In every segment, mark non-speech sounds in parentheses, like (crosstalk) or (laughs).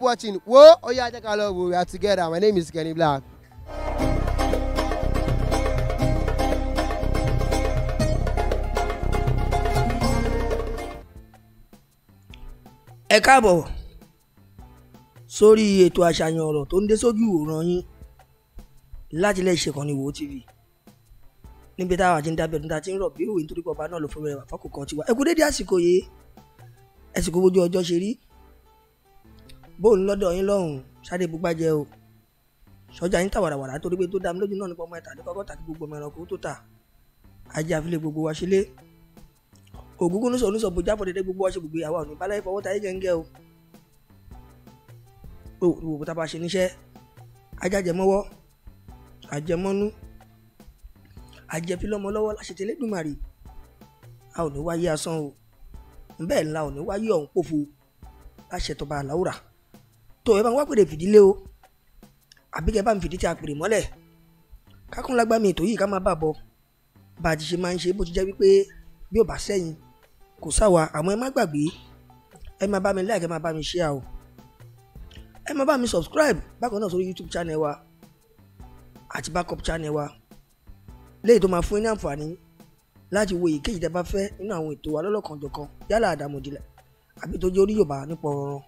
watching. Whoa, oh yeah, take a look. We are together. My name is Kenny Black. ẹ káàbọ̀ sórí ètò àṣàyàn ọ̀rọ̀ tó ń dé sójú òòràn yín láti ilé ìṣèkànnì wo tv níbi táwọn àti ń dábẹ́ níta ti ń rọ̀ bí òwe nítorí pé ọba náà ló fún rẹ̀ wà fọ́kù kan tiwa ẹ kú dédé àsìkò yìí ẹ̀sìnkú bójú ọjọ́ ṣe rí bóun lọ́dọ̀ yín lọ́hùn sáré bugbájẹ́ o sọjà yín ta wàràwàrà torí pé tó dá mi lójú náà nípa ọmọ ẹ̀ta àdékọ́kọ́ tàbí gbogbo ọmọ ẹranko tó tà ajé àfilẹ̀ gbogbo wa ṣe lé ògúngún ní sọ̀nù sọ̀bù jábọ̀ dédé gbogbo wa ṣe gbogbo ìyàwó àwọn ìbálẹ̀ ìfọwọ́ tayé gẹ́ngẹ́ o o ìwòkúta bá ṣe níṣẹ́ ajájẹmọ́wọ́ àjẹmọ́nú àjẹfilọ́mọ lọ́wọ́ láṣetẹ́lẹ́dùmarì a ò ní wáyé asán o bẹ́ẹ̀ la ò ní wáyé ọ̀hún pòfo láṣetọba àláwùrà tó ẹ bá ń wá pèrè fìdílé o àbí kẹ bá ń fìdí tí a pèrè mọ́lẹ̀ kákúnlágbá mi ètò yìí ká má bà bọ bá a ti ṣe máa ń ṣe bó ti jẹ́ wípé bí ò bá sẹ́yìn kò sáwa àmọ́ ẹ má gbàgbé ẹ má bá mi like má bá mi share o ẹ má bá mi subscribe bákan náà sórí YouTube channel wa àti backup channel wa léyìí tó máa fún yín ní àǹfààní láti wo èyíkéyìí tẹ́ bá fẹ́ nínú àwọn ètò alọ́lọ́kanjọ̀kan yálà àdàmọ̀dìlẹ̀ àbí tó jẹ́ orí Yorùbá nípa ọ̀rọ̀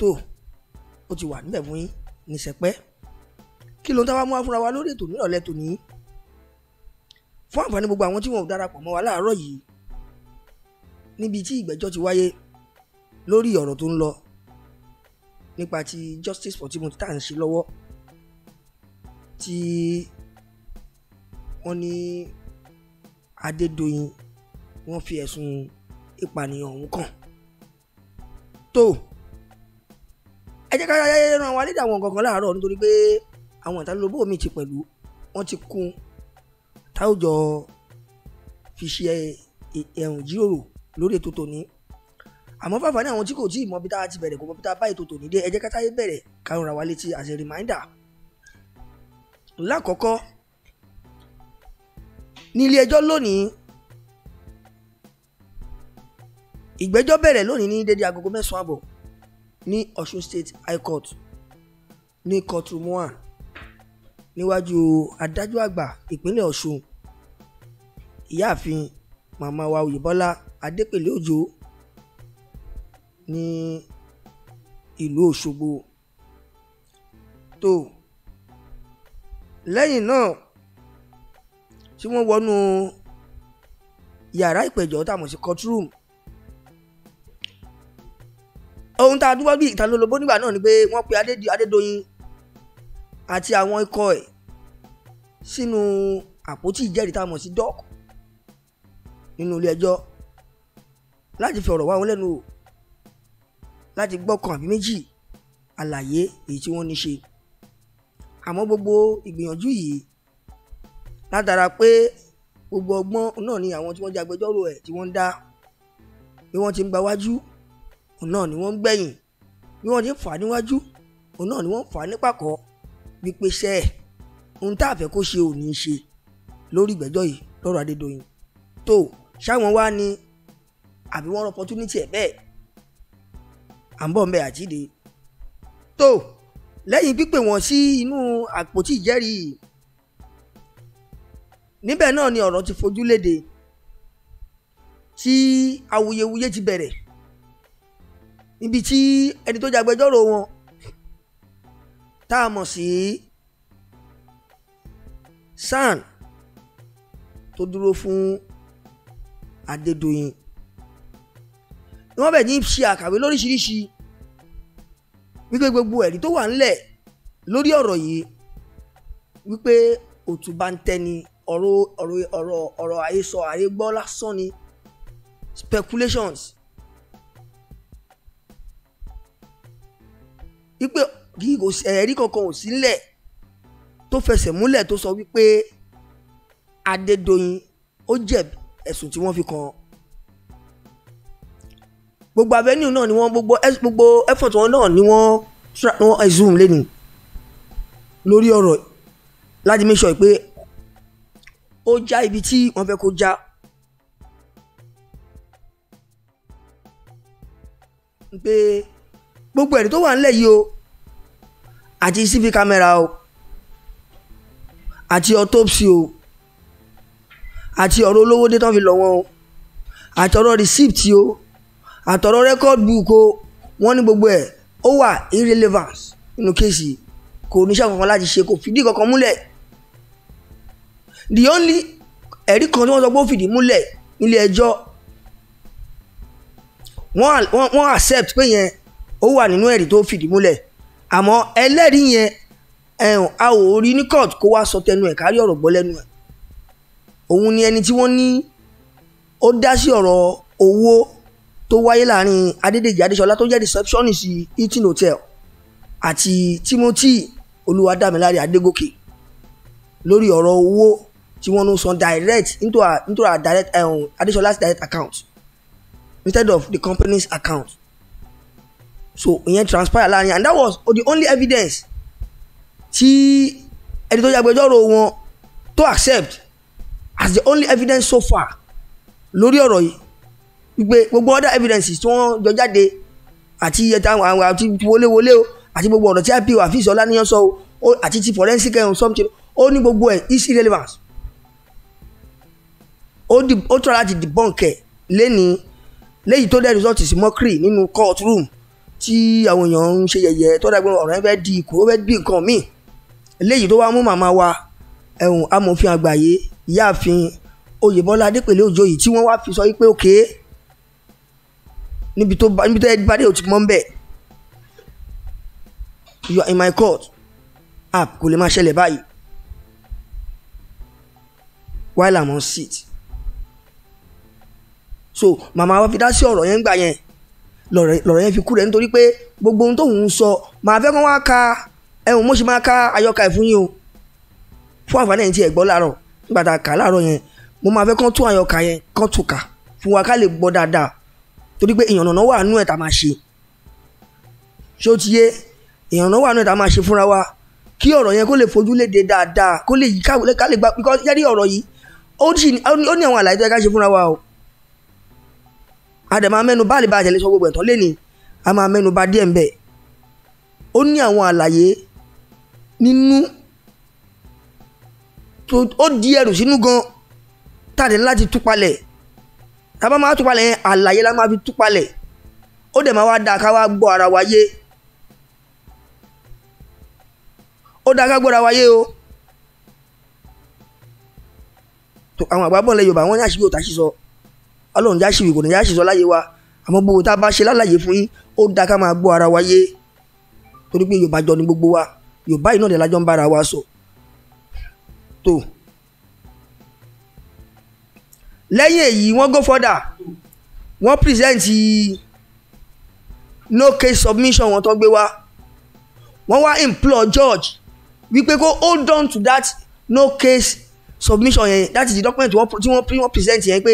tó ó ti wà níbẹ̀ fún yín ní sẹpẹ́ kí ló ń táwa mú wá fúnra wa lórí ètò nírọ̀lẹ́ tòní fún àǹfààní gbogbo àwọn tí wọn ò darapọ̀ mọ́ wa láàárọ̀ yìí níbi tí ìgbẹ́jọ́ ti wáyé lórí ọ̀rọ̀ tó ń lọ nípa ti justice for Timothy tá à ń ṣe lọ́wọ́ tí wọ́n ní Adédoyin wọ́n fi ẹ̀sùn ìpànìyàn ọ̀hún kàn tó. So, ẹ jẹ́ ká ran àwọn alédè àwọn gangan láàárọ̀ nítorí pé àwọn ìtalólobó mi ti pẹ̀lú wọ́n ti kún táwùjọ fi ṣe ẹ̀hún jíròrò lórí ètò tòní àmọ́ fàfà ní àwọn tí kò tí ì mọ bí tá a ti bẹ̀rẹ̀ kò mọ bí tá a bá ètò tòní dé ẹ jẹ́ ká táyé bẹ̀rẹ̀ ká rọra wa létí as a reminder lákọ̀ọ́kọ́ nílé ẹjọ́ lónìí ìgbẹ́jọ́ bẹ̀rẹ̀ lónìí ní dédé agogo mẹ́sàn-án àbọ̀ ní Ọ̀ṣun State High Court ní courtroom one níwájú adájọ́ àgbà ìpínlẹ̀ Ọ̀ṣun ìyáàfin màmá wa Oyèbọ́lá Adépèlé Òjó ní ìlú Òṣogbo tó lẹ́yìn náà tí wọ́n wọnú yàrá ìpẹ̀jọ́ tá a mọ̀ sí courtroom ohun tá a dúpọ́ bí ìtanilólobó nígbà náà ni pé wọ́n pe Adédoyin àti àwọn ikọ̀ ẹ̀ sínú àpótí ìjẹ́rìí tá a mọ̀ sí dọ́ọ̀kù nínú ilé ẹjọ́ láti fi ọ̀rọ̀ wá wọn lẹ́nu o láti gbọ́ kan àbí méjì àlàyé èyí tí wọ́n ní ṣe àmọ́ gbogbo ìgbìyànjú yìí látara pé gbogbo ọgbọ́n náà ni àwọn tí wọ́n jẹ́ agbẹjọ́rò ẹ̀ tí wọ́n ń dá bí wọ́n ti ń gba wájú òun náà ni wọ́n ń gbẹ̀yìn bí wọ́n ti ń fà á níwájú òun náà ni wọ́n ń fà á nípàkọ́ wípé ṣẹ́ ẹ̀ ohun tá a fẹ́ kó ṣe ò ní í ṣe lórí ìgbẹ́jọ́ yìí lọ́rọ̀ Adédoyin tó ṣáwọn wá ní àbí wọ́n opportunity ẹ̀ bẹ́ẹ̀ à ń bọ̀ ń bẹ àjíde tó lẹ́yìn pípè wọ́n sí inú àpótí ìjẹ́rìí níbẹ̀ náà ni ọ̀rọ̀ ti fojú léde tí awuyewuye ti bẹ̀rẹ̀ níbi tí ẹni tó jagbẹjọ́rò wọn tá a mọ̀ sí SAN tó dúró fún Adédoyin ni wọ́n bẹ̀ ní ṣe àkàwé lóríṣiríṣi wípé gbogbo ẹ̀rí tó wà ńlẹ̀ lórí ọ̀rọ̀ yìí wípé òtún bá ń tẹ́ni ọ̀rọ̀ ọ̀rọ̀ ọ̀rọ̀ àhesọ àhegbọ́ lásán ni speculations wípé ẹ̀rí kankan ò sílẹ̀ tó fẹsẹ̀ múlẹ̀ tó sọ wípé Adédoyin ó jẹ̀bi ẹ̀sùn tí wọ́n fi kàn án gbogbo avenue náà ni wọ́n gbogbo gbogbo effort wọn náà ni wọ́n zoom lẹ́nu lórí ọ̀rọ̀ láti make sure pé ó já ibi tí wọ́n fẹ́ kó já. pé gbogbo ẹ̀rí tó wà ńlẹ̀ yìí o àti cv camera o àti autopsy o àti ọ̀rọ̀ olówó dé tán fi lọ wọn o àti ọ̀rọ̀ receipt o àtọ̀rọ̀ record book o wọ́n ní gbogbo ẹ̀ ó wà irrelevance nínú kéèsì kò níṣẹ́ kankan láti ṣe kò fìdí kankan múlẹ̀ the only ẹ̀rí kan tí wọ́n sọ pé ó fìdí múlẹ̀ nílé ẹjọ́ wọ́n accept pé yẹn ó wà nínú ẹ̀rí tó fìdí múlẹ̀ àmọ́ ẹlẹ́rìí yẹn ẹ̀hún a ò rí ní court kó wá sọ tẹnu ẹ̀ kárí ọ̀rọ̀ gbọ́ lẹ́nu ẹ̀ òun ni ẹni tí wọ́n ní ó dá sí ọ̀rọ̀ owó tó wáyé láàrin Adédèjì Adéṣọlá tó jẹ́ receptionist Hilton hotel àti Timothy Olúwadámiláre Adégòkè lórí ọ̀rọ̀ owó tí wọ́n ń san direct into our into our direct um, Adéṣọlá's direct account instead of the company's account so ìyẹn transpire láàrin and that was the only evidence tí ẹni tó jàgbẹ́jọ́rò wọn tó accept as the only evidence so far lórí ọ̀rọ̀ yìí wípé gbogbo other evidences tí wọ́n jọ jáde àti ẹ̀ta àwọn àti wọléwọlé o àti gbogbo ọ̀rọ̀ tí ipo àfíìsì ọláníyàn sọ o àti ti forensic ẹ̀ something ó ní gbogbo ẹ̀ is irrelevant ó tọ́ láti debunk ẹ̀ lẹ́ni lẹ́yìn tó dẹ́ result is mockery nínú court room tí àwọn èèyàn ń ṣe yẹ̀yẹ́ tó dàgbé ọ̀rọ̀ yẹn fẹ́ di ikú fẹ́ di nǹkan míì eléyìí tó wá mú màmá wa ẹ̀hún amòfin àgbáyé ìyáàfin oyèbọ́lá adépèlé òjòyè tí wọ́n wá fi sọ wípé òkè níbi tó níbi tó bá dé òtí mọ́ ń bẹ̀ you are in my court app kò lè máa ṣẹlẹ̀ báyìí while i'm on seat so màmá wa fi dá sí ọ̀rọ̀ yẹn gbà yẹn lọ̀rọ̀ yẹn fi kú rẹ̀ nítorí pé gbogbo ohun tóun ń sọ màá fẹ́ kán wá ka ẹ̀hún mo ṣe máa ka ayọ́ka ẹ̀ fún yín o fún àǹfààní ẹ̀ tí ẹ̀ gbọ́ láàárọ̀ nígbà tá a kà láàárọ̀ yẹn mo máa fẹ́ kán tún ayọ́ka yẹn kán tún kà fún wa ká lè gbọ́ dáadáa torí pé ìyànnà wà nú ẹ̀ tá a máa ṣe ṣé ó ti yé ìyànnà wà nú ẹ̀ tá a máa ṣe fúnra wa kí ọ̀rọ̀ yẹn kó lè fojú léde dáadáa kó lè yí ká lè gbà píkọ́ yẹ́rí ọ̀rọ̀ yìí ó ní àwọn àlàyé tó yẹ ká ṣe fúnra wa o a dẹ̀ máa mẹ́nu bá lè ba àjẹlé sọ gbogbo ẹ̀tọ́ lẹ́ni a máa mẹ́nu ba díẹ̀ ńbẹ̀ ó ní àwọn àlàyé nínú tó ó di ẹrù sínú gan tàdé láti túpalẹ̀ tábà máa túpalẹ̀ yẹn àlàyé la máa fi túpalẹ̀ ó dẹ̀ máa wá dáa ká wá gbọ́ ara wa yé ó dáa ká gbọ́ ara wa yé o àwọn àgbà bọ̀ lẹ́yìn Yorùbá wọ́n ní àṣírí òtá sí sọ. So ọlọ́run já ṣìwì kò ní já ṣìsọ láyé wa àmọ́ gbogbo tá a bá ṣe lálàyé fún yín ó da ká máa gbọ́ ara wa yé torí pé yorùbá jọ ní gbogbo wa yorùbá yìí náà dẹ̀ lájọ́ ń bára wa sọ tó. lẹ́yìn èyí wọ́n go further wọ́n present no case submission wọn tó gbé wá wọ́n wá implore judge wípé kó hold on to that no case submission yẹn that is the document tí wọ́n present yẹn pé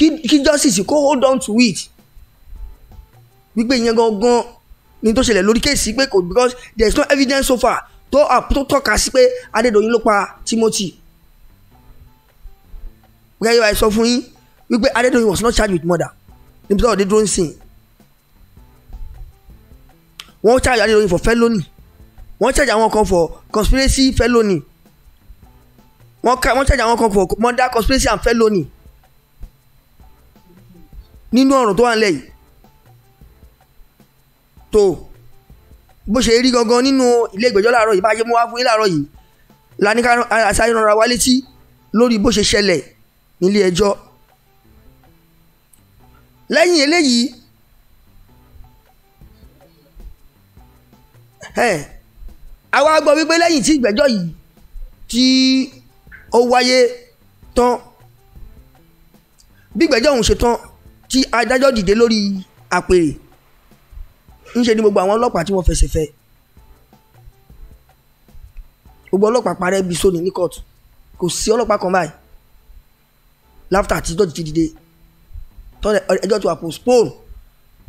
kí kí justice kó hold on to it wípé ìyẹn gangan ni tó ṣẹlẹ̀ lórí kéèsì pé kò because there is no evidence so far tó tó tọ́ka sí pé Adédoyin ló pa Timothy gẹ́gẹ́ bí wàá sọ fún yín wípé Adédoyin was not charged with murder níbi tó ọ̀dẹ́ dúró ń sìn wọ́n charge Adédoyin for felony wọ́n charge àwọn kan for conspiracy felony wọ́n charge àwọn kan for murder conspiracy and felony nínú ọ̀ràn tó wà nílẹ̀ yìí tó bó ṣe rí gangan nínú ilé ìgbẹ́jọ́ láàárọ̀ yìí bá ṣe mú wá fún yín láàárọ̀ yìí laníkà aṣáyẹ̀nara wa létí lórí bó ṣe ṣẹlẹ̀ nílé ẹjọ́ lẹ́yìn eléyìí àwa gbọ́ wípé lẹ́yìn tí ìgbẹ́jọ́ yìí tí ó wáyé tán bí ìgbẹ́jọ́ ọ̀hún ṣe tán tí adájọ́ dìde lórí àpèrè ńṣe ni gbogbo àwọn ọlọ́pàá tí wọ́n fẹsẹ̀ fẹ́ gbogbo ọlọ́pàá parẹ́ bíi sóni ní kóòtù kò sí ọlọ́pàá kan báyìí láfta tí jọ́ọ̀jì ti dìde tọ́lẹ̀ ẹjọ́ ti wà postpone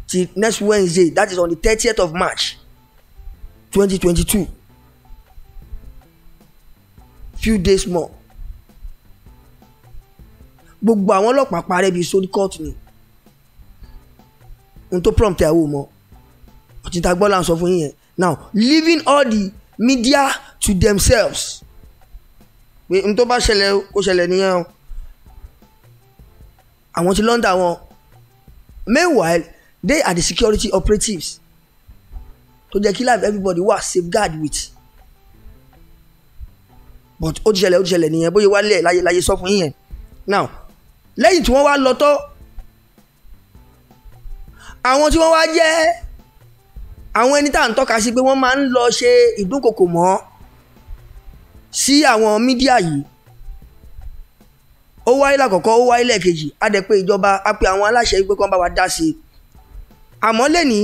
ti next Wednesday that is on the thirtieth of March twenty twenty two few days more gbogbo àwọn ọlọ́pàá parẹ́ bíi sóni kóòtù ni ohun tó prompt ẹ wò mọ́ ọ̀tún tá gbọ́dọ̀ à sọ fún yín now leaving all the media to themselves pé ohun tó bá ṣẹlẹ̀ kó ṣẹlẹ̀ nìyẹn o àwọn ti lọ́ńdà wọn meanwhile they are the security operatives to jẹ́ kí life everybody wà safeguard with but ó ti ṣẹlẹ̀ ó ti ṣẹlẹ̀ nìyẹn bóyá wálé láyé láyé sọ fún yín now lẹ́yìn tí wọ́n wá lọ tọ́ àwọn tí wọ́n wá jẹ́ àwọn ẹni tá à ń tọ́ka sí pé wọ́n máa ń lọ ṣe ìdúnkokò mọ́ sí àwọn mídíà yìí ó wáyé lákọ̀ọ́kọ́ ó wáyé lẹ́ẹ̀kejì á dẹ̀ pé ìjọba á pe àwọn aláṣẹ wípé kí wọ́n bá wa dá sí i àmọ́ lẹ́ni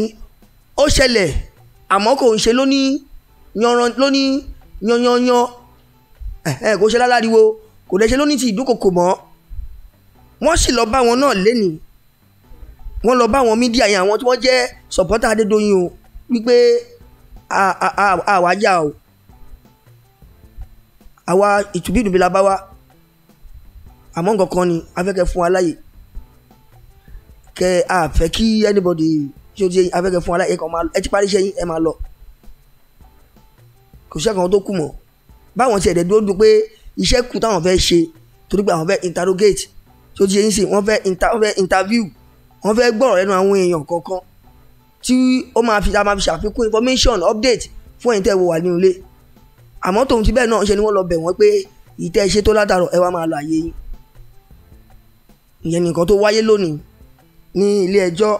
ó ṣẹlẹ̀ àmọ́ kò ń ṣe lóní yanran lóní yanyanyan ẹ kò ṣe láláriwo kò dẹ̀ ṣe lóní ti ìdúnkokò mọ́ wọ́n sì lọ bá wọn náà lẹ́ni wọ́n lọ bá àwọn mídíà yẹn àwọn tí wọ́n jẹ́ sọ̀pọ́tà Adédoyin o wípé àwa jà o àwa ìtùbídùbí la bá wa àmọ́ nǹkan kan ni afẹ́kẹ́ fún wa láyè kẹ àfẹ́ kí anybody tí o ti afẹ́kẹ́ fún wa láyè kan máa lọ ẹ ti parí iṣẹ́ yín ẹ máa lọ kò sí ẹ̀kan tó kù mọ́ báwọn ti ẹ̀dẹ̀ dúró dùn pé iṣẹ́ kù táwọn fẹ́ ṣe torí pé àwọn fẹ́ interrogate tí o ti yẹ yín sí wọ́n fẹ́ interview wọ́n fẹ́ gbọ́rọ̀ lẹ́nu àwọn èèyàn kọ̀ọ̀kan tí ó máa fi máa fi ṣàfikún information update fún ẹ̀yin tẹ́ wò wà nínú ilé àmọ́ tòun ti bẹ́ẹ̀ náà ṣe ni wọ́n lọ bẹ̀ wọ́n pé ìtẹ́ ṣe tó látàrọ̀ ẹ wá máa lọ àyè yín ìyẹn nìkan tó wáyé lónìí ní ilé ẹjọ́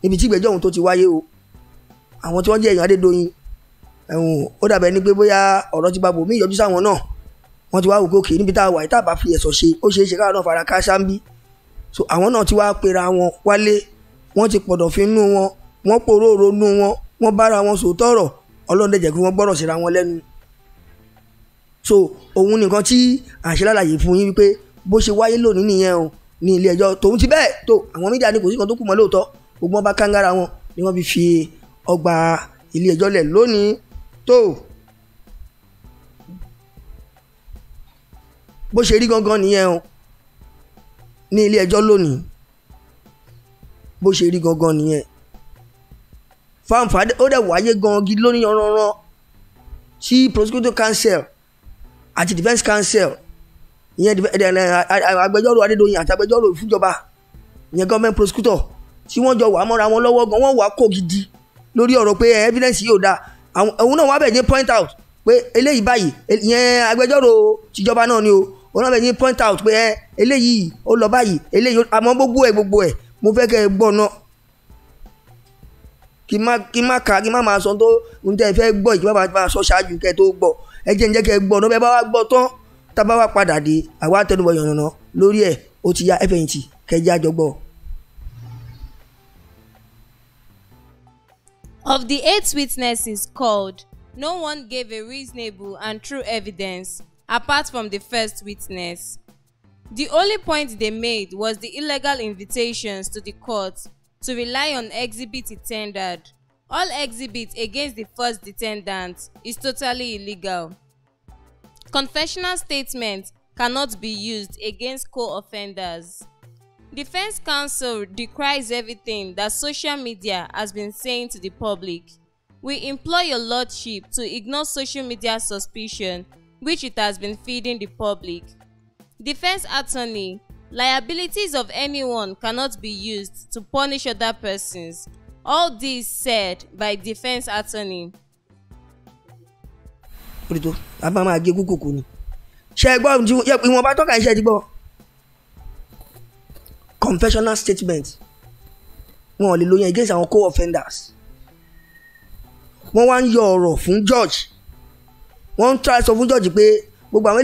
níbi tí ìgbẹ́jọ́ ọ̀hún tó ti wáyé o àwọn tí wọ́n jẹ́ èèyàn Adédoyin ẹ̀hún ó dàbẹ̀ ni pé bóyá ọ̀rọ̀ ti bá bòmí ìyọjú sáwọn náà wọ́n ti wá wò kókè níbi tá a wà yìí tá fi ẹ̀sọ̀ ṣe ó ṣeé ṣe náà fara káṣá ń bí so àwọn náà ti wá pera wọn wálé wọ́n ti pọ̀dọ̀ fi nú wọn wọ́n poróró nú wọn wọ́n bára wọn sòtọ́rọ̀ ọlọ́run dẹ̀ jẹ́ kí wọ́n gbọ́rọ̀ síra wọn lẹ́nu so òun nìkan tí àṣẹ lálàyé fún yín wípé bó ṣe wáyé lónìí nìyẹn o ní ilé ẹjọ́ tòun ti bẹ́ẹ̀ tó àwọn méjì àdínkù sí kan tó kù mọ́ lóòótọ́ gbogbo wọn bá kángára wọn ni wọ́n fi fi ọgbà ilé ẹjọ́ lẹ̀ lónìí tó bó ṣe rí gangan nìyẹn o ní ilé ẹjọ́ lónìí bó ṣe rí gangan nìyẹn fanfa ó dẹ̀ wáyé gan gidi lónìí ọ̀rọ̀ọ̀rọ̀ sí prosecutor council àti defence council ìyẹn eh, eh, eh, agbẹjọ́rò Adédoyin àti agbẹjọ́rò ìfúnjọba ìyẹn government prosecutor tí wọ́n jọ wà mọ́ra wọn lọ́wọ́ gan wọ́n wà kó gidi lórí ọ̀rọ̀ pé evidence yóò da àwọn òun náà wà bẹ̀ ní point out pé eléyìí báyìí ìyẹn agbẹjọ́rò tìjọba náà ni o náà bẹ̀ ní point out pé ẹ eléyìí ó lọ báyìí eléyìí àmọ́ gbogbo ẹ̀ gbogbo ẹ̀ mo fẹ́ kẹ́ ẹ gbọ́ náà kí má kí má kà kí má máa sọ tó ń tẹ́ ẹ fẹ́ gbọ́ ìjọba máa máa sọ ṣáájú kẹ́ ẹ tó gbọ́ ẹ jẹ́ ń jẹ́ kẹ́ ẹ gbọ́ náà bẹ́ẹ̀ bá wá gbọ́ tán tá a bá wá padà dé àwa tẹnubọ̀ yànnàná lórí ẹ̀ ó ti ya fẹ̀yìntì kẹ́ ẹ jẹ́ àjọgbọ́. Of the eight witnesses called, no one gave a reasonable and true evidence apart from the first witness. The only point they made was the illegal invitations to the court to rely on exhibits tendered. All exhibits against the first defendant is totally illegal. Confessional statements cannot be used against co-offenders. Defense counsel decries everything that social media has been saying to the public. We implore your lordship to ignore social media suspicion which it has been feeding the public. Defense attorney liabilities of anyone cannot be used to punish other persons. All this said by defense attorney. Pẹ̀lú àbá máa gé kúkúkú ni. Ṣé ẹ gbọ́ ìwọ̀nba tọ́ka iṣẹ́ ti gbọ́? Confessional statement wọn ò lè lo against àwọn co-offenders. Wọ́n wá ń yọ ọ̀rọ̀ fún George wọ́n ń try sọ fún jọ́ọ̀jì pé gbogbo àwọn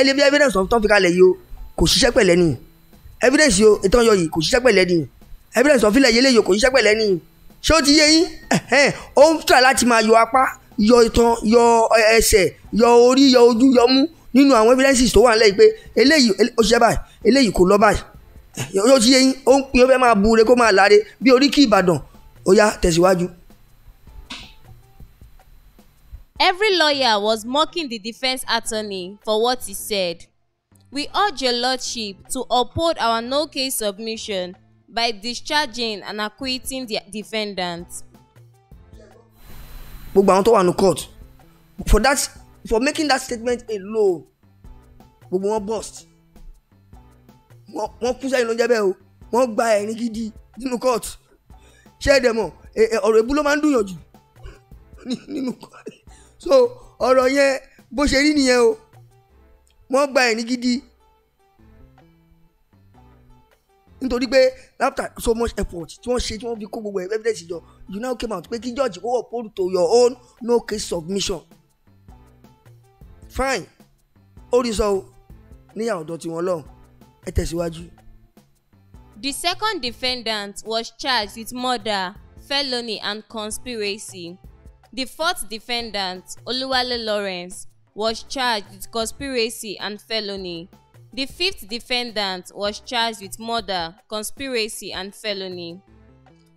ẹlẹ́bí evidence of fi kalẹ̀ yìí o kò ṣiṣẹ́ pẹ̀lẹ́ ni evidence yìí o ìtàn yọ yìí kò ṣiṣẹ́ pẹ̀lẹ́ ni evidence of fi lẹ̀ yẹlẹ́ yìí kò ṣiṣẹ́ pẹ̀lẹ́ ni ṣé ó ti yé yín ó ń try láti máa yọ apá yọ ìtàn yọ ẹsẹ̀ yọ orí yọ ojú yọ mú nínú àwọn evidences tó wà nílẹ̀ yìí pé eléyìí ó ṣiṣẹ́ báyìí eléyìí kò lọ báyìí yóò ti yé yín ó ń pin ó fẹ́ máa bu re kó máa láre bí oríkì Ìbàdàn ó Every lawyer was mocking the defense attorney for what he said. We urge your lordship to uphold our no-case submission by discharging and acquitting the defendant. gbogbo àwọn tó wà ní court for that for making that statement a law gbogbo wọn burst wọn kú sẹ́yìn ló ń jẹ́ bẹ́ẹ̀ o wọ́n gba ẹ̀rín gidi nínú court ṣé ẹ̀dẹ̀ mọ̀ ọ̀rọ̀ èbú ló máa ń dùn yànjú nínú court so ọ̀rọ̀ yẹn bó ṣe rí nìyẹn o wọ́n gba ẹ̀ ní gidi nítorí pé after so much effort tí wọ́n ṣe tí wọ́n fi kó gbogbo evidence jọ you now came out pé kí george go uphold to your own no case submission fine ó rí sọ o níyàwó ọ̀dọ̀ tiwọn lọ́hùn ẹ tẹ̀síwájú. The second defendant was charged with murder, felony and conspiracy. The fourth defendant, Oluwale Lawrence, was charged with conspiracy and felony. The fifth defendant was charged with murder, conspiracy, and felony.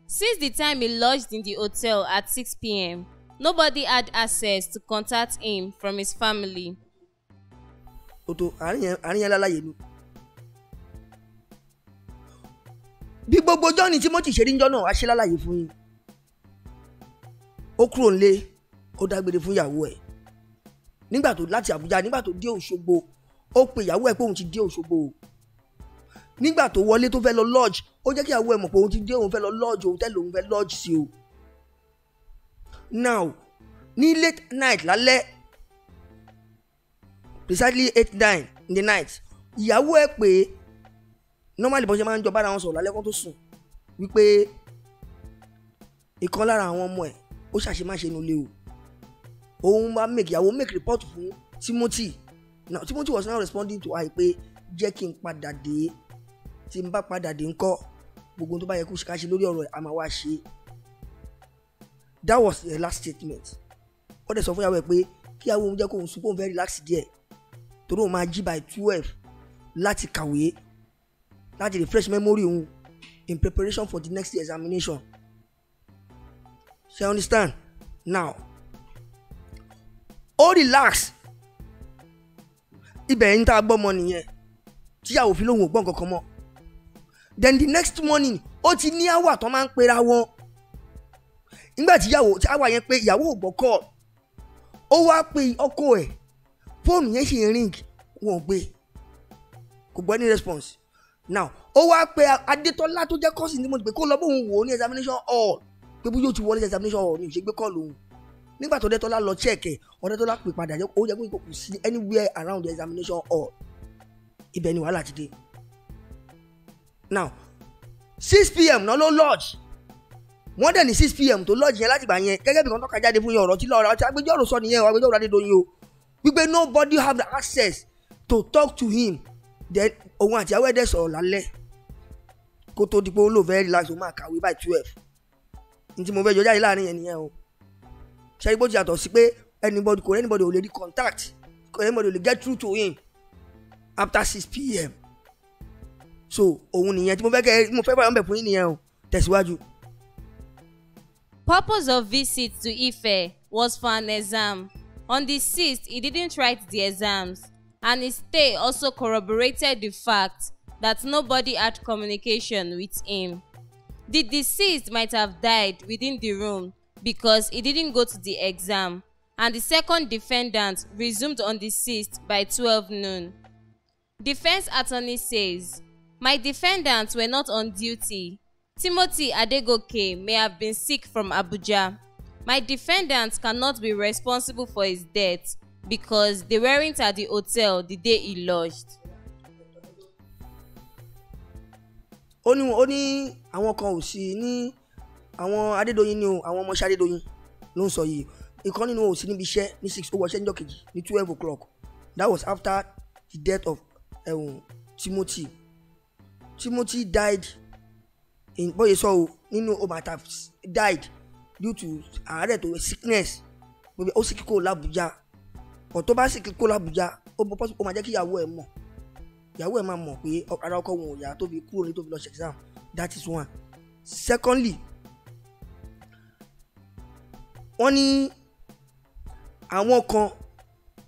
Since the time he lodged in the hotel at 6 pm, nobody had access to contact him from his family. Oto àárín yẹn lálàyé ni. Bí gbogbo Jọ́ọ̀nì Timothy ṣe rí ń jọ́ náà, a ṣe lálàyé fún yín ó kúrò nílé ó dágbére fún ìyàwó ẹ̀ nígbà tó láti Àbújá nígbà tó dé Òṣogbo ó pe ìyàwó ẹ̀ pé òun ti dé Òṣogbo o nígbà tó wọlé tó fẹ́ lọ lodge ó jẹ́ kí ìyàwó ẹ̀ mọ̀ pé òun ti dé òun fẹ́ lọ lodge òun tẹ́lẹ̀ òun fẹ́ lodge sí o now ní late night lálẹ́ precisely eight nine in the night ìyàwó ẹ̀ pé normally bọ́n ṣe máa ń jọ bára wọn sọ̀rọ̀ lálẹ́ kó tó sùn wípé ìkan lára àwọn ọmọ ẹ̀ ó ṣàṣemáṣe nu lé o òun bá make ìyàwó make report fún Timothy now Timothy was now responding to her pé jẹ́ kí n padà dé tí n bá padà dé ńkọ́ gbogbo tó bá yẹ kó ká ṣe lórí ọ̀rọ̀ ẹ̀ a máa wá ṣe that was the last statement ó dẹ̀ sọ fún ìyàwó ẹ̀ pé kí ìyàwó òun jẹ́ kó òun sùn kó òun fẹ́ relax díẹ̀ torí òun máa jí by twelve láti kàwé láti refresh memory òun in preparation for the next examination ṣe understand now ó relax ibẹ̀ yín tá a gbọ́ mọ nìyẹn tíyàwó fi lóhùn ògbọ́n kankan mọ́ then the next morning ó ti ní àwà tó máa ń pera wọn nígbà tí ìyàwó tí àwà yẹn pé ìyàwó ò gbọ́ call ó wá pe ọkọ ẹ̀ fóònù yẹn ṣì ń ring wọn ò gbé kò gbọ́ ní response now ó wá pe Adétọ́lá tó jẹ́ kọ́sì ní mo pè kó lọ bóun wò ó ní examination hall pé bóyá o ti wọlé examination hall ni o ṣe gbé kọ́ọ̀lù òun nígbà tó Ọdẹ́tọ́lá lọ chẹ́ẹ̀kẹ̀ Ọdẹ́tọ́lá pè padà ó yẹ kó kò sí anywhere around the examination hall ibẹ̀ ni wàhálà ti dé now six pm náà ló lodge wọ́n dẹ̀ ní six pm tó lodge yẹn láti gbà yẹn gẹ́gẹ́ bí kan tọ́ka jáde fún yẹn ọ̀rọ̀ tí lọ́ọ̀rọ̀ àti agbẹjọ́rò sọ nìyẹn agbẹjọ́rò Adédoyin o wípé nobody have the access to talk to him then òun àti awẹ́dẹ̀ sọ̀rọ̀ lálẹ́ kó tó di pé ó lò very relax ó máa kàwé by twelve ní tí mo fẹ́ yọ jáde láàrin yẹn nìyẹn o ṣẹ́yìn bó ti yàtọ̀ sí pé anybody kò anybody ò lè rí contact kò anybody ò lè get through to him after six pm so òun nìyẹn tí mo fẹ́ kẹ́ mo fẹ́ bá wọn bẹ̀ fún nìyẹn o tẹ̀síwájú. Purpose of visit to Ife was for an exam. On the sixth, he didn't write the exams, and his stay also corroborated the fact that nobody had communication with him. The deceased might have died within the room because he didn't go to the exam, and the second defendant resumed on the 6th by 12 noon. Defense attorney says, My defendants were not on duty. Timothy Adegoke may have been sick from Abuja. My defendants cannot be responsible for his death because they weren't at the hotel the day he lodged. ó ní ó ní àwọn kan ò sí ní àwọn Adédoyin ni o àwọn ọmọọṣẹ́ Adédoyin ló ń sọ yìí ìkan nínú ò sí níbi iṣẹ́ ní six ó wọṣẹ́ níjọ́ kejì ní twelve o'clock that was after the death of um, Timothy Timothy died in bóyá sọ o nínú obata died due to àárẹ̀ tó sickness ó sì kíkó làbújá ọ̀tọ́ bá sì kíkó làbújá ó máa jẹ́ kí ìyàwó ẹ̀ mọ̀ ìyàwó ẹ̀ máa mọ̀ pé ara ọkọ wọn ò yá tó kúrò ní lọ ṣe exam that is one secondly wọ́n ní àwọn kan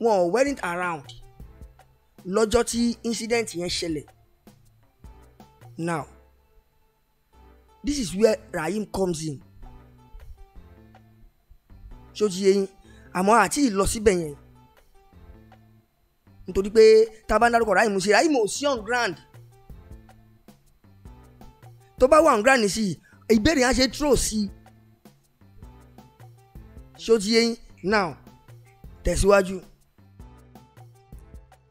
wọn ò wedding around lọ́jọ́ tí incident yẹn ṣẹlẹ̀ now this is where Rahim comes in ṣó ti yẹ yín àmọ́ àti ìlọsíbẹ̀ yẹn nítorí pé tabandarukọ ráìmù ṣe ráìmù ò sí on ground tó bá wà on ground sí ìbéèrè yẹn ṣe tró sí i ti yé now tẹ̀síwájú.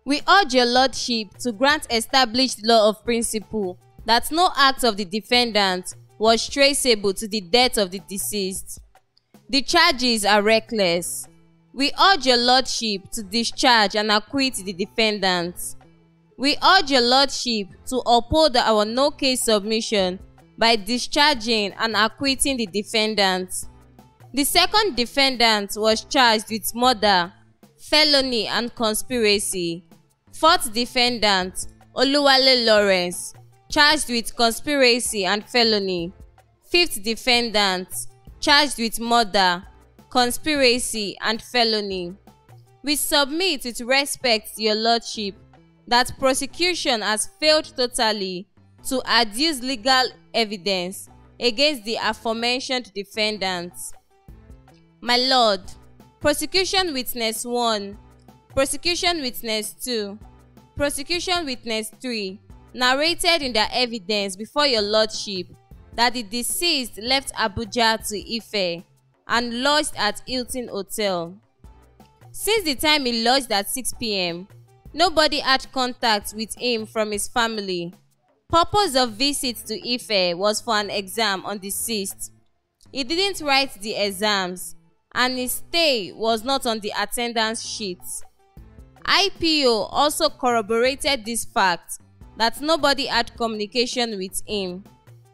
We urge your lordship to grant established law of principle that no act of the defendant was traceable to the death of the deceased. The charges are reckless. We urge your lordship to discharge and acquit the defendants. We urge your lordship to uphold our no case submission by discharging and acquitting the defendants. The second defendant was charged with murder, felony, and conspiracy. Fourth defendant, Oluwale Lawrence, charged with conspiracy and felony. Fifth defendant, charged with murder, conspiracy, and felony. We submit with respect, Your Lordship, that prosecution has failed totally to adduce legal evidence against the aforementioned defendants. My Lord, Prosecution Witness 1, Prosecution Witness 2, Prosecution Witness 3 narrated in their evidence before Your Lordship that the deceased left Abuja to Ife and lodged at Hilton Hotel. Since the time he lodged at 6 p.m., nobody had contact with him from his family. Purpose of visit to Ife was for an exam on the 6th. He didn't write the exams and his stay was not on the attendance sheet. IPO also corroborated this fact that nobody had communication with him.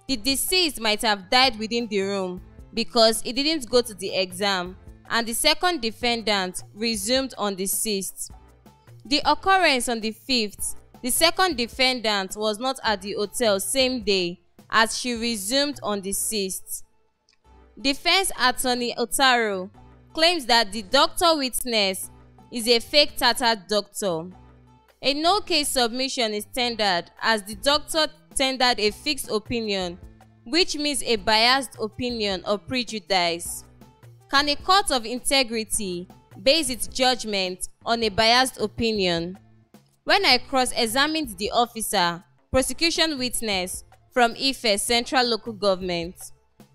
The deceased might have died within the room because he didn't go to the exam and the second defendant resumed on the 6th. The occurrence on the 5th, the second defendant was not at the hotel same day as she resumed on the 6th. Defense attorney Otaro claims that the doctor witness is a fake Tata doctor. A no-case submission is tendered as the doctor tendered a fixed opinion which means a biased opinion or prejudice. Can a court of integrity base its judgment on a biased opinion? When I cross-examined the officer, prosecution witness, from Ife Central Local Government,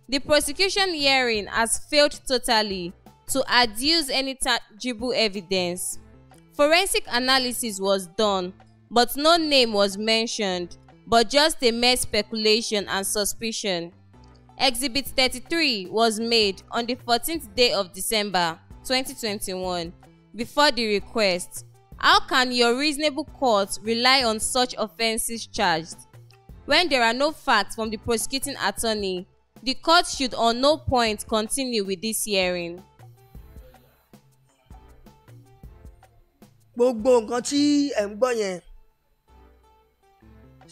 the prosecution hearing has failed totally to adduce any tangible evidence. Forensic analysis was done, but no name was mentioned but just a mere speculation and suspicion. Exhibit 33 was made on the 14th day of December 2021 before the request. How can your reasonable court rely on such offences charged? When there are no facts from the prosecuting attorney, the court should on no point continue with this hearing. gbogbo nǹkan tí ẹ̀ ń gbọ́ yẹn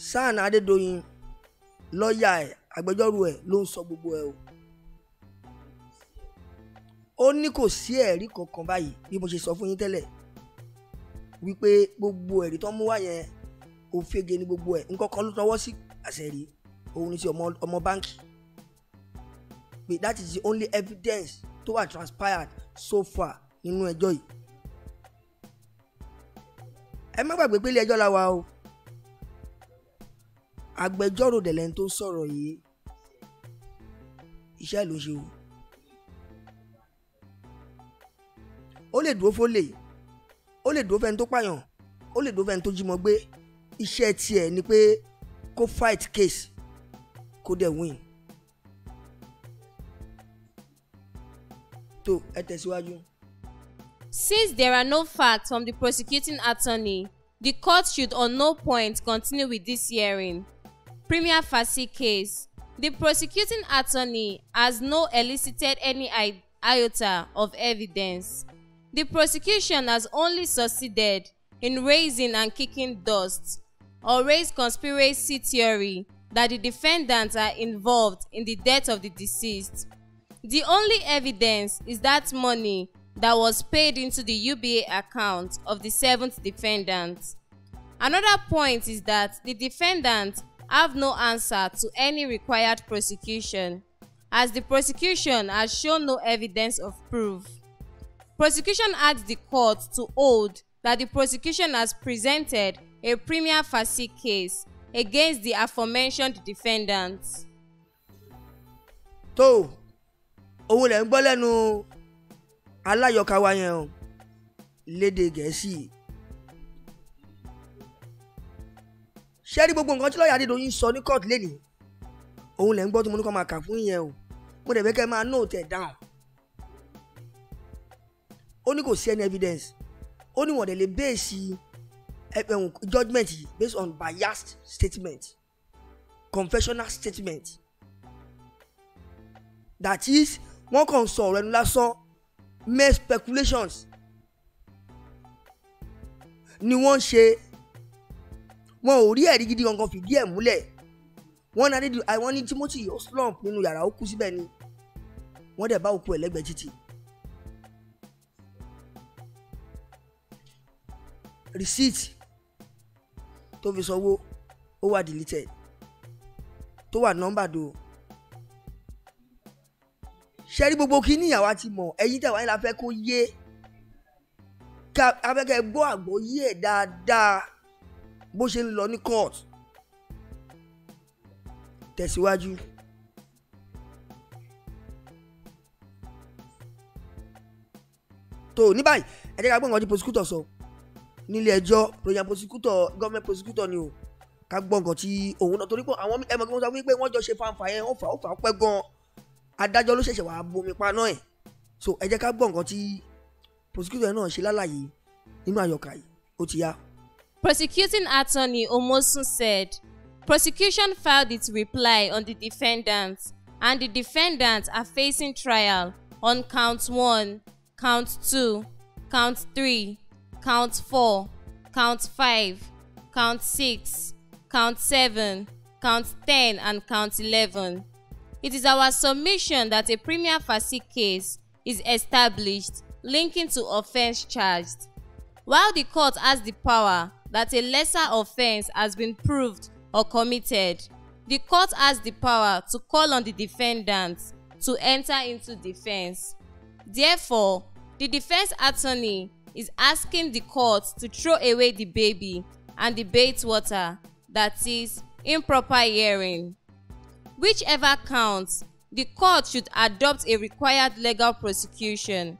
san adédọyìn lọ́ọ̀yà ẹ̀ agbẹjọ́rò ẹ̀ ló ń sọ gbogbo ẹ̀ o ó ní kò sí ẹ̀rí kankan báyìí bí mo ṣe sọ fún yín tẹ́lẹ̀ wípé gbogbo ẹ̀rí tó ń mú wá yẹn ni gbogbo ẹ̀ nǹkan kan ló tọwọ́ sí àṣẹ rí òun ni ti ọmọ ọmọ báǹkì pé that is the only evidence tó wà transpired so far nínú ẹjọ́ yìí ẹ má gbàgbé agbẹjọ́rò dẹ̀lẹ́ni tó ń sọ̀rọ̀ yìí iṣẹ́ ló ṣe o ó lè dúró fólè ó lè dúró fẹ́ni tó pààyàn ó lè dúró fẹ́ni tó jímọ̀ gbé iṣẹ́ tiẹ̀ ni pé kó fight case kó dẹ̀ win tó ẹ tẹ̀síwájú. Since there are no facts from the prosecuting attorney, the court should on no point continue with this hearing. Premier Fasi case. The prosecuting attorney has no elicited any iota of evidence. The prosecution has only succeeded in raising and kicking dust or raise conspiracy theory that the defendants are involved in the death of the deceased. The only evidence is that money that was paid into the UBA account of the seventh defendant. Another point is that the defendant have no answer to any required prosecution as the prosecution has shown no evidence of proof. Prosecution asked the court to hold that the prosecution has presented a prima facie case against the aforementioned defendants. tó òun lè ń gbọ́ lẹ́nu aláyọ̀ká wa yẹn o lédè gẹ̀ẹ́sì ṣé rí gbogbo nǹkan tí lọ́ọ̀yà Adédoyin sọ ní court lénìí òun lẹ̀ ń gbọ́ tí mo ní kó máa kà fún yẹn o mo dẹ̀ fẹ́ kẹ́ máa note ẹ̀ down ó ní kò sí any evidence ó ní wọ́n dẹ̀ lè bẹ́ẹ̀sì judgement yìí based on biased statement confessional statement that is wọ́n kàn sọ ọ̀rọ̀ ẹnu lásán mere speculations ni wọ́n ṣe wọn ò rí ẹ̀rí gidi gangan fìdí ẹ̀ múlẹ̀ wọ́n ní adédìrú àwọn ní Timothy yóò slump nínú yàrá ó kú síbẹ̀ ni wọ́n dẹ̀ bá òkú ẹ̀ lẹ́gbẹ̀ẹ́ títì. rìsíìtì tó fi sanwó ó wà deleted tó wà nọ́mbà do ṣẹ́rí gbogbo kíní ìyàwó àti mọ̀ ẹ̀yìn tẹ̀wá yìí la fẹ́ kó yé ká afẹ́kẹ́ gbọ́ àgbọ̀ yé ẹ̀ dáadáa bó ṣe ń lọ ní court tẹ̀síwájú. tó ní báyìí ẹ jẹ́ ká gbọ́ nǹkan tí prosecutor sọ nílé ẹjọ́ royal prosecutor government prosecutor ni o ká gbọ́ nǹkan tí òun náà torí pé àwọn ẹ̀mọ̀ kí wọ́n sọ fún mi pé wọ́n jọ ṣe fanfà yẹn ó fà ó fà ó pẹ́ gan-an adájọ́ ló ṣẹ̀ṣẹ̀ wàá bomi paná ẹ̀ so ẹ jẹ́ ká gbọ́ nǹkan tí prosecutor náà ṣe lálàyé nínú àyọkà yìí ó ti yá. Prosecuting attorney Omosun said, prosecution filed its reply on the defendants and the defendants are facing trial on count 1, count 2, count 3, count 4, count 5, count 6, count 7, count 10 and count 11. It is our submission that a prima facie case is established linking to offense charged. While the court has the power that a lesser offence has been proved or committed, the court has the power to call on the defendant to enter into defence. Therefore, the defence attorney is asking the court to throw away the baby and the baitwater, that is, improper hearing. Whichever counts, the court should adopt a required legal prosecution.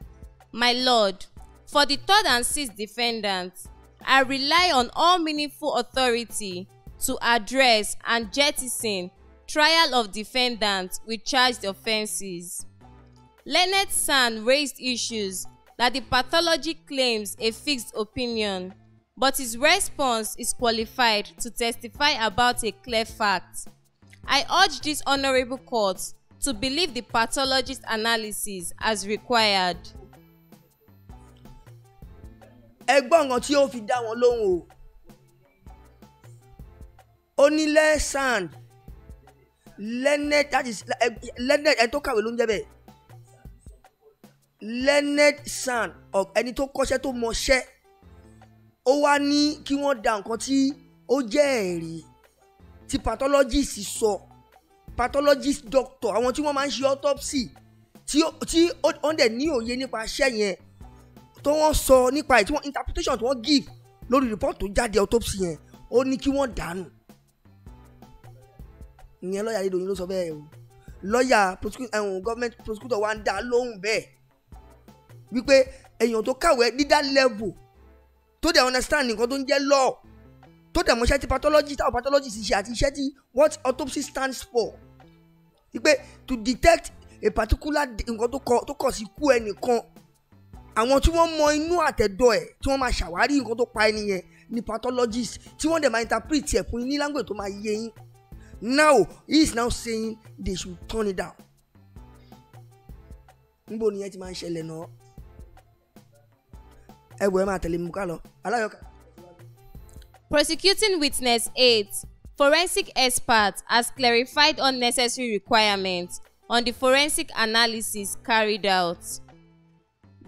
My lord, for the third and sixth defendants, I rely on all meaningful authority to address and jettison trial of defendants with charged offences. Leonard San raised issues that the pathology claims a fixed opinion, but his response is qualified to testify about a clear fact. I urge this honorable court to believe the pathologist's analysis as required ẹgbọ́n nǹkan tí ó fi dá wọn lóhùn o ó ní lẹ́sàn that is learned ẹni tó kàwé ló ń jẹ́ bẹ́ẹ̀ learned son ẹni tó kọ́ṣẹ́ tó mọṣẹ́ ó wá ní kí wọ́n da nǹkan tí ó jẹ́ ẹ̀rí tí pathologist sọ pathologist doctor àwọn tí wọ́n máa ń ṣe autopsy tí ó dẹ̀ ní òye nípa iṣẹ́ yẹn tó wọ́n sọ nípa ẹ̀ tí wọ́n interpretation tí wọ́n give lórí report tó jáde autopsy yẹn ó ní kí wọ́n dànù ìyẹn lọ́ọ̀yà Adédoyin ló sọ bẹ́ẹ̀ o lọ́ọ̀yà government prosecutor wa ń dá lóhùn bẹ́ẹ̀ wípé èèyàn tó kàwé dídá level tó dẹ̀ understand nǹkan tó ń jẹ́ law tó dẹ̀ mọṣẹ́ ti pathology táwọn pathology ti ṣe àti iṣẹ́ ti what autopsy stands for wípé to detect a particular nǹkan tó kọ sí ikú ẹnìkan àwọn tí wọ́n mọ inú àtẹ̀dọ̀ ẹ̀ tí wọ́n máa ṣàwárí nǹkan tó pa ẹni yẹn ni pathologist tí wọ́n dẹ̀ máa interpret ẹ̀ fún ní language tó máa yé yín now he is now saying they should turn it down níbo nìyẹn ti máa ń ṣẹlẹ̀ náà ẹ wò ẹ máa tẹ̀lé mi ká lọ aláyọ̀ká. Prosecuting witness 8 forensic expert has clarified unnecessary requirements on the forensic analysis carried out.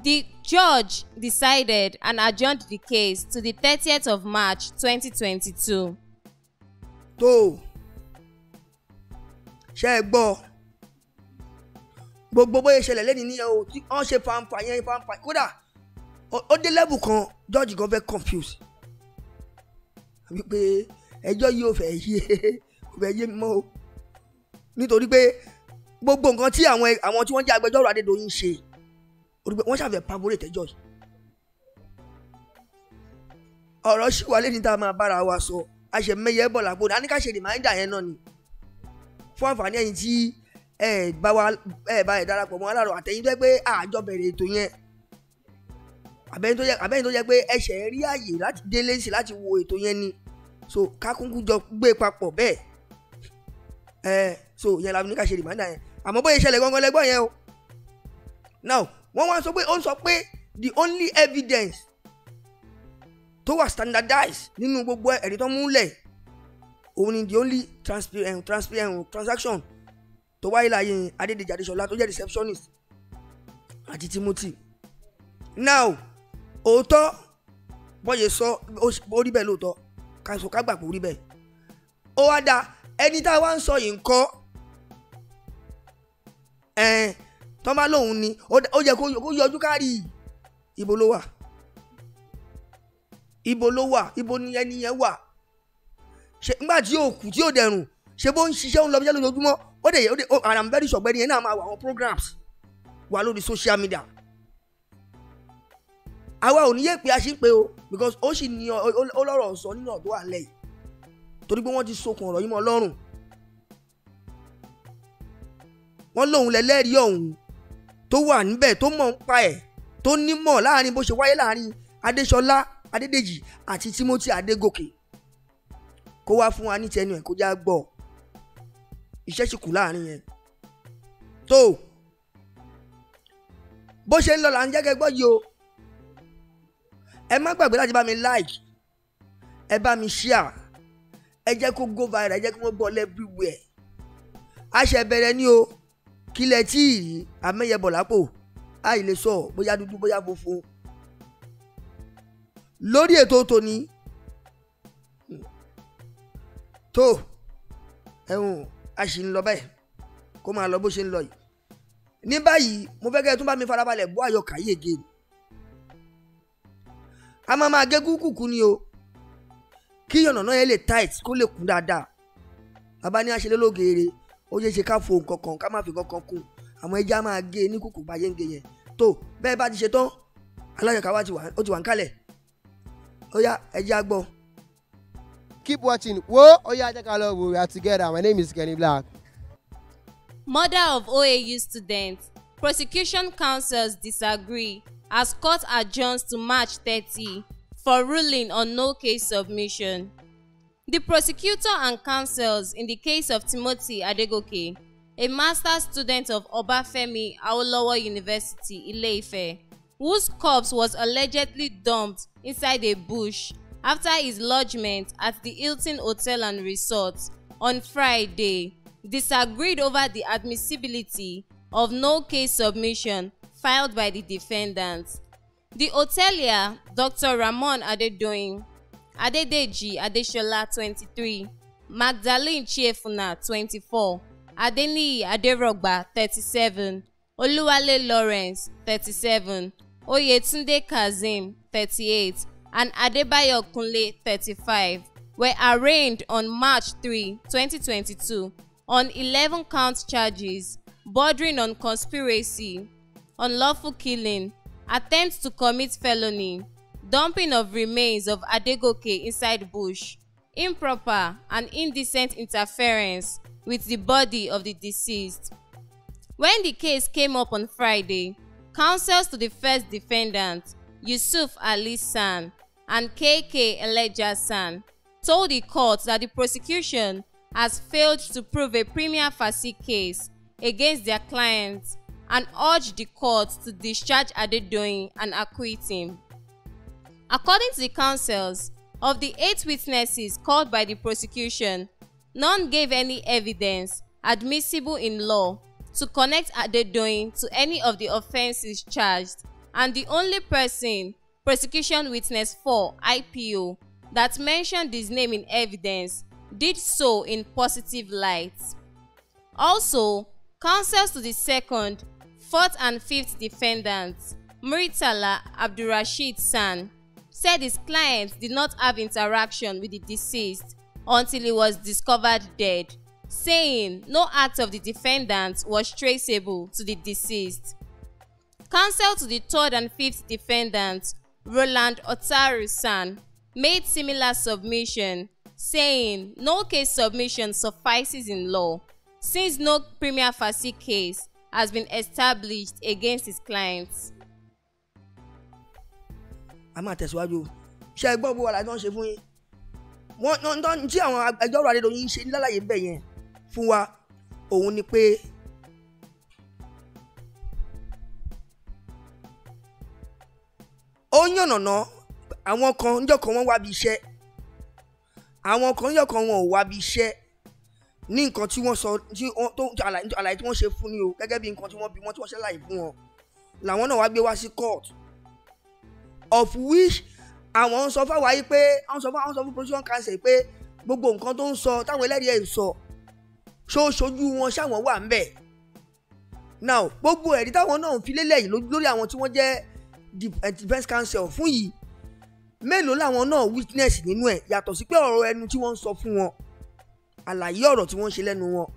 The judge decided and adjourned the case to the thirtieth of March twenty twenty-two. Tó o ṣe é gbọ́ gbogbo bóyá ìṣẹ̀lẹ̀ lẹ́ni níyẹn o tí wọ́n ṣe fanfa yẹn fanfa kódà ó dé level kan judge gan fẹ́ confuse wípé ẹjọ́ yìí ò fẹ́ yé ò fẹ́ yé mọ́ o nítorí pé gbogbo nǹkan tí àwọn tí wọ́n jẹ́ agbẹjọ́rò Adédoyin ṣe orí pé wọ́n ṣàfẹ́ pamọ́rẹ́ tẹ́jọ́ yìí ọ̀rọ̀ sì wà lẹ́ni tá a máa bára wa sọ a ṣe mẹ́yẹ bọ̀ ní a ní ká ṣe rìmáìndà yẹn náà ni fún àǹfààní ẹ̀yin tí ẹ bá wa ẹ bá ẹ darapọ̀ mọ́ aláàrọ̀ àtẹ̀yìn tó yẹ pé àjọ bẹ̀rẹ̀ ètò yẹn àbẹ́yìn tó yẹ pé ẹ ṣẹ̀ rí àyè láti délé sí láti wo ètò yẹn ni so kákúnkún jọ gbé papọ̀ bẹ́ẹ̀ ẹ so yẹn la ní ká ṣe rìmáìndà yẹn àmọ́ bóyá ìṣẹ̀lẹ̀ gangan lẹ́gbọ́n yẹn o now wọ́n wá sọ pé ó ń sọ pé the only evidence tó wà standardized nínú gbogbo ẹ̀rí tó múlẹ̀ òun ni the only transparent eh, transparent eh, transaction tó wáyé láàyè Adédèjì Adéṣọlá tó jẹ́ receptionist àti Timothy now òótọ́ bọ́yẹ sọ ó rí bẹ́ẹ̀ lóòótọ́ ká sọ ká gbà pé ó rí bẹ́ẹ̀ ó wá da ẹni tá a wá ń sọ yìí ń kọ́ ẹ̀ẹ́n. Eh, tó bá lóun ni ó yẹ kó yọjú kárí ibo ló wà ibo ló wà ibo ni ẹni yẹn wà ṣe tí yóò kù tí yóò dẹrùn ṣe bó ń ṣiṣẹ́ ń lọ bíṣẹ́ lójoojúmọ́ ó dẹ̀ yẹ ó and I'm very yẹn náà wà àwọn programs wà lórí social media àwa ò ní yé pé a ṣe ń pe o because ó sì ní ó lọ́rọ̀ sọ nínú ọ̀dọ́ àlẹ́ yìí torí pé wọ́n ti sokun ọ̀rọ̀ yìí mọ́ lọ́rùn wọ́n lóun lẹ́lẹ́rìí ọ̀hún tó wà níbẹ̀ tó mọ̀ ń pa ẹ̀ tó nímọ̀ láàrin bó ṣe wáyé láàrin Adéṣọlá Adédèjì àti Timothy Adégòkè kó wá fún wa ní tẹnu ẹ̀ kó já gbọ́ iṣẹ́ sì kù láàrin yẹn tó bó ṣe ń lọ là ń jẹ́ kẹ́ gbọ́ yìí o ẹ má gbàgbé láti bá mi like ẹ bá mi share ẹ jẹ́ kó go viral ẹ jẹ́ kó wọ́n gbọ́ lẹ́bíwẹ̀ àṣẹ bẹ̀rẹ̀ ni o kílẹ̀ tí ìrì amẹ́yẹbọ̀ lápò àì lè sọ bóyá dúdú bóyá fofo lórí ètò tòní tó ẹ̀hún a sì ń lọ bẹ́ẹ̀ kó máa lọ bó ṣe ń lọ yìí ní báyìí mo fẹ́ kẹ́ ẹ tún bá mi farabalẹ̀ bó àyọkà yìí ègè a máa máa gé kúkúkú ni o kí yànnà náà yẹn lè tight kó lè kún dáadáa bàbá ní aṣelélógeere ó ṣeé ṣe ká fo nǹkan kan ká má fi kankan kún àmọ́ ẹja máa gé e ní kùkù bá ń gé yẹn tó bẹ́ẹ̀ bá ti ṣe tán alájọká wa ti wà ń kalẹ̀ ó ẹja gbọ́. keep watching wo ó yá lọ wò we are together my name is Kenny Black. mother of OAU student prosecution counsels disagree as court adjourns to March 30 for ruling on no case submission. The prosecutor and counsels in the case of Timothy Adegoke, a master's student of Obafemi Awolowo University, ile whose corpse was allegedly dumped inside a bush after his lodgement at the Hilton Hotel and Resort on Friday, disagreed over the admissibility of no case submission filed by the defendants. The hotelier, Dr. Ramon Adedoyin, Adedeji Adesola, 23, Magdalene Chiefuna, 24, Adeniyi Aderogba, 37, Oluwale Lawrence, 37, Oyetunde Kazeem, 38, and Adebayo Kunle, 35, were arraigned on March 3, 2022, on 11 count charges bordering on conspiracy, unlawful killing, attempt to commit felony, dumping of remains of Adegoke inside bush, improper and indecent interference with the body of the deceased. When the case came up on Friday, counsels to the first defendant, Yusuf Ali San and KK Eleja San, told the court that the prosecution has failed to prove a premier facie case against their clients and urged the court to discharge Adedoyin and acquit him. According to the counsels, of the eight witnesses called by the prosecution, none gave any evidence admissible in law to connect Adedoyin to any of the offences charged, and the only person, prosecution witness 4 IPO, that mentioned his name in evidence did so in positive light. Also, counsels to the second, fourth and fifth defendants, Muritala Abdurrashid San, said his client did not have interaction with the deceased until he was discovered dead, saying no act of the defendant was traceable to the deceased. Counsel to the third and fifth defendants, Roland Otaru-san, made similar submission, saying no case submission suffices in law since no prima facie case has been established against his clients a máa tẹ̀síwájú ṣe gbọ́ gbogbo àlàyé tó ń ṣe fún yín wọ́n tí àwọn ẹjọ́rò Adédoyin ṣe nílàyé bẹ̀ yẹn fún wa òun ni pé ó yànnàná àwọn kan níjọ́ kan wọ́n wá bí iṣẹ́ àwọn kan níjọ́ kan wọn ò wá bí iṣẹ́ ní nǹkan tí wọ́n sọ tí tó àlàyé tí wọ́n ṣe fún ni o gẹ́gẹ́ bí nǹkan tí wọ́n bí wọ́n tí wọ́n ṣe láyé fún wọn làwọn náà wá gbé wá sí court of which àwọn ń sọ fáwa yìí pé àwọn sọ fáwọn sọ fún production council pé gbogbo nǹkan tó ń sọ táwọn ẹlẹ́rìí ẹ̀ ń sọ ṣóṣojú wọn ṣáwọn wà ń bẹ̀ now gbogbo ẹ̀rí táwọn náà ń fi lélẹ̀ yìí lórí àwọn tí wọ́n jẹ́ eh, defence council fún yìí mélòó làwọn náà witness nínú ẹ̀ yàtọ̀ sí pé ọ̀rọ̀ ẹnu tí wọ́n ń sọ fún wọn àlàyé ọ̀rọ̀ tí wọ́n ń ṣe lẹ́nu wọn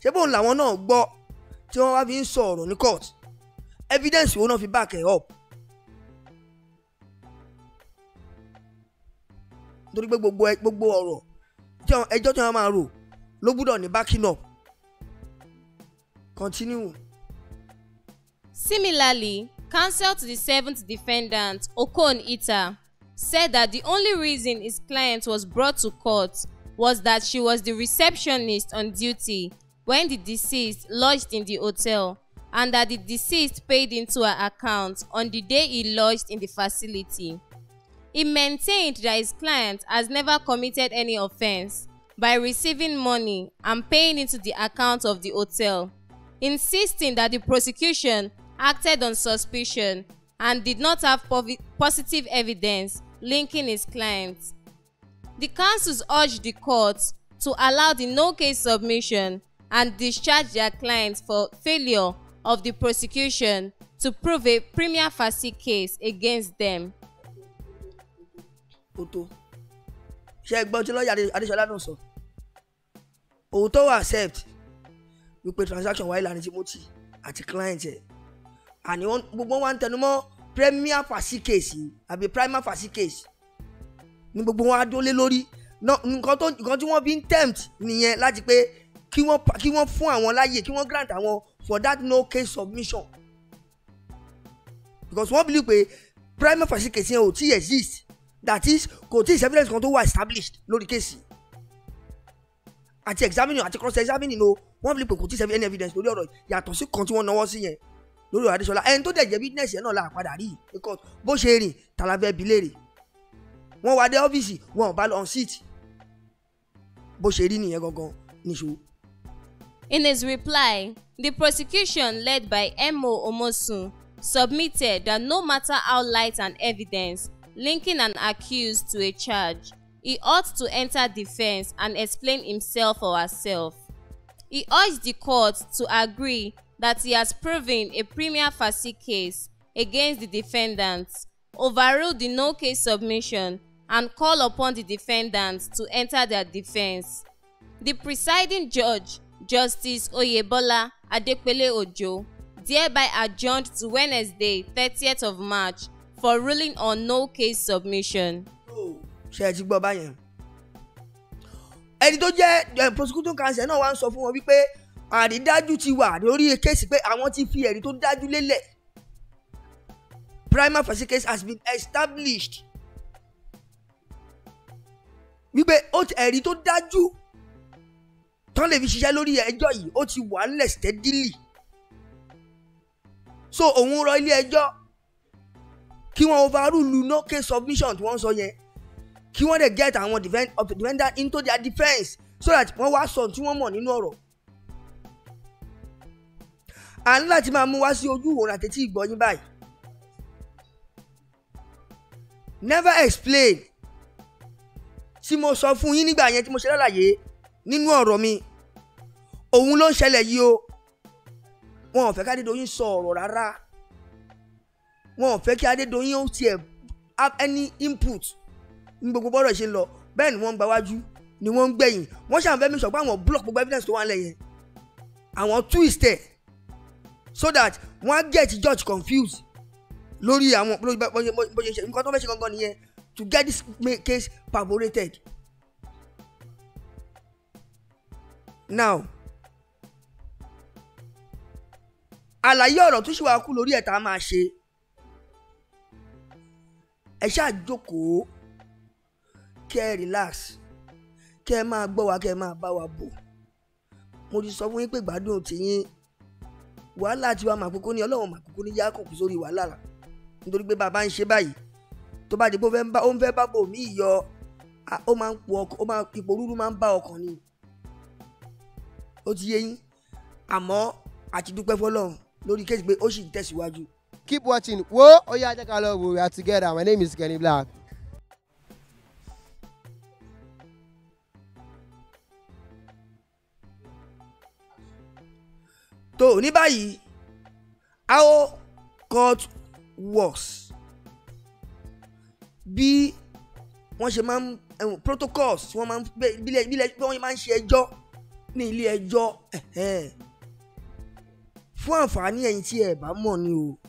ṣé bóun làwọn náà gbọ́ tí wọ́n wá fi ń sọ ọ̀rọ̀ ní court evidence wo náà fi back up nítorí pé gbogbo gbogbo ọ̀rọ̀ ẹjọ́ tí wọ́n máa rò ló gbúdọ̀ ní backing up continue. Similarly, counsel to the seventh defendant, Okon Ita, said that the only reason his client was brought to court was that she was the receptionist on duty when the deceased lodged in the hotel and that the deceased paid into her account on the day he lodged in the facility. He maintained that his client has never committed any offense by receiving money and paying into the account of the hotel, insisting that the prosecution acted on suspicion and did not have positive evidence linking his client. The counsels urged the court to allow the no-case submission and discharge their clients for failure of the prosecution to prove a prima facie case against them kó tó ṣe é gbọ́n tí lọ́ọ̀yà Adéṣọlá náà sọ òótọ́ wà accept wípé transaction wáyé láàrin Timothy àti client ẹ̀ àní gbogbo wa ń tẹnumọ́ premier fasi case àbí primer fasi case ni gbogbo wa dólé lórí nǹkan tí wọ́n fi ń tempt nìyẹn láti pé kí wọ́n kí wọ́n fún àwọn láàyè kí wọ́n grant àwọn for that no case submission because wọ́n believe pé primary case yẹn ò tí exist that is kò evidence kan tó established lórí kéèsì àti examining àti cross examining no wọ́n fi pé kò tí ì evidence lórí ọ̀rọ̀ yàtọ̀ sí kan tí wọ́n náwó sí yẹn lórí ọ̀rọ̀ Adéṣọlá ẹni tó dẹ̀ jẹ́ witness yẹn náà la padà rí because bó ṣe rìn tàlàfẹ́ bilérè wọ́n wá dé ọ́fíìsì wọn ò bá lọ on seat bó ṣe rí nìyẹn gangan níṣó. In his reply, the prosecution led by M.O. Omosun submitted that no matter how light an evidence linking an accused to a charge. He ought to enter defense and explain himself or herself. He urged the court to agree that he has proven a prima facie case against the defendants, overrule the no case submission, and call upon the defendants to enter their defense. The presiding judge, Justice Oyebola Adepele Ojo, thereby adjourned to Wednesday, 30th of March for ruling on no case submission. ṣe ẹ ti gbọ́ báyẹn ẹni tó jẹ́ eh, prosecuting counsel náà wá ń sọ fún wọn wípé àrídájú ti wà lórí kéèsì pé àwọn ti fi ẹ̀rí tó dájú lélẹ̀ Primary facie case has been established wípé ẹ̀rí tó dájú tán lè fi ṣiṣẹ́ lórí ẹjọ́ yìí ó ti wà ńlẹ̀ steadily so òun rọ ilé ẹjọ́ kí wọ́n overrule no case submission tí wọ́n sọ yẹn kí wọ́n dẹ̀ get àwọn defender into their defence so that wọ́n wá sọ tí wọ́n mọ̀ nínú ọ̀rọ̀ à ń láti máa mú wá sí ojú òun àtẹ̀tí ìgbọ́yìn báyìí never explain tí mo sọ fún yín nígbà yẹn tí mo ṣe lálàyé nínú ọ̀rọ̀ mi òun ló ń ṣẹlẹ̀ yìí o wọn ò fẹ́ ká dídò yín sọ ọ̀rọ̀ rárá wọn ò fẹ́ kí Adédoyin ó tiẹ̀ have any input ní gbogbo bọ́dọ̀ ṣe lọ bẹ́ẹ̀ ni wọ́n ń gba wájú ni wọ́n ń gbẹ̀yìn wọ́n ṣàǹfẹ́ mi sọ pé àwọn block gbogbo evidence tó wà nílẹ̀ yẹn àwọn twist ẹ̀ so that wọ́n á get judge confused lórí àwọn bó ṣe ṣe nǹkan tó fẹ́ ṣe gangan nìyẹn to get this case perforated now àlàyé ọ̀rọ̀ tó ṣì wá kú lórí ẹ̀ tá a máa ṣe ẹ ṣáà jókòó kẹ́ ẹ relax kẹ́ ẹ máa gbọ́ wa kẹ́ ẹ máa bá wa bọ̀ mo ti sọ fún yín pé gbádùn tìyín wàhálà tiwa màkókó ní ọlọ́run màkókó ní yákò kù sórí wàhálà nítorí pé bàbá ń ṣe báyìí tó bá di pé ó ń fẹ́ bá bò mí yọ ó máa ń po ọkàn ó máa ipò rúru máa ń bá ọkàn ni ó ti yé yín àmọ́ àti dúpẹ́ fọlọ́run lórí kéèsì pé ó sì ń tẹ̀síwájú keep watching wo oya jẹ́ ká lọ we are together my name is Kenny Black. tó ní báyìí how God works bí wọ́n ṣe máa ń protocols wọ́n máa ń bílẹ̀ bílẹ̀ bí wọ́n máa ń ṣe ẹjọ́ ní ilé ẹjọ́ fún àǹfààní ẹ̀yin tí ẹ bá mọ̀ ni o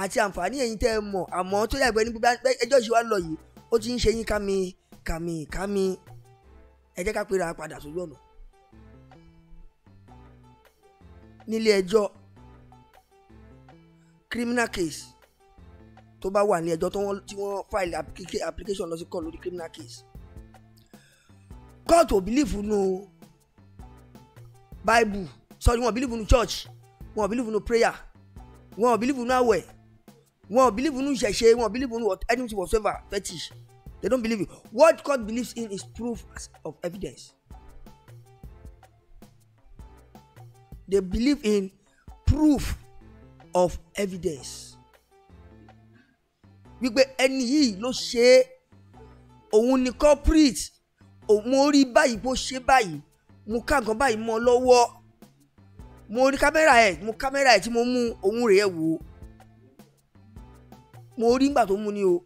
àti àǹfààní ẹ̀yin tẹ́ ẹ mọ̀ àmọ́ tó yà gbẹ́ ní gbígbá ẹjọ́ ìṣúwà lọ yìí ó ti ń ṣe yín kámi kámi kámi ẹ jẹ́ ká pera padà sójú ọ̀nà. nílé ẹjọ́ criminal case tó bá wà ní ẹjọ́ tí wọ́n file application lọ sí court lórí criminal case court ò bílífù nù bible sorry wọn ò bílífù nù church wọn ò bílífù nù prayer wọn ò bílífù nù àwẹ̀ wọn believe in ṣẹṣẹ wọn believe in anything whatsoever fetish they don't believe in what God believes in is proof of evidence they believe in proof of evidence wípé ẹni yìí ló ṣe é òun ni corporate mo rí báyìí bó ṣe báyìí mo ká nǹkan báyìí mọ́ lọ́wọ́ mo rí kámẹ́rà ẹ̀ mo kámẹ́rà ẹ̀ tí mo mú òun rèé wò ó mo rí ngbà tó mú ni o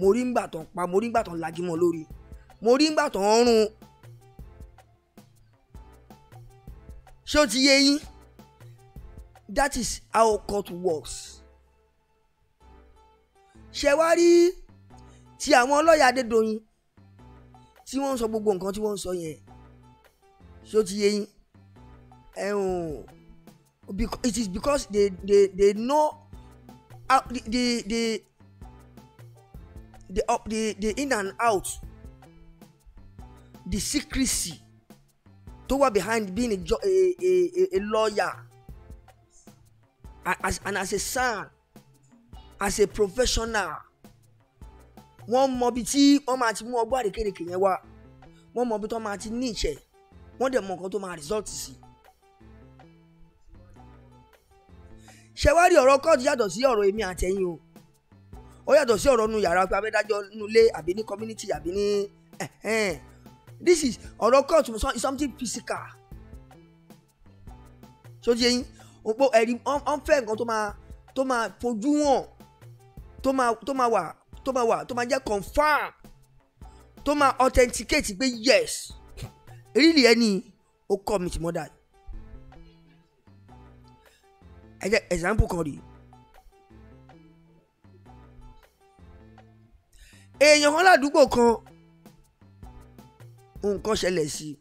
mo rí ngbà tó ń pa mo rí ngbà tó ń lagi lórí mo rí ngbà tó ń rún ṣé o ti yé yín that is how court works ṣe wá rí ti àwọn ọlọ́yà Adédoyin tí wọ́n ń sọ gbogbo nǹkan tí wọ́n ń sọ yẹn ṣé o ti yé yín it is because they they they know out the the the the up the the in and out the secrecy to wà behind being a a a a lawyer as and as a son as a professional wọ́n mọ ibi tí wọ́n máa ti mú ọgbọ́n àrékèrèké yẹn wá wọ́n mọ ibi tó máa ti ní ìṣẹ́ wọ́n dẹ̀ mọ nǹkan tó máa result sí i ṣe wá rí ọ̀rọ̀ kóòtù yàtọ̀ sí ọ̀rọ̀ èmi àtẹ̀yìn o ó yàtọ̀ sí ọ̀rọ̀ nu yàrá pé abẹ́dájọ́ nulẹ̀ àbí ní community àbí ní this is ọ̀rọ̀ kóòtù is something physical so ti yẹn òpó ẹ̀rí ọ̀n fẹ́ nǹkan tó máa tó máa fojú hàn tó máa tó máa wà tó máa wà tó máa jẹ́ confam tó máa authenticate pé yes really ẹni ó commit murder ẹ jẹ́ example kan rèé èèyàn kan ládùúgbò kan nǹkan ṣẹlẹ̀ sí i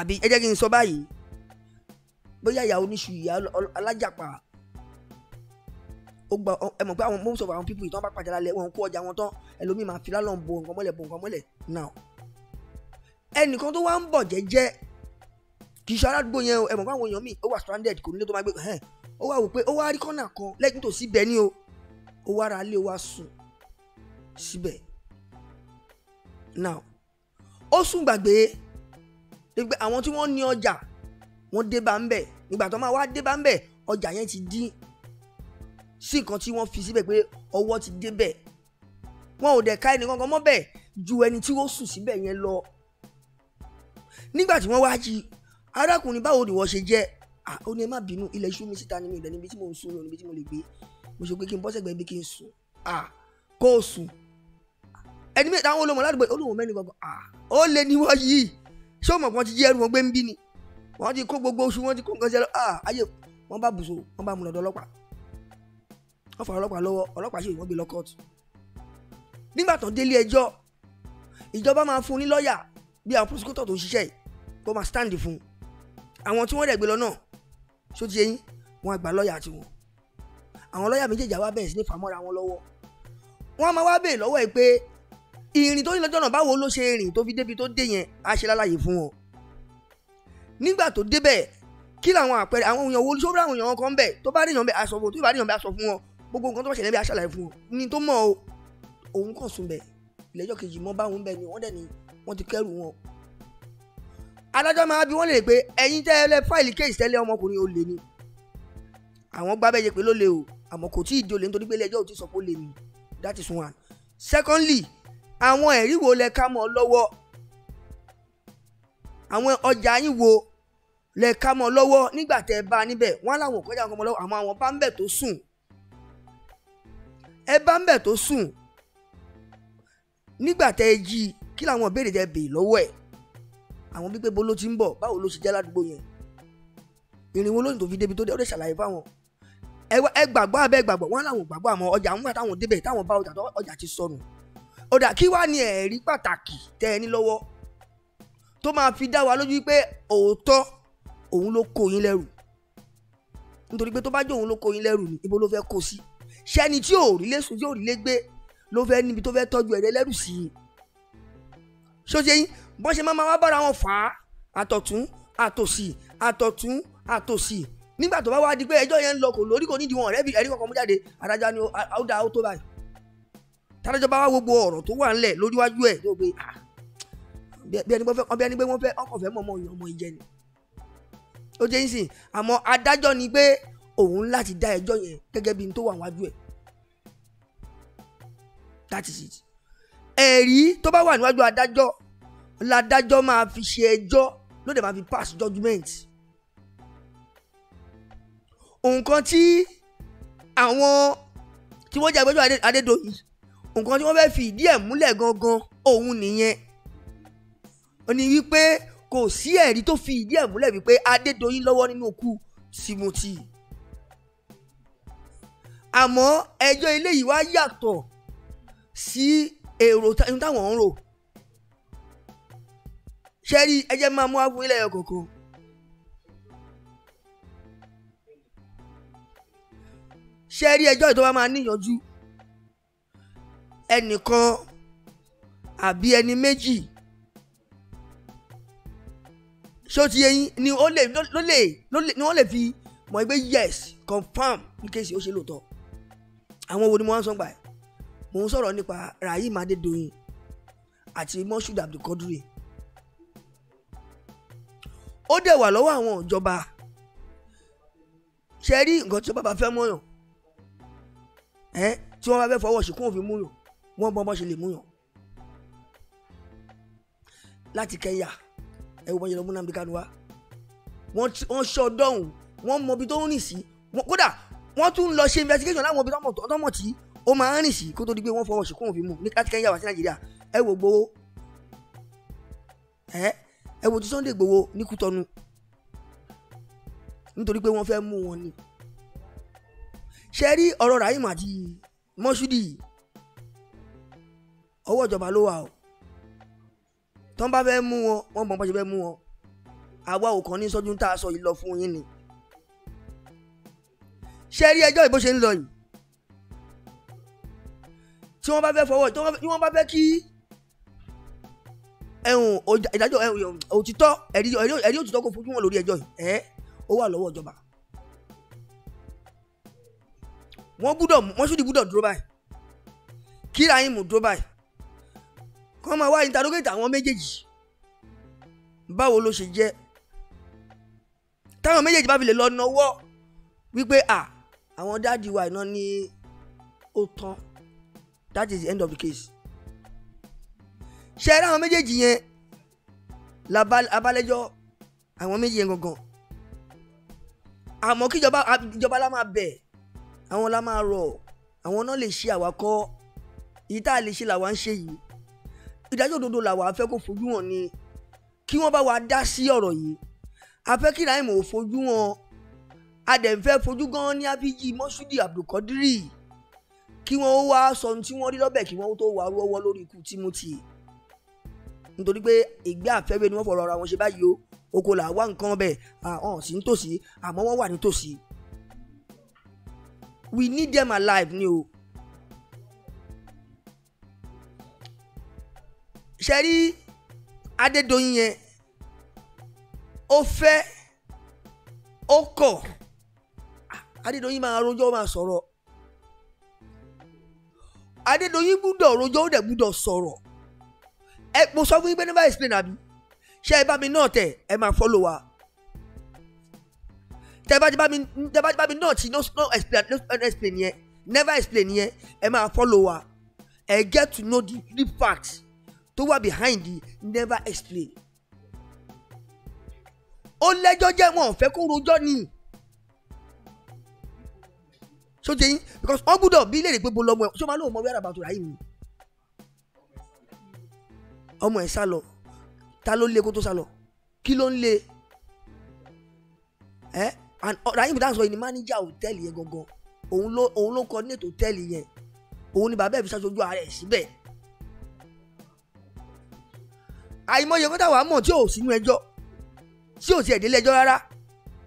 àbí ẹ jẹ́ kí n sọ báyìí bóyá ìyá oníṣu ìyá alájàpá ó gba ẹ mọ̀ pé àwọn most àwọn people ìtàn bá pàdé lálẹ́ wọn kó ọjà wọn tán ẹlòmíì máa fi lálọ́ bo nǹkan mọ́lẹ̀ bo nǹkan mọ́lẹ̀ now ẹnìkan tó wá ń bọ̀ jẹ́jẹ́ kì í ṣe aládùúgbò yẹn o ẹ̀mọ̀ báwọn èèyàn míì ó wà stranded kò nílé tó máa gbé ẹ̀hẹ́n ó wà wò pé ó wá rí kọ́nà kan lẹ́yìn tó sí bẹ́ẹ̀ ni o ó wá ra ilé wa sùn síbẹ̀ now ó sùn gbàgbé pé àwọn tí wọ́n ní ọjà wọ́n dé bá ń bẹ̀ nígbà tó máa wá dé bá ń bẹ̀ ọjà yẹn ti dín sí nǹkan tí wọ́n fi síbẹ̀ pé ọwọ́ ti dé bẹ̀ wọn ò dẹ̀ ká ẹnì kankan mọ́ bẹ̀ ju ẹni tí ó sùn síbẹ̀ yẹn lọ nígbà tí wọ́n wá jí i arákùnrin báwo ni wọ́n ṣe jẹ́ ó ní ẹ má bínú ilẹ̀ iṣu mi síta ni mi ìdẹ̀ níbi tí mo ń sùn ní níbi tí mo lè gbé mo ṣe pé kí n bọ́ sẹ́gbẹ̀ẹ́ bí kí n sùn kó o sùn ẹni mi táwọn olómọ ládùúgbò olóhùn mẹ́rin gbọ̀ngàn ó lé ní wọ́n yìí ṣé o mọ̀ pé wọ́n ti jí ẹrù wọn gbé ń bí ni wọ́n ti kó gbogbo oṣù wọ́n ti kó nǹkan sí ẹ lọ ayé wọ́n bá bùsọ̀ wọ́n bá mú lọ́dọ̀ ọlọ́pàá wọ́n fa ọlọ́pàá lọ́wọ́ ọlọ́pàá àwọn tí wọ́n dẹ̀ gbé lọ náà ṣó ti yé yín wọ́n á gba lọ́ọ̀yà tiwọn àwọn lọ́ọ̀yà méjèèjì àwa bẹ̀rẹ̀ sí ní fàmọ́ra wọn lọ́wọ́ wọ́n á máa wá bèè lọ́wọ́ ẹ̀ pé ìrìn tó ní lọ́jọ́ náà báwo ló ṣe rìn tó fi débi tó dé yẹn á ṣe lálàyé fún wọn nígbà tó débẹ̀ kí làwọn àpẹẹrẹ àwọn èèyàn wo sóbúrò àwọn èèyàn kan bẹ̀ tó bá rí bẹ̀ aṣọ fún wọn tó bá rí bẹ̀ aṣọ fún wọn gbogbo nǹkan tó o òun kàn sùn bẹ̀ ni wọ́n ni wọ́n ti adájọ́ máa bí wọ́n lè pé ẹ̀yin tẹ́ ẹ lẹ fáìlì kéèsì tẹ́lẹ̀ ọmọkùnrin olè ni àwọn gbá yẹ pé ló lè o àmọ́ kò tí ì dolè nítorí pé ẹjọ́ ò tí sọ pé ó lè ni that is one secondly àwọn ẹ̀rí wo lẹ ká mọ́ lọ́wọ́ àwọn ọjà yín wo lẹ ká mọ́ lọ́wọ́ nígbà tẹ́ ẹ bá níbẹ̀ wọ́n láwọn kọjá ọkọ̀ mọ́ lọ́wọ́ àmọ́ àwọn bá ń bẹ̀ tó sùn ẹ bá ń bẹ̀ tó sùn nígbà tẹ́ ẹ jí kí làwọn ìbéèrè tẹ́ ẹ lọ́wọ́ ẹ̀ àwọn bíi pé bó ló ti ń bọ̀ báwo ló ṣe jẹ́ ládùúgbò yẹn ìrìnwó lóyún tó fi débi tó dé ó lè ṣàlàyé fáwọn ẹ gbàgbọ́ abẹ́ gbàgbọ́ wọn làwọn gbàgbọ́ àmọ́ ọjà ń wà táwọn débẹ̀ táwọn bá ọjà tó ọjà ti sọnù ọ̀dà kí wàá ní ẹ̀rí pàtàkì tẹ́ ẹ ní lọ́wọ́ tó máa fi dá wa lójú pé òótọ́ òun ló kó yín lẹ́rù nítorí pé tó bá jẹ́ òun ló kó yín lẹ́rù ni ibo ló fẹ́ kó sí ṣẹ́ni tí ò rí lẹ́sùn tí ò rí lẹ́gbẹ́ ló fẹ́ níbi tó fẹ́ tọ́jú ẹ̀rẹ́ lẹ́rù sí i ṣó ṣe yín bó ṣe máa wá bára wọn fà á àtọ̀tún àtòsì àtọ̀tún àtòsì nígbà tó bá wá di pé ẹjọ́ yẹn ń lọ kò lórí kò nídìí wọn ọ̀rẹ́ ẹ̀rí kankan mú jáde adájọ́ ni ó dá ó báyìí tádájọ́ bá wá gbogbo ọ̀rọ̀ tó wà ńlẹ̀ lóríwájú ẹ̀ tó gbé ah, bí ẹni pé wọ́n fẹ́ ọkọ̀ fẹ́ that is it ẹ̀rí tó bá wà níwájú adájọ́ ládájọ́ máa fi ṣe ẹjọ́ ló dẹ̀ máa fi pass judgement. nǹkan tí àwọn tí wọ́n jẹ́ agbẹjọ́ Adédoyin nǹkan tí wọ́n fẹ́ fi ìdí ẹ̀ múlẹ̀ gangan òun nìyẹn ó ní wípé kò sí ẹ̀rí tó fi ìdí ẹ̀ múlẹ̀ wípé Adédoyin lọ́wọ́ nínú ikú simoti. àmọ́ ẹjọ́ eléyìí wá yàtọ̀ sí èrò táwọn ń rò ṣe rí ẹjẹ máa mú àfún ilẹ̀ ọ̀kọ̀ọ̀kan. ṣe rí ẹjọ́ ìjọba máa níyànjú ẹnìkan àbí ẹni méjì ṣé ó ti yẹ yín ni ó lè ló lè ni wọ́n lè fi mọ̀ ẹgbẹ́ yes confam ní kéèsì ó ṣe lóòótọ́ àwọn wo ni mo wá ń sọ̀gbà ẹ̀ mò ń sọ̀rọ̀ nípa Rahim Adédoyin àti Moshood Abdulkadri ó dẹ̀ wà lọ́wọ́ àwọn ìjọba ṣe rí nǹkan tí bàbá fẹ́ mọ̀yàn ẹ tí wọ́n bá fẹ́ fọwọ́ ṣìkún òfin múyàn wọ́n mọ bọ́n ṣe lè múyàn láti Kẹ́ńyà ẹ wọ́n yẹn lọ mú Nnamdi Kanu wá wọ́n ṣọ́ dọ́hùn wọ́n mọ ibi tó ń rìn sí kódà wọ́n tún lọ ṣe investigation láwọn ibi tó mọ̀ tí ó máa ń rìn sí kó tó di pé wọ́n fọwọ́ ṣìkún òfin mú ní láti Kẹ́ńyà wá sí Nàìjíríà ẹ wò gbowó ẹ. Eh? ẹ wo ti Sunday Igboho ní Kútọ́nù nítorí pé wọ́n fẹ́ mú wọn ni ṣe rí ọ̀rọ̀ Rahim àti Mọ́ṣúdì ọwọ́ ìjọba ló wà o tọ́n bá fẹ́ mú wọn wọ́n mọ̀ bá ṣe fẹ́ mú wọn àwa ò kàn ní sọ́jú tá a sọ yìí lọ fún yín ni ṣe rí ẹjọ́ ìbò ṣe ń lọ yìí tí wọ́n bá fẹ́ fọwọ́ tí wọ́n bá fẹ́ kí ẹ̀hún ìdájọ́ òtítọ́ ẹ̀rí òtítọ́ kò fojú wọn lórí ẹjọ́ yìí ẹ̀ ó wà lọ́wọ́ ìjọba wọ́n gbúdọ̀ wọ́n ṣùdí gbúdọ̀ dúró báyìí kíra yín mú dúró báyìí kọ́ máa wá interrogate àwọn méjèèjì báwo ló ṣe jẹ́ táwọn méjèèjì bá fi lè lọ nọwọ́ wípé à àwọn dáàdi wa iná ní ó tán that is the end of the case ṣẹ́ẹ́rẹ́ àwọn méjèèjì yẹn abalẹ́jọ́ àwọn méjì yẹn gangan àmọ́ kíjọba ìjọba la máa bẹ̀ àwọn la máa rọ̀ àwọn náà lè ṣe àwakọ́ èyí tá a lè ṣe làwa ń ṣe yìí ìdájọ́ òdodo làwa fẹ́ kó fojú hàn ni kí wọ́n bá wa dá sí ọ̀rọ̀ yìí a fẹ́ kí Ibrahim ò fojú hàn a dẹ̀ ń fẹ́ fojú gan ní abiji mọ́ṣúdì Abdulkadiri kí wọ́n wá sọ ohun tí wọ́n rí lọ́bẹ̀ kí wọ́n tó wà rú ọwọ́ lórí ikú Timothy nítorí pé ìgbé àfẹ́wé ni wọ́n fọ̀rọ̀ ara wọn ṣe báyìí o oko là wá nǹkan bẹ́ẹ̀ àwọn sì ń tòsí àmọ́ wọ́n wà ní we need them alive ni o. ṣe rí Adédoyin yẹn ó fẹ́ ó kọ̀ Adédoyin máa rojọ́ máa sọ̀rọ̀ Adédoyin gbúdọ̀ rojọ́ ó dẹ̀ gbúdọ̀ sọ̀rọ̀ ẹ mo sọ fún yín never explain abi. ṣé ẹ bá mi náà tẹ ẹ máa follow wa tẹ bá ti bá mi tẹ bá ti bá mi náà ti no explain no explain yẹn never explain yẹn ẹ máa follow wa ẹ get to know the real fact tó wà behind the never explain ó lẹ́jọ́ jẹ́ wọn ò fẹ́ kó rojọ́ ni ṣó ti because wọ́n gbúdọ̀ bí léèrè pé bó lọ́mọ ẹ̀ ṣó máa lóun mọ wíwá àbàtò ráyè mi ọmọ ẹ̀ sá lọ ta ló lé kó tó sá lọ kí ló ń lé ẹ Rahim dáhùn sọ yìí ni máníjà hòtẹ́ẹ̀lì yẹn gangan òun ló òun ló kọ ní ètò hòtẹ́ẹ̀lì yẹn òun ni bàbá ẹ̀ fi ṣàṣojú ara ẹ̀ síbẹ̀ àìmọye kọ́tà wàá mọ̀ tí ò sínú ẹjọ́ tí ò tiẹ̀ délé ẹjọ́ rárá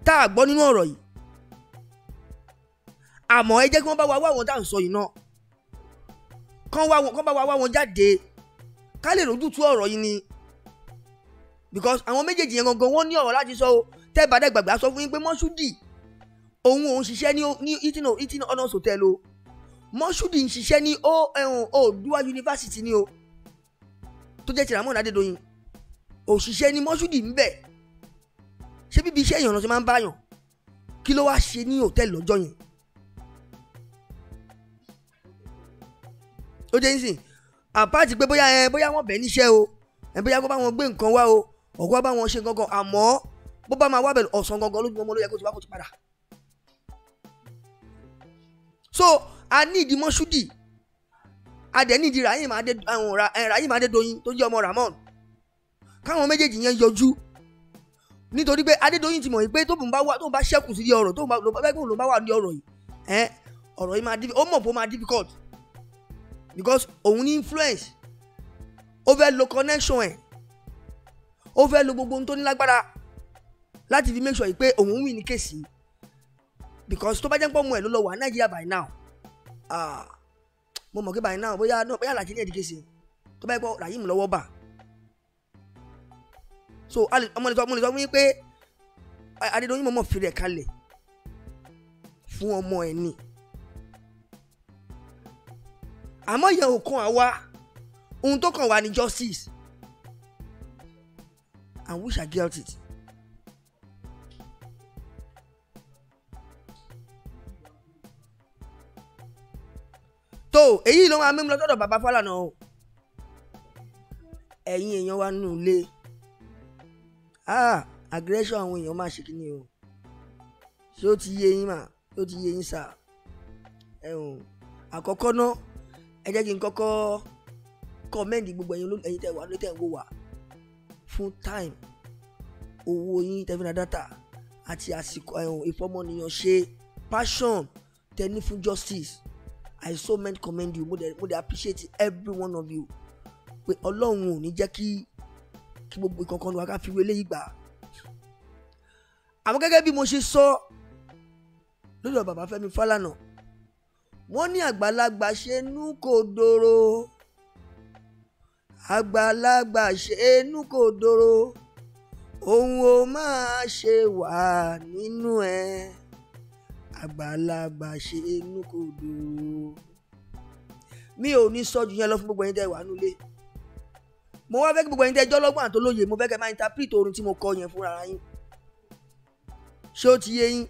tá a gbọ́ nínú ọ̀rọ̀ yìí àmọ́ ẹ jẹ́ kí wọ́n bá wa wá wọn tá sọ yìí náà kán bá wa wá wọn jáde ká lè rójútùú ọ̀rọ̀ yìí ni because àwọn méjèèjì yẹn gangan wọ́n ní ọ̀rọ̀ láti sọ o tẹ́ bá dẹ́ gbàgbà sọ fún yín pé mọ́ṣúdì òun òun ṣiṣẹ́ ní ìtìnà ìtìnà honors hotel o mọ́ṣúdì ń ṣiṣẹ́ ní Oòduà yunifásitì ni o tó jẹ́ ti Ramon òṣìṣẹ́ ní mọ́ṣúdì ń bẹ̀ ṣé bíbi iṣẹ́ èèyàn ló máa ń báyàn kí ló wáá ṣe ní hòtẹ́ẹ̀lì lọ́jọ́ yẹn ó dé nísìn àpáàtì pé bóyá ẹ eh, bóyá wọ́n bẹ̀ níṣẹ́ o ẹ eh, bóyá kó bá wọn gbé nǹkan wá o ọ̀gọ́ bá wọn ṣe gangan àmọ́ bó bá máa wá bẹ̀rẹ̀ ọ̀sán gangan lójú ọmọ ló yẹ kó ti wá kó ti padà. so a ní ìdí mọ́ṣúdì a dẹ̀ ní ìdí Rahim adé eh, Rahim Adédoyin tó jẹ́ ọmọ Rahmon káwọn méjèèjì yẹn yọjú nítorí pé Adédoyin ti mọ̀ yìí pé tóun bá wà tóun bá ṣẹ́kù sí ọ̀rọ̀ tóun bá wà ní ọ̀rọ̀ yìí ọ̀rọ̀ yìí máa difficult ó mọ̀ bó máa difficult because òun ní influence ó fẹ́ lo connection ẹ̀ ó fẹ́ lo gbogbo ohun tó ní lágbára láti fi make sure pé òun win ní kéèsì because tó bá jẹ́ pọ́ ọmọ ẹ̀ ló lọ wà nàìjíríà by now ah, mo mọ̀ pé by now bóyá náà bóyá làjí ní ẹ̀dígẹ́sì tó bá yẹ pọ́ Rahim lọ́wọ́ bà so ọmọ nìtọ́ ọmọ nìtọ́ wí pé Adédoyin mọ̀mọ́ fi rẹ̀ kalẹ̀ fún ọmọ ẹ̀ ni àmọ́ yẹn ò kan àwa ohun tó kàn wá ní justice and we shall get it. tó èyí ló máa mímú lọ́dọ̀ bàbá Fálànà o ẹ̀yin èèyàn wa nù lé ah aggression àwọn èèyàn máa ṣe kí ni o ṣé ó ti yé yín mà ṣé ó ti yé yín sà ẹ̀ àkọ́kọ́ náà ẹ jẹ́ kí n kọ́kọ́ kọ́mẹ́ǹdì gbogbo ẹ̀yin ẹ̀yin tẹ̀ wá lórí tẹ̀ ń wò wá full time owó yín tẹ̀ fi ra data àti àsìkò ìfọmọnìyàn ṣe passion tẹ̀ ní fún justice I so much commend you mo dey mo dey appreciate every one of you pé ọlọ́run ò ní jẹ́ kí kí gbogbo ìkankan wa ká fi wé léyìí gbà àmọ́ gẹ́gẹ́ bí mo ṣe sọ lọ́dọ̀ bàbá Fẹ́mi Fálànà. No wọ́n ní àgbàlagbà ṣe nú kò dòrò àgbàlagbà ṣe nú kò dòrò òun ò máa ṣe wà nínú ẹ àgbàlagbà ṣe nú kò dòrò mi ò ní sọ ju yẹn lọ fún gbogbo ẹ̀yin tẹ́ wà nulẹ̀ mo wá fẹ́ kí gbogbo ẹ̀yin tẹ́ jọ́lọ́gbọ́n àtolóye mo fẹ́ kẹ́ máa interpret orin tí mo kọ yẹn fúnra yín ṣé ó ti yé yín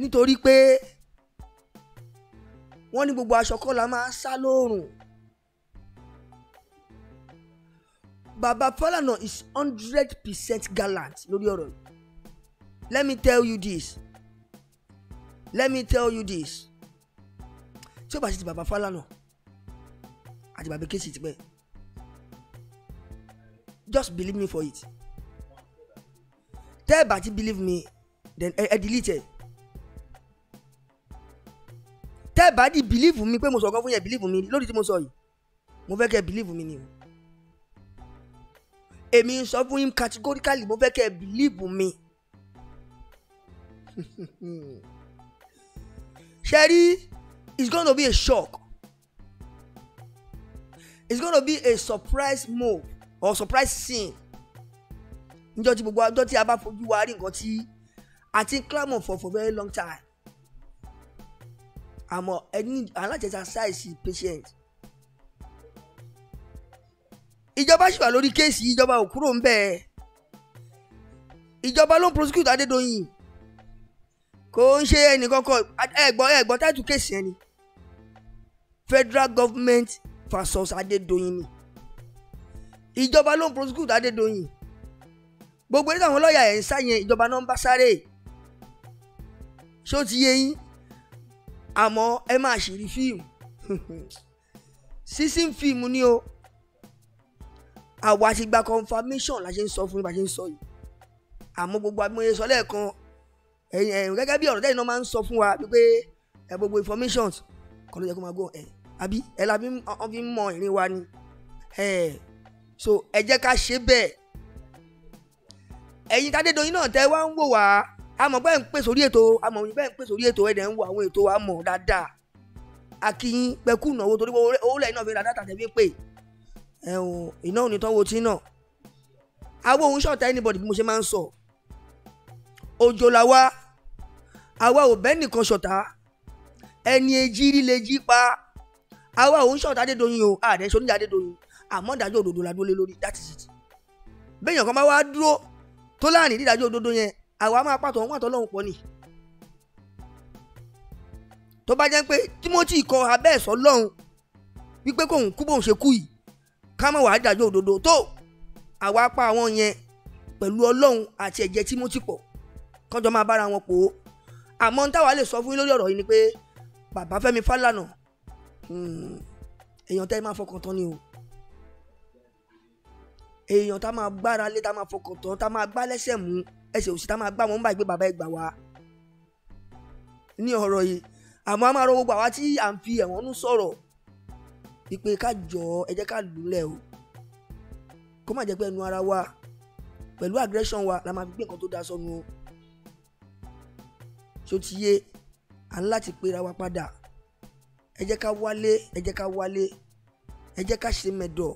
nítorí pé wọ́n ní gbogbo aṣọ kọ́ la máa sá lóòrùn. Baba Falana is hundred percent gallant lórí ọ̀rọ̀ yìí let me tell you this let me tell you this tí o bá ṣe ti Baba Falana àti Baba Kesi ti pẹ́ just believe me for it tẹ́ ẹ bá ti believe me then ẹ delete it tẹ́ ẹ̀ bá di bìlíìfù mi pé mo sọ̀kan fún yẹn bìlíìfù mi lórí tí mo sọ yìí mo fẹ́ kẹ́ ẹ bìlíìfù mi ni o èmi ń sọ fún yín categorically mo fẹ́ kẹ́ ẹ bìlíìfù mi (laughs) ṣẹ́rí it's gonna be a shock it's gonna be a surprise move or surprise scene níjọ́ tí gbogbo ọjọ́ tí a bá fojú wa rí nǹkan tí a ti ń clamor for for very long time àmọ́ ẹ ní aláti exercise patient. ìjọba ṣì wà lórí kéèsì ìjọba ò kúrò ń bẹ́ẹ̀ ìjọba ló ń prosecute Adédoyin kò ń ṣe ẹnìkankan ẹ̀gbọ́n ẹ̀gbọ́n táìtù kéèsì yẹn ni federal government versus Adédoyin ni ìjọba ló ń prosecute Adédoyin gbogbo ẹni táwọn lọ́ọ̀yà ẹ̀ ń sáyẹn ìjọba náà ń bá sáré ṣó ti yé yín àmọ́ ẹ máa ṣèrí fíìmù sísìn fíìmù ni o àwa ti gba confirmation la ṣe ń sọ fún yín bá ṣe ń sọ yìí àmọ́ gbogbo amóye sọ lẹ́ẹ̀kan gẹ́gẹ́ bí ọ̀rọ̀ dẹ́yìn náà máa ń sọ fún wa pé ẹ gbogbo informations kọ́ ló yẹ kó máa gbọ́ ẹ̀ àbí ẹ la fi ń mọ ìrìn wa ni so ẹ jẹ́ ká ṣe bẹ́ẹ̀ ẹ̀yin tádédọ́yìn náà tẹ́ wá ń wò wá àmọ́ bẹ́ẹ̀ ń pè sórí ètò àmọ́ bẹ́ẹ̀ ń pè sórí ètò ẹ̀dẹ̀ ń wo àwọn ètò àmọ́ dáadáa akíyín pẹ̀kú ìnáwó torí owó lẹ́yìn náà fi ra dátà tẹ̀bí pé ẹ̀hún iná òní tán wo tí náà àwa òun ṣọ̀tá anybody bí mo ṣe máa ń sọ òjò làwa àwa ò bẹ́ẹ̀ nìkan ṣọ̀tá ẹni ejì líle jí pa àwa òun ṣọ̀tá Adédoyin o ààrẹ ṣe oníjà Adédoyin àmọ́ ìdájọ́ òdodo la dúró lé lórí that is it bẹ́ẹ̀ yàn kan bá wá dúró tó láàrin ìdájọ́ òdodo yẹn àwa máa pàtó wọn àtọ́ lọ́hùn pọ̀ ni tó bá jẹ́ pé Timothy kọ abẹ́ ẹ̀sọ́ lọ́hùn wípé kóun kú bóun ṣe kú yìí ká mọ̀ wàá dàjọ́ òdodo tó àwa pa àwọn yẹn pẹ̀lú ọlọ́hun àti ẹ̀jẹ̀ Timothy pọ̀ kọjọ́ máa bára wọn pọ̀ àmọ́ táwa lè sọ fún yín lórí ọ̀rọ̀ yìí ni pé bàbá Fẹ́mi Fálànà hmm, èèyàn tẹ́ máa fọkàn tán ni o èèyàn tá máa gbára lé tá máa fọkàn tán tá máa gbá lẹ́sẹ̀ mú ẹsẹ̀ òsì tá máa gbá wọn ń báyìí pé bàbá ẹ gbà wá ní ọ̀rọ̀ yìí àmọ́ a máa rọ gbogbo àwa tí à ń fi ẹ̀wọ̀n nú sọ̀rọ̀ ìpè ká jọ ẹ jẹ́ ká lùlẹ̀ o kó má jẹ́ pé ẹnu ara wa pẹ̀lú aggression wa la máa fi gbé nǹkan tó da sọnù o ṣó ti yé à ń láti pera wa padà ẹ jẹ́ ká wálé ẹ jẹ́ ká wálé ẹ jẹ́ ká ṣe mẹ̀dọ̀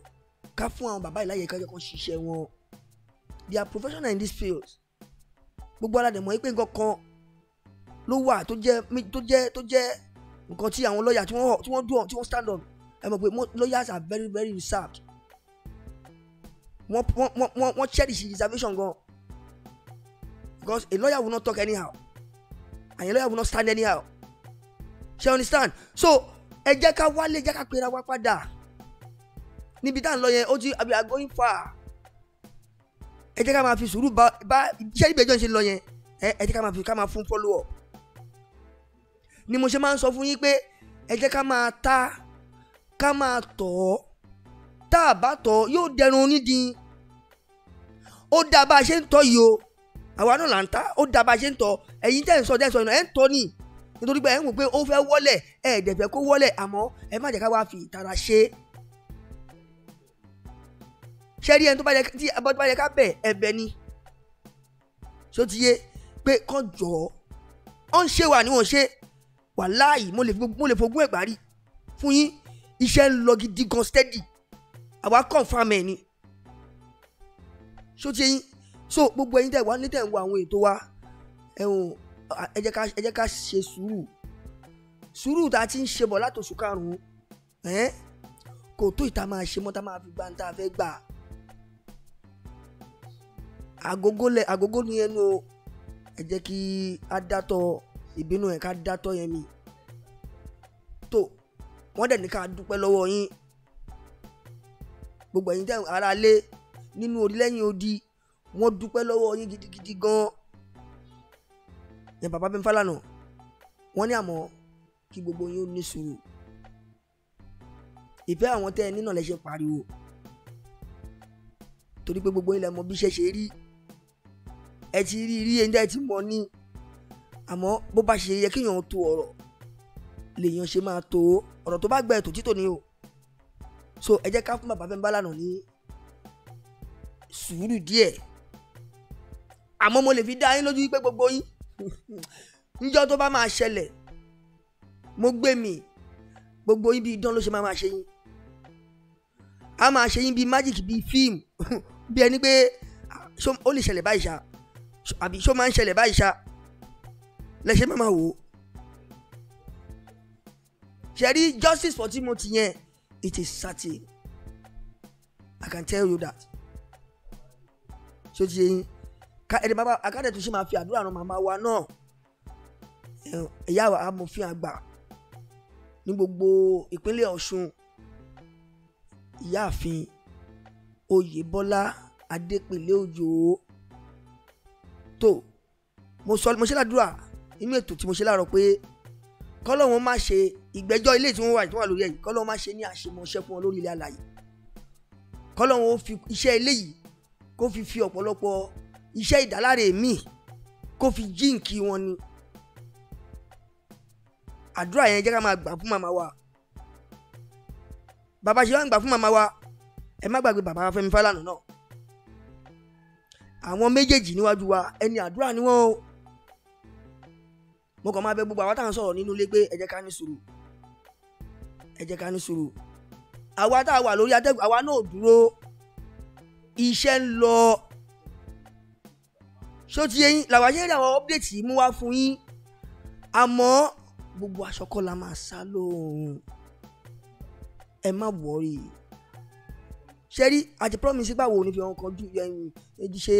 ká fún àwọn bàbá ìláyè ká jẹ́ kó ṣiṣẹ́ wọn they are professional in this field gbogbo ara dẹ̀ mọ̀ pé nǹkan kan ló wà tó jẹ́ tó jẹ́ tó jẹ́ nǹkan tí àwọn lọ́ọ̀yà tí wọ́n tí wọ́n dùn tí wọ́n stand on ẹ mọ̀ pé lawyers are very very reserved wọ́n wọ́n wọ́n wọ́n cherish reservation gan because a lawyer will not talk anyhow and a lawyer will not stand anyhow She understand so ẹ jẹ́ ká wálé jẹ́ ká pera wa padà níbi tá à ń lọ yẹn ó ti we are going far ẹ jẹ́ ká máa fi sùúrù bá bá iṣẹ́ ìgbẹ́jọ́ ṣe lọ yẹn ẹ ẹ jẹ́ ká máa fi ká máa fún follow up ni mo ṣe máa ń sọ fún yín pé ẹ jẹ́ ká máa ta ká máa tọ̀ ọ́ tá a bá tọ̀ ọ́ yóò dẹrun onídìí ó dá bá a ṣe ń tọ́ yìí o àwa náà là ń ta ó dá bá a ṣe ń tọ́ ẹ̀yin tẹ́ ń sọ tẹ́ ń sọ ẹ̀ ń tọ́ ni nítorí pé ẹ̀ ń wò pé ó fẹ́ wọlé ẹ̀ kó wọlé àmọ́ ẹ má jẹ́ ká wá fi ìtara ṣe é ṣẹ́rí ẹni tó bá yẹ tí ẹbọ tó bá yẹ ká bẹ̀ ẹ̀bẹ̀ ni ṣó ti yé pé kàn jọ ọ́ ń ṣe wà ní wọ́n ṣe wàláhì mo lè fogún ẹ̀ parí fún yín iṣẹ́ ń lọ gidi gan steady àwa confam ẹ̀ ni ṣó ti yín so gbogbo ẹ̀yin tẹ̀ wá ní tẹ̀ ń wo àwọn ètò wa ẹ̀hún ẹ jẹ́ ká ṣe sùúrù sùúrù tá a ti ń ṣe bọ̀ látòṣù karùn-ún kò tó ìta máa ṣe mọ́ a máa fi gbá fẹ́ gbà á agogo lẹ agogo ni ẹnu o ẹ jẹ́ kí a dátọ̀ ìbínú ẹ̀ ká dátọ̀ yẹn mi tó wọ́n dẹ̀ ní ká dúpẹ́ lọ́wọ́ yín gbogbo ẹ̀yin tẹ́ ara lé nínú orílẹ̀yìn odi wọ́n dúpẹ́ lọ́wọ́ yín gidigidi gan-an yẹn bàbá bẹ́ẹ̀ Fálànà wọ́n ní àmọ́ kí gbogbo yín ó ní sùúrù ìfẹ́ àwọn tẹ́ ẹ nínà pariwo torí pé gbogbo yín mọ bí iṣẹ́ ṣe rí ẹ ti rí rí ẹni tẹ́ ti mọ̀ ní àmọ́ bó bá ṣe yẹ kéèyàn tó ọ̀rọ̀ lèèyàn ṣe máa tó ọ̀rọ̀ tó bá gbẹ ètò títò ní o so ẹ jẹ́ ká fún bàbá fẹ́mi bálànà ní sùúrù díẹ̀ àmọ́ mo lè fi dá yín lójú pé gbogbo yín (laughs) níjọ́ tó bá máa ṣẹlẹ̀ mo gbé mi gbogbo yín bí idán ló ṣe máa ṣe yín a máa ṣe yín bí magic bí fíìmù (laughs) bí ẹni pé ó lè ṣẹlẹ̀ báyìí ṣáà àbí ṣó máa ń ṣẹlẹ̀ báyìí ṣá lẹ́sẹ̀ máa wò ó ṣe rí justice for Timothy yẹn it is certain I can tell you that ṣé o ti yẹ yín ká ẹni bàbá akádẹ tó ṣe máa fi àdúrà ran màmá wa náà ẹ̀yà amòfin àgbà ní gbogbo ìpínlẹ̀ Ọ̀ṣun ìyáàfin Oyèbọ́lá Adépèlé Òjó tó mo sọ mo ṣe ládùúrà nínú ètò tí mo ṣe láàárọ̀ pé kọ́lọ́wọ́n má ṣe ìgbẹ́jọ́ ilé tí wọ́n wà tí wọ́n wà lórí ẹ̀yìn kọ́lọ́wọ́n má ṣe ní àṣemọ̀ṣẹ́ fún wọn lórí ilé alàyè kọ́lọ́wọ́n ó fi iṣẹ́ eléyìí kó fi fi ọ̀pọ̀lọpọ̀ iṣẹ́ ìdáláre mi kó fi jíǹkì wọn ni àdúrà yẹn jẹ́ ká máa gbà fún màmá wa bàbá ṣe wá ń gbà fún màmá wa ẹ má gbàgbé bàbá Fẹ́mi Fálànà náà àwọn méjèèjì níwájú wa ẹni àdúrà ni wọ́n o mo kàn máa bẹ gbogbo àwọn táwọn sọ̀rọ̀ nínú ilé pé ẹ jẹ́ ká ní sùúrù ẹ jẹ́ ká ní sùúrù àwa tá a wà lórí atẹ́gùn àwa náà dúró iṣẹ́ ń lọ ṣó ti yẹ yín làwọn ayé rí àwọn update yìí mú wá fún yín àmọ́ gbogbo aṣọ la máa sá lóòrùn ẹ má wọrí ṣẹ́rí àti promise gbà wo ni fi hàn kan ju ẹni ṣe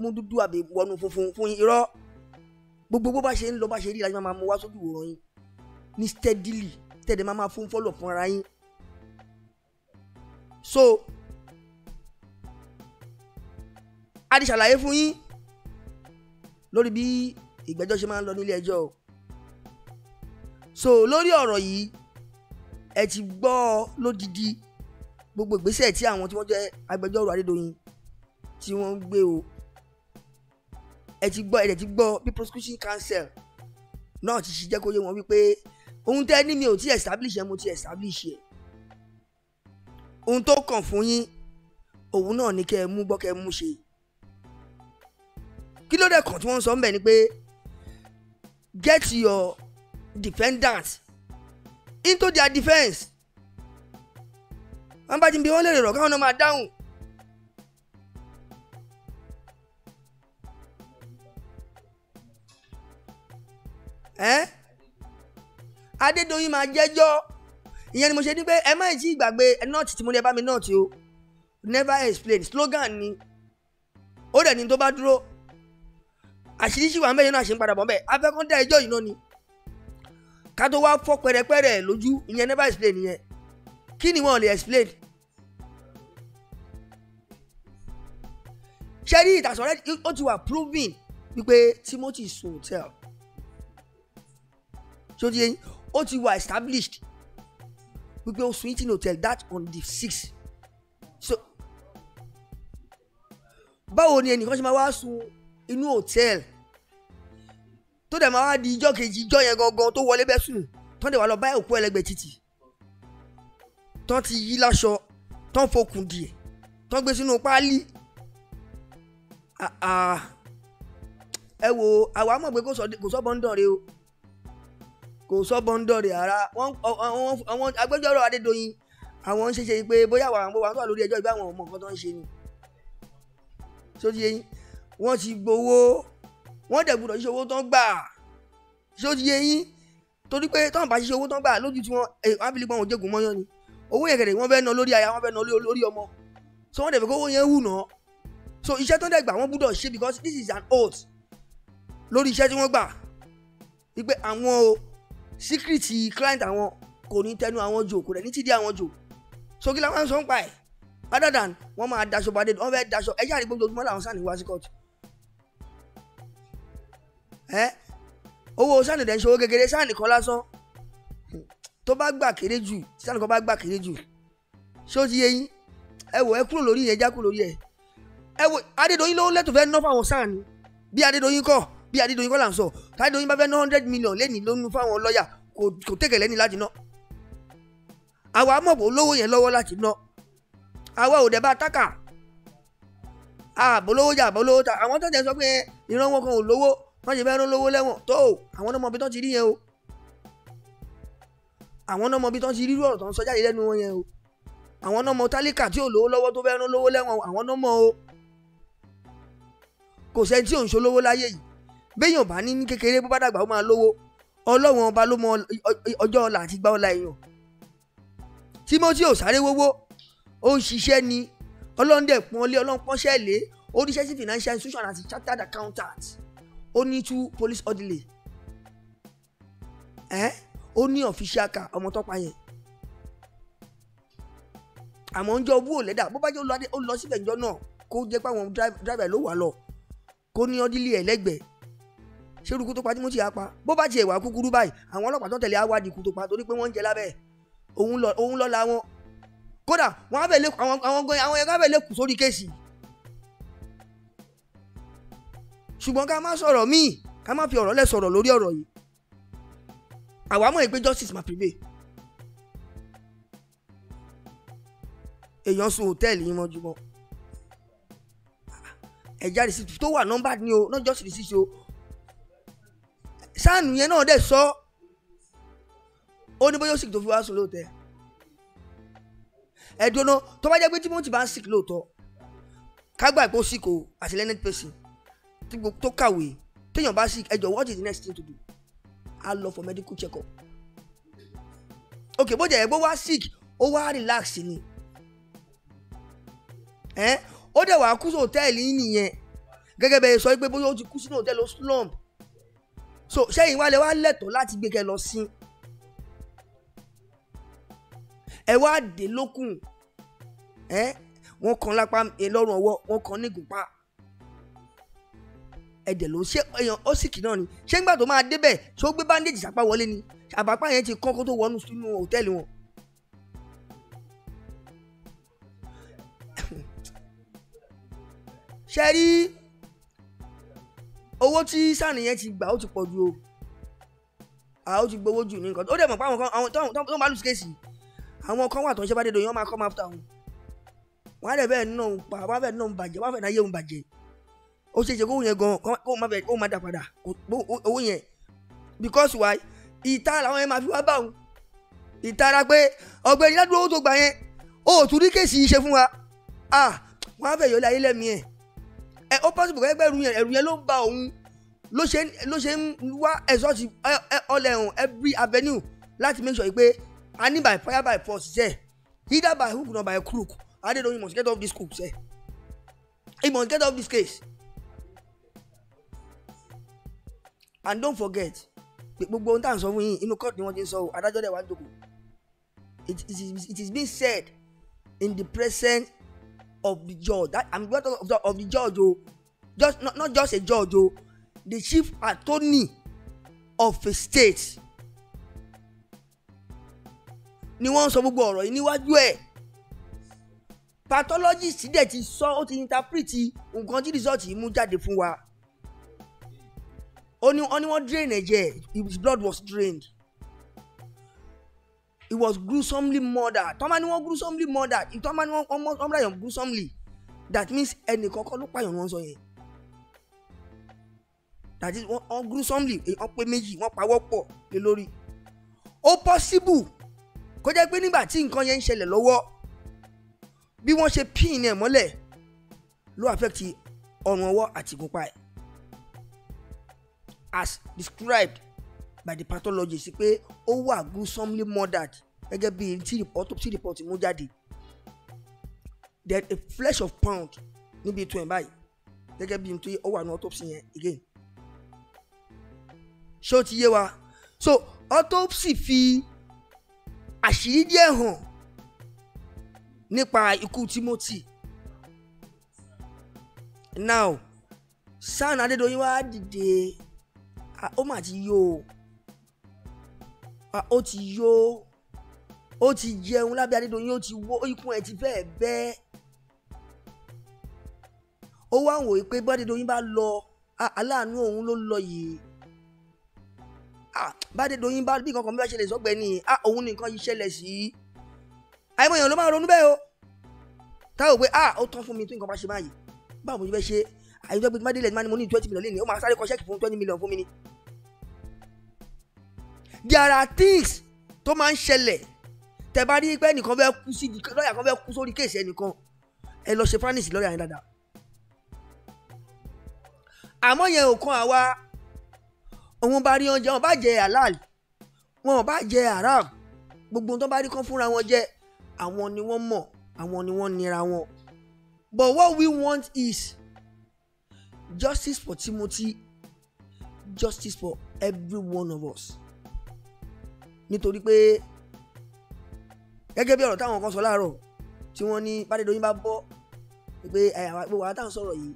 mú dúdú àbí wọnú funfun fún irọ́ gbogbo bó bá ṣe ń lọ bá ṣe rí ìlànà máa mú wá sójú ìwòran yín ní steadily tẹ̀dẹ̀ máa máa fún fọ́lọ̀ fún ara yín so a ti ṣàlàyé fún yín lórí bí ìgbẹ́jọ́ ṣe máa ń lọ nílé ẹjọ́ o so lórí ọ̀rọ̀ yìí ẹ ti gbọ́ lódìdí gbogbo ìgbésẹ̀ tí àwọn tí wọ́n jẹ́ agbẹjọ́rò Adédoyin tí wọ́n ń gbé o ẹ ti gbọ́ ẹ ti gbọ́ bí prosecution counsel náà ti ṣe jẹ́ kó yé wọn wípé ohun tẹ́ ní mi ò ti establish ẹ mo ti establish ẹ ohun tó kàn fún yín òun náà ni kẹ́ ẹ mú gbọ́ kẹ́ ẹ mú ṣe kí ló dé kàn tí wọ́n sọ ń bẹ̀ ni pé get your defendant into their defence wọ́n bá ti bí wọ́n lè rọ̀ káwọn náà máa dáhùn. Adédoyin máa jẹ́jọ́ ìyẹn ni mo ṣe ní pé ẹ má ì tí ì gbàgbé nọ́ọ̀tì tí mo ní ẹ bá mi nọ́ọ̀tì o never explain slogan ni ó dẹ̀ ní tó bá dúró àṣírí ṣì wà ń bẹ̀ yẹn náà ṣe ń padà bọ̀ ń afẹ́kọ́ńdà ẹjọ́ yìí náà ni ká tó wá fọ́ pẹ̀rẹ́pẹ̀rẹ́ lójú ìyẹn never explain yẹn kí ni wọn ò lè explain ṣé rí it has already ó ti wà proving, wípé Timothy is hotel so ti yẹn ó ti wà established wípé ó sùn eating hotel that on the six so báwo ni ẹnìkan ṣe máa wá sùn inú hotel tó dẹ̀ máa wá di ijọ́ kejì ijọ́ yẹn gangan tó wọlé bẹ́ẹ̀ sùn tó dẹ̀ wá lọ bá òkú ẹlẹgbẹ́ títì tán ti yí láṣọ tán fokùn díẹ̀ tán gbé sínú páálí ẹ wo àwa mọ̀ pé kò sọ́ bọ́ńdọ̀ rẹ o kò sọ́ bọ́ńdọ̀ rẹ ara àwọn agbẹjọ́rò Adédoyin àwọn ń ṣeṣe pé bóyá àwọn àwọn àwọn tó wà lórí ẹjọ́ ìgbà àwọn ọmọ nǹkan tó ń ṣe ni sóti yẹn wọ́n ti gbowó wọ́n dẹ̀ gbọ́dọ̀ ṣiṣẹ́ owó tán gbà sóti yẹn torí pé tọ́nba ṣiṣẹ́ owó tán gbà lójú tí wọ́n ábílẹ̀ gbọ́n òjègùn mọ́yán ni owó yẹn kẹ̀dẹ̀ wọ́n fẹ́ ná lórí aya wọ́n fẹ́ ná lórí ọmọ so wọ́n dẹ̀ fẹ́ kó owó yẹn wù náà so iṣẹ́ tó ń dẹ̀ gbà wọ́n gbúdọ̀ ṣe because this is an oath lórí iṣẹ́ tí wọ́n gbà wípé àwọn o secret client àwọn kò ní tẹnu àwọn jò kò dẹ̀ ní tìdí àwọn jò so kí làwọn sọ ń pa ẹ̀ other than wọ́n máa daṣọ bàdé wọ́n fẹ́ daṣọ ẹ ṣáà rí gbogbo ojúmọ́ làwọn sàn ní wá sí court ẹ owó sàn ní dẹ̀ ń ṣe owó kékeré sàn ní kan lásán tó bá gbà kéré jù sítánì kan bá gbà kéré jù ṣé ó ti yé yín ẹ wò ẹ kúrò lórí yẹn já kúrò lórí ẹ ẹ wò Adédoyin ló lẹ́tọ̀ọ́ fẹ́ ná fáwọn sáà ni bí Adédoyin kọ́ bí Adédoyin kọ́ là ń sọ Adédoyin bá fẹ́ ná hundred million lẹ́ni ló ń fáwọn lọ́ọ̀yà kò tẹ̀kẹ̀ lẹ́ni láti ná àwa mọ̀ bó lówó yẹn lọ́wọ́ láti ná àwa ò dẹ̀ bá tákà àbólówó jà àbólówó ta àwọn tó tẹ̀ sọ pé ìran wọn kan ò lówó wọ́n ṣe fẹ́ rán lówó lẹ́wọ̀n tó àwọn ọmọ ibi tó ti rí yẹn o àwọn náà mọ bí tó ń ṣe rírú ọ̀rọ̀ tó ń sọ jáde lẹ́nu wọn yẹn o àwọn náà tálíkà tí ò lówó lọ́wọ́ tó fẹ́ẹ́ rán lówó lẹ́wọ̀n àwọn náà o kò sẹ́ni tí ò ń ṣolówó láyé yìí béèyàn bá ní ní kékeré bó bá dàgbà ó máa lówó ọlọ́wọ́n ọba ló mọ ọjọ́ ọ̀la àti gbá ọ̀la èèyàn Timothy ò sáré wówó ó ń ṣiṣẹ́ ni ọlọ́ndẹ̀ pọ́nlé lé ó ó ní official car ọmọ tọ́pa yẹn àmọ́ ń jọ owó lẹ́dà bó bá jẹ́ ó lọ síbẹ̀ ìjọ náà kó jẹ́ pé àwọn driver ló wà lọ kó ní ọdílé ẹ̀ lẹ́gbẹ̀ẹ́ ṣerú kú tó pa tí mo ti yà pa bó bá ti ẹ̀wà kúkúrú báyìí àwọn ọlọ́pàá tó tẹ̀lé awádìí kú tó pa torí pé wọ́n ń jẹ lábẹ́ òun lọ́la wọn kódà wọn á bẹ̀ lé àwọn àwọn ẹ̀ka bẹ̀ lé kù sórí kéèsì ṣùgbọ́n ká má sọ̀rọ̀ míì ká má fi ọ̀rọ̀ lẹ̀ sọ̀rọ̀ lórí ọ̀rọ̀ yìí àwa mọ̀ pé justice ma prevail èèyàn sun hòtẹ́ẹ̀lì yín mọ́júmọ́ ẹ̀já rìsíìtì tó wà nọ́mbà ni o not just rìsíìtì o sáànù yẹn náà dẹ̀ sọ ó ní bóyá sick tó fi wá sùn lóòótọ́ ẹ̀ dùnà tó bá jẹ́ pé Timothy bá ń sick lóòótọ́ kágbà pé ó sick o as a learned person tó kàwé téèyàn bá sick ẹ jọ what is the next thing to do á lọ for medical check up ok bó jẹ́ ẹ̀gbọ́n wá sick ó wá relax ni ẹ́ ó dẹ̀ wá kú sí hòtẹ́ẹ̀lì nìyẹn gẹ́gẹ́ bẹ́ẹ̀ sọ pé bóyá ó ti kú sínú hòtẹ́ẹ̀lì ó slump so sẹ́yìn wálé wá lẹ́tọ̀ọ́ láti gbé kẹ́ lọ sí ẹ wá dé lókùn ẹ wọ́n kàn lápá lọ́rùn ọwọ́ wọ́n kàn nígùnpá ẹ̀jẹ̀ ló ṣe èèyàn ó sì kì náà ni ṣé nígbà tó máa débẹ̀ tó gbé bandage sápá wọlé ni àbápá yẹn ti kán kó tó wọnú sínú hòtẹ́ẹ̀lì wọn. ṣe rí owó tí sani yẹn ti gbà ó ti pọ̀ ju o àwọn ti gbowó jù ní nǹkan ó dẹ̀ mọ̀ pé àwọn kan àwọn tó ń bá lùsí kéèsì àwọn kan wà tó ń ṣe bá dédò yẹn wọ́n máa come after wọn wọ́n á dẹ̀ bẹ́ẹ̀ náà pa wọ́n á bẹ́ẹ̀ náà bàjẹ́ wọ́n á fẹ́ náà yé wọn bàjẹ́ ó ṣe é ṣe kó yẹn gan kó má fẹ́ kó má dà padà owó yẹn because why ìtara làwọn yẹn máa fi wá bá òun ìtara pé ọ̀gbẹ́ni ládùúgbò owó tó gbà yẹn ó tún rí kéèsì yìí ṣe fún wa ah wọn á fẹ́ yọlé ayé lẹ́mìí ẹ̀ ẹ ó pọ́sibù kẹ́ pẹ́ ẹ̀rù yẹn ẹ̀rù yẹn ló ń ba òun ló ṣe ló ṣe ń wá ẹ̀sọ́ ti ọlẹ̀ ẹ̀hún every avenue láti make sure pé a ní by fire by force ṣe either by hook or by crook adédọ̀yìn must get off this cook ṣe he must get off this case. and don't forget pé gbogbo ohun tá à ń sọ fún yín inú court ni wọ́n ti ń sọ o adájọ́ dẹ̀ wá ń jókòó it is being said in the presence of the judge that i'm glad of the, of the judge o just not, not just a judge o the chief attorney of a state ni wọ́n ń sọ gbogbo ọ̀rọ̀ yìí níwájú ẹ̀ pathologist dẹ̀ ti sọ ó ti interpret nǹkan tí result yìí mú jáde fún wa ó ní ó ní wọ́n drain ẹ̀jẹ̀ his blood was drained he was gruesomely murdered tọ́mọ ni wọ́n gruesomely murdered tọ́mọ ni wọ́n wọ́n mọ̀ra yàn gruesomely that means ẹnì kankan ló pààyàn wọ́n sọ yẹn that is wọ́n gruesomely wọ́n pé méjì wọ́n pawọ́ pọ̀ lé lórí ó possible kó jẹ́ pé nígbà tí nǹkan yẹn ń ṣẹlẹ̀ lọ́wọ́ bí wọ́n ṣe pín in ẹ̀ mọ́lẹ̀ ló affect ọrùn ọwọ́ àti ìgúnpá ẹ̀ as described by the pathologist pé ó wà gruesomely murdered gẹ́gẹ́ bí tí rìpọ́tù tí rìpọ́tù mú jáde then a flesh of pound níbi ètò ẹ̀ báyìí gẹ́gẹ́ bí nítorí ó wà autopsy yẹn again ṣé ó ti yé wa so autopsy fi àṣírí díẹ̀ hàn nípa ikú Timothy now Sam Adédoyin wá dìde Ah, ó mà ti yó o ah, ó ti yó ó ti jẹun lábẹ́ Adédoyin ó ti wó ikùn ẹ̀ ti fẹ́ẹ̀ bẹ́ẹ̀ ó wá wòye pé bádédoyin bá lọ ah, aláàánú òun ló lọ yìí bádédoyin bá bí kankan bá ṣẹlẹ̀ sọ́gbẹ́ ni òun nìkan yìí ṣẹlẹ̀ sí àìmọ̀ èèyàn ló máa ronú bẹ́ẹ̀ o táwọn pé ó tán fún mi tó nǹkan bá ṣe báyìí báwo mo ti fẹ́ ṣe àyíjọ́ pé mádélẹ̀ ni mo ní twenty million lẹ́nu ó máa sáré kọ ṣẹ́ẹ̀kì fún twenty million fún mi ni there are things tó máa ń ṣẹlẹ̀ tẹ bá rí pé ẹnìkan fẹ́ kú sí lọ́ọ̀yà kan fẹ́ kú sórí kéèsì ẹnìkan ẹ lọ ṣe franis lọ́ọ̀yà yẹn dáadáa àmọ́ yẹn ò kan àwa òun bá rí oúnjẹ wọn bá jẹ halal wọn bá jẹ haram gbogbo tó bá rí kan fúnra wọn jẹ àwọn ni wọ́n mọ̀ àwọn ni wọ́n nira wọn but what we want is justice for Timothy justice for every one of us nítorí pé gẹ́gẹ́ bí ọ̀rọ̀ táwọn kan sọ láàárọ̀ tí wọ́n ní Bádédoyin bá bọ́ pé àyàwó wa táwọn sọ̀rọ̀ yìí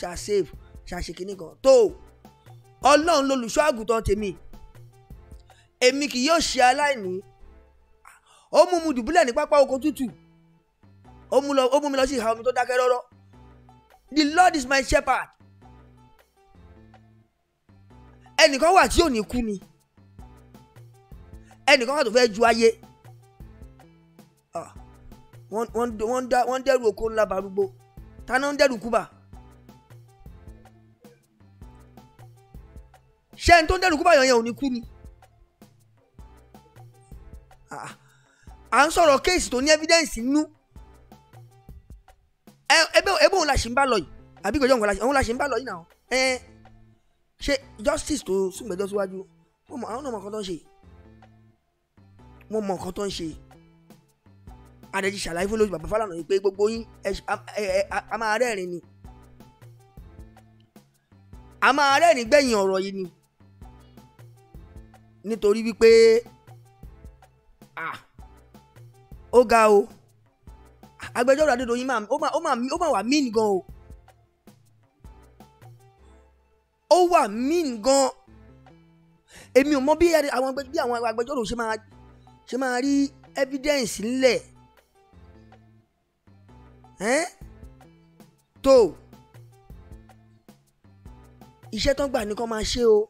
ṣá save ṣá ṣe kinní kan tó ọlọ́run lolùṣọ́ àgùntàn tèmi èmi kì yóò ṣe aláìní ó mú mu dùbúlẹ̀ ní pápá oko tútù ó mú mi lọ sí ìhà omi tó dákẹ́ rọ́rọ́ The Lord is my shepherd ẹnìkan wà tí ò kú ni ẹnìkan wà tó fẹ́ ju ayé ah, wọ́n ń dẹ́rù oko ńlá barúgbó táná ń dẹ́rù kúbà ṣé ẹni tó ń dẹ́rù kúbà yẹn ò ní kú ni ah, à ń sọ̀rọ̀ kéèsì tó ní evidence nínú ẹ ẹ bẹ́ẹ̀ òun la ṣì ń bá lọ yìí àbí kò òun la ṣì ń bá lọ yìí náà ṣé justice tó sùngbẹ́jọ́ síwájú wọ́n mọ àwọn náà mọ nǹkan tó ń ṣe wọ́n mọ nǹkan tó ń ṣe àdẹ̀jì ṣàlàyé fún lójú bàbá Fálànà yìí pé gbogbo yín a máa rẹ́rìn ni a máa rẹ́rìn gbẹ̀yìn ọ̀rọ̀ yìí ni nítorí wípé ó ga o agbẹjọ́rò Adédoyin ó mà wà míì gan o. ó wà mean gan èmi ò mọ bí àwọn bí àwọn agbẹjọ́rò ṣe máa ṣe máa rí evidence ńlẹ̀ ẹ́n tó iṣẹ́ tán gbà ní kán máa ṣe o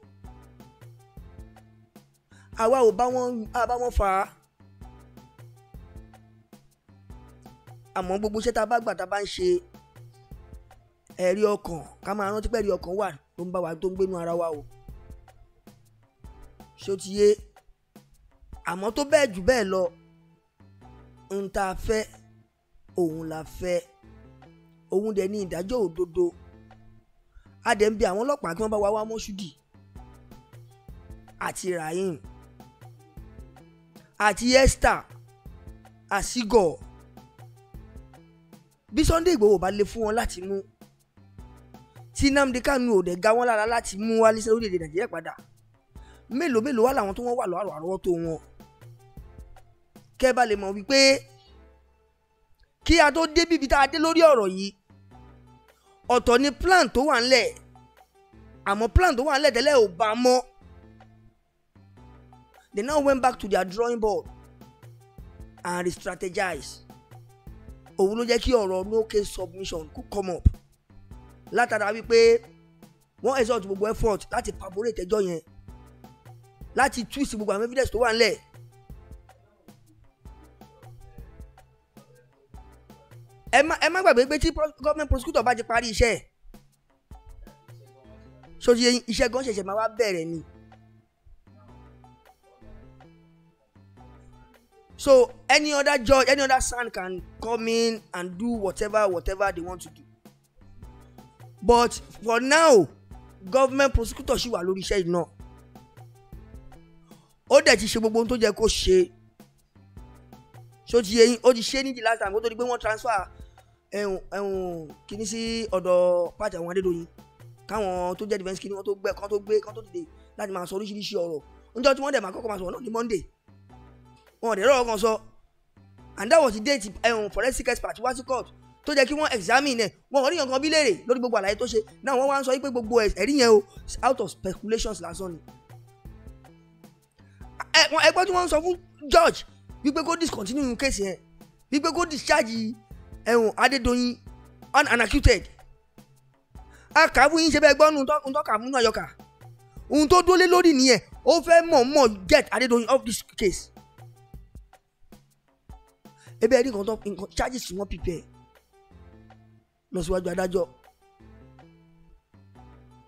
àwa ò bá wọn bá wọn fà á àmọ́ gbogbo iṣẹ́ tá a bá gbà tá a bá ń ṣe ẹ̀rí ọkàn ká máa rántí pé ọkàn wà tó ń bá wa tó ń gbénu ara wa o ṣé o ti yé àmọ́ tó bẹ́ẹ̀ jù bẹ́ẹ̀ lọ ń ta fẹ́ òun la fẹ́ òun dẹ̀ ní ìdájọ́ òdodo a dẹ̀ ń bi àwọn ọlọ́pàá kí wọ́n bá wa wá mọ́ṣúdì àti rahim àti esther àsigọ̀ bí Sunday Igboho ba lè fún wọn láti mú tí Nnamdi Kanu ò dẹ̀ ga wọ́n lára láti mú wálé sí orílẹ̀-èdè Nàìjíríà padà mélòó mélòó wà láwọn tó wọ́n wà lọ́wọ́ àrọ́wọ́ tó wọn kẹ́ bá lè mọ̀ wípé kí a tó dé bíbi tá a dé lórí ọ̀rọ̀ yìí ọ̀tọ̀ ni plan tó wà ńlẹ̀ àmọ́ plan tó wà ńlẹ̀ tẹ́lẹ̀ ò bá mọ́ they now went back to their drawing board and re-strategize òun ló jẹ́ kí ọ̀rọ̀ no case submission could come up látara wípé wọ́n exalt gbogbo effort láti favorite ẹjọ́ yẹn láti twist gbogbo àwọn evidence tó wà ńlẹ̀. ẹ má ẹ má gbàgbé pé tí government prosecutor bá ti parí iṣẹ́ ẹ̀ sójú iṣẹ́ gan ṣẹ̀ṣẹ̀ máa wá bẹ̀rẹ̀ ni. so any other judge any other son can come in and do whatever whatever they want to do but for now government prosecutor ṣì wà lórí iṣẹ́ yìí náà ó dẹ̀ ti ṣe gbogbo ohun tó yẹ kó ṣe ṣó ti ó ti ṣe ní the last time kó tó di pé wọ́n transfer ẹ̀hún eh, ẹ̀hún eh, kìíní sí ọ̀dọ̀ pàtẹ àwọn Adédoyin káwọn tó jẹ́ defence kìíní wọ́n tó gbẹ kán tó gbé kán tó dìde láti máa sọ oríṣiríṣi ọ̀rọ̀ níjọ́ tí wọ́n dẹ̀ máa kọ́kọ́ máa sọ̀rọ̀ náà ní Monday wọn ò dẹ̀ rọ̀rọ̀ kan sọ and that was the date ẹ̀hún eh, forensic expert wá sí court tó jẹ́ kí wọ́n examine ẹ̀ wọn ò rí yankan bí léèrè lórí gbogbo àlàyé tó ṣe náà wọ́n wá ń sọ pé gbogbo ẹ̀rí yẹn o out of speculations lásán ni. ẹ gbọ́ tí wọ́n ń sọ fún George wípé kó discontinue nínú kéèsì yẹn wípé kó discharge ẹ̀wọ̀n Adédoyin unacquitted. akàbù yín ṣe bẹ́ẹ̀ gbọ́ ohun tó kà fún ọyọkà ohun tó dólé lórí nìyẹn ó fẹ́ mọ̀ọ́mọ̀ get Adédoyin off this case. ebe ẹni kan tó charges wọn prepare lọ síwájú adájọ́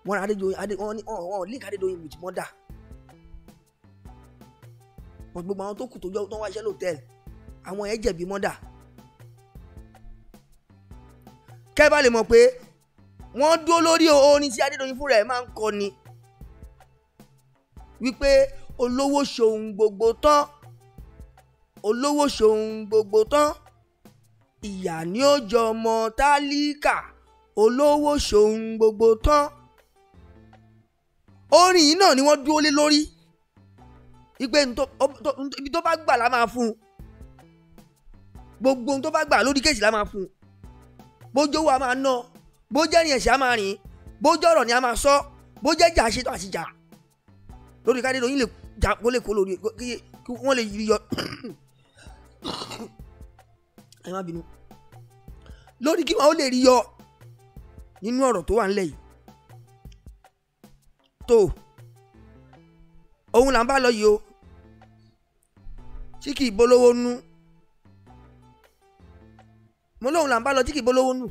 wọ́n adédoyin adé wọ́n ní wọ́n link adédoyin with murder wọ́n gbogbo àwọn tó kù tó jọ tó wá iṣẹ́ lòtẹ́ẹ̀lì àwọn yẹn jẹ̀bi murder kẹ́ bá lè mọ̀ pé wọ́n dúró lórí orin tí adédoyin fúnra ẹ̀ máa ń kọ ni wípé olówó ṣohun gbogbo tán olówó ṣohun gbogbo tán ìyà ni ó jọ ọmọ tálíkà olówó ṣòun gbogbo tán orin yìí náà ni wọ́n dúró lé lórí ipe ibi tó bá gbà la máa fún un gbogbo ohun tó bá gbà lórí kéèsì la máa fún un bójú owó a máa ná bójú ẹ̀rìn ẹ̀sẹ̀ a máa rìn bójú ọ̀rọ̀ ni a máa sọ bójú ẹ̀jà àṣetọ́ àṣìjà lórí káde lóyún lè jà kó lè kó lórí kí wọ́n lè yọ ẹ má bínú lórí kí wọn ó lè rí yọ nínú ọ̀rọ̀ tó wà ńlẹ̀ yìí tó òun là ń bá lọ yìí o tí kì í bolówó nú mo lóun là ń bá lọ tí kì í bolówó nú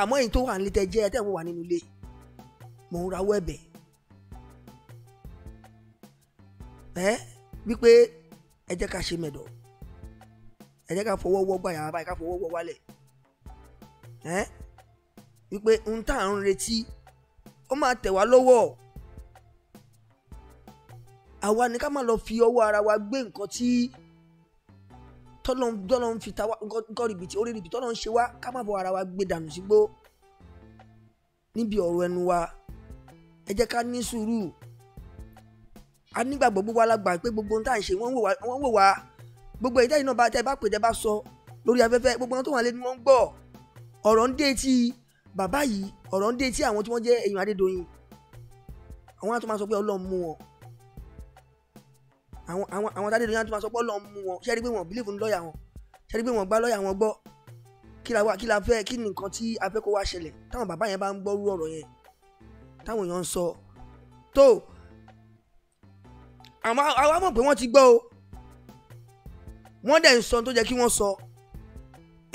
àmọ́ èyí tó wà nílé tẹ jẹ́ ẹ tẹ̀wọ́ wà nínú ilé mò ń rawọ́ ẹ̀bẹ̀ ẹ́ wípé ẹ jẹ́ ká ṣe mẹ̀dọ̀ ẹ jẹ́ ká fọwọ́ wọ́ gbà yàrá báyìí ká fọwọ́ wọ́ wálẹ̀ ẹ́ wípé ohun tá à ń retí ó máa tẹ̀ wá lọ́wọ́ àwa ni ká máa lọ fi ọwọ́ ara wa gbé nǹkan tí tọ́lọ́ ń fi ta wá nǹkan rìbìtì orí rìbìtì tọ́lọ́ ṣe wá ká má bọ ara wa gbé dànù sígbó níbi ọ̀rọ̀ ẹnu wa ẹ jẹ́ ká ní sùúrù a nígbàgbọ́ gbogbo alágbà pé gbogbo ohun tá à ń ṣe wọ́n wò wá gbogbo èyí tẹ́yìn náà bá tẹ́ bá pè tẹ́ bá sọ lórí afẹ́fẹ́ gbogbo wọn tó wà lé ni wọ́n ń gbọ́ ọ̀rọ̀ ń dé tí bàbá yìí ọ̀rọ̀ ń dé tí àwọn tí wọ́n jẹ́ èèyàn Adédoyin àwọn àti máa sọ pé Ọlọ́run mú wọn àwọn àwọn àwọn Adédoyin àti máa sọ pé Ọlọ́run mú wọn ṣé ẹ rí pé wọn bílíìfù ní lọ́ọ̀yà wọn ṣé ẹ rí pé wọn gbá lọ́ọ̀yà wọn gbọ́ kí la kí la fẹ́ kí ni nǹkan tí a fẹ́ kó wá ṣẹlẹ̀ táwọn bàbá yẹn bá ń gbọ́rú ọ̀rọ̀ yẹn táwọn èèyàn ń sọ tó àwọn àwọn mọ̀ pé wọ́n ti gbọ́ o wọ́n dẹ̀ ń sọ tó yẹ kí wọ́n sọ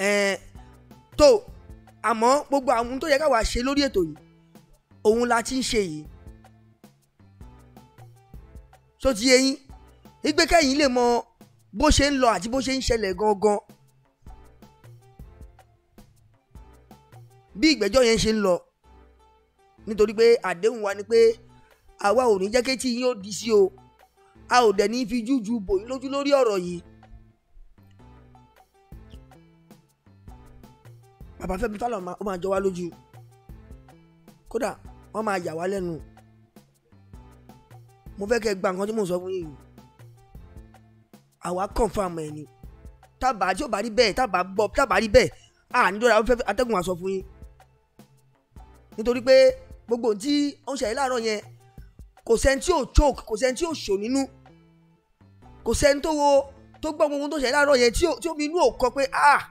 ẹ̀ẹ́n tó àmọ́ gbogbo àwọn tó yẹ káwa ṣe lórí ètò yìí òun la ti ń ṣe yìí tó ti yé yín lè mọ bó ṣe ń lọ àti bó ṣe ń ṣẹlẹ̀ gangan bí ìgbẹ́jọ́ yẹn ṣe ń lọ nítorí pé àdéhùn wa ni pé àwa ò ní jẹ́ kétí yín ó di sí o a ò dẹ̀ ní fi jújù bò lójú lórí ọ̀rọ̀ yìí bàbá Fẹ́mi Fálànà ó máa jọ wá lójú kódà wọ́n máa yà wá lẹ́nu mo fẹ́ kẹ́ gba nǹkan tí mo sọ fún yìí àwa confam ẹ̀ ni tábà tí ó bá rí bẹ́ẹ̀ tábà bọ́ tábà rí bẹ́ẹ̀ à ní dọ́ra fẹ́ atẹ́gùn àsọ fún yín nítorí pé gbogbo tí ó ń ṣẹlẹ̀ láàárọ̀ yẹn kò sẹ́ni tí ò choke kò sẹ́ni tí ò ṣò nínú kò sẹ́ni tó wo tó gbọ́ gbogbo tó ṣẹlẹ̀ láàárọ̀ yẹn tí ó inú ò kọ pé ah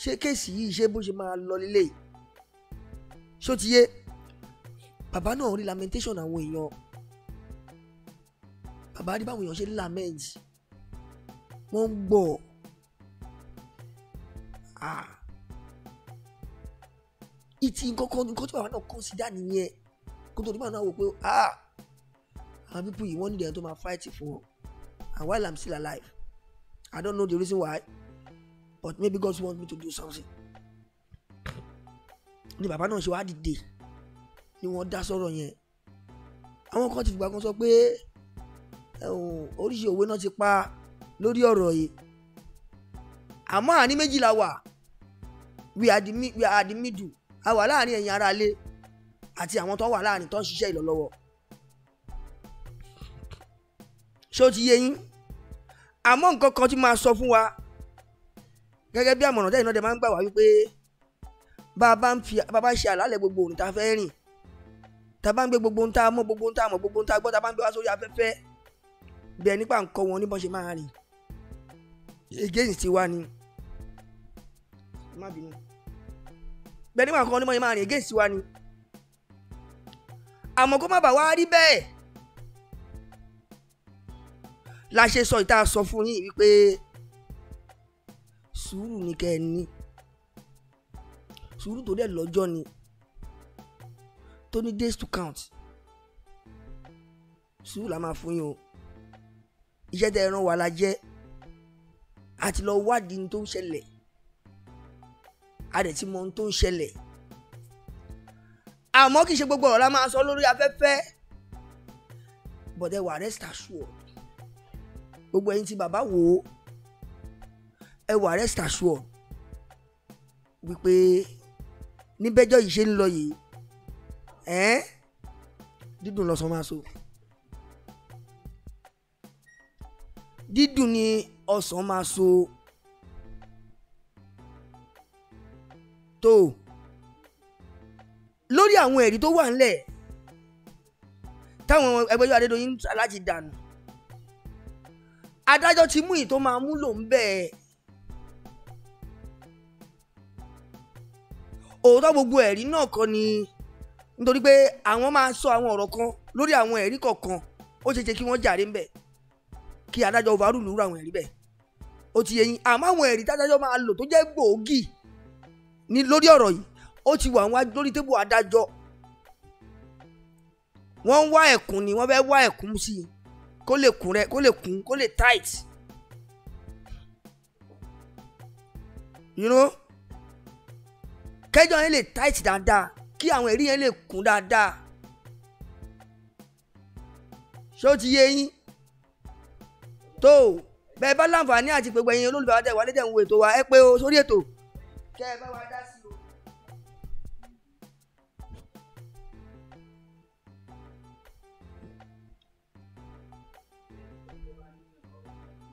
ṣé kéèsì yìí ṣé bó ṣe máa lọ lílé yìí ṣó ti yé bàbá náà rí lamentation àwọn èèyàn bàbá rí báwọn èèyàn ṣe lament wọ́n ń gbọ́ ah. ìtì nǹkan kan nǹkan tí bàbá náà consider nìyẹn kó tó ní bàbá náà wò pé ah. àwọn people yìí wọ́n ní ìdẹ̀yẹ tó máa fight fún wọn and while I'm still alive I don't know the reason why but maybe God wants me to do something ni bàbá náà ṣe wá dìde ni wọ́n dá sọ̀rọ̀ yẹn àwọn kan ti fìgbà kan sọ pé oríṣi òwe náà ti pa lórí ọ̀rọ̀ yìí àmọ́ àní méjìlá wà we are the we are the middle a wà láàrin ẹ̀yin ara ilé àti àwọn tó wà láàrin tó ń ṣiṣẹ́ ìlọ́lọ́wọ́ ṣé ó ti yé yín àmọ́ nǹkan kan ti máa sọ fún wa gẹ́gẹ́ bí àmọ̀ràn tẹ́yìn náà dẹ̀ máa ń gbà wá wípé bá a bá ń fi bá a bá ń ṣe àlàálẹ̀ gbogbo ohun tá a fẹ́ rìn tá a bá ń gbé gbogbo ohun tá a mọ̀ gbogbo ohun tá a mọ̀ gbogbo ohun tá a gbọ́ tá a bá ń gbé wá sórí afẹ́fẹ́ bẹ́ẹ̀ nípa nǹkan wọn níbọn ṣe máa rìn against tiwa ni bẹ́ẹ̀ nípa nǹkan níbọn ṣe máa rìn against tiwa ni àmọ́ kó má bàa wá rí bẹ́ẹ̀ la ṣe sọ ìta sọ fún yín wípé sùúrù ni kẹ́ ẹ ní sùúrù tó dẹ̀ lọ́jọ́ ni tó ní days to count sùúrù la máa fún yín o iṣẹ́ tẹ́ ẹ rán wa la jẹ́ àti lọ wádìí ní tó ń ṣẹlẹ̀ a ti mọ ohun tó ń ṣẹlẹ̀ àmọ́ kì í ṣe gbogbo ọ̀rọ̀ la máa sọ lórí afẹ́fẹ́ bọ̀dẹ̀ wà rest assured gbogbo ẹ̀yin tí bàbá wò ó ẹ wà rest assured wípé níbẹ̀jọ́ yìí ṣe ń lọ yìí ẹ́ dídùn lọ́sàn máa so dídùn ni ọsàn máa so tó lórí àwọn ẹ̀rí tó wà ńlẹ̀ táwọn Ẹgbẹ́jọ́ Adédoyin alájí dànù adájọ́ ti mú ìtò máa múlò ń bẹ́ẹ̀. òótọ́ gbogbo ẹ̀rí náà kọ́ ni nítorí pé àwọn máa sọ àwọn ọ̀rọ̀ kan lórí àwọn ẹ̀rí kọ̀ọ̀kan ó ṣe ṣe kí wọ́n jàre kí adájọ́ overrule rú àwọn ẹ̀rí bẹ̀ ó ti yẹ yín àmọ́ àwọn ẹ̀rí máa lò tó jẹ́ gbòógì ní lórí ọ̀rọ̀ yìí ó wọn lórí tébù adájọ́ wọ́n ń wá ẹ̀kún ni wọ́n fẹ́ẹ́ wá ẹ̀kún sí i kẹjọ yẹn lè tight dáadáa kí àwọn ẹ̀rí yẹn lè kún dáadáa ṣé ó ti yé yín tó bẹ́ẹ̀ bá láǹfààní àti gbogbo ẹ̀yin olólùfẹ́ àti ẹ̀wà lédè ń wo ètò wa ẹ pé o sórí ètò kẹ́ ẹ bá wa dá sí o.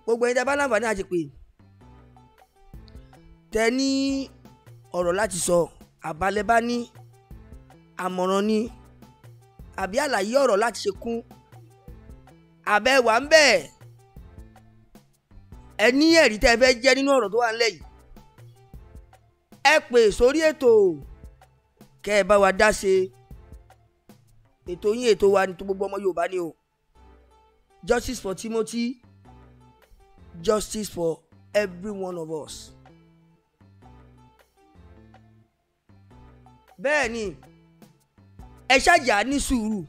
gbogbo ẹ̀yin tẹ́ bá láǹfààní àti pé tẹ́ ní ọ̀rọ̀ láti sọ àbálẹ́bá ní àmọ̀ràn ni àbí àlàyé ọ̀rọ̀ láti ṣe kún àbẹ́ wà ń bẹ̀ ẹ ní ẹ̀rí tẹ́ ẹ fẹ́ jẹ́ nínú ọ̀rọ̀ tó wà ńlẹ̀ yìí ẹ pè sórí ètò kẹ́ ẹ bá wa dá ṣe ètò yín ètò wa ní tó gbogbo ọmọ Yorùbá ni o justice for Timothy justice for every one of us. bẹ́ẹ̀ ni ẹ ṣàjà ní sùúrù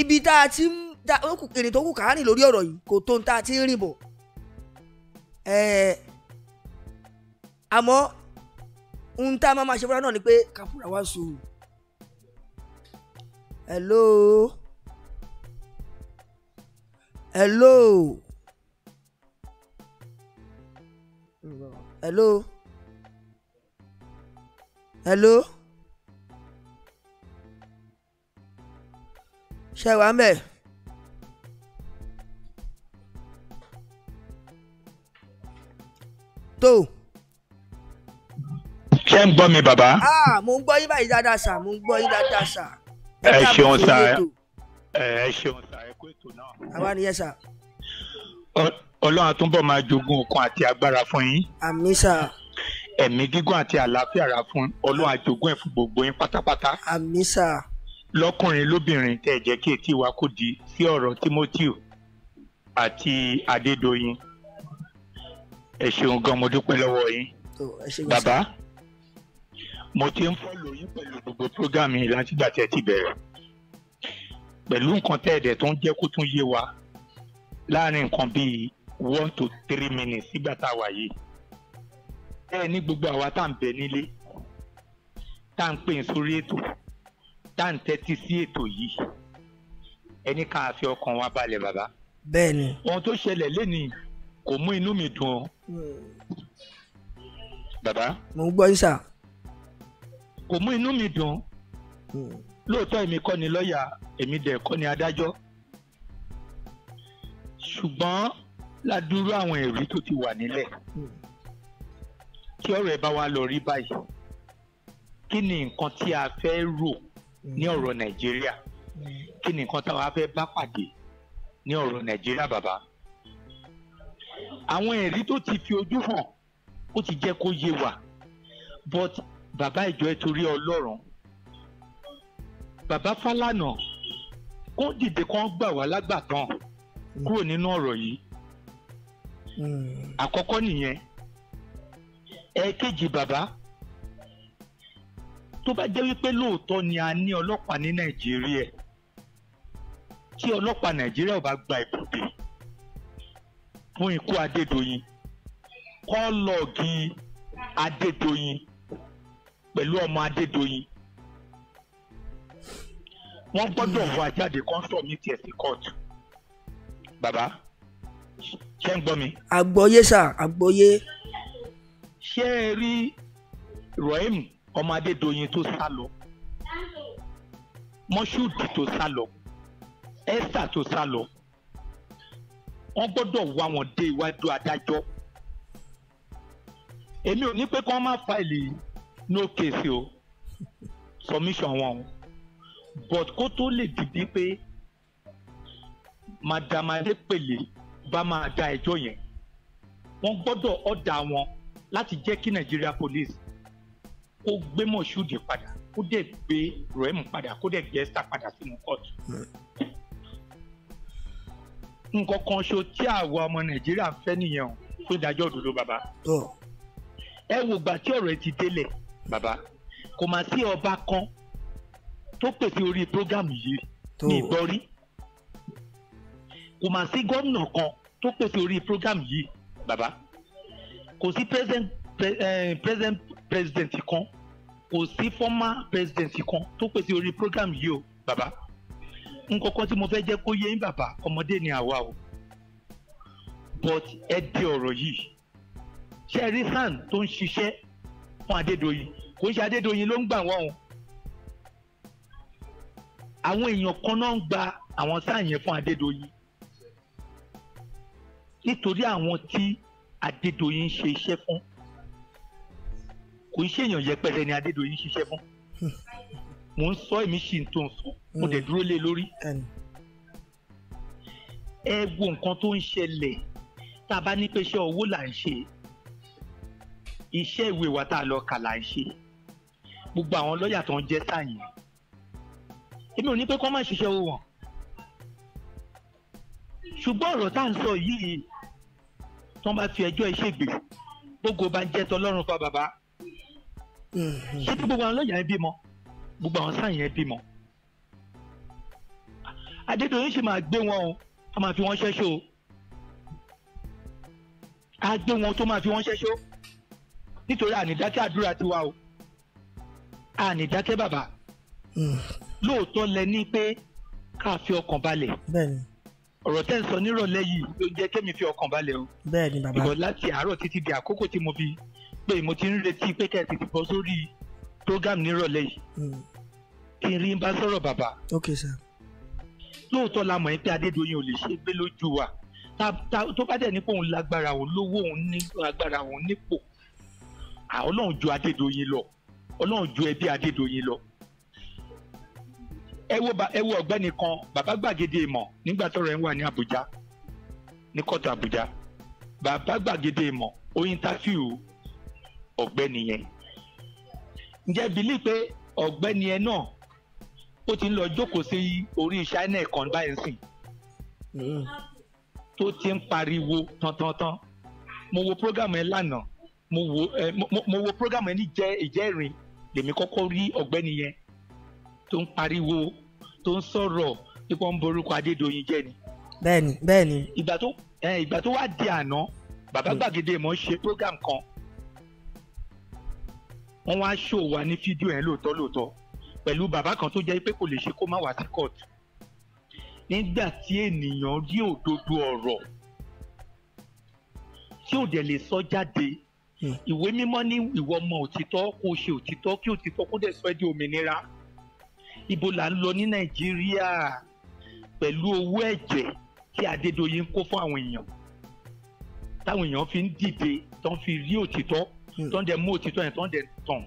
ibi tá a ti ń ta èrè tó kù kàárìn lórí ọ̀rọ̀ yìí kò tó ń ta ti ń rìn bọ̀ ẹ̀ẹ́ àmọ́ ohun tá a máa máa ṣe fúnra náà ni pé ká wá sùúrù hello hello hello. hello? hello ṣe wà mẹ́. tó. ṣé ń gbọ́ mi bàbá. Ah, mo ń gbọ́ yín báyìí dáadáa sà mo ń gbọ́ yín dáadáa sà. ẹ ṣeun sà ẹ ṣeun sà ẹ kó ètò náà. àwa nìyẹn sà. ọlọ́run àtúbọ̀ máa jogún okun àti agbára fún yín. àmín sà ẹ̀mí gígùn àti àlàáfíà ra fún ọlọ́run àjogún ẹ̀ fún gbogbo yín pátápátá. àmín sà. lọ́kùnrin lóbìnrin tẹ́ ẹ jẹ́ kí etí wa kó di sí ọ̀rọ̀ Timothy àti Adédoyin ẹ ṣeun gan mo dúpẹ́ lọ́wọ́ yín. bàbá mo ti ń fọ́lọ̀ yín pẹ̀lú gbogbo program yìí tí ti bẹ̀rẹ̀ pẹ̀lú nǹkan tẹ́ ẹ̀dẹ̀ tó ń jẹ́ kó tún yé wa láàrin nǹkan bíi one to three minutes sígbà tá a wà yìí bẹ́ẹ̀ ni gbogbo àwa tá à ń bẹ nílé tá à ń pè sórí ètò tá à ń tẹ́tí sí ètò yìí ẹni ká fi ọkàn wa balẹ̀ bàbá. bẹ́ẹ̀ni. ohun tó ṣẹlẹ̀ lénìí kò mú inú mi dùn ọ́. Hmm. bàbá. mo ń gbọ́ yín sà. kò mú inú mi dùn hmm. lóòótọ́ èmi kọ́ ni lọ́ọ̀yà èmi dẹ̀ kọ́ ni adájọ́ ṣùgbọ́n ládùúrú àwọn ẹ̀rí tó ti wà nílẹ̀. Hmm tí ọ̀rọ̀ ẹ bá wá lọ rí báyìí kí ni nǹkan tí a fẹ́ rò ní mm. ọ̀rọ̀ nàìjíríà mm. kí ni nǹkan táwa fẹ́ bá pàdé ní ọ̀rọ̀ nàìjíríà bàbá àwọn ẹ̀rí tó ti fi ojú hàn ó ti jẹ́ kó yé wa but bàbá ìjọ ẹ torí ọlọ́run bàbá Fálànà kó dìde kó gbà wá lágbàtàn mm. kúrò nínú ọ̀rọ̀ yìí àkọ́kọ́ nìyẹn ẹ̀ẹ̀kejì bàbá tó bá jẹ́ wípé lóòótọ́ ni a ní ọlọ́pàá ní nàìjíríà tí ọlọ́pàá nàìjíríà ò bá gba ìbùdó fún ikú adédoyin kọ́lọ́ọ̀gì adédoyin pẹ̀lú ọmọ adédoyin wọ́n gbọ́dọ̀ wá jáde kọ́ńtọ̀ ní tiẹ̀ sí kóòtù bàbá ṣé ń gbọ́ mi. àgbọ́yé sà àgbọ́yé ṣé ẹ rí Rahim ọmọ Adédoyin tó sá lọ Moshood tó sá lọ Esther tó sá lọ wọ́n gbọ́dọ̀ wá wọn dé iwájú adájọ́ èmi ò ní pé kí wọ́n má fàìlì no case o submission wọn o but kó tó lè dìbí pé madam adépèlé bá máa da ẹjọ́ yẹn wọ́n gbọ́dọ̀ ọ̀dà wọn láti jẹ́ kí Nigeria police kó gbé Moshood padà kó dẹ̀ gbé Rẹ̀mú padà kó dẹ̀ gbé Esther padà sínú kóòtù. nǹkan kan ṣo tí àwa ọmọ Nàìjíríà fẹ́ nìyẹn o fún ìdájọ́ òdodo bàbá. ẹ wo ìgbà tí ọ̀rọ̀ ẹ ti délẹ̀ bàbá kò mà sí ọba kan tó pèsè orí programu yìí ní ìgbọ́rí kò mà sí gómìnà kan tó pèsè orí programu yìí bàbá kò sí present present eh, president kan kò sí former president kan tó pèsè orí program yìí o bàbá nkankan tí mo fẹ́ jẹ́ kó yé yín bàbá ọmọdé ni àwa o but ẹ di ọ̀rọ̀ yìí ṣẹ́ẹ̀rí sàn tó ń ṣiṣẹ́ fún Adédoyin kò ń ṣe Adédoyin ló ń gbà wọ́n o àwọn èèyàn kan náà ń gba àwọn sáà yẹn fún Adédoyin nítorí àwọn tí Adédoyin ń ṣe iṣẹ́ fún kò ń ṣèyàn yẹpẹrẹ ni Adédoyin ń ṣiṣẹ́ fún mò ń sọ èmi sì ń tó ń sọ mo dẹ̀ hmm. dúró lé lórí ẹ wo nǹkan tó ń ṣẹlẹ̀ tá a bá ní pé iṣẹ́ owó là ń ṣe iṣẹ́ ìwé wa tá a lọ kà là ń ṣe gbogbo àwọn lọ́ọ̀yà tó ń jẹ́ sáyìn èmi ò ní pé kó má ṣiṣẹ́ owó wọn ṣùgbọ́n ọ̀rọ̀ tá à ń sọ yìí tó bá fi ẹjọ́ ìṣègbè gbogbo bá ń jẹ́ tọlọ́run kọ́ bàbá mm-hmm. ṣé tí gbogbo àwọn lọ́ọ̀yà yẹn bímọ gbogbo àwọn sáà yẹn bímọ Adédoyin ṣì máa gbé wọn o a máa fi wọn ṣẹ́ṣó o a gbé wọn tó máa fi wọn ṣẹ́ṣó nítorí ànídákẹ́ àdúrà tiwa o ànídákẹ́ bàbá mm. lóòótọ́ lẹ ní pé ká fi ọkàn balẹ̀. bẹ́ẹ̀ni ọ̀rọ̀ tẹ́ ń sọ nírọ̀lẹ́ yìí ló jẹ́ kémi fi ọkàn balẹ̀ o. bẹ́ẹ̀ ni bàbá. ìbọn láti àárọ̀ títí di àkókò tí mo fi pé mo ti ń retí pé kẹ́ ẹ tètè bọ́ sórí program nírọ̀lẹ́ yìí. Hmm. kí n rí bá sọ̀rọ̀ bàbá. ok sir. lóòótọ́ la mọ̀ ẹ́ pé Adédoyin ò lè ṣe gbé lójú wa tó bá dẹ̀ ní pé òun lágbára òun lówó òun ní agbára òun nípò Ọlọ́run ju Adédoyin lọ Ọlọ́run ju ẹbí Adédoyin lọ ẹ wo ẹ wo ọ̀gbẹ́ni kan bàbá gbàgede ìmọ̀ nígbà tọ́rọ̀ ẹ̀ ń wà ní Àbújá ní kóòtù Àbújá bàbá gbàgede ìmọ̀ ó interview ọ̀gbẹ́ni yẹn ǹjẹ́ bìlí pé ọ̀gbẹ́ni yẹn náà ó ti ń lọ jókòó sí orí China kan báyìí sìn hmm. tó ti ń pariwo tantantan mo wo program yẹn lánàá mo wo ẹ mo wo program yẹn ní jẹ ìjẹrin lèmi kọ́kọ́ rí ọ̀gbẹ́ni yẹn tó ń pariwo tó ń sọ̀rọ̀ nípa ń borúkọ Adédoyin jẹ́ ni. bẹ́ẹ̀ni bẹ́ẹ̀ni. ìgbà tó ìgbà tó wá di àná bàbá hmm. gbàgede mọ̀ ṣe program kan wọ́n wá ṣò wá ní fídíò yẹn lóòótọ́ lóòótọ́ pẹ̀lú bàbá kan tó jẹ́ pé kò lè ṣe kó má wá sí kóòtù nígbà tí ènìyàn rí òdodo ọ̀rọ̀ tí ò dẹ̀ lè sọ jáde hmm. ìwé mímọ́ ní ìwọ ọmọ òtítọ́ kó ṣe òtítọ́ kí òtítọ́ kó dẹ̀ sọ ẹ́ di òmìnira. Hmm ibo là ń lọ ní nàìjíríà pẹ̀lú owó ẹ̀jẹ̀ tí adédoyin kó fún àwọn èèyàn táwọn èèyàn fi ń dìde tó ń fi rí òtítọ́ tó ń dẹ mú òtítọ́ yẹn tó ń tàn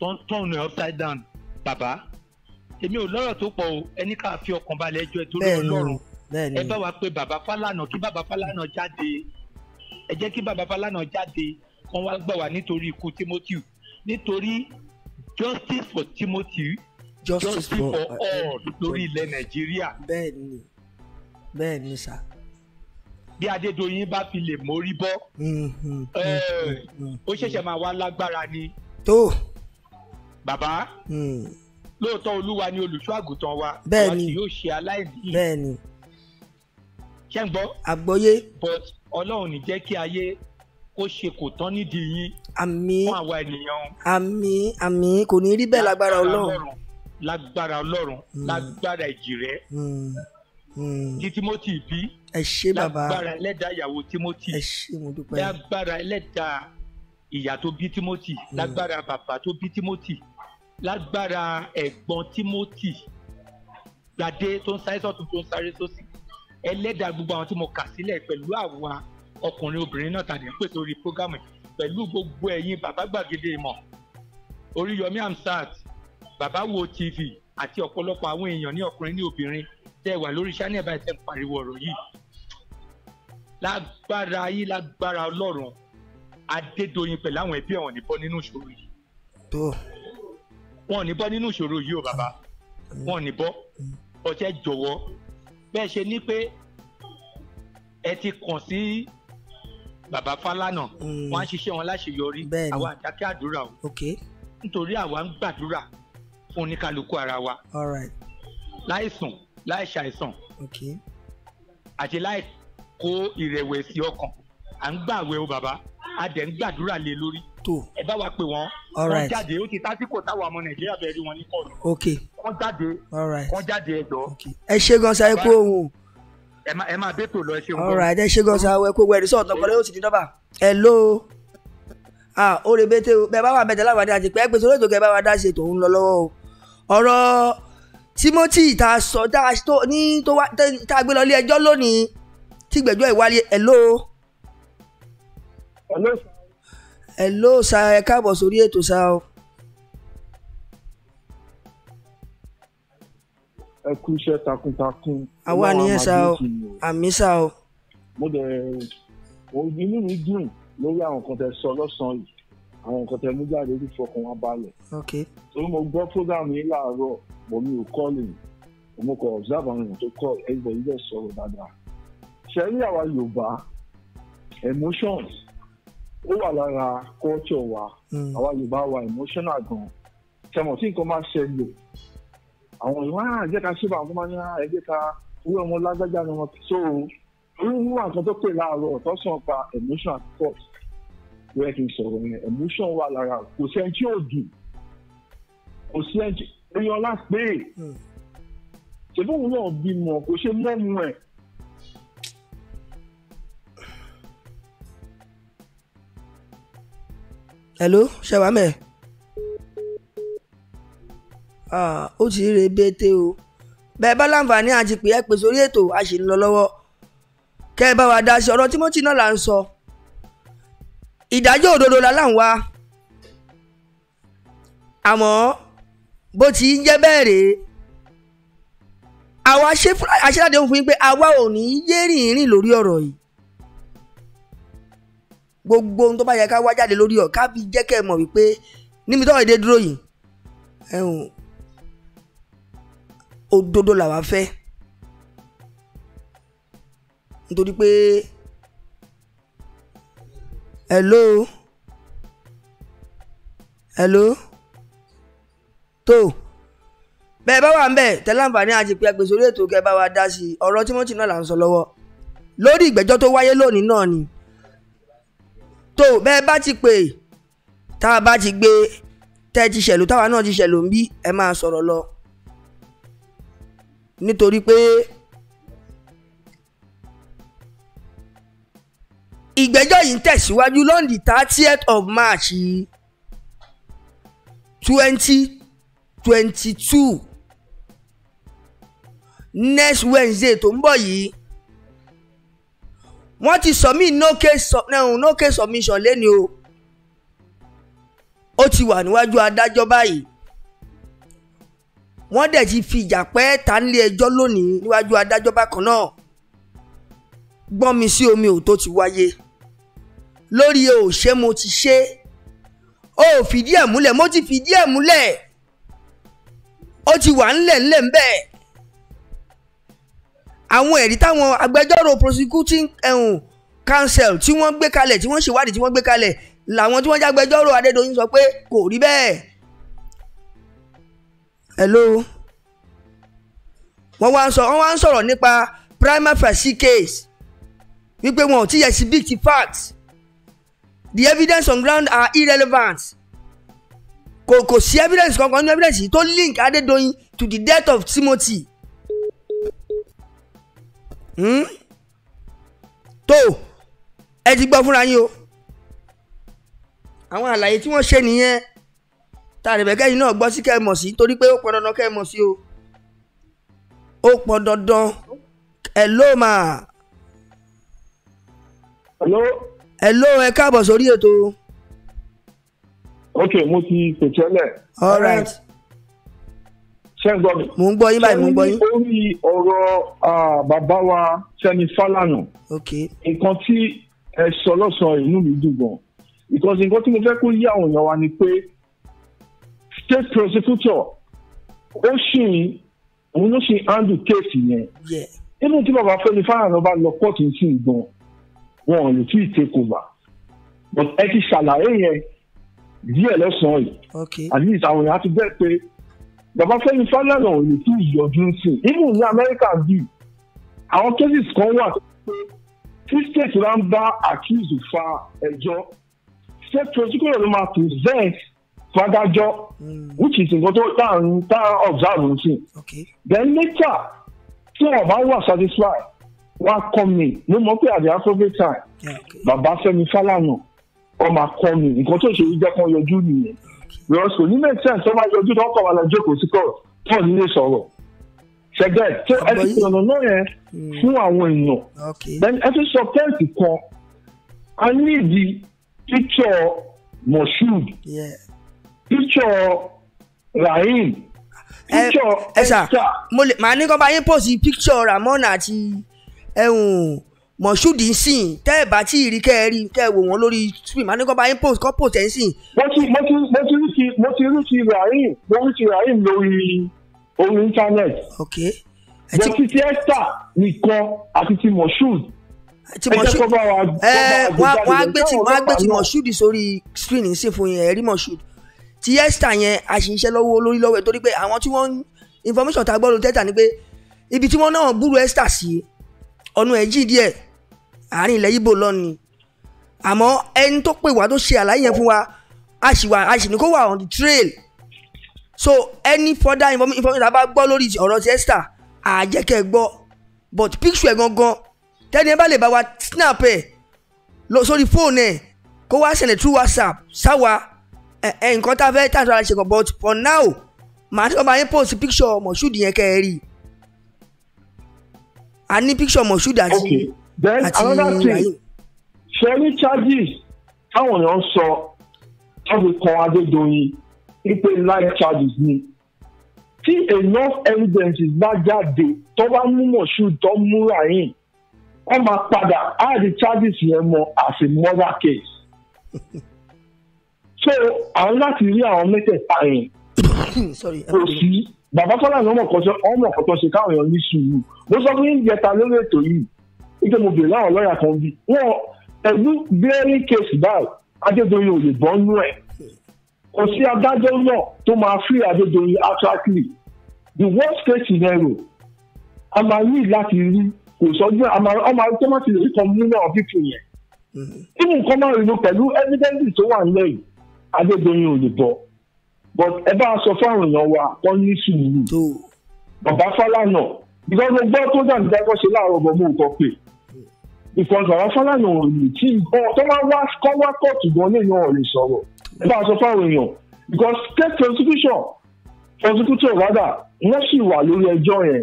tó tàn ní upside down bàbá èmi ò lọ́rọ̀ tó pọ̀ o ẹni ká fi ọkàn balẹ̀ ẹjọ́ ẹ torí ọlọ́run ẹ bá wa pé bàbá Fálànà kí bàbá Fálànà jáde ẹ jẹ́ kí bàbá Fálànà jáde kán wá gbà wá nítorí ikú Timothy nítorí justice for Timothy justice, justice for, for uh, all lórí ilẹ̀ nàìjíríà. bẹ́ẹ̀ni bẹ́ẹ̀ni sá. bí adédoyin bá fi lè mórí bọ́ mm-hmm, mm-hmm, ó mm-hmm. ṣẹ̀ṣẹ̀ máa wá lágbára ni. tó. bàbá mm. lóòótọ́ olúwa ni olùṣọ́ àgùntàn wa bẹ́ẹ̀ni àwa kì yóò ṣe aláìní. bẹ́ẹ̀ni. ṣé àgbọ́yé. but ọlọ́run ní jẹ́ kí ayé kó ṣe kò tán nídìí yín. àmín fún àwa ènìyàn. àmín àmín kò ní rí bẹ́ẹ̀ lágbára ọlọ́run lágbára ọlọ́run hmm. lágbára ìjìrẹ́ ti hmm. hmm. Timothy bí lágbára ẹlẹ́dàá ìyàwó Timothy lágbára ẹlẹ́dàá ìyá tó bí Timothy lágbára bàbá tó bí Timothy lágbára ẹ̀gbọ́n Timothy gbadé tó ń sáré sọ́tún tó ń sáré sósì ẹlẹ́dàá gbogbo àwọn tí mo kà sílẹ̀ pẹ̀lú àwa ọkùnrin obìnrin náà tàbí pè sórí programme pẹ̀lú gbogbo ẹ̀yin bàbá gbàgede ìmọ̀ Oríyọmí Hamzat bàbá wo tv àti ọ̀pọ̀lọpọ̀ àwọn èèyàn ní ọkùnrin ní obìnrin tẹ́ wà lórí channel báyìí tẹ́ ń pariwo ọ̀rọ̀ yìí lágbára ayé lágbára ọlọ́run adédoyin pẹ̀lú àwọn ẹbí ẹ̀wọ̀n ní bọ́ nínú ìṣòro yìí. wọn ò ní bọ́ nínú ìṣòro yìí o bàbá wọn ò ní bọ́ jọ̀wọ́ bẹ́ẹ̀ ṣe ní pé ẹ ti kàn sí bàbá Fálànà mm. wọn á ṣiṣẹ́ wọn láṣeyọrí àwa àdákẹ́ àdúrà o nítorí àwa ń gbàdúrà fún oníkálukú ara wa. all right. láìsùn láìṣàìsàn. okay. àti láì kó ìrẹ̀wẹ̀sì ọkàn à ń gbàwẹ̀ o bàbá a dẹ̀ ń gbàdúrà lé lórí. ẹ bá wa pè wọ́n. all jáde ó ti tásìkò táwọn ọmọ nàìjíríà bẹ̀rẹ̀ wọn ní kọ́ọ̀lù. ok. jáde. all jáde ẹ̀dọ́. ẹ ṣe gan sa epo ohun. ẹ máa ẹ máa bẹ́tò lọ ẹ ṣeun. all ẹ ṣe gan sa epo ohun ẹ̀rí sọ̀tàn kọ́lẹ́ yóò sì di nọ́bà. hello ah ọ̀rọ̀ Timothy tá a sọ tá a tó ní tó wá tá a gbé lọ ilé ẹjọ́ lónìí tí ìgbẹ́jọ́ ìwáyé hello. hello sir. hello sir ẹ káàbọ̀ sórí ètò sá o. ẹ kú iṣẹ́ takuntakun. àwa nìyẹn sá o àmì sá o. mo dẹ̀ inú mi dùn lórí àwọn kan tẹ́ sọ lọ́sàn-án yìí àwọn nǹkan tẹ mú jáde ó sì fọkàn wá balẹ̀. ok so mo gbọ́ program yìí láàárọ̀ mo mi ò kọ́ lè mo kọ̀ observe àwọn èèyàn tó kọ́ ẹgbẹ́ ilé sọ̀rọ̀ dáadáa ṣe rí àwa Yorùbá emotions ó wà lára culture wa hmm. àwa Yorùbá wa emotional gan tẹmọ̀ tí nǹkan máa ṣẹlẹ̀ àwọn ìwà ah, ẹ̀jẹ̀ ká ṣé bá àwọn ọmọ ní ah, ẹ̀jẹ̀ ká owó ọmọ lágbájá ni wọn so orí wọn àtúntò pè láàárọ̀ ọ̀tọ̀ sàn pa emotion and wẹ́ẹ́ kí n sọ̀rọ̀ yẹn emotion wà lára kò sẹ́ni tí ò dùn kò sẹ́ni tí èèyàn ọlá pé ṣèbí òun náà bímọ kò ṣe mọ́mu ẹ̀. hello ṣẹwàmẹ ah, ó ti rí rebete o bẹ́ẹ̀ bá láǹfààní àti pè é pè sórí ètò a sì ń lọ lọ́wọ́ kẹ́ ẹ bá wa dá sí ọ̀rọ̀ Timothy náà là ń sọ. So ìdájọ́ òdodo la láǹ wá àmọ́ bó ti ń jẹ́ bẹ́ẹ̀ rèé àwa aṣẹ́láde ń fún yín pé àwa ò ní yé rìnrìn lórí ọ̀rọ̀ yìí gbogbo ohun tó bá yẹ ká wá jáde lórí ọ̀ ká fi jẹ́ kẹ́ ẹ mọ̀ wípé níbi tó ọ̀rẹ́dẹ́ dúró yìí ẹ̀hún òdodo làwa fẹ́ nítorí pé. hello hello tó bẹẹ bá wà ń bẹ̀ tẹ́lẹ̀ àti pé agbèsè orí ètò wa dá sí ọrọ Timothy náà là ń sọ lọ́wọ́ lórí ìgbẹ́jọ́ tó wáyé lónìí náà ni tó bẹẹ bá ti pè tá a bá ti gbé ti táwa náà ti lọ nítorí pé ìgbẹ́jọ́ yìí ń tẹ̀síwájú lọ́n the thirtieth of march twenty twenty two next wednesday tó ń bọ̀ yìí wọ́n ti submit no case no case submission lẹ́ni o ó ti wà níwájú adájọ́ báyìí wọ́n dẹ̀ ti fi ìjà pẹ́ ta nílé ẹjọ́ lónìí níwájú adájọ́ bákan náà gbọ́n mi sí omi ò tó ti wáyé lórí òṣè mo ti ṣe ó fìdí ẹ̀ múlẹ̀ mo ti fìdí ẹ̀ múlẹ̀ ó ti wà ńlẹ̀ ńlẹ̀ ńbẹ̀ àwọn ẹ̀rí táwọn agbẹjọ́rò prosecuting ẹ̀hún council tí wọ́n gbé kalẹ̀ tí wọ́n ṣèwádìí tí wọ́n gbé kalẹ̀ làwọn tí wọ́n jẹ́ agbẹjọ́rò Adédoyin sọ pé kò rí bẹ́ẹ̀ hello wọ́n wá ń sọ wọ́n wá ń sọ̀rọ̀ nípa prima facie case wípé wọn ò tí yẹ sí big facts the evidence on ground are irrelevant kò kò sí evidence kankan nínú evidence yìí tó link Adédoyin to the death of Timothy hmm? tó ẹ ti gbọ́ fúnra yín o àwọn àlàyé tí wọ́n ṣe nìyẹn tàrẹ̀bẹ̀kẹ́ yìí náà gbọ́ sí kẹ́ ẹ mọ̀ sí torí pé ó pọn dandan kẹ́ ẹ mọ̀ sí o ó pọn dandan ẹ ló máa hello ẹ káàbọ̀ sórí ètò. ok mo ti ṣètẹ́lẹ̀. all right. ṣé ń gbọ́ mi. mo ń gbọ́ yín báyìí mo ń gbọ́ yín. orí ọ̀rọ̀ bàbá wa Sẹ́ni Fálànà. ok. nǹkan tí ẹ sọ lọ́sàn-án inú mi dùn gan-an because nǹkan tí mo fẹ́ kó yí àwọn èèyàn wa ni pé state prosecutor ó ṣì ń òun ló ṣe handle case yẹn. nínú tí bàbá Fẹ́mi Fálànà bá lọ kóòtù sí ìgbọ̀n wọn ò lè tí ì take over but ẹ ti ṣàlàyé yẹn díẹ̀ lọ́sàn-án yìí at least àwọn èèyàn ti bẹ́ẹ̀ pé Babafẹ́mi Fálànà ò lè tí ì yọjú sí i even ní Amẹ́ríkà bí àwọn cases kan wà tó pé tí state bá ń bá accuse fa ẹjọ́ state prosecutor ló máa present fadájọ́ hmm. which is nǹkan tó tá à ń observe sí then later tí wọn bá wà satisfied wá kọ́ mi mo mọ̀ pé àdé afrobe time bàbá Fẹ́mi Fálànà ọmọ akọ́ mi nǹkan tó ṣe yí jẹ́ kán yọjú nìyẹn rọ́ọ̀sì kò ní make sense tó máa yọjú tó kọ̀ wá lọ jókòó sí kọ̀ tó nílé sọ̀rọ̀ ṣẹ̀gẹ́ tó ẹ ti fi náà yẹn hmm. fún àwọn èèyàn then ẹ ti sọ pẹ́ǹtì kan a ní ìdí picture Moshood picture Rahim eh, picture eh, Esther màá ní kọ́ bá yín post picture Ramona àti ẹ̀hún mọ̀ṣúdì ń tẹ́ ẹ̀ bá tí ì rí kẹ́ ẹ rí wò wọ́n lórí stream anigọ́ba impose kọ́ post ẹ̀ ń sìn. mo ti mo ti mo ti rí ti mo ti rí ti rahim mo rí ti rahim lórí orí internet. ok ẹ mo ti ti esther nìkan àti ti mọ̀ṣúd. ti mọ̀ṣúd ẹ wọ́n á gbé ti wọ́n gbé ti mọ̀ṣúd sórí screen ń fún yẹn ẹ mọ̀ṣúd ti esther yẹn a lọ́wọ́ olórí lọ́wọ́ ẹ̀ torí pé àwọn tí wọ́n information ta gbọ́ lórí ni pé ibi tí wọ́n náà gbúrú esther sí ọ̀nà ẹ̀ jì díẹ̀ àárín ilẹ̀ Ìgbò lọ́ni àmọ́ ẹni tó pè wá tó ṣe àlàyé yẹn fún wa a sì wà a sì ní kó wà on the trail so any further information tá a bá gbọ́ lórí ọ̀rọ̀ ti Esther àjẹkẹ́ gbọ́ but picture ẹ̀ gangan tẹ́ni ẹ bá lè bá wa snap ẹ̀ lọ sórí fóònù ẹ̀ kó wá send through WhatsApp sáwa ẹ̀ ẹ̀ nǹkan tá a fẹ́ tàbí ara ṣe kàn but for now màá tí wọ́n bá yín post picture Moshood yẹn kẹ́ ẹ rí i a ní picture Moshood àti okay then another thing sherry charges táwọn èèyàn sọ wọ́n fi kan Adédoyin wípé life charges ni tí enough evidence bá jáde tó bá mú Moshood tó mú Rahim wọ́n máa padà á di charges yẹn mọ́ as a murder case so àwọn láti rí àwọn mẹ́tẹ̀ẹ̀ta yẹn (coughs) kò sí bàbá Fọlá ni wọ́n mọ̀ kọ́ ṣe káwọn èèyàn ní sùúrù mo sọ fún ìjẹta lórí ètò yìí nígbà mo bèrè láwọn lọ́ọ̀yà kan bí wọn ẹ̀lú bẹ́ẹ̀rì kéésì báyìí adédọ̀yìn ò lè bọ́ nú ẹ̀ kò sí adájọ́ náà tó máa fi adédọ̀yìn atrakili the worst case scenario a máa ní láti rí kò sọ́jú ọmọ tomati lè rí kan mú náà fífi yẹn mm-hmm. nínú nǹkan máa rìn pẹ̀lú evidence tó wà nílẹ̀ adédọ̀yìn ò lè bọ́ but ẹ bá a sọ fáwọn èèyàn wa kọ́ ní sùúrù bàbá Fálànà because mo gbọ́ tó dàn dákọ́ ṣe láàárọ̀ bọ̀ mú nǹkan pè ìkànnì bàbá Fálànà ò ní tí tó máa wá kọ́ wá kóòtù gan léèyàn ò lè sọ̀rọ̀ ẹ bá fáwọn èèyàn because state prosecution prosecutor rather wọ́n sì wà lórí ẹjọ́ yẹn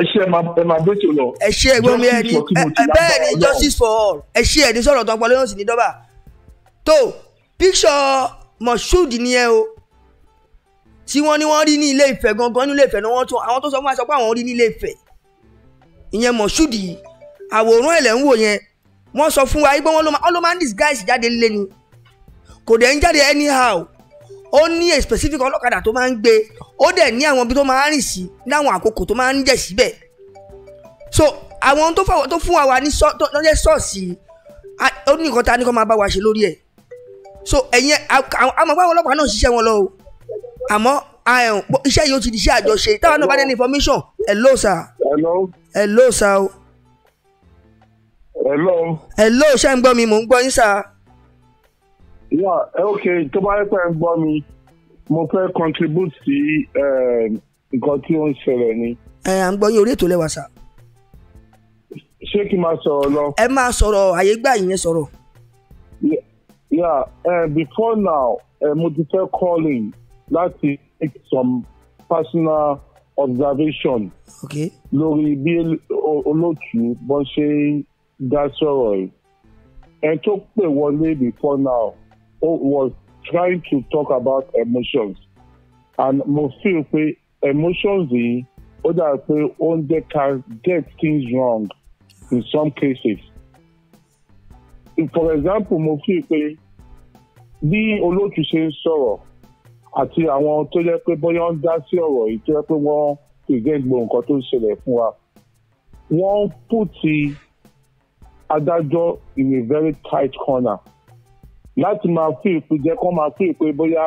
ẹ ṣe ẹ máa bẹ́tò lọ. ẹ ṣe ẹgbẹ́ mi ẹni bẹ́ẹ̀ ni justice for all ẹ ṣe ẹni sọ̀rọ̀ tó ń pa lóyún sí ní dọ́bà tó picture Moshood ni ẹ o tí wọ́n ní wọ́n rí ní ilé Ifẹ̀ gangan ní ilé Ifẹ̀ náà wọ́n tún àwọn tó sọ fún wa pé àwọn rí ní ilé Ifẹ̀ ìyẹn Mọ̀ṣúdì àwòrán ẹ̀lẹ́ yẹn wọ́n sọ fún wa pé wọ́n ló máa ń disguise jáde nílé ni kò dẹ̀ ń jáde anyhow ó ní a specific ọlọ́kadà tó máa ń gbé ó dẹ̀ ní àwọn ibi tó máa ń rìn sí láwọn àkókò tó máa ń jẹ̀ síbẹ̀ so àwọn tó fún wa ní lọ́jẹ́ ṣọ́ọ̀ṣì ó ní nǹkan ta ni kó máa bá wa ṣe lórí ẹ̀ so ẹ̀yin àmọ́ báwọn ọlọ́pàá náà ṣiṣẹ́ wọn lọ àmọ́ iṣẹ́ yìí ó ti di iṣẹ́ àjọṣe táwọn náà bá dé ní information hello sir. hello. hello sir o. hello. hello ṣé ń gbọ́ mi mò ń gbọ́ yín sir. yà eh, ok tó bá yẹ pé ń gbọ́ mi mo fẹ́ contribute sí nǹkan tí ó ń ṣẹlẹ̀ ni. ẹ à ń gbọ́ yín orí ètò lẹ́wà sir. ṣé kí n máa sọ̀rọ̀ lọ. ẹ máa sọ̀rọ̀ àyè gbà yín sọ̀rọ̀. yeah, yeah uh, before now uh, mo ti fẹ́ calling láti make some personal observation okay. lórí bí olóòtú bó ṣe ń dá sọ̀rọ̀ yìí. ẹni tó pè wọlé before now was trying to talk about emotions and mo feel pé emotions yìí ó dàbí pé ó ń jẹ́ ká get things wrong in some cases. for example mo feel pé bí olóòtú ṣe ń sọ̀rọ̀ àti àwọn tó jẹ́ pé bóyá ń dá sí ọ̀rọ̀ yìí tó jẹ́ pé wọ́n ìgẹ́gbò nǹkan tó ń ṣẹlẹ̀ fún wa wọ́n pùtì adájọ́ in a very tight corner láti máa fi ìpè jẹ́ kó máa fi ìpè bóyá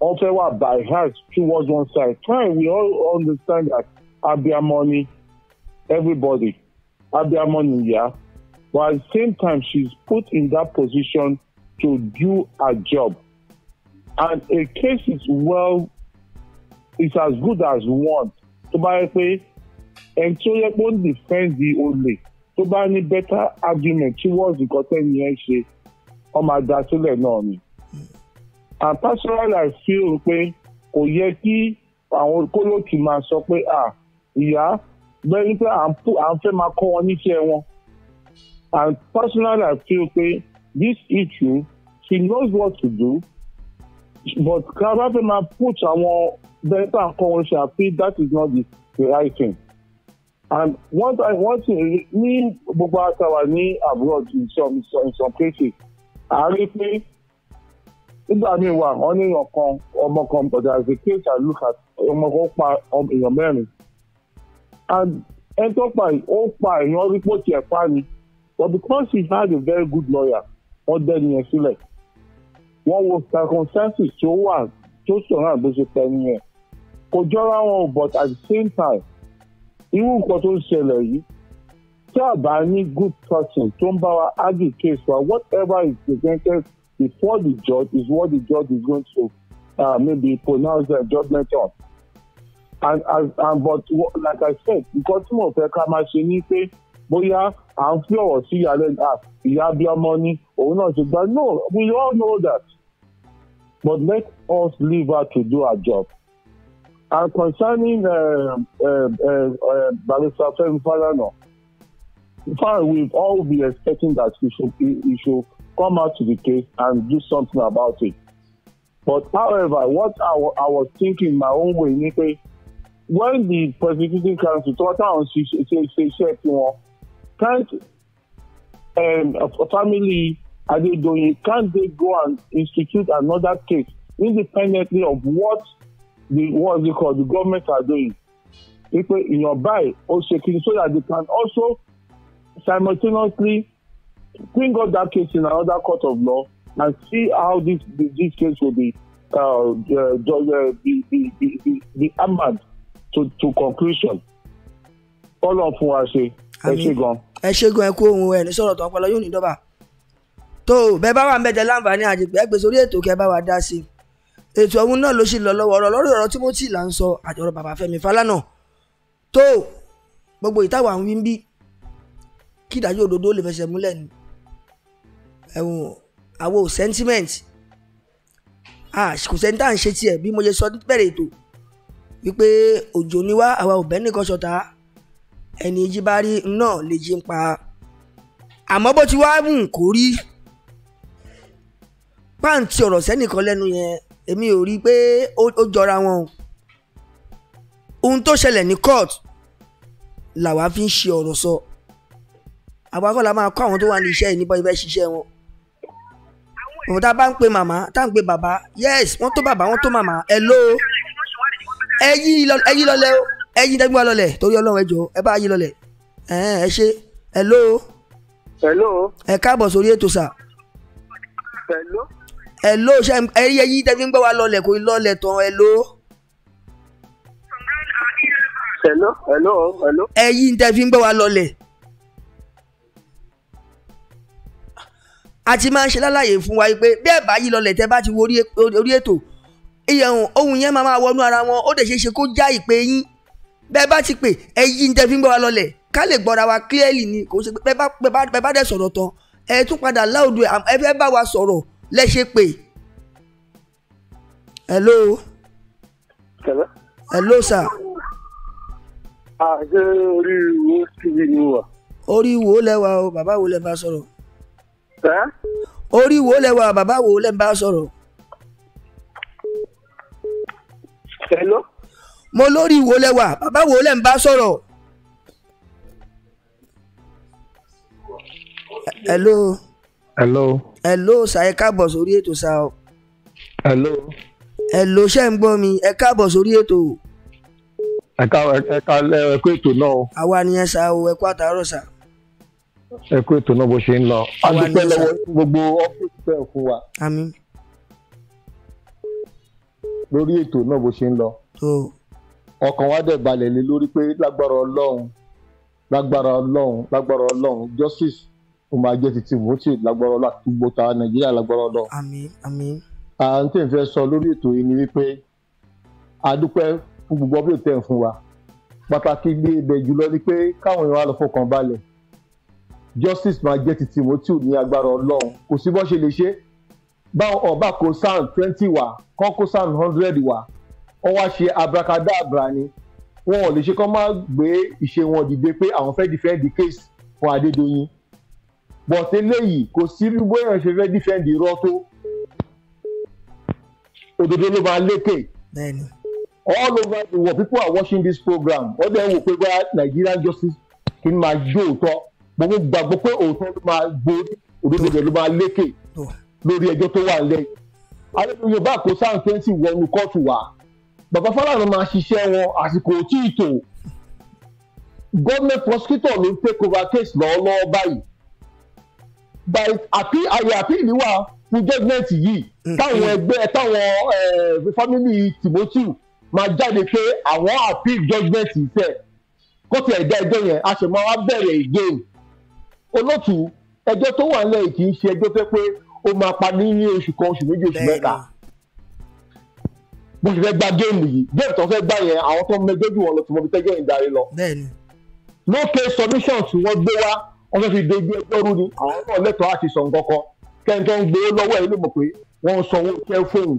wọ́n fẹ́ wà by heart towards one side fine we all understand that abiyamọ ni everybody abiyamọ ni ìyá but at the same time she is put in that position to do her job and a case is well is as good as one tó bá yẹ pé ẹni tó yẹ pé ó ń defend the olè tó bá ní better argument towards nǹkan tẹ́ni ẹ ṣe ọmọ ajá sílẹ̀ náà ni and personally I feel pé kò yẹ kí àwọn kólókì máa sọ pé à ìyá bẹ́ẹ̀ ni pé à ń fẹ́ máa kọ́ wọn níṣẹ́ wọn and personally I feel pé this issue she knows what to do but kára fẹ́ máa put àwọn bẹ́ńtà nǹkan wọn ṣe àfi that is not the, the right thing and one time one thing ní gbogbo àtàwà ní abroad in some in some cases a rí pé nígbà míì wà wọn ní èèyàn kan ọmọ kan bọ̀dà as a case I look at ọmọ kan pa èèyàn mẹ́rin and ẹni tó pa ó pa èèyàn rí pé ó tiẹ̀ pa ni but because he had a very good lawyer wọ́n dẹ́ni yẹn sílẹ̀ wọ́n wo circumstances tí ó wà tó sọ̀rọ̀ àgbo ṣe pẹ́ ní kò jọra wọn but at the same time irú nǹkan tó ń ṣẹlẹ̀ yìí tí a bá ní good person tó ń bá wa argue case wa whatever is presented before the judge is what the judge is going to uh, maybe pronounce their judgment on and as and, but like I said nǹkan tí mo fẹ́ ká máa ṣe ni pé bóyá à ń fi ọ̀rọ̀ sí ìyá lẹ́nu ìyá abiyamọ ni òun náà ti gba no we all know that But let us leave her to do her job. And concerning uh, uh, uh, uh, Barrister Falana, we've all been expecting that he should, he, he should come out to the case and do something about it. But however, what I, I was thinking my own way ni when the prosecuting counsel tó táwọn ṣe said, iṣẹ́ tiwọn can't a family Adedoyin, can they go and institute another case independently of what the what is it called the government are doing? Wípé ìyàn báyìí ó ṣe kí ni so that they can also simultaneously bring up that case in another court of law and see how this this, this case will be uh, uh, be, be, be, be, be hammered to to conclusion. Ọlọ́run fún wa ṣe. Ẹ ṣe gan. Ẹ ṣe gan ẹ kú ohun ẹ̀ ní sọ̀rọ̀ tó ọpọlọ yóò ní dọ́bà tó bẹ́ẹ̀ bá wà ń bẹ̀tẹ̀ láǹfààní àjẹpẹ́ ẹgbẹ́ sórí ètò kẹ́ bá wà dá sí i ètò ọ̀hún náà ló sì lọ lọ́wọ́ ọ̀rọ̀ lórí ọ̀rọ̀ Timothy là ń sọ àti ọ̀rọ̀ bàbá Fẹ́mi Falana tó gbogbo ìtawà ń wí ń bí kí ìdájọ́ òdodo lè fẹsẹ̀ múlẹ̀ ni ẹ̀wọ̀n àwo sentiment kò sẹ́ni tá à ń ṣe tiẹ̀ bí mo ṣe sọ bẹ̀rẹ̀ ètò wípé òjò ni wá àwa ò bẹ́ẹ̀ nìkan ṣọ̀tá ẹni ìjì náà lè jí ń pa àmọ́ bó ti wá mú kó rí pàǹtí ọ̀rọ̀ sẹ́nìkan lẹ́nu yẹn èmi ò rí i pé ó jọra wọn o ohun tó ṣẹlẹ̀ ní court làwa fi ń ṣe ọ̀rọ̀ sọ àwa kọ́ la máa kọ́ àwọn tó wà ní iṣẹ́ yìí nípa ibẹ̀ ṣiṣẹ́ wọn òun tá a bá ń pe màmá tá à ń pe bàbá yes wọ́n tó bàbá wọ́n tó màmá hello ẹ yí lọlẹ̀ o ẹ yí dẹ́gbẹ́ lọlẹ̀ torí ọlọ́run ẹ jọ ẹ bá yí lọlẹ̀ ẹ ṣe hello. hello. ẹ káàbọ̀ sórí ètò sà. hello hello ṣe ẹyẹ yìí tẹ́ fi ń gbọ́ wa lọlẹ̀ kò lọlẹ̀ tán hello. hello hello hello. ẹyí tẹ́ fi ń gbọ́ wa lọlẹ̀. a ti máa ń ṣe lálàyé fún wa pé bí ẹ̀ bá yí lọlẹ̀ tẹ́ bá ti wo orí e, ètò ìyẹ̀hùn ohun yẹn máa máa wọnú ara wọn ó dẹ̀ ṣeé ṣe kó já ìpè yín bẹ́ẹ̀ bá ti pè ẹyí tẹ́ fi ń gbọ́ wa lọlẹ̀ ká lè gbọ́ra wa clearly ni kò ṣe pé bẹ́ẹ̀ bá dẹ̀ sọ̀rọ̀ tán ẹ̀ tún padà láòdù ẹ̀ fẹ́ bá wa sọ̀rọ̀ lẹ ṣe pé. hello. hello. hello sir. àṣé orí wo tv ni wà. orí wo lẹ́wà o bàbá wo lẹ́ ń bá sọ̀rọ̀. ẹ́. orí wo lẹ́wà bàbá wo lẹ́ bá sọ̀rọ̀. hello. mo lórí wo lẹ́wà bàbá wo lẹ́ ń bá sọ̀rọ̀. hello hello. hello sa ẹ káàbọ̀ sórí ètò sa o. hello. hello ṣé ń gbọ́ mi ẹ káàbọ̀ sórí ètò. ẹ ká ẹ ká ẹ kú ètò náà o. àwa nìyẹn sa o ẹ kú àtàárọ̀ sa. ẹ kú ètò náà bó ṣe ń lọ. a dúpẹ́ lọ́wọ́ gbogbo ọ́fíìsì tẹ̀ fún wa. àmín. lórí ètò náà bó ṣe ń lọ. ọkàn wa dẹ̀ balẹ̀ lé lórí pé lágbára ọlọ́run lágbára ọlọ́run lágbára ọlọ́run justice ó máa jẹ́ ti tìmù ó sì lágbára ọlọ́ àti gbogbo ta nàìjíríà lágbára ọlọ́. àmín àmín. à ń tẹ̀ fẹ́ sọ lórí ètò yìí ni wípé a dúpẹ́ fún gbogbo ọbẹ̀ tẹ̀ fún wa pàtàkì gbé ibẹ̀ jùlọ ni pé káwọn èèyàn á lọ fọkàn balẹ̀ justice máa jẹ́ ti tìmù ní agbára ọlọ́run kò sí bọ́ ṣe lè ṣe ọba kò sáàn twenty wa kán kó sáàn hundred wa wọ́n wá ṣe abrakadabra ni wọn ò lè ṣe kán má gbé ìṣe wọn dìde pé àwọn fẹ́ dìfẹ́ǹdì case fún Adédoyin but eléyìí kò sí bóyá ṣe fẹ́ dífẹ́ǹdì irọ́ tó òdodo ló máa lékè all over the world people are watching this program wọ́n dẹ̀ wò pé bá Nigerian justice kì í máa jó òótọ́ gbogbo gbàgbọ́ pé òótọ́ ló máa borí òdodo ló máa lékè lórí ẹjọ́ tó wà lẹ́yìn adébíyẹ bá kó sáà twenty wọnú kóòtù wá bàbá Fálànà máa ṣiṣẹ́ wọn àsìkò tí ì tò government prosecutor ló ń take over case lọ́wọ́lọ́wọ́ báyìí by àpí àyè àpíìlì wà fún judgement yìí mm. táwọn ẹgbẹ́ táwọn eh, family Timothy máa jáde pé àwọn àpíìlì judgement yìí tẹ̀ kó tiẹ̀ dá ẹjọ́ yẹn a sì máa wá bẹ̀rẹ̀ again olótú ẹjọ́ tó wà nílẹ̀ kì í ṣe ẹjọ́ fẹ́ pé ó máa pa ní ní oṣù kan oṣù méjì oṣù mẹ́ta bó ṣe fẹ́ gba géèmù yìí géèmù tó fẹ́ gbà yẹn àwọn tó ń mẹgbẹ́ wọn lọ tí mo fi tẹ́jọ́ ìdarí lọ. no case submission tí wọ́n gbé wá wọ́n fẹ́ fi de ibi ẹjọ́ rú ni àwọn náà lẹ́tọ̀ọ́ àti sọ̀ nǹkan kan kẹ́ńtọ́ ń gbowó lọ́wọ́ ẹ̀ ló mọ̀ pé wọ́n ń sanwó kẹ́ fóun.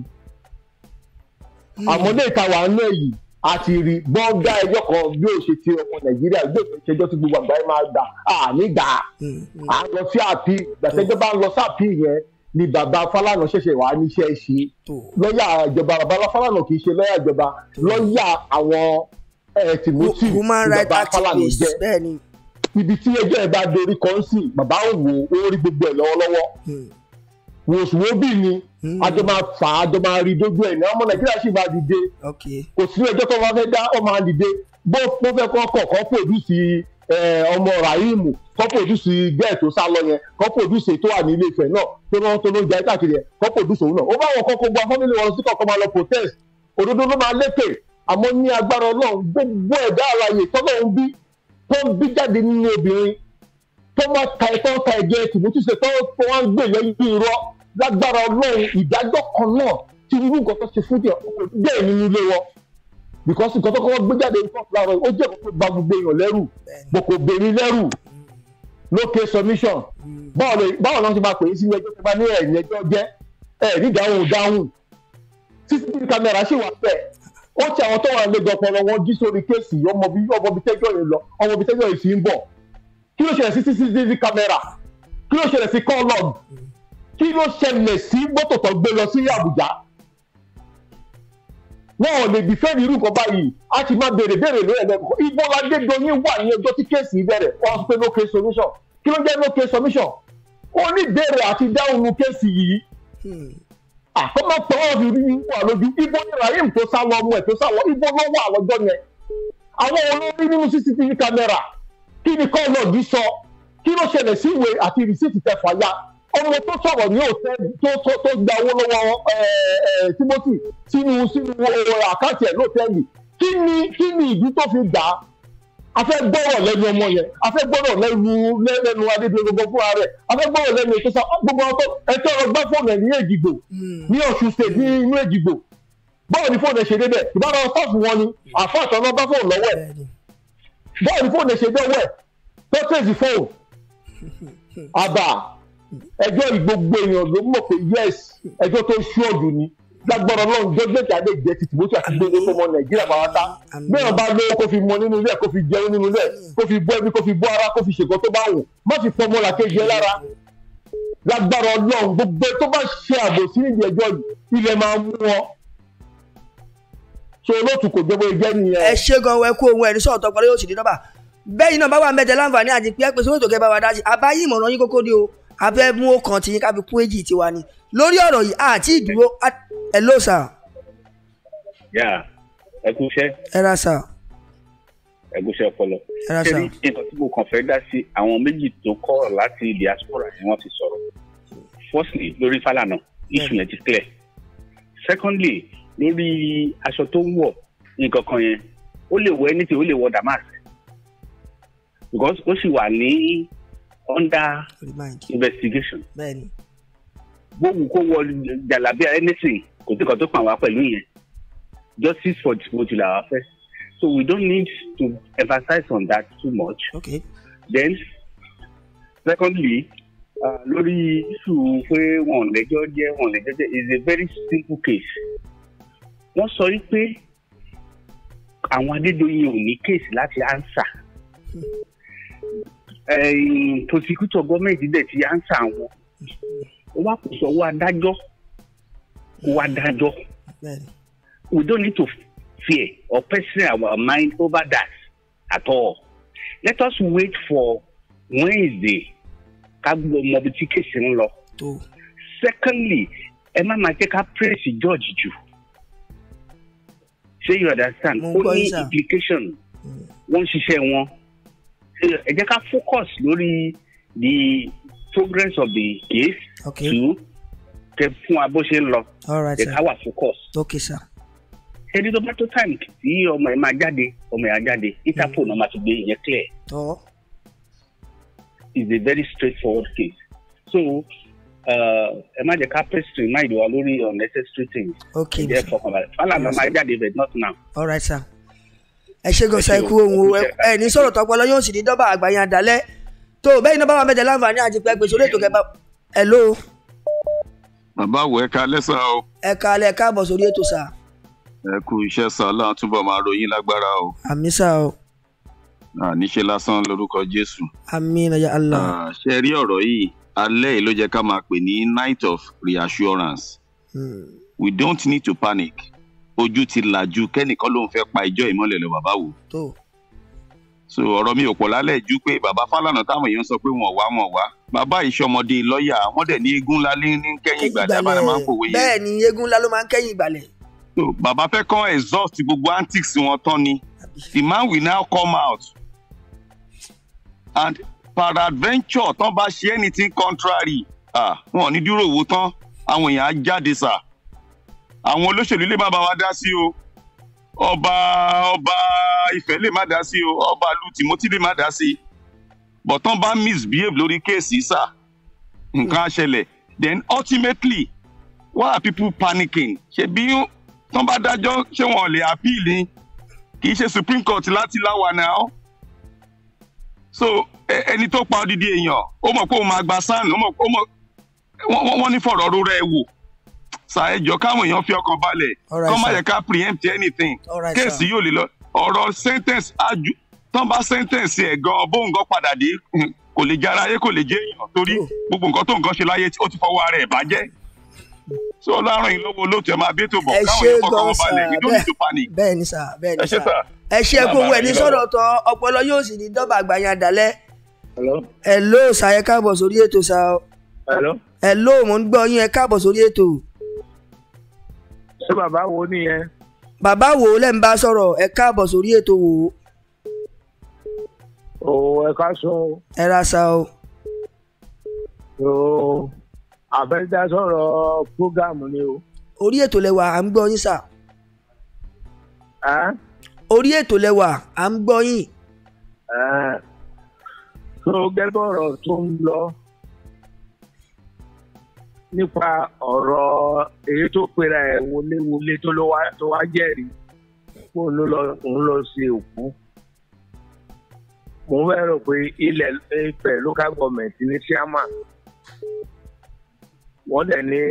Hmm. àmọ́ ní ìta wà náà yìí a ti rí gbọ́ngá ẹjọ́ kan bí ó ṣe ti ọmọ nàìjíríà gbé ìṣẹ́jọ́ tí gbogbo àgbáyé máa gbà á nígbà hmm. à ń lọ sí àpì ìgbàsẹ́jọ́ bá ń lọ sí àpì yẹn ni bàbá Fálànà ṣẹ̀ṣẹ̀ wà níṣẹ́ ṣe lọ́ọ̀yà ìjọba bàbá Fálànà kì í ṣe lọ́ọ̀yà ìjọba lọ́ọ̀yà àwọn tìmọ́tì bàbá Fálànà jẹ́ ibi tí ẹjọ́ ẹ̀ bá dorí kan sí bàbá òwò ó rí gbogbo ẹ̀ lọ́wọ́lọ́wọ́ hmm. wòsùwòbí ni àjọ hmm. máa fà á àjọ máa rí dójú ẹ̀ ní ọmọ nàìjíríà sì máa dìde kò sí ẹjọ́ tó bá fẹ́ dá ọ máa dìde bó bó fẹ́ kọ́ kọ̀ kọ́ pòdùsì ọmọ rahim kọ́ pòdùsì gẹ́ẹ̀ tó sá lọ yẹn kọ́ pòdùsì tó wà ní ilé Ifẹ̀ náà tó lọ́ tó ló jẹ́ káàkiri yẹn kọ́ pòdùsì òun náà ó bá wọn kọ́ kó gba fọ́mílì wọn sí kọ̀ọ̀kan máa lọ protest òdodo ló máa lékè àmọ́ ní agbára ọlọ́run gbogbo ẹ̀dá àlàyé tọ́lọ́run bí tó ń bí jáde nínú obìnrin tó máa ta ẹ̀tọ́ ta ẹ̀jẹ̀ tìmútúṣe tó wá ń gbè lẹ́yìn irọ́ lágbára ọlọ́run ìdájọ́ kan náà tí irú nǹkan tó ṣe fún jẹ bẹ́ẹ̀ nínú ilé wọn because nǹkan tó kọ́kọ́ gbé jáde nǹkan láàárọ̀ ó jẹ́ kókó ba gbogbo èèyàn lẹ́rù gbogbo obìnrin lẹ́rù lókè submission hmm. báwo lọ́n ti máa pè é sí ẹjọ́ tó bá ní ẹ̀yìn ẹjọ́ jẹ́ ẹ̀rí ìdáhùn ìdáhùn cctv camera ṣì wà bẹ́ẹ̀ ó ti àwọn tó wà lẹ́gbẹ̀ẹ́ ọpọlọ wọn jí sórí kéèsì ọmọ bí ọmọ bí tẹ́jọ́ yẹn lọ ọmọ bí tẹ́jọ́ yẹn sì ń bọ̀ kí ló ṣẹlẹ̀ sí cctv camera kí ló ṣẹlẹ̀ sí kọ́ọ̀lọ́ọ̀d kí ló ṣẹlẹ̀ sí mọ́tò tó gbé lọ sí àbújá wọn ò lè bìfẹ́ ní irú nǹkan báyìí a ti máa béèrè béèrè lórí ẹ̀lẹ́kọ̀ọ́ ibo la dé doyin wà ní ọjọ́ tí kéèsì bẹ̀rẹ̀ wọ́n sọ pé no case solution kí ló ń jẹ́ no case solution ó ní béèrè àti dáhùn kéèsì yìí hmm àkọ́mọ́ tọ́wọ́ fi rí wà lójú ibo ni Rahim tó sá lọ ọmọ ẹ̀ tó sá lọ ibo ló wà lọ́jọ́ yẹn àwọn olórí nínú CCTV kámẹ́rà kí ni kọ́ọ̀lọ́ọ̀dì sọ kí ló ṣẹlẹ̀ sí ìwé àti rìsíìtì tẹ̀fà ya ọmọ tó sọ̀rọ̀ ní òtẹ́ tó tó gba owó lọ́wọ́ Timothy sínú sínú àkáǹtì ẹ̀ lóòtẹ́ẹ̀lì kí ni kí ni ìdí tó fi gbà á a fẹ́ gbọ́rọ̀ lẹ́nu ọmọ yẹn a fẹ́ gbọ́rọ̀ lẹ́nu lẹ́nu adédọ̀rọ̀ gbogbo fúnra rẹ̀ a fẹ́ gbọ́rọ̀ lẹ́nu ìtọ́sà gbogbo ọtọ́ ẹ̀tọ́ ọgbà fóònù ẹ̀ ní èjìgbò ní Ọ̀ṣun state ní inú èjìgbò báwo ni fóònù ẹ̀ ṣe débẹ̀ ìbára ọ̀sáàfù wọn ni àfáàtọ̀ ọ̀nà bá fóònù lọ́wọ́ ẹ̀ báwo ni fóònù ẹ̀ ṣe dọ́wọ́ ẹ̀ tọ́tẹ̀sì fóònù àbà ẹjọ́ ìgbogbo èèyàn ló mọ̀ pé yẹ́sì ẹjọ́ tó ṣú ọ̀dùn ni lágbára Ọlọ́run gọọmenti adé jẹ ti tìbótì àti gbogbo ọmọ Nàìjíríà pàápàá mẹ́rin bá lówó kó fi mọ nínú ilé kó fi jẹun nínú ilé kó fi bọ́ ẹbí kó fi bọ́ ara kó fi ṣègùn tó bá wù má fi fọmọ làkejì ẹ lára lágbára Ọlọ́run gbogbo tó bá ṣe àbòsí nídìí ẹjọ́ yìí ilẹ̀ máa mú wọn so olóòtú kò jẹ́ bóyá jẹ́ nìyẹn. ẹ ṣe gan wẹ kó ohun ẹni sọ̀rọ̀ tọpọ̀ lóyún òsì ní nọ́mbà bẹ́ẹ̀ yìí náà bá wà mẹ́tẹ̀ láǹfààní àti pé pèsè òtò kẹ́ bá wa dá sí àbáyé ìmọ̀ràn yín kókó ni o abẹ́ mú ó kan tiyín kábí kún èjì tiwa ni lórí ọ̀rọ̀ yìí àti ìdúró hello sir. yà ẹ kú iṣẹ́. ẹ ra sà. ẹ kú iṣẹ́ ọpọlọ. ẹ ra sà. ṣé nǹkan tí mo kàn fẹ́ dá sí àwọn méjì tó kọ́ láti diaspora ni wọ́n ti sọ̀rọ̀ firstly lórí Fálànà issue yẹn ti clear secondly lórí aṣọ tó ń wọ̀ nǹkan kan yẹn ó lè wọ anything ó lè wọ damask because ó sì wà ní under Remind. investigation. bẹ́ẹ̀ni. gbogbo kó wọ jalabi anything kò sí kan tó pàwọn pẹ̀lú yẹn justice for Djibouti la wá fẹ́ so we don't need to emphasize on that too much. okay. then secondly uh, lórí issue pé wọn lẹ́jọ́ jẹ́ wọn lẹ́jọ́ jẹ́ is a very simple case wọ́n sọ wípé àwọn Adédoyin ò ní case láti answer. Hmm prosecutor gọ́ọ̀mẹ̀ntì dẹ̀ ti ánsà wọn ó wá kò sọ́wọ́ adájọ́ kó wá dájọ́ we don't need to fear or person our mind over that at all let us wait for Wednesday ká gbọ́ mọbi tí kèsì ń lọ secondly ẹ má máa jẹ́ ká praise George jù say you understand ó implication mm. wọ́n ń wọn ẹ jẹ́ ká focus lórí the progress of the case okay. to kẹ fún wa bó ṣe ń lọ ẹ ká wà focus. okay sir. ẹni tó bá tó time tí ọmọ ẹ máa jáde ọmọ ẹ máa jáde hmm. interpol náà máa ti gbé ìyẹn clear. tọ́. is a very straightforward case so uh, ẹ má jẹ ká pestry má ìdíwà lórí unnecessary things. okay sir. ẹ jẹ́ fọkànbalẹ̀ fàlànà máa jáde but not now. all right sir ẹ ṣe gan sẹ́kù ohun ẹ ní sọ̀rọ̀ tọpọlọ yóò sì ní dọ́bà àgbáyé àdálẹ́ tó bẹ́ẹ̀ iná bá wà mẹ́tẹ̀ láǹfààní àti pẹ́ gbèsè olóòtú kẹba ẹ ló. bàbá wo ẹ̀ka lẹ́sà o. ẹ̀ka alẹ́ káàbọ̀ sórí ètò sà. ẹ kú iṣẹ́ sà láà túbọ̀ máa ròyìn lágbára o. àmì sà o. àníṣe lásán lórúkọ jésù. àmín ya Allah. ṣe rí ọ̀rọ̀ yìí alẹ́ yìí jẹ́ ká máa pè ní night of reassurance. Hmm. we don't need to panic ojú ti làjú kẹ́nìkan ló ń fẹ́ pa ìjọ ìmọ́lẹ̀ lọ bàbá wò. so ọ̀rọ̀ mi ò pọ̀ lálẹ́ ju pé bàbá Fálànà táwọn èèyàn sọ pé wọ́n wá wọ́n wá bàbá ìṣọmọdé lọ́ọ̀yà wọ́n dẹ̀ ní eégún ńlá ní kẹ́yìn ìgbàlẹ̀ abáná máa ń pòwe yẹn. bẹ́ẹ̀ ni eégún ńlá máa ń kẹ́yìn ìgbàlẹ̀. so bàbá fẹ́ kàn exhaust gbogbo antics wọn tán ni the man will now come out and peradventure tán bá ṣe anything contrary ah wọn ò ní dúró wò tán àwọn èèyàn á jáde sáà àwọn olóṣèlú lè má bá wa dá sí o ọba ọba Ifẹ̀ lè má dá sí o ọba lu Timothy lè má dá sí bọ̀tán bá misbehave lórí kéèsì sá nǹkan á hmm. ṣẹlẹ̀ then ultimately why are people panicking ṣebí tán bá dájọ́ ṣé wọn lè appeal ni kì í ṣe Supreme Court láti láwa náà so ẹni tó pa odidi èèyàn ó mọ̀ pé òun máa gba sáànù ó mọ̀ pé wọ́n ní fọ̀rọ̀ rúra ẹ̀ wò sa ẹjọ́ káwọn èèyàn fi ọkàn balẹ̀ kọ́ má yẹ ká preempt anything kéèsì yóò lè lọ ọ̀rọ̀ sentence aju tán bá sentence ẹ̀ gan bóun gan padà dé hmm, kò lè jara ayé kò lè jẹ́ èèyàn torí oh. gbogbo nǹkan tó nǹkan ṣe láyé ó ti fọwọ́ ara ẹ̀ bàjẹ́ so ọlọ́run ìlọ́wọ́ olóòtú ẹ̀ máa bí ètò bọ̀ káwọn èèyàn fọkàn wọn balẹ̀ we don't need panic. bẹ́ẹ̀ sà bẹ́ẹ̀ sà ẹ ṣe gbogbo ẹni sọ̀rọ̀ tán ọpọlọ yóò sì ní dọ́bà àgbàyàn àdálẹ́. hello sà ẹ káàbọ̀ sórí ètò sà. hello mo ń gbọ́ yín ẹ káàbọ̀ sórí ètò ṣé bàbá wo nìyẹn. bàbá wo lẹ́ ń bá sọ̀rọ̀ ẹ káàbọ̀ sórí ètò wo. o ẹ ká sọ. ẹ ra sa o. o àfẹ́dá sọ̀rọ̀ ni o. orí ètò lẹwà à ń gbọ́ yín sà. orí ètò lẹwà à ń gbọ́ yín. tó gẹ́gbọ́rọ̀ tó ń lọ nípa ọ̀rọ̀ èyí tó pera ẹ̀ wọléwọlé tó wá jẹ́rìí pé òun lọ sí òkú mo fẹ́ rò pé ilẹ̀ Ifẹ̀ local government ní chairman wọ́n dẹ̀ ní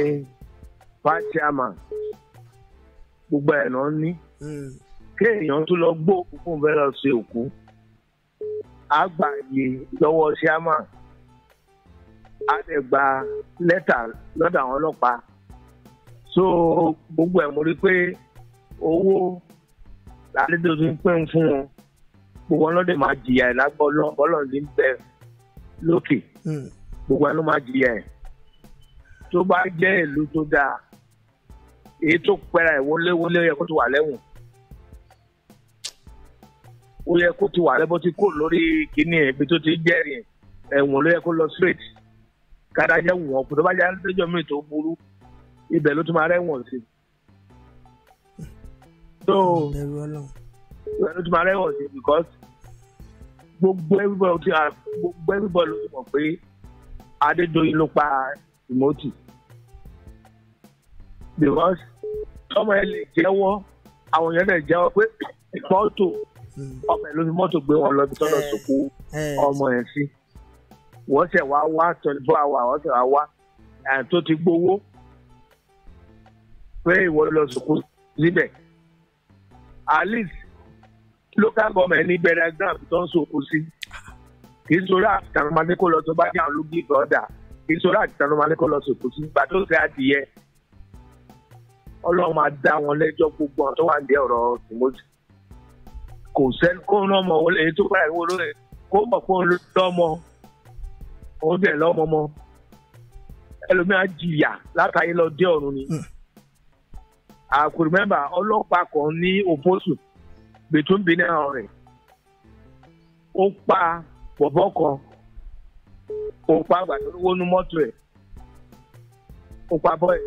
vice chairman gbogbo ẹ̀ náà ní hmm. kéèyàn tó lọ gbó òkú fún fẹ́ lọ sí òkú àgbàyè lọ́wọ́ chairman a lè gba lẹ́tà lọ́dọ̀ àwọn ọlọ́pàá so gbogbo ẹ̀ mo rí pé owó lálẹ́dọ̀dọ̀ ń pín fún wọn gbogbo wọn lọ́dẹ̀ máa jìyà ẹ̀ lágbọ́ ọlọ́run ní bẹ lókè hmm. gbogbo wọn ló máa jìyà ẹ̀ tó bá jẹ́ ìlú tó dáa èyí tó pẹ́ra ẹ̀ wọléwọlé yẹ kó ti wà lẹ́wọ̀n ó yẹ kó ti wà lẹ́bọ̀ tí kò lórí kíní ẹ̀ ibi tó ti jẹ́rìí ẹ̀wọ̀n ló yẹ kó lọ straight kára yẹ wọ̀n kó tó bá yá lọ́jọ́ mi tó burú ibẹ̀ ló tún máa rẹ́wọ̀n sí. so ibẹ̀ ló tún máa rẹ́wọ̀n sí because gbogbo everybody ti gbogbo everybody ló ti mọ̀ pé Adédoyin ló pa Timothy because ọmọ ẹ lè jẹ́wọ́ àwọn èèyàn náà jẹ́wọ́ pé mọ́tò hmm. ọmọ ẹ ló fi mọ́tò gbé wọn lọ bí tọ́lọ̀ eh, sóko eh. ọmọ ẹ sí wọ́n ṣẹ̀ wá wá twenty four hours wọ́n ṣẹ̀ wá wá tó ti gbowó pé ìwọ lọ sùkú síbẹ̀ at least local government ní bẹ̀rẹ̀ ground tó ń sòkú sí kì í sọ̀rọ̀ àtàlùmọ́lé kó lọ tó bá jẹ́ àwọn olùgbé ìgbọ́dà kì í sọ̀rọ̀ àtàlùmọ́lé kó lọ sòkú sí ìgbà tó ṣe adìyẹ ọlọ́run máa dá wọn lẹ́jọ́ gbogbo àwọn tó wà ní ọ̀rọ̀ Timothy kò sẹ́ni kó ń rán ọmọ wọlé tó bá ìwọ lóye kó mọ̀ kó ń lọ́mọ ó dẹ̀ lọ́mọmọ ẹlòmíà jìyà látàyè lọ dé ọ̀run ni. Hmm. I could remember ọlọ́pàá kan ní oposu between benin and ọ̀rẹ́ ó pa bọ̀bọ̀ kan ó pa àgbàdúrówó ní mọ́tò ẹ̀ ó pa bọ́ ẹ̀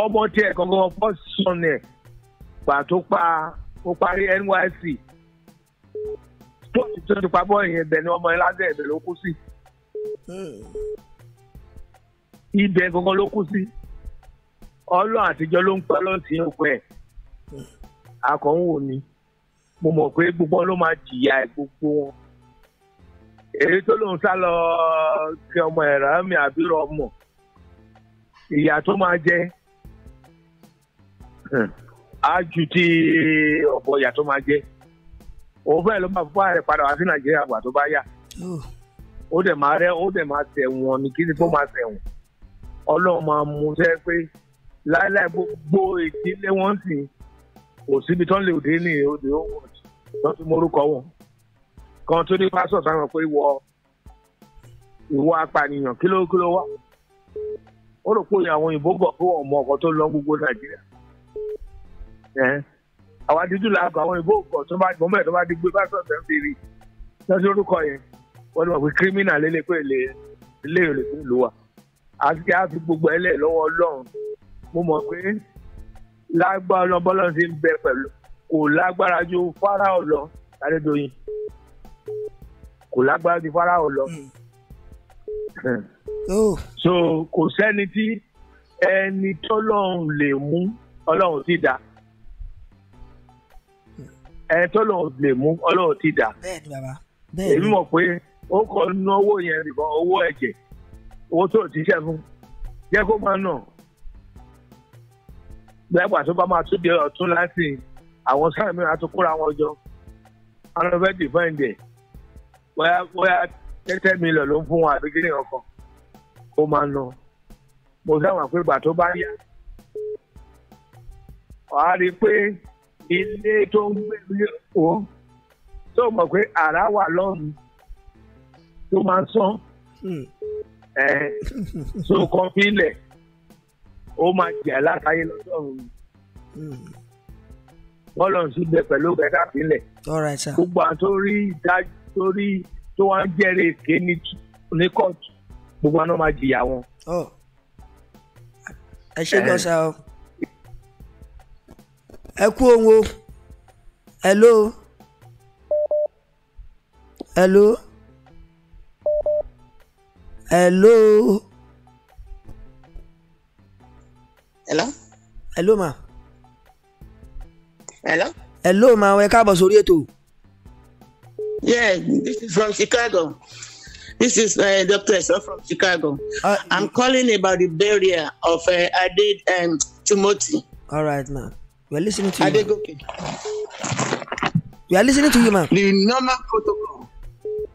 ọmọ tiẹ̀ gangan first son ẹ̀ gbà tó pa ó parí NYSC tó ti tó ti pa bọ́ ẹ̀ yẹn bẹ̀ ni ọmọ ẹ̀ lásẹ̀ ẹ̀ bẹ̀ ló kú sí. Si ibẹ̀ gangan ló kú sí ọlọ́run àtijọ́ ló ń pẹ́ lọ́sìn òkú ẹ, akọ̀hún ni mo mọ̀ pé gbogbo ló máa jìyà gbogbo wọn èyí tó ló sá lọ kí ọmọ ẹ̀rọ mi àbírọ ọmọ ìyà tó máa jẹ ọ̀pọ̀ tó máa jẹ òun ló máa fọ́ ó dẹ̀ máa rẹ́ ó dẹ̀ máa tẹ̀wọ̀n ní kí ni kó máa tẹ̀wọ̀n ọlọ́run máa mú sẹ́ pé láíláí gbogbo ìdílé wọn sì kò síbi tán lè òde ní òde òwòrán wọn ti morúkọ wọn kan tó ní pásọ sáwọn pé wọ ìwọ apànìyàn kí ló kí ló wá ó rò pé àwọn òyìnbó bọ̀ pé wọn mọ ọkọ tó lọ gbogbo nàìjíríà àwa dídú làákọ àwọn òyìnbó kọ tó bá gbọmọ ẹ tó bá di gbé pásọ sẹ ń fi rí lọsí orúkọ yẹn wọ́n mọ̀ pé kírímìnà lélẹ̀ pé ilé ìròyìn fún ìlú wa àti á fi gbogbo ẹlẹ́ lọ́wọ́ ọlọ́run mo mọ̀ pé lágbára ọlọ́run bọ́lá ti ń bẹ pẹ̀lú kò lágbára ju fáráò lọ Adédoyin kò lágbára ju fáráò lọ. Hmm. Hmm. Oh. so kò sẹ́ni tí ẹni tọ́lọ́run lè mú ọlọ́run ti dá hmm. ẹni tọ́lọ́run lè mú ọlọ́run ti dá. èmi mọ̀ pé ó kọ́ ná owó yẹn nìkan owó ẹ̀jẹ̀ owó tó tíṣẹ́ fún jẹ́ kó máa nà gbẹ́gbà tó bá máa tún di ọ̀tún láti àwọn sáré mìíràn tó kóra wọn jọ àwọn fẹ́ dìfẹ́ǹdì bóyá bóyá tẹ́tẹ́ mílíọ̀n ló ń fún wọn àbí kíni ọkàn ó máa nà mo sáwọn pé ìgbà tó bá yá wàá rí i pé ilé tó ń gbé mi ò tó mọ̀ pé àrá wà lọ́rùn tó máa sán hmm. ẹ so (laughs) kan fílẹ̀ ó máa jẹ́ látàyè lọ́jọ́ òun hmm. bọ́ọ̀lù ọ̀sùn bẹ pẹ̀lú bẹ́ẹ̀ káfílẹ̀ gbogbo àwọn tó rí ìdájọ́ tó rí tó wá ń jẹ́rìí èké ní kóòtù gbogbo àwọn máa jìyà wọn. Oh. ẹ ṣe gbọ́ sá o ẹ kú ohun o hello hello hello. hello. hello ma. hello. hello ma ẹ káàbọ̀ sórí ètò. yeah this is from Chicago. This is uh, Dr. Esau from Chicago. Uh, I'm calling about the burial of uh, Ade um, Timothy. All right, ma'am. We're listening to you. Adegoke. We are listening to you, ma. The normal protocol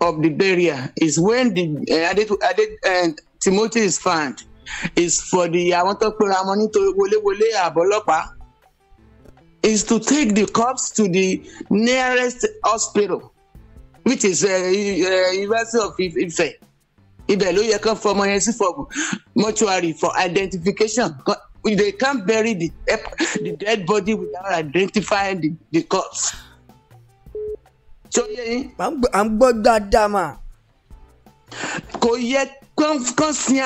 of the barrier is when the uh, eh, added Ade, uh, Timothy is found is for the àwọn tó pera wọn nítorí wọléwọlé àbọ̀lọ́pàá is to take the corpse to the nearest hospital which is eh, University of Ife ibẹ̀ ló yẹ kán fọmọ yẹn sí for mortuary for identification they can't bury the, the dead body without identifying the, the corpse tó yé yín. à ń gbọ́ dáadáa mà. kò yẹ kán sin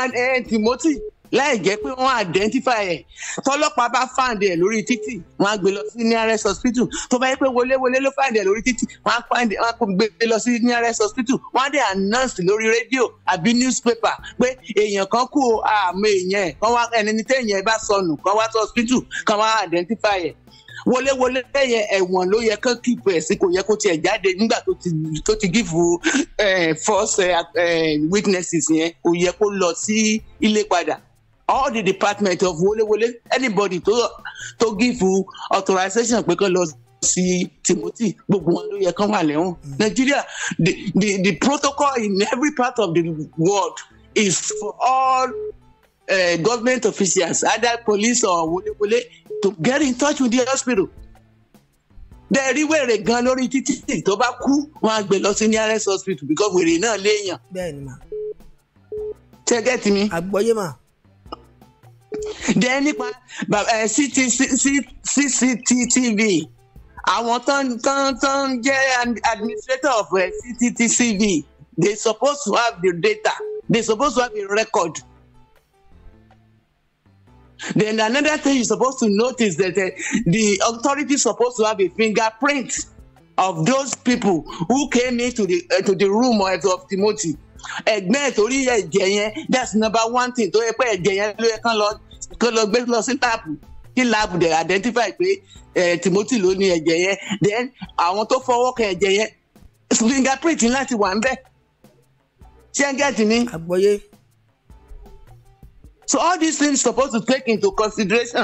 Timothy láì jẹ́ pé wọ́n identify ẹ̀ tọ́lọ́pàá bá fàǹdì ẹ̀ lórí títì wọ́n á gbé lọ sí nearest hospital tó bá yẹ pé wọléwọlé ló fàǹdì ẹ̀ lórí títì wọ́n á fàǹdì wọ́n á gbé lọ sí nearest hospital wọ́n á dẹ̀ announce lórí rédíò àbí newspaper pé èèyàn kan kú àmọ́ èèyàn ẹ̀ kán wá ẹni tẹ́ èèyàn ẹ̀ bá sọnù kán wá sí hospital kán wá identify ẹ̀ wọléwọlé yẹn ẹ̀wọ̀n ló yẹ kán kí pẹ̀ sí kò yẹ kó tiẹ̀ jáde nígbà tó ti give false witnesses yẹn kò yẹ kó lọ sí ilé padà all the department of wọléwọlé anybody tó tó give authorization pé kán lọ sí Timothy gbogbo wọn ló yẹ kán wà lẹ́wọ̀n mm. Nigeria the the the protocol in every part of the world is for all uh, government officials, either police or wole wole, to get in touch with the hospital. Dẹ̀ rí wèrè gan lórí títì tó bá kú, wọ́n á gbé lọ sí nearest hospital because wèrè náà léèyàn. Bẹ́ẹ̀ni ma. Ṣé gẹ́tì mi? Àgbọ̀yé mà. Dẹ̀ nípa eh, CCTV àwọn tán tán tán jẹ́ administrator of eh, CCTV they supposed to have the data they supposed to have the record. Then another thing you're supposed to notice that uh, the authority is supposed to have a fingerprint of those people who came into the uh, to the room of, of Timothy. Ẹ̀gbẹ́ torí ẹ̀jẹ̀ yẹn that's number one thing tó yẹ pé ẹ̀jẹ̀ yẹn ló yẹ kán lọ kán lọ gbé lọ sí táàpù kí láàbù dẹ̀ identify pé Timothy ló ní ẹ̀jẹ̀ yẹn then àwọn tó fọwọ́ kan ẹ̀jẹ̀ yẹn fingerprint láti wà ń bẹ̀. Ṣé ń gẹ̀ẹ́tì mi? Àgbọ̀yé so all these things supposed to take into consideration.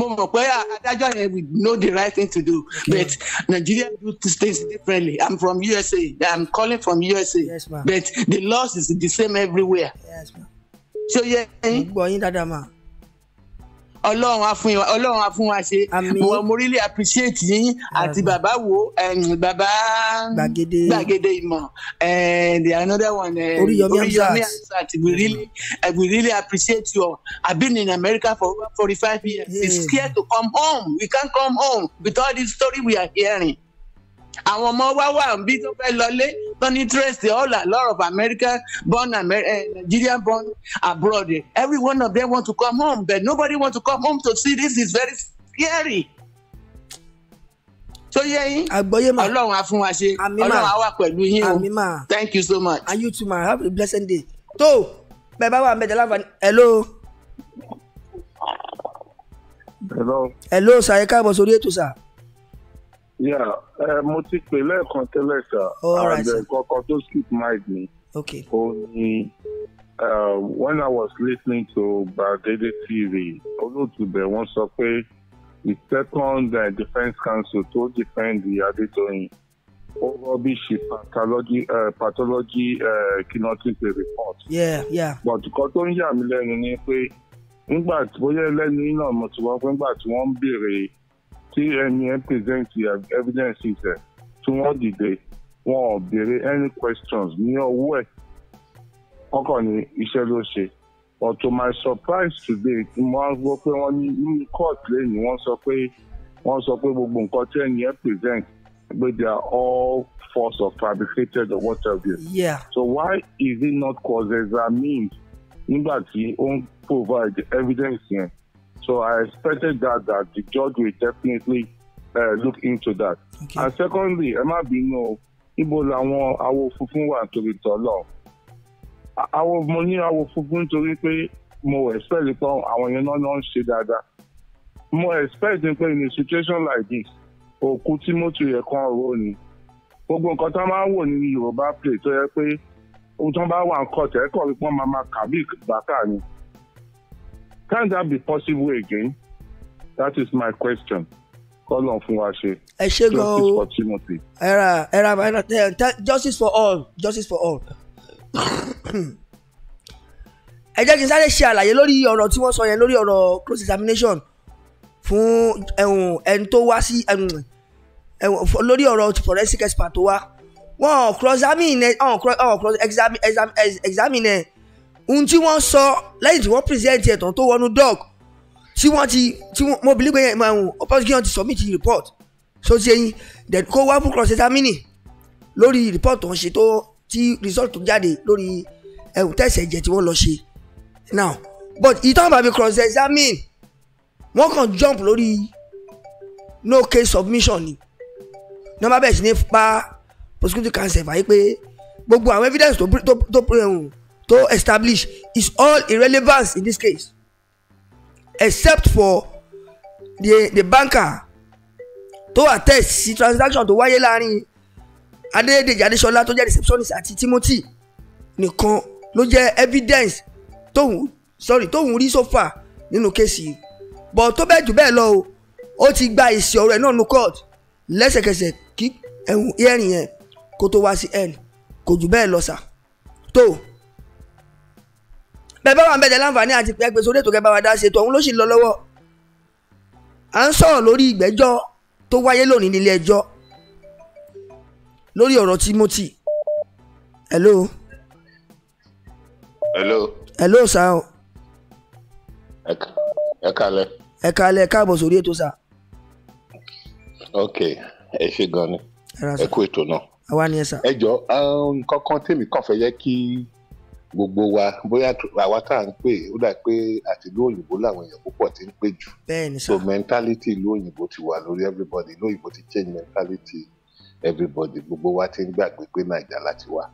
mo mọ̀ pé adájọ́ yẹn we know the right thing to do okay. but Nigeria do things differently I'm from USA I'm calling from USA yes, but the laws is the same everywhere. Yes, so yeah, mo gbọ́ yín dáadáa máa ọlọ́run á wa ọlọ́run á wa ṣe wọn mo really appreciate yín àti bàbá wo bàbá gbàgede ìmọ̀ the another one oríyọmí ansat we really eh, we really appreciate you all i been in america for over forty five years yeah. it's scared to come home we can't come home with all this story we are hearing àwọn ọmọ wa wà ń bí tó fẹ́ lọlé an interest all a lot of American born Amer- uh, eh, Nigerian born abroad. Every one of them want to come home, but nobody want to come home to see this is very scary. tó yẹ yín ọlọ́run á fún wa ṣe ọlọ́run á pẹ̀lú yín o thank you so much. and you too ma have a blessed day. tó bẹ́ẹ̀ bá wà mẹ́tẹ̀ láǹfààní hello. hello. hello sàyẹ̀ká bọ̀ sórí ètò sáà yeah uh, mo ti pè lẹ́ẹ̀kan tẹ́lẹ̀ sà and kọ́kọ́ tó skip mind mi. okay. ó uh, when I was listening to Gbàgede TV olóòtú bẹ̀ wọ́n sọ pé the second uh, eh, defence counsel tó defend the Adédoyin ó rubbish pathology uh, pathology uh, kinotic report. yeah yeah. but nǹkan tó ń yà mí lẹ́nu ni pé nígbà tí bóyá lẹ́nu náà mo ti wọ́n pé nígbà tí wọ́n ń béèrè tí ẹni ẹ present evidence rẹ̀ tí wọ́n dìde wọn ò béèrè any questions ní ọwọ́ ẹ̀ kọ́kọ́ ni iṣẹ́ ló ṣe but to my surprise today mo á gbọ́ pé wọ́n ní ní court lẹ́yìn wọ́n sọ pé wọ́n sọ pé gbogbo nǹkan tí ẹni ẹ present pé they are all false or fabricated or what have Yeah. so why is it not cause examined nígbà tí ó ń provide evidence yẹn. Yeah. So I expected that that the judge will definitely uh, look into that. Okay. And secondly, ẹ má bínú ibo làwọn awo funfun wà torí tọ́lọ̀. Àwọn mo ní awo funfun torí pé mo expect pé àwọn yẹn náà náà ń ṣe dáadáa. Mo expect pé in a situation like this, òkú Timothy yẹ kan ro ni. Gbogbo nǹkan tó máa ń wò ní Yorùbá play tó yẹ pé ohun tó bá wà ń kọ̀ tẹ́kọ̀ọ́ pé wọ́n máa ma kàbí ìgbàkà ni. Can that be possible again? That is my question. Kọ́lọ̀ fún wa ṣe. Ẹ ṣe gan o. Justice for Timothy. Ẹ ra Ẹ ra Ẹ ra justice for all justice for all. Ẹ jẹ́ kí n sáré ṣe àlàyé lórí ọ̀rọ̀ tí wọ́n sọ yẹn lórí ọ̀rọ̀ close examination fún ẹni tó wá sí lórí ọ̀rọ̀ forensic expert tó wá. Wọ́n cross examine ẹ̀ wọ́n cross examine ẹ̀ ohun tí wọ́n sọ lẹ́yìn tí wọ́n present ẹ̀ tán tó wọnú doc tí wọ́n ti tí wọ́n mo believe yẹn máa eh, ń eh, opposition ti submit report so ti ẹyin then kó wá fún cross examining lórí report tó ń ṣe tó tí result tó jáde lórí ẹ̀wù eh, test ẹ̀jẹ̀ tí wọ́n lọ ṣe now but ìtàn bàbí cross examine wọ́n kàn jump lórí no case submission ni ní wọ́n bá bẹ̀rẹ̀ sí ní pa prosecuting counsel báyìí pé gbogbo àwọn evidence tó tó tó to establish is all irrelevant in this case except for the the banker to attest the transaction tó wáyé láàrin adédèjì adéṣọlá tó jẹ́ receptionist àti timothy nìkan ló jẹ́ evidence tóun sorry tóun rí so far nínú kéèsì but tó bẹ́ẹ̀ jù bẹ́ẹ̀ lọ o ó ti gba èsì ọ̀rọ̀ ẹ̀ náà nu court lẹ́sẹ̀kẹsẹ̀ kí ẹ̀hún earring yẹn kó tó wá sí end kò jù bẹ́ẹ̀ lọ sà tó bẹ́ẹ̀ bá wà ń bẹ̀tẹ̀ láǹfààní àti pé ẹgbẹ́ sórí ètò kẹbàá wàdá ṣètò ọ̀hún ló sì lọ lọ́wọ́ à ń sọ̀rọ̀ lórí ìgbẹ́jọ́ tó wáyé lónìí nílé ẹjọ́ lórí ọ̀rọ̀ Timothy hello. hello. hello sir o. ẹ kalẹ̀. ẹ kalẹ̀ káàbọ̀ sórí ètò sir. ok ẹ ṣe gan ni ẹ kú ètò náà. àwa ni ẹ sà. ẹ jọ nǹkan kan tèmi kàn fẹ́ yẹ kí gbogbo wa bóyá àwa tá à ń pè ó dà pé àtìlú òyìnbó làwọn èèyàn púpọ̀ ti ń pè jù so mentality ìlú òyìnbó ti wà lórí everybody ìlú òyìnbó ti change mentality everybody gbogbo wa ti ń gbàgbé pé nàìjà láti wà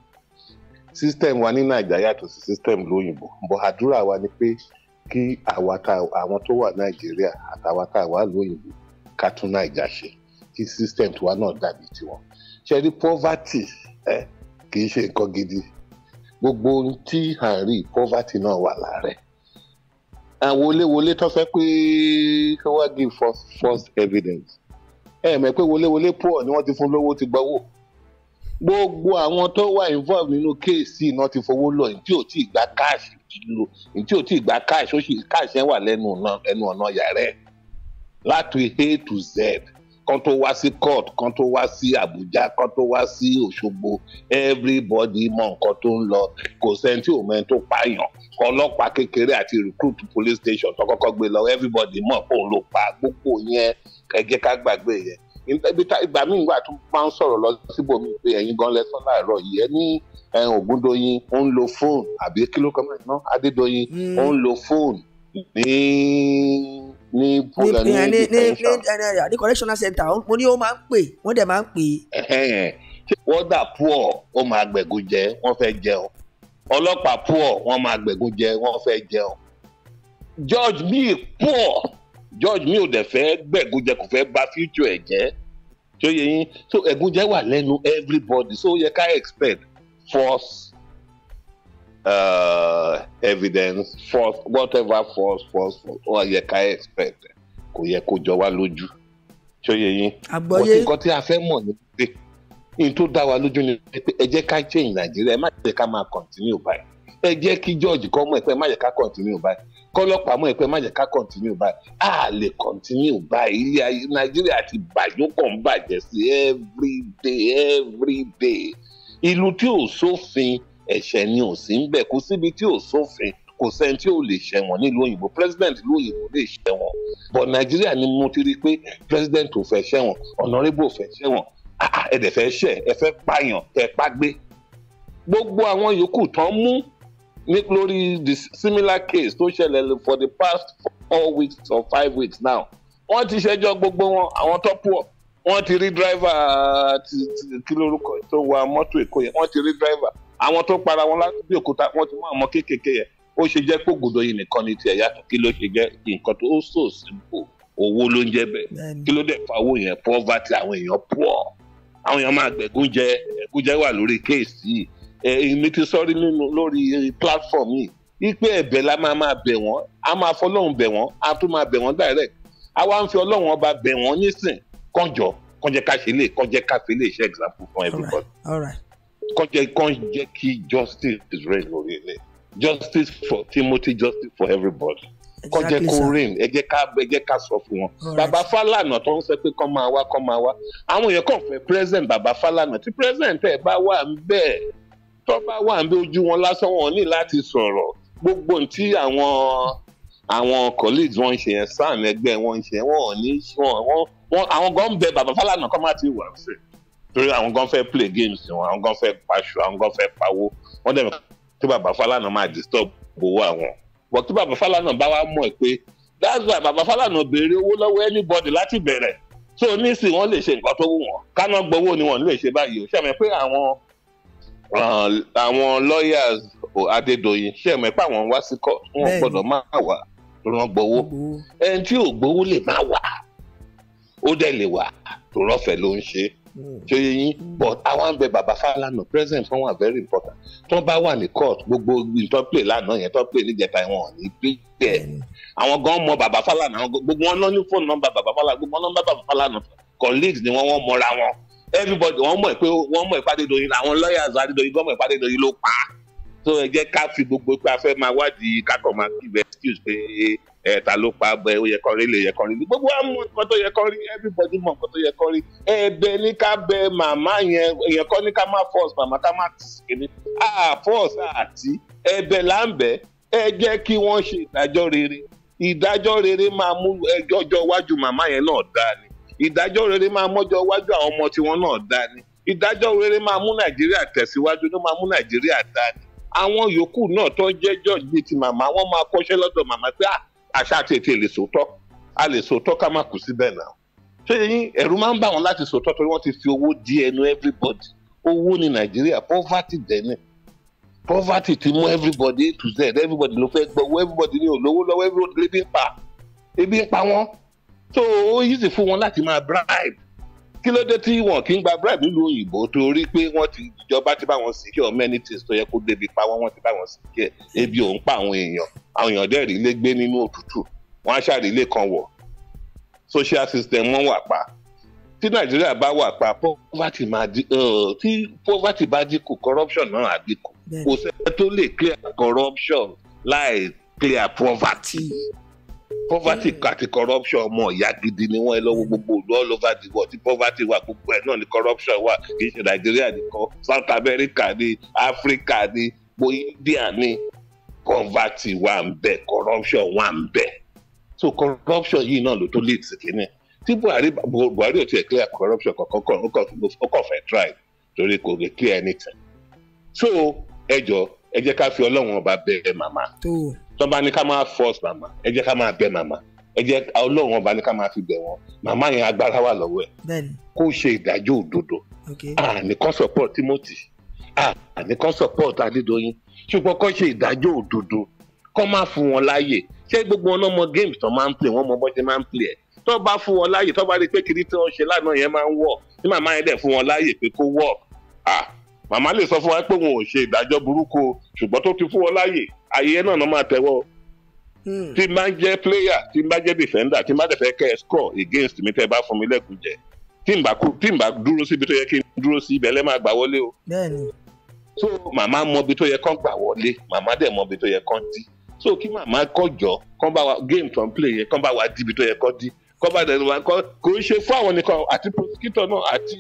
system wa ní nàìjà yàtọ̀ sí system lóyìnbó bọ̀ àdúrà wa ni pé kí àwọn tó wà nàìjíríà àtàwọn tá a wà lóyìnbó ká tún nàìjà ṣe kí system tiwa náà dàbí tiwọn ṣe rí poverty kì í ṣe nǹkan gidi gbogbo ohun tí à ń rí poverty náà wà lára ẹ̀ àwọn wọléwọlé tó fẹ́ pé kí wọ́n give first first evidence ẹ mọ̀ pé wọléwọlé poor ni wọ́n ti fún lówó ti gbọ́wọ́ gbogbo àwọn tó wà involved nínú kéèsì náà ti fowó lọ ní tí ò tí ì gba káàṣì lò ní tí ò tí ì gba káàṣì ó sì káàṣì ẹ̀ wà lẹ́nu ọ̀nà ẹnu ọ̀nà yàrá ẹ̀ láti A to Z kan tó wá sí court kan tó wá sí Àbújá kan tó wá sí Òṣogbo everybody mọ nǹkan tó ń lọ kò sẹ́ni tí òun ẹni tó pààyàn ọlọ́pàá kékeré àti recruit police station tó kọ́kọ́ gbé lọ everybody mọ̀ pé ló pa gbogbo yẹn ẹ jẹ́ ká gbàgbé yẹn ìgbà míì wà tó máa ń sọ̀rọ̀ lọ síbòmí pé ẹ̀yin gan lẹ́sán láàárọ̀ yìí ẹ ní Ògúndóyin ó ń lo fóònù àbí kí ló kọ́ mọ́ ẹ̀ ó ń hmm. lo fóònù ní ní program ní ní ní ní eh, eh, correctional center mo ní ó máa ń pè wọ́n dẹ̀ máa ń pè. wọ́n dà poor ó máa gbẹ̀gùn jẹ wọ́n fẹ́ jẹ ọ ọlọ́pàá poor wọ́n máa gbẹ̀gùn jẹ wọ́n fẹ́ jẹ ọ George mi poor George mi ò dẹ̀ fẹ́ gbẹ̀gùn jẹ kò fẹ́ bà future ẹ̀ jẹ́ tó yẹ yín so ẹ̀gúnjẹ wà lẹ́nu everybody so ó yẹ ká expect force uh, evidence false whatever false false false ó yẹ ká expect kò yẹ kó jọ wá lójú ṣó yẹ yín àgbọ́yé wọ́n ti nǹkan tí a fẹ́ mọ̀ ní pé n tó dá wa lójú ni pé ẹ jẹ́ ká change nàìjíríà ẹ má jẹ́ ká máa continue báyìí ẹ jẹ́ kí george kọ́ mọ̀ ẹ pé má jẹ́ ká continue báyìí kọ́lọ́pàá mọ̀ ẹ pé ẹ má jẹ́ ká continue báyìí a lè continue báyìí ilé nàìjíríà ti bàjọ́ kàn bàjẹ́ sí every day every day ìlú tí ò sófin. So ẹ̀ṣẹ̀ ni ò sí ń bẹ̀ kó síbi tí ò sófin kò sẹ́ni tí ò lè ṣẹ̀wọ̀n nílùú òyìnbó president ìlú òyìnbó lè ṣẹ̀wọ̀n but nàìjíríà ni mo ti rí i pé president ò fẹ́ ṣẹ̀wọ̀n honorable ò fẹ́ ṣẹ̀wọ̀n ah, ẹ̀dẹ̀ fẹ́ ṣẹ̀ ẹ fẹ́ pààyàn tẹ pàgbé gbogbo àwọn yòókù tán mú ní lórí the similar case tó ṣẹlẹ̀ for the past four weeks or five weeks now wọ́n ti ṣẹjọ́ gbogbo wọn àwọn tó pọ̀ wọ́n ti rí driver kí lórúkọ tó wa mọ́tò èkó yẹn wọ́n ti rí driver àwọn tó para wọn lábẹ́ òkúta wọn ti mú àwọn ọmọ kéékèèké yẹn ó ṣe jẹ́ pé ògùdọ̀ yìí nìkan ni tiẹ̀ yàtọ̀ kí ló ṣe jẹ́ nǹkan tó so simple owó ló ń jẹ́ bẹ́ẹ̀ kí ló dẹ̀ fa owó yẹn poverty àwọn èèyàn poor àwọn èèyàn máa gbẹ̀gún jẹ ẹ̀gún jẹ wà lórí kéèsì èmi ti sọ́rí nínú lórí platform yìí wípé ẹ̀bẹ̀ la máa máa bẹ̀ wọ́n a máa fọlọ́run bẹ̀ wọ́n a tún máa bẹ̀ wọ́n direct a wá ń fi ọlọ́run ọba bẹ̀ wọ́n nísìn kànjọ́ kànjẹ́ ká ṣe lè kànjẹ́ ká fi lè ṣe example fún everybody. All right. All right kọjẹ kan jẹ́ kí justice reign lórí justice for Timothy justice for everybody kọjẹ kó reign ẹ jẹ́ ká ẹ jẹ́ ká sọ fún wọn bàbá Fálànà tó ń sọ pé kọ́ máa wá kọ́ máa wá àwọn èèyàn kàn fẹ́ president bàbá Fálànà tí president ẹ̀ bá wà ń bẹ́ẹ̀ tó bá wà ń bẹ́ẹ̀ ojú wọn lásán wọn ní láti sọ̀rọ̀ gbogbo ntí àwọn àwọn colleagues wọn ń ṣe yẹn sáà ẹgbẹ́ wọn ń ṣe wọn ò ní wọn àwọn gan ń bẹ bàbá Fálànà kọ́ máa ti wà sí i torí àwọn gan fẹ́ play games wọn àwọn gan fẹ́ paṣọ àwọn gan fẹ́ pawó wọ́n dẹ̀ tí bàbá Fálànà máa disturb owó àwọn but tí bàbá Fálànà bá wá mọ̀ pé that's why bàbá Fálànà béèrè owó lọ́wọ́ anybody láti bẹ̀rẹ̀ so nísìnyí wọ́n lè ṣe nǹkan tó wù wọ́n káná gbowó ni wọ́n lè ṣe báyìí o ṣàmì pé àwọn uh, àwọn lawyers oh, Adédoyin ṣàmì pé àwọn wá sí court wọn gbọ́dọ̀ máa wà rán gbowó ẹni tí ò gbowó lè má wà ó dẹ̀ lè wà tó rọ́fẹ̀ẹ́ ló ń ṣe ṣeye yín but àwọn àgbẹ̀ bàbá Fálànà present wọn wà very important tó bá wà ní court gbogbo tó play lánàá yẹn tó play níjẹta wọn ò ní gbé bẹ́ẹ̀ mm. àwọn gan mọ bàbá Fálànà gbogbo wọn lọ ní phone number bàbá Fálànà gbogbo wọn nọ́mbà bàbá Fálànà colleagues ni wọn wọn mọra wọn everybody wọn mọ̀ pé wọn mọ̀ Adédoyin àwọn lawyers Adédoyin gbọmọ Adédoyin ló pa so ẹ jẹ́ ká fi gbogbo pé a fẹ́ máa wádìí kákọ máa give excuse pé ẹ ta ló pa abẹ ó yẹ kán rí lè yẹ kán rí ní gbogbo àmú nǹkan tó yẹ kán rí everybody mọ nǹkan tó yẹ kán rí ẹ̀bẹ̀ ní ká bẹ màmá yẹn èèyàn kọ́ ní ká má force màmá ká má kìíní à force àti ẹ̀bẹ̀ là ń bẹ̀ ẹ jẹ́ kí wọ́n ṣe ìdájọ́ rere ìdájọ́ rere máa mú ọjọ́ iwájú màmá yẹn náà dáa ni ìdájọ́ rere máa mọ́jọ́ iwájú àwọn ọmọ tiwọn náà dáa ni ìdájọ́ rere máa mú nàìjíríà tẹ̀síwájú ló máa mú nàìjíríà dáa ni àwọn yòókù náà tó ń jẹ́jọ́ bíi ti màmá wọn máa kọ́ṣẹ́ lọ́dọ̀ màmá pé àṣàtì ètè lè sòótọ́ a lè sòótọ́ ká má kù síbẹ̀ náà ṣé yín ẹ̀rù máa ń bà wọ́n láti sòótọ́ torí wọ́n ti fi owó di ẹnu everybody owó ní nàìjíríà poverty dẹ́ni poverty ti mú everybody to z everybody ló fẹ́ gbọ́ everybody ní olówó lọ́wọ́ everybody lè bí ń pa ebi ń pa wọ́n so ó yìí sì fún wọn láti máa bribe kí ló dé tí wọn kì í gba bribe nílùú òyìnbó torí pé wọn ti ìjọba ti bá wọn sí kí many things tó yẹ kó débi pa wọn wọn ti bá wọn sí kí ebi òun pa àwọn èèyàn àwọn èèyàn dẹ́rì lé gbé nínú òtútù wọn á ṣàrí ilé kan wọ̀ social system wọn wà pa tí nàìjíríà bá wà pa poverty máa di tí poverty bá dínkù corruption náà á dínkù kò sẹ́ni tó lè clear corruption láì clear poverty. Mm -hmm poverty àti corruption ọmọ ìyá gidi ni wọ́n ẹ lọ́wọ́ gbogbo ìlú all over the world tí poverty wà gbogbo ẹ̀ náà ni corruption wà kì í ṣe nàìjíríà nìkan south america ni africa ni gbo india ni poverty wà ń bẹ corruption wà ń bẹ so corruption yìí náà ló tún lead sí kínní tí buhari buhari ò tiẹ̀ clear corruption kankan ó kàn fẹ́ try torí kò lè clear anything so ẹ jọ ẹ jẹ́ ká fi ọlọ́run ọba bẹ̀rẹ̀ màmá tó bá ní ká máa force màmá ẹ jẹ́ ká máa bẹ màmá ẹ jẹ́ ọlọ́run ọba ní ká máa fi bẹ̀ wọ́n màmá yẹn agbára wà lọ́wọ́ ẹ̀ kó ṣe ìdájọ́ òdodo àní kan support Timothy àní kan support Adédoyin ṣùgbọ́n kó ṣe ìdájọ́ òdodo kó má fún wọn láàyè ṣé gbogbo wọn mọ games tó máa ń play wọn mọ bó ṣe máa ń play ẹ̀ tó bá fún wọn láàyè tó bá rí pé kiri tí wọ́n ṣe lánàá yẹn máa ń wọ̀ tí màmá yẹn dẹ̀ fún wọn láàyè pé kó wọ̀ màmá lè sọ fún wa pé wọn ò ṣe ìdájọ́ burúkú ṣùgbọ́n tó ti fún wọn láàyè ayé náà máa tẹ́wọ́ hmm. tí n bá ń jẹ́ player tí n bá jẹ́ defender tí n bá dẹ̀ fẹ́ kẹ́ ẹ score against mi tẹ́ ẹ bá fún mi lẹ́kùn jẹ tí n bá tí n bá dúró tó yẹ kí n dúró sí ibẹ̀ lẹ́ máa gbà wọlé o. so màmá mọ ibi tó yẹ kán gbà wọlé màmá dẹ̀ mọ ibi tó yẹ kán dí so kí màmá kọjọ kán bá wa game tó ń play yẹn kán bá wa dí ibi tó yẹ kán dí kán bá dẹ̀ wá kán kò ń ṣe fún àwọn nìkan àti prosecutor náà àti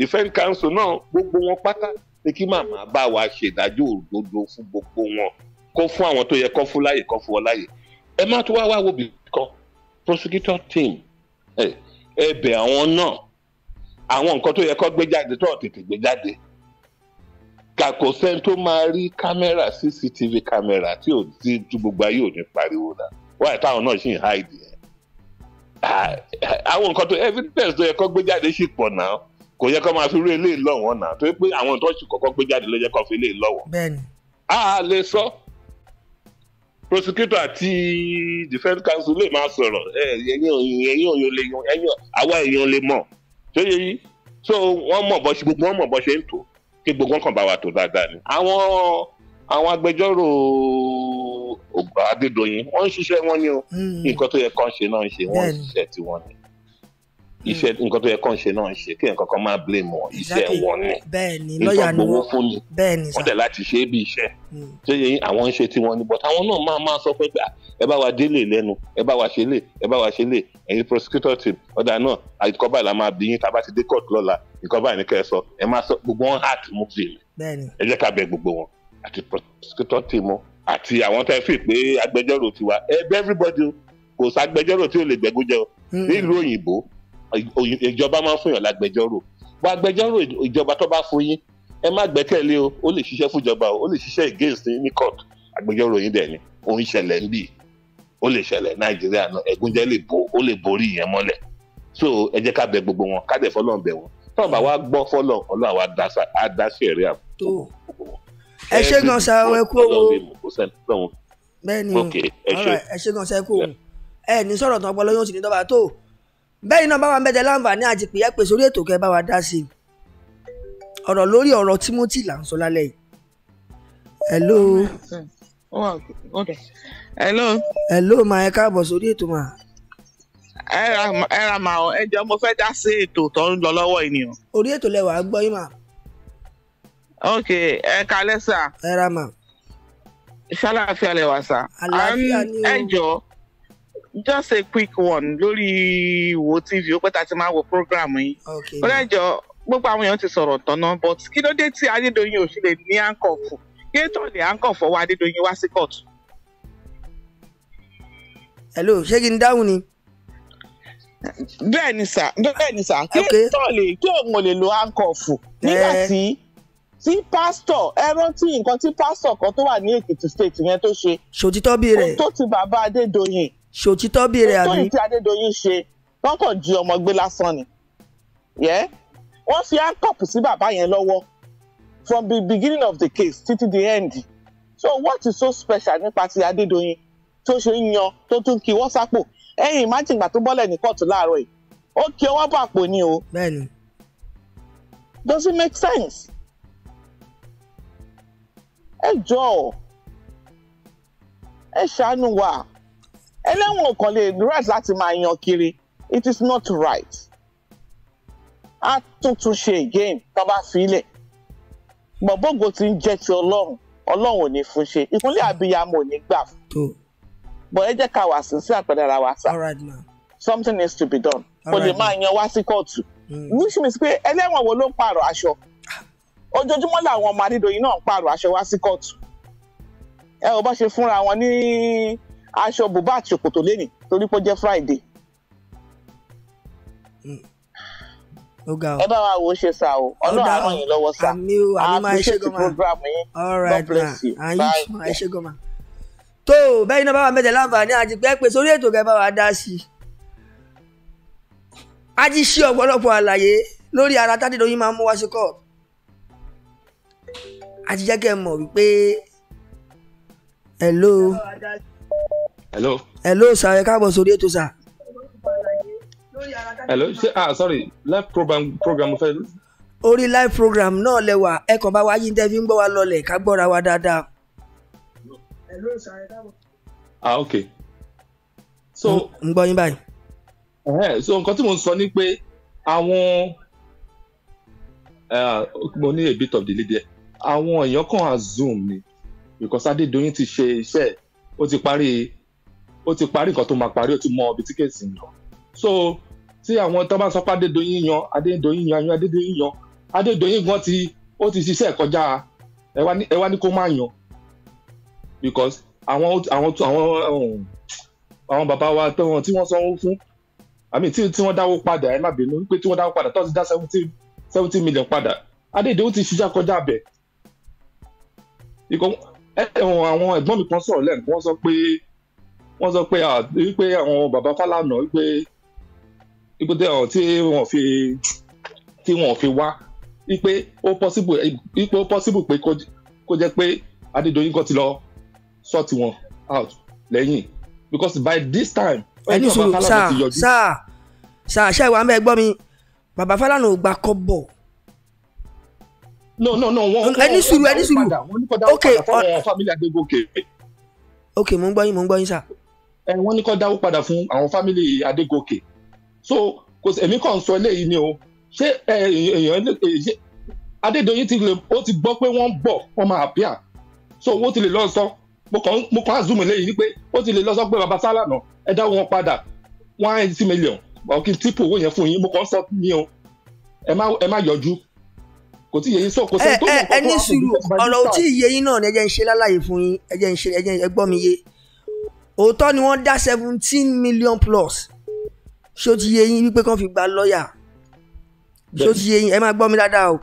defence counsel náà gbogbo wọn pátá ni kí màmá bá wa ṣe ìdájọ́ òdodo fún gbogbo wọn kó fún àwọn tó yẹ kó fún láyè kó fún wọn láyè ẹ má tó wá wá wo bìkan prosecutor team ẹ bẹ̀ àwọn náà àwọn nǹkan tó yẹ kó gbé jáde tó tètè gbé jáde kàkó sẹ́ni tó máa rí kámẹ́rà cctv kámẹ́rà tí ò ti ju gbogbo ayé ò ní pariwo náà wáyé táwọn náà sì ń háìdì ẹ̀ àwọn nǹkan tó evidence tó yẹ kó gbé jáde sì pọ̀ náà kò yẹ kó máa fi rí eléyìí lọ́wọ́ náà tó yẹ pé àwọn tó sì kọ́kọ́ gbé jáde ló yẹ kó fi eléyìí lọ́wọ́. a lè sọ prosecutor àti defence counsel lè máa sọ̀rọ̀ ẹ̀yin ẹ̀yin òyìn lè ẹ̀yin àwa èèyàn lè mọ̀ tó yẹ yìí so wọ́n mọ̀ bọ́ ṣe gbogbo wọ́n mọ̀ bọ́ ṣe ń tò kí gbogbo wọn kàn bá wa tò dáadáa ni. àwọn àwọn agbẹjọ́rò Adédoyin wọ́n ń ṣiṣẹ́ wọn ni o hmm. nǹkan tó yẹ kán ṣe náà ń ṣe wọ́n ń ṣiṣẹ́ tiwọn ni iṣẹ́ mm. nǹkan tó yẹ kàn ṣe náà ṣe kí nǹkan kan máa blame wọn iṣẹ́ wọn ni bẹ́ẹ̀ni lọ́ọ̀yà ni wọn fún ni bẹ́ẹ̀ni wọn dẹ̀ láti ṣe é bí iṣẹ́ mm. ṣé yẹn àwọn ń ṣe tiwọn ni but àwọn náà máa máa sọ pé ah, ẹ bá wa délé lẹ́nu ẹ bá wa ṣe lè ẹ bá wa ṣe lè ẹ̀yin prosecutor team ọ̀dà náà àìkọ́ la máa bí yín tá a bá ti dé court lọ́la nǹkan báyìí ni kẹ́ ẹ sọ ẹ máa sọ gbogbo wọn heart moving ẹ jẹ́ ká bẹ gbogbo wọn àti prosecutor team àti àwọn tẹ́ fi pé agbẹjọ́rò tiwa ẹ bẹ́ everybody kò ságbẹjọ́rò tí ò lè gbẹ́gúnjẹ o mm. nílùú òyìnbó ìjọba máa ń fún yàn lágbẹjọ́rò wọ́n agbẹjọ́rò ìjọba tó bá fún yín ẹ má gbẹ́kẹ̀lé o ó lè ṣiṣẹ́ fúnjọba o ó lè ṣiṣẹ́ against ní court agbẹjọ́rò yín dẹ̀ ni òun ṣẹlẹ̀ ń bì ó lè ṣẹlẹ̀ nàìjíríà náà ẹ̀gúnjẹ́ lè bo ó lè borí ìyẹn mọ́lẹ̀ so ẹ jẹ́ ká bẹ gbogbo wọn ká dẹ̀ fọlọ́n bẹ̀ wọn tó bá wa gbọ́ fọlọ́ ọlọ́run wa dá sí ẹ̀rí àbò. ẹ ṣe gan sa ẹ kú o bẹ́ẹ̀ ni ẹ ṣe gan sa ẹ kú o ẹ ní sọ̀rọ̀ tán ọpọlọ yóò sì ní dọ́ba tó bẹ́ẹ̀ náà bawa wa mẹ́tẹ̀ láǹfààní àti pìyàpè sórí ètò kẹ́ bá wa dá sí i ọ̀rọ̀ lórí ọ̀rọ̀ Timothy là ń sọ lálẹ́ yìí. hello. hello. hello ma ẹ káàbọ̀ sórí ma. ẹ ra ẹ ọ! ẹ jẹ́ mo fẹ́ dá sí ètò tó ń lọ lọ́wọ́ ènìyàn. orí ètò lẹwà á gbọ́ yín ok ẹ kalẹ́ lẹ́sà. ẹ ra àlàáfíà just a quick one lórí wo tv ó pẹ́ tá a ti máa wo program yìí ó lẹ́jọ́ gbogbo àwọn èèyàn ti sọ̀rọ̀ tọ̀nà but kí ló dé tí adédọ̀yìn ò sì lè ní àǹkọ̀fù kí tó lè àǹkọ̀fù ọwọ́ adédọ̀yìn wá sí kóòtù. hello ṣé kí n dáhùn ni. bẹ́ẹ̀ ni sà bẹ́ẹ̀ ni sà kí tó lè kí òun ò lè lo àǹkọ̀fù nígbà eh. tí tí pásítọ̀ ẹ rántí nǹkan tí pásítọ̀ kan tó wà ní èkìtì state yẹn tó ṣe. ṣòtítọ́ bí rẹ̀. tó ti bàbá adédọ̀yìn ṣòtítọ́ bí rẹ̀ àbí. ètò ìtí Adédoyin ṣe wọ́n kàn ju ọmọ gbé lásán ni wọ́n fi handcuff sí bàbá yẹn lọ́wọ́ from the beginning of the case títí the end so what is so special nípa ti Adédoyin tó ṣe ń yan tó tún kí wọ́n sápò ẹ̀yìn ìmájìngbà tó bọ́lẹ̀ ní kóòtù láàárọ̀ yìí ó kí ọwọ́ bà pò ní o. bẹ́ẹ̀ni. does it make sense? ẹ jọ̀ọ́ ẹ ṣàánú wa ẹlẹ́wọ̀n ò lè right láti máa yan kiri it is not right a tuntun ṣe again tá a bá fi ilẹ̀ bọ̀bọ́gò ti ń jẹ́ ti ọlọ́run ọlọ́run ò ní fún ṣe ìkúnlẹ̀ àbíyamọ ò ní gbà fún bọ̀ ẹ jẹ́ ká wà sí sí àpẹẹrẹ wa sá something needs to be done kò lè máa yan wá sí kóòtù hmm. which means pé ẹlẹ́wọ̀n wo ló ń pààrọ̀ aṣọ ojoojúmọ́ làwọn ọmọ adédọ̀yìn náà ń pààrọ̀ aṣọ wá sí kóòtù ẹ ò bá ṣe fúnra wọn ní. Ni aṣọ bùbá àti òkòtò lẹ́nì torí pé ó jẹ́ friday. ẹ bá wa wo ṣe sá o ọlọ́run àrùn yìí lọ́wọ́ sá a appreciate the program yín God bless you bye. tó bẹ́ẹ̀ iná bá wa mẹ́tẹ̀ láǹfààní àti pé pé sórí ètò kẹ́ bá wa dá sí i a ti ṣe ọ̀pọ̀lọpọ̀ àlàyé lórí ara tádédọ́yìn máa mú wá sí kọ́ọ̀tù a ti jẹ́ kẹ́ ẹ mọ̀ wípé hello. hello hello. hello sir ẹ káàbọ̀ sórí ètò sir. hello ṣe ah sorry live program program fẹ́. orí live program náà lẹ́wà ẹ kàn bá wa yí tẹ́ ń gbọ́ wa lọlẹ̀ ká gbọ́ra wa dáadáa. hello sir ẹ káàbọ̀. ah okay. so ń gbọ́ yín báyìí. so nǹkan tí mo ń sọ ni pé àwọn ah, mo ní a bit of delay there àwọn èèyàn kan assume ni because Adédoyin ti ṣe iṣẹ́ ó ti parí ó ti parí nǹkan tó máa parí ó ti mọ ibi tí kèsì ń lọ so tí àwọn tó bá sọ pé Adédoyin yan Adédoyin yan yan Adédoyin yan Adédoyin gan ti ó ti ṣiṣẹ́ kọjá ẹ wá ní kó má yan because àwọn àwọn àwọn um, àwọn bàbá wa tí wọ́n sanwó fún àmì tí tí wọ́n dáwó padà ẹ má bínú pé tí wọ́n dáwó padà tó ti dá seventeen seventeen million padà Adédoyin ti ṣiṣẹ́ kọjá abẹ um, àwọn ẹ̀gbọ́n mi kan sọ̀rọ̀ lẹ́nu wọ́n sọ pé wọ́n sọ pé wípé àwọn bàbá Fálànà wípé wípé tí wọ́n fi tí wọ́n fi wá wípé ó possible wípé ó possible pé kó jẹ́ pé Adédoyin kan ti lọ sort wọn out lẹ́yìn because by this time. ẹni sùn sáà sáà sáà ṣáà ìwà mẹ́ẹ̀ gbọ́ mi bàbá Fálànà ò gba kọ́bọ̀ no no no wọn wọn ẹni sùúrù ẹni sùúrù ok ok mo ń gbọ́ yín mo ń gbọ́ yín sà ẹ wọ́n ní kó dáwó padà fún àwọn fámìlì Adégòkè so kò sí èmi kàn ń sọ eléyìí ni o ṣé èèyàn Adédoyin ti lè ó ti gbọ́ pé wọ́n ń bọ̀ wọ́n máa appear so owó ti lè lọ sọ mo kàn zoom eléyìí ni pé ó ti lè lọ sọ pé baba sálà náà ẹ dáwó wọn padà one eighty million ọkì típò owó yẹn fún yín mo kàn sọ ní o ẹ má yọjú kò tí yẹyin sọ kò sẹ́ni tó mọ̀ kó tó ọ̀rọ̀ ò tí ì yẹyin náà ẹ jẹ́ ń ṣe láláyè fún yín ẹ jẹ́ ń ṣe ẹ gbọ́ mi yé òótọ́ ni wọ́n dá seventeen million plus ṣó ti yé yín wípé kàn fi gba lọ́ọ̀yà ṣó ti yé yín ẹ máa gbọ́ mi dáadáa o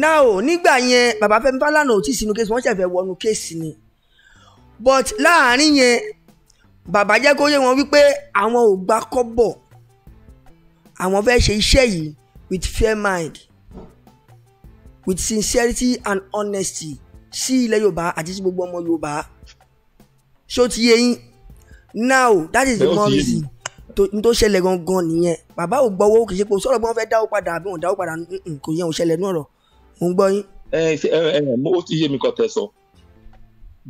náà o nígbà yẹn bàbá Fẹ́mi Fálànà ò tí ì sínú kéèsì wọ́n ṣẹ̀fẹ̀ wọnú kéèsì ni but láàárín yẹn bàbá jẹ́ kó yé wọn wípé àwọn ò gbà kọ́bọ̀ àwọn fẹ́ ṣe iṣẹ́ yìí with fair mind with sincerity and honesty sí ilẹ̀ Yorùbá àti sí gbogbo ọmọ Yorùbá ṣó ti yé yín now that is the more reason n tó ṣẹlẹ̀ gangan nìyẹn bàbá ò gbọ́wọ́ kì í ṣe pé sọ̀rọ̀ pé wọ́n fẹ́ dáwó padà àbí wọ́n dáwó padà kò yẹ òun ṣẹlẹ̀ náà rọ̀ mo ń gbọ́ yín. ẹ ẹ mo ti yé mi kan tẹ sọ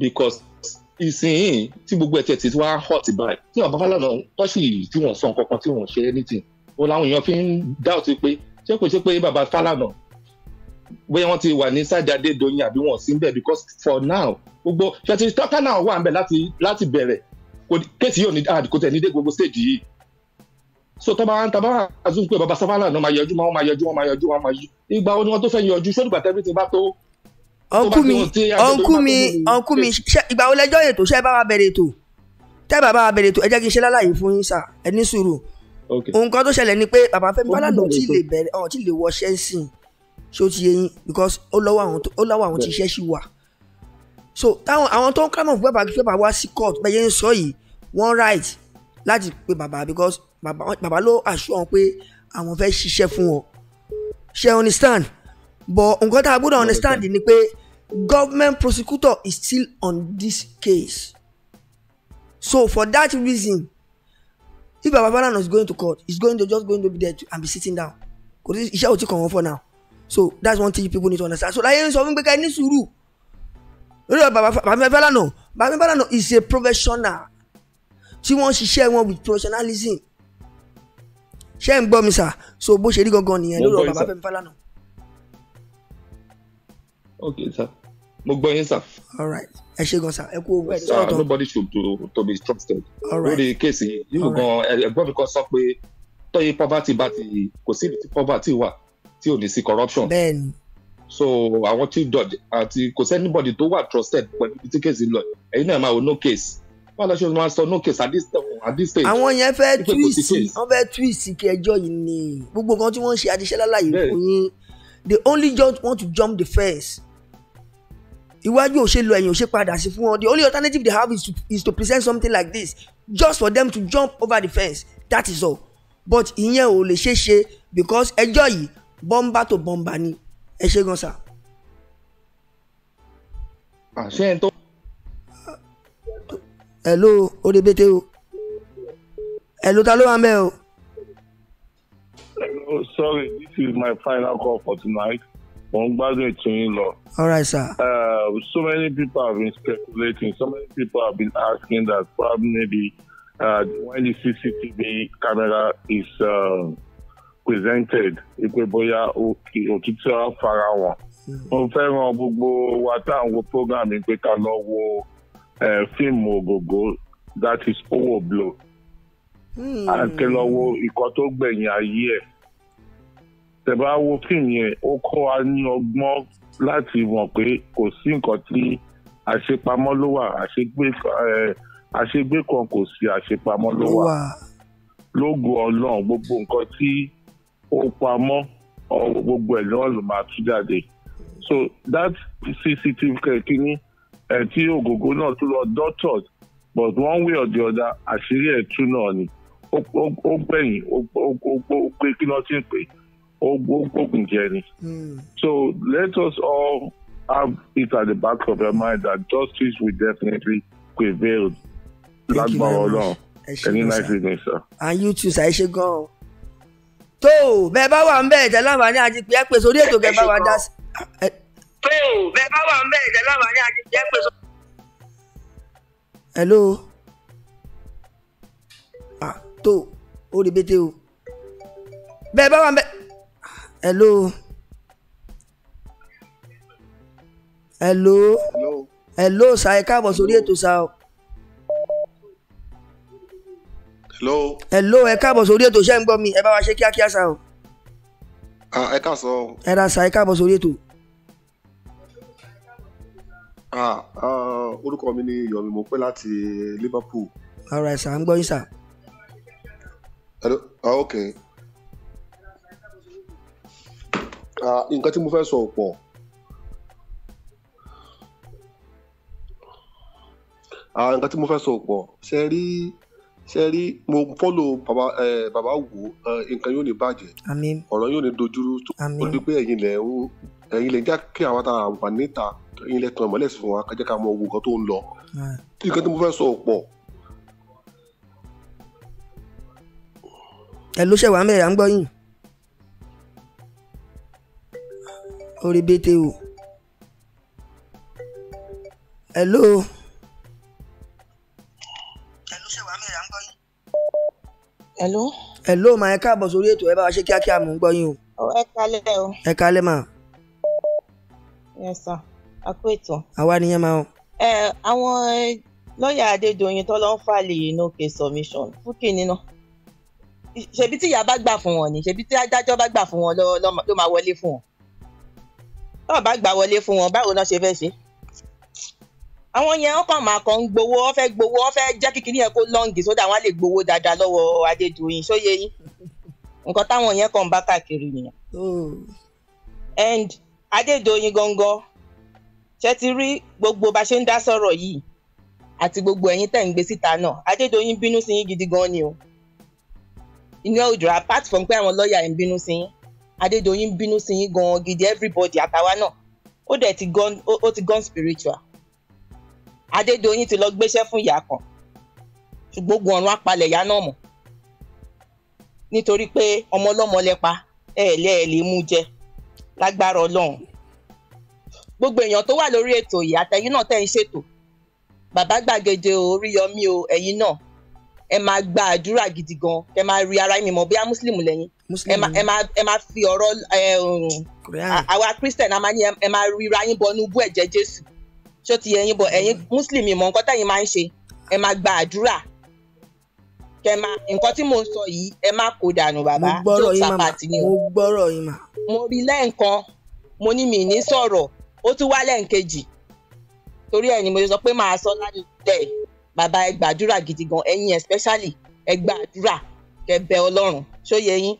because ìsìn tí gbogbo ẹ̀tẹ̀ ti wá hot báyìí tí wọn bá fẹ́ lọ́nà tó sì tí wọ́n sọ nǹkan kan tí wọ́n ṣe anything wọn làwọn èèyàn fi ń dá òtí pé ṣé kò ṣe pé bàbá Fálànà bóyá wọ́n ti wà ní sáàdì adédọ̀yìn àbí wọ́n sí ń bẹ̀ because for now gbogbo ṣètì tọ́ka náà wà ń bẹ̀ láti láti bẹ̀rẹ̀ kéèsì yóò ní àdì kò tẹ̀ ní dé gbogbo stage yìí so tọ́ba wa ń tọ́ba wa zoom pé baba sọ́fà náà máa yọjú wọn máa yọjú wọn máa yọjú wọn máa yọjú ìgbà wo ni wọ́n tó fẹ́ yọjú ṣé nígbà tẹ́bí ti bá tó. ọ̀nkú mi ọ̀nkú mi ọ̀nkú mi ìgbà wo lẹ́jọ́ ètò ṣé bá wa bẹ̀rẹ̀ ètò tẹ́ bàbá wa bẹ̀rẹ̀ ètò ẹ jẹ́ kí n ṣe lálàyé fún yín sà ẹ ní sùúrù nǹkan tó ṣẹlẹ̀ ni pé bàbá Fẹ́mi Fálànà ò tí ì lè bẹ̀rẹ̀ ọ̀ tí ì lè wọṣẹ́ sìn ṣé o ti yẹ because ó lọ́wọ́ àwọn ó lọ́wọ́ àwọn tí iṣẹ́ ṣì wà so táwọn àwọn tó ń kámọ̀ fún bàbá pé bàbá wá sí court bẹ́ẹ̀ yẹn ń sọ yìí wọ́n right láti pe bàbá because bàbá bàbá ló assure wọn pé àwọn fẹ́ ṣiṣẹ́ fún wọn ṣe understand but nǹkan tá a gbọ́dọ̀ understand ni pé government prosecutor is still on this case so for that reason if baba Falana is going to court he is going to just going to be there and be sitting down kò sí iṣẹ́ ò ti kàn wọ́n for now so that's one thing people need to understand so láyé ń sọ fún pé ká ní sùúrù lórí ọ̀rọ̀ bàbá Fálànà bàbá Fálànà is a professional tí wọ́n ṣiṣẹ́ wọn with professionalism ṣé ń gbọ́ mi sà so bó ṣe rí gangan nìyẹn lórí ọ̀rọ̀ bàbá Fálànà. ok sir mo gbọ́ yín sà. all right ẹ ṣe gan sà ẹ kú owó ẹ sọ̀rọ̀ tán. nobody should to, to be trusted. all right lórí kéèsì yìí yóò gan ẹgbọ́n mi kan sọ pé tọ́yìn poverty bá ti kò sí ibi tí poverty wà tí ò ní sí corruption. bẹ́ẹ̀ni. so àwọn chief judge àti kò sẹ́nibọ̀dì tó wà trusted pẹ̀lú ibi tí kéèsì lọ ẹ̀yin náà máa wo no case wọ́n lọ ṣe máa sọ no case at this at this stage. àwọn yẹn fẹ́ túwìsì wọ́n fẹ́ túwìsì kí ẹjọ́ yìí ni gbogbo nǹkan tí wọ́n ń ṣe àdìṣẹ́ lálàyé fún yín they only just want to jump the fence iwájú ò ṣe lọ ẹ̀yìn ò ṣe padà sí fún wọn the only alternative they have is to, is to present something like this just for them to jump over the fence that is all but ìyẹn ò lè ṣeé ṣe because ẹjọ́ yìí bọ́mbà tó bọ́mbà ni ẹ ṣe gan sa. Ah, àṣẹ tó. hello odebete o hello ta ló wà ń bẹ̀ o. hello sorry this is my final call for tonight mo ń gbádùn ètò lọ. all right sir. Uh, so many people have been speculating so many people have been asking that probably maybe uh, when the CCTV camera is. Uh, presented pé bóyá òtútù fara wọn mo fẹ́ràn gbogbo wa tá à ń wo program yìí ká lọ wo fíìmù ògògó that is owó blo àti lọ wo ikọ̀ tó gbẹ̀yìn ayé ẹ̀ tẹ̀bá wo fíìmù yẹn ó kọ́ wa ní ọgbọ́n láti mọ̀ pé kò sí nǹkan tí àṣepamọ́ ló wà àṣegbé kan kò sí àṣepamọ́ ló wà lógo ọlọ́run gbogbo nǹkan tí ó pamọ́ gbogbo ẹ̀ náà ló máa tú jáde so that cctv kìíní ẹ̀ tí ògógó náà tún lọ doctors but one way or the other àṣírí ẹ̀ tú náà ni ó gbẹ̀yìn ó pé kí náà ti ń pè ó gbógun jẹ ni hmm. so let us all have it at the back of our mind that justice will definitely prevail lágbára Ọlọ́run ẹni náà fi ní sọ. and you too sir ẹ ṣe gan-an tó o bẹ́ẹ̀ bá wà ń bẹ̀ ẹ̀jẹ̀ láǹfààní àti pé ẹ pè sórí ètò kẹ́ bá wa dá sí. tó o bẹ́ẹ̀ bá wà ń bẹ̀ ẹ̀jẹ̀ láǹfààní àti pé ẹ pè hello ah tó o rí bété o bẹ́ẹ̀ bá wà ń bẹ̀ hello hello hello ṣàyẹ̀ká bọ̀ sórí ètò ṣáà. hello. hello ẹ káàbọ̀ sórí ètò ṣẹ́ ń gbọ́ mi ẹ bá wa ṣe kíákíá sa o. ẹ ká sọ. ẹ ra sa ẹ káàbọ̀ sórí ètò. orúkọ mi ni Yomi mo pẹ́ láti Liverpool. all right sir ń gbọ́ yín sir. hello ah, ok. nǹkan tí mo fẹ́ sọ pọ̀. nǹkan tí mo fẹ́ sọ pọ̀ ṣe rí ṣe rí mo fọ́lò bàbá bàbá wò nǹkan yóò ní bàjẹ́ ọ̀rọ̀ yóò ní dojúrú tó di pé ẹ̀yin lẹ̀ ń ẹ̀yin lẹ̀ ń já kí àwọn tá a wà níta ẹ̀yin lẹ̀ tàn mọ́lẹ̀ sí fún wa kájẹ́ ká mọ owó nǹkan tó ń lọ nǹkan tí mo fẹ́ sọ pọ̀. ẹ ló ṣẹ̀wá mẹ́rin à ń gbọ́ yìí orí bẹ́tẹ̀ o hello. hello. hello ma ẹ káàbọ̀ sórí ètò ẹ bá wa ṣe kíákíá mò ń gbọ́ yín o. ẹ kálẹ̀ o. ẹ kálẹ̀ ma. yes sir a kó ètò. àwa nìyẹn ma o. ẹ àwọn lọ́ọ̀yà Adédoyin tó lọ ń fàlè no case submission fún kìnìún náà ṣebí tí ìyá bá gbà fún wọn ni ṣebí tí adájọ́ bá gbà fún wọn ló máa wọlé fún wọn tó bá gbà wọlé fún wọn báwo náà ṣe fẹ́ ṣe àwọn yẹn wọn kàn máa kàn ń gbowó wọn fẹ́ gbowó wọn fẹ́ jẹ́ kíkiní yẹn kó lọ́ǹgì sódà wọn á lè gbowó dáadáa lọ́wọ́ Adédoyin sóye yín nǹkan táwọn yẹn kàn bá káàkiri nìyẹn. and Adédoyin gangan ṣe ti rí gbogbo bá ṣe ń dá sọ̀rọ̀ yìí àti gbogbo ẹ̀yin tẹ̀ ń gbé síta náà Adédoyin bínú sí yín gidi gan ni o inú ẹ̀ òjò apart from pé àwọn lọ́ọ̀yà ń bínú sí yín Adédoyin bínú sí yín gan gidi everybody àtàwa náà ó dẹ̀ ti gone spiritual Adédoyin ti lọ gbéṣẹ́ fún ìyá kan ṣùgbọ́n ogun ọ̀run apalẹ̀ ìyá náà mọ̀ nítorí pé ọmọ ọlọ́mọ lẹ́pa ẹ ẹ̀ lẹ́ ẹ̀ lè mú jẹ lágbára Ọlọ́run gbogbo èèyàn tó wà lórí ètò yìí àtẹ̀yìn náà tẹ̀ ń ṣètò bàbá gbàgede orí yọmí o ẹ̀yin náà ẹ máa gba àdúrà gidi gan ẹ máa rí ara yín mọ̀ bóyá muslim lẹ́yìn ẹ máa fi ọ̀rọ̀ àwa christian amani, máa ní ẹ máa ríra yín bọnú bú ẹ̀jẹ̀ Jésù ṣó ti ẹ̀yin bọ̀ mm. ẹ̀yin muslim mọ̀ nǹkan tẹ̀yin máa ń ṣe ẹ máa gba àdúrà kẹ máa nǹkan tí mo sọ yìí ẹ má kó dànù bàbá tó sàpàtì ni o mo gbọ́rọ̀ yìí mà. mo rí lẹ́ǹkan mo ní mi ní sọ̀rọ̀ ó tún wá lẹ́ǹkejì torí ẹ̀ ni mo sọ pé màá sọ lálẹ́ bàbá ẹ gbàdúrà gidi gan ẹ̀yin especially ẹ gbàdúrà kẹ bẹ Ọlọ́run ṣó yẹ yín.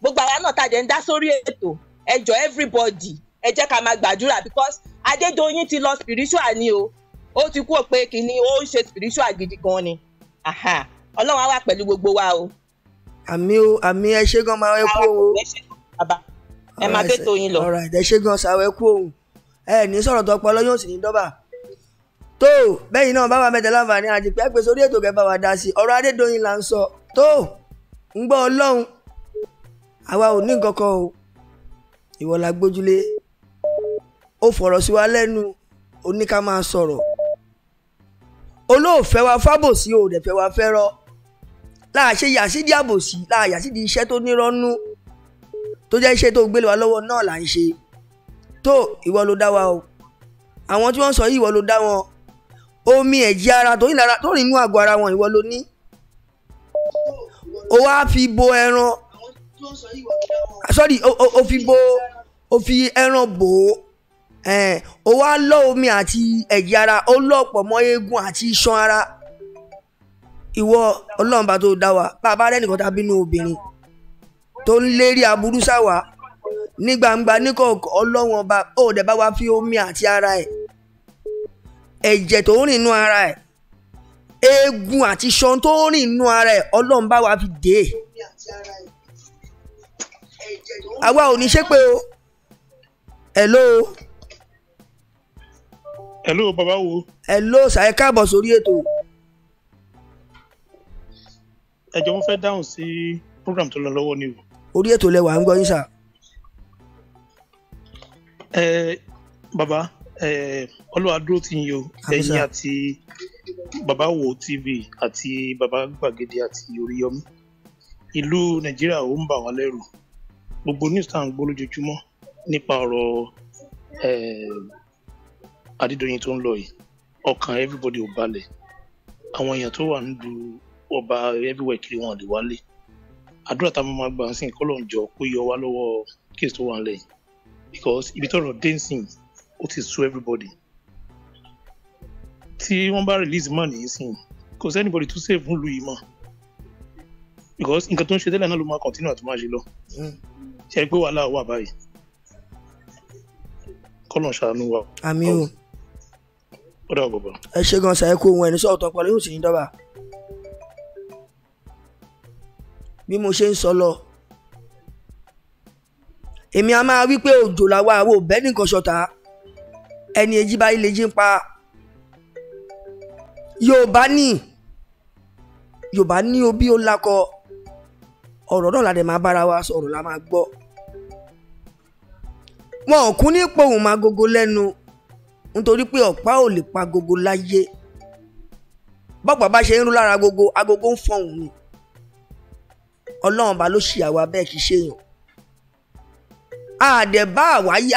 gbogbo àwa náà tàjẹ́ ń dá sórí ètò ẹ jọ everybody ẹ jẹ́ ká máa gbàdúrà because Adédoyin ti lọ spiritual ni o ó ti kú pé kínní ó ń ṣe spiritual gidi gan ni Ọlọ́run á wà pẹ̀lú gbogbo wa o. àmì o àmì ẹ ṣe gan máa wẹ kú o ẹ máa tètò yín lọ. ọ̀rọ̀ ẹ̀ ṣe gan ṣàwẹ́ kú òun ẹ ní sọ̀rọ̀ tó pọ̀ lọ́yún òsì ní dọ́bà tó bẹ́yìn náà báwa mẹ́tẹ̀ láǹfààní àti pé àpèsè orí ètò kẹfà wà dá sí ọ̀rọ̀ Adédoyin là ń sọ tó ń gbọ́ Ọlọ́run àwa ò ní nǹkan kan o ìwọ la gbójúlé ó fọ̀rọ̀ sí wa lẹ́nu ó ní ká máa sọ̀rọ̀ olóòfẹ́ wa fábòsí ò dẹ̀ fẹ́ wa fẹ́rọ́ láàṣẹ yàsídìí àbòsí láàyàsídìí iṣẹ́ tó nírọ́nú tó jẹ́ iṣẹ́ tó gbélé wa lọ́wọ́ náà là ń ṣe tó ìwọ ló dá wa o àwọn tí wọ́n sọ yìí ìwọ ló dá wọn omi ẹ̀jẹ̀ ara tó rìn inú àgọ́ ara wọn ìwọ ló ní o wá fi bo ẹran sọ́ọ̀dì o fi bo o fi ẹran bò Eh, ó wá lọ́ omi àti ẹ̀jẹ̀ ara ó lọ́ mọ́ eegun àti iṣan ara ìwọ ọlọ́run tó dá wa bá a nìkan tá bínú obìnrin tó ń lérí aburú sáwà ní gbangba níkọ̀ọ̀kọ̀ ọlọ́run ọba ó dẹ̀ bá wa fi omi àti ara ẹ̀ ẹ̀jẹ̀ tó ń rìn inú ara ẹ̀ eegun àti iṣan tó ń rìn inú ara ẹ̀ ọlọ́run wa fi dé àwa ò ní ṣépè o hello hello baba wo. hello sàyẹ káàbọ̀ sórí ètò. ẹ jọ̀ọ́ mo fẹ́ dáhùn sí program tó lọ lọ́wọ́ ni o. orí ètò lẹwà ń gbọ́ yín sà. ẹ baba ẹ olúwa dúró ti yín o ẹ̀yin àti baba wo tv àti baba gbàgede àti oríyọmí ìlú nàìjíríà ò ń bà wá lẹ́rù gbogbo news tá à ń gbọ́ lójoojúmọ́ nípa ọ̀rọ̀ adédọyìn tó ń lọ yìí ọkàn everybody ò balẹ̀ àwọn èèyàn tó wà nílùú ọba everywhere kiri wọn lè wálé àdúrà táwọn máa gbà ń sìn kọ́ lọ́n jọ kó yọ wá lọ́wọ́ case tó wà ń lẹ̀ because ibi tọ́rọ̀ dancing ó ti sú everybody tí wọ́n bá release man yìí sìn kò sí anybody tó save nílùú yìí mọ́ because nǹkan tó ń ṣe tẹ́lẹ̀ náà ló máa continue àti máa ṣe lọ hmm. ṣe é pé wàhálà wà báyìí kọ́ ṣàánú wa. àmín o ó dà bọ̀bọ̀. ẹ ṣe gan ṣàyẹ kó ohun ẹni sọ ọ̀tọ̀ pẹ̀lú yóò sì ní dọ́bà. bí mo ṣe ń sọ lọ èmi a máa wí pé òjò làwa àwọn òbẹ nìkan ṣọ̀tá ẹni èjì bá ilé jí ń pa yorùbá ní yorùbá ní obí ó lakọ ọ̀rọ̀ náà làdẹ̀ máa bára wa sọ̀rọ̀ la máa gbọ́ wọn ò kún ní pohùn máa gogo lẹ́nu nítorí pé ọ̀pá ò lè pa gogo láyé bọ́pà bá ṣe ń rú lára gogo agogo ń fọ̀hún ni ọlọ́run bá ló ṣì àwa bẹ́ẹ̀ kì í ṣèyàn àdẹ̀bá àwáyé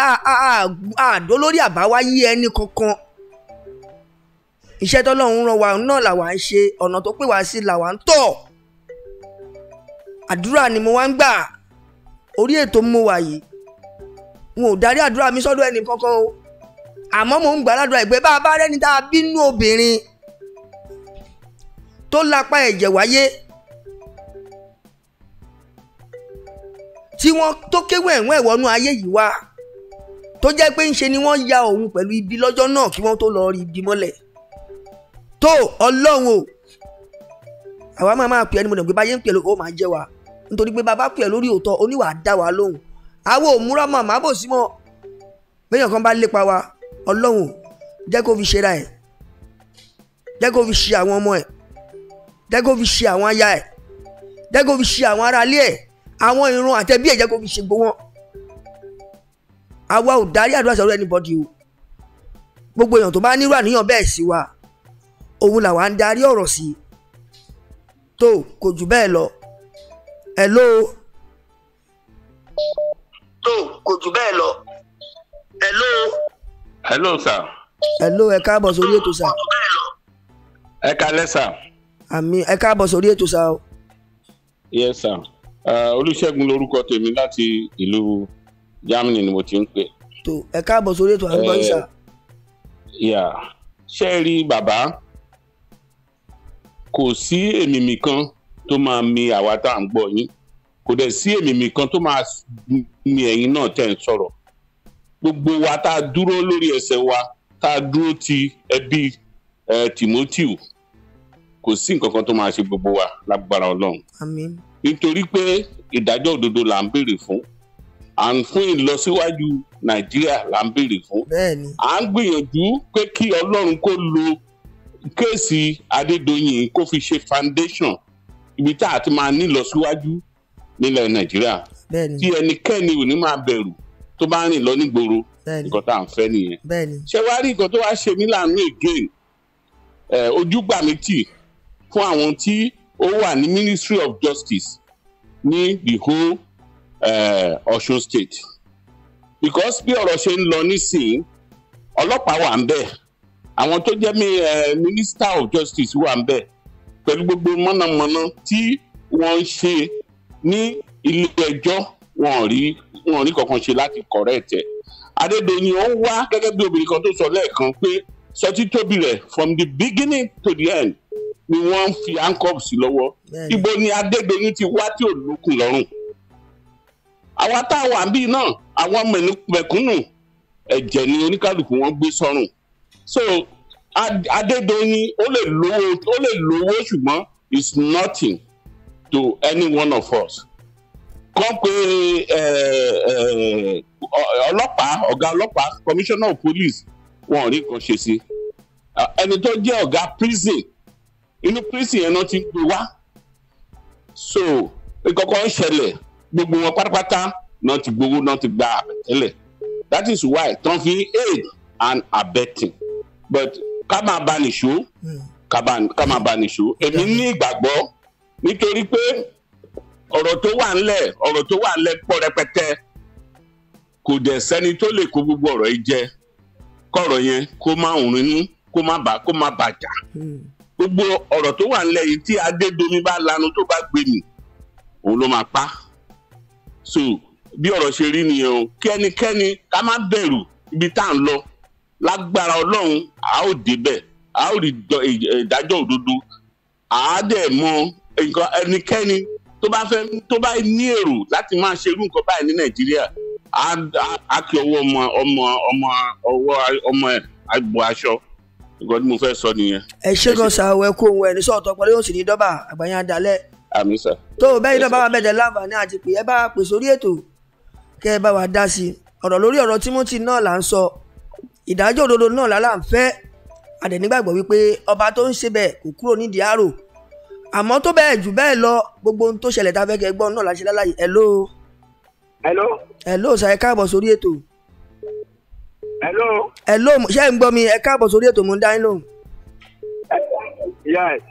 àdó lórí àbáwáyé ẹni kankan iṣẹ́ tọ́lọ́run ràn wá náà làwa ń ṣe ọ̀nà tó pè wá sí làwa ń tọ̀ àdúrà ni mo wá ń gbà orí ètò mo wà yìí n ò darí àdúrà mi sọ́dọ̀ ẹnì kankan o àmọ́ mò ń gbàdúrà ìgbé bá a bá rẹ́ni tá a bínú obìnrin tó lápá ẹ̀jẹ̀ wáyé tí wọ́n tó kéwọ́ ẹ̀wọ́n ẹ̀wọ́nú ayé yìí wá tó jẹ́ pé ńṣe ni wọ́n ya òun pẹ̀lú ibi lọ́jọ́ náà kí wọ́n tó lọ rí ibi mọ́lẹ̀ tó ọlọ́run o àwa máa máa pè ẹni mo dẹ̀ pé báyé ń pè lóko ó máa jẹ́ wa nítorí pé bàbá pè lórí òótọ́ oníwà dá wa lóhùn àwo òmùrọ̀ mọ̀ màbòsí mọ́ bẹ́ẹ̀ kan bá lépa wa ọlọ́run jẹ́ kó fi ṣera ẹ̀ jẹ́ kó fi ṣe àwọn ọmọ ẹ̀ jẹ́ kó fi ṣe àwọn aya ẹ̀ jẹ́ kó fi ṣe àwọn aráalé ẹ̀ àwọn irun àtẹ̀bí ẹ̀ jẹ́ kó fi ṣe gbó wọn. àwa ò darí àdúrà sọ̀rọ̀ anybody o gbogbo èèyàn tó bá nírú àníyàn bẹ́ẹ̀ sí wa òun làwa ń darí ọ̀rọ̀ sí tó kò jù bẹ́ẹ̀ lọ ẹ̀ ló. tó kò jù bẹ́ẹ̀ lọ ẹ̀ ló hello sir. hello ẹ káàbọ̀ sórí ètò sà. ẹ kalẹ́ sà. àmì ẹ káàbọ̀ sórí ètò sà yes sir olùṣègùn lórúkọ tèmi láti ìlú germany ni mo ti ń pè. tó ẹ káàbọ̀ sórí ètò àgbọ̀ yìí sà. yà ṣe é rí bàbá kò sí èmìmì kan tó máa mi àwa tá à ń gbọ́ yín kò dẹ̀ sí èmìmì kan tó máa mi ẹ̀yin náà tẹ̀ ń sọ̀rọ̀ gbogbo wa tá a dúró lórí ẹsẹ̀ wa tá a dúró ti ẹbí ẹ Timothy kò sí nǹkan kan tó máa ṣe gbogbo wa lágbára Ọlọ́run àmín nítorí pé ìdájọ́ òdodo là ń béèrè fún à ń fún ìlọsíwájú Nàìjíríà là ń béèrè fún à ń gbìyànjú pé kí Ọlọ́run kó lo kéèsì Adédoyin kó fi ṣe foundation ibi tá a ti máa ní ìlọsíwájú nílẹ̀ Nàìjíríà tí ẹnikẹ́ni ò ní máa bẹ̀rù tó bá ń rìn lọ nígboro nǹkan tá à ń fẹ́ nìyẹn ṣé wàá rí nǹkan tó wàá ṣe mí láàánú again ojú gbà mí tì fún àwọn tí ó wà ní Ministry of Justice ní the whole Ọ̀ṣun uh, State because bí ọ̀rọ̀ ṣe ń lọ nísìnyí ọlọ́pàá wà ń bẹ̀ àwọn tó jẹ́ mi Minister of Justice wà ń bẹ̀ pẹ̀lú gbogbo mọ̀nàmọ́ná tí wọ́n ń ṣe ní ilé ẹjọ́ wọn rí wọn ò ní kankan ṣe láti correct ẹ̀ Adédoyin ó wá gẹ́gẹ́ bí obìnrin kan tó sọ lẹ́ẹ̀kan pé sọtítóbi rẹ̀ from the beginning to the end ni wọ́n ń fi handcuffs lọ́wọ́ ibo ni Adédoyin ti wá tí ò lókun lọ́rùn àwa táwa bíi náà àwọn mẹ̀kúnnù ẹ̀jẹ̀ ni oníkálukú wọn gbé sọ́rùn so Adédoyin ó lè lówó ó it's nothing to any one of us kàn pé eh, eh, ọlọ́pàá ọ̀gá ọlọ́pàá commissioner of police wọn ò rí nǹkan ṣe sí ẹni tó jẹ́ ọ̀gá prison inú prison yẹn náà ti ń gbé wá so ìkọ̀kọ̀ ń ṣẹlẹ̀ gbogbo wọn pátápátá náà ti gbowó náà ti gba àbẹ̀tẹ́lẹ̀ that is why tán fi aid and abetting but ká máa bá nìṣó hmm. ká máa bá nìṣó èmi ní ìgbàgbọ́ nítorí pé ọ̀rọ̀ tó wà ńlẹ̀ ọ̀rọ̀ tó wà ńlẹ̀ pọ̀ rẹpẹtẹ kò dẹ̀ sẹ́ni tó lè kó gbogbo ọ̀rọ̀ yìí jẹ kọ̀rọ̀ yẹn kó má rìnnú kó má bà kó má bàjá hmm. gbogbo ọ̀rọ̀ tó wà ńlẹ̀ yìí tí Adédomi bá lanu tó bá gbé mi òun ló máa pa so bí ọ̀rọ̀ ṣe rí nìyẹn o kẹ́nikẹ́ni ká má bẹ̀rù ibi tá à ń lọ lágbára Ọlọ́run a ó débẹ̀ a ó rí ìdájọ́ òdodo a mọ ẹnikẹ́ni tó bá fẹ́ tó bá ní èrò láti máa ṣe irú nǹkan báyìí ní nàìjíríà á kí ọwọ́ ọmọ ọmọ ọmọ ọwọ́ ọmọ ẹ̀ á gbọ́ aṣọ nǹkan tí mo fẹ́ sọ nìyẹn. ẹ ṣe kan sa ọwọ́ ẹkú ohun ẹni sọ̀tọ̀ pẹ̀lú òsì ní dọ́bà àgbáyé adalẹ́. àmì sà. tó o bẹ́ẹ̀ dọ́bà wa bẹ̀jẹ̀ láǹfààní àti pè é bá a pè sórí ètò kẹ́ ẹ bá wa dá sí i ọ̀rọ̀ lórí ọ̀rọ̀ Timothy náà là ń sọ ìdájọ́ òdodo náà lálàǹfẹ́ àdẹ̀nígbàgbọ́ wípé ọba tó ń ṣe bẹ́ẹ̀ kò kúrò nídìí àrò àmọ́ tó bẹ́ẹ̀ jù bẹ́ẹ̀ lọ gbogbo ohun tó ṣẹlẹ̀ tá a fẹ́ kẹ́ gbọ́ náà la ṣe lálàyé hello. hello. hello sir ẹ káàbọ̀ sórí ètò. hello. hello ṣé ń gbọ́ mi ẹ káàbọ̀ sórí ètò mo ń dá yín lóhùn. yes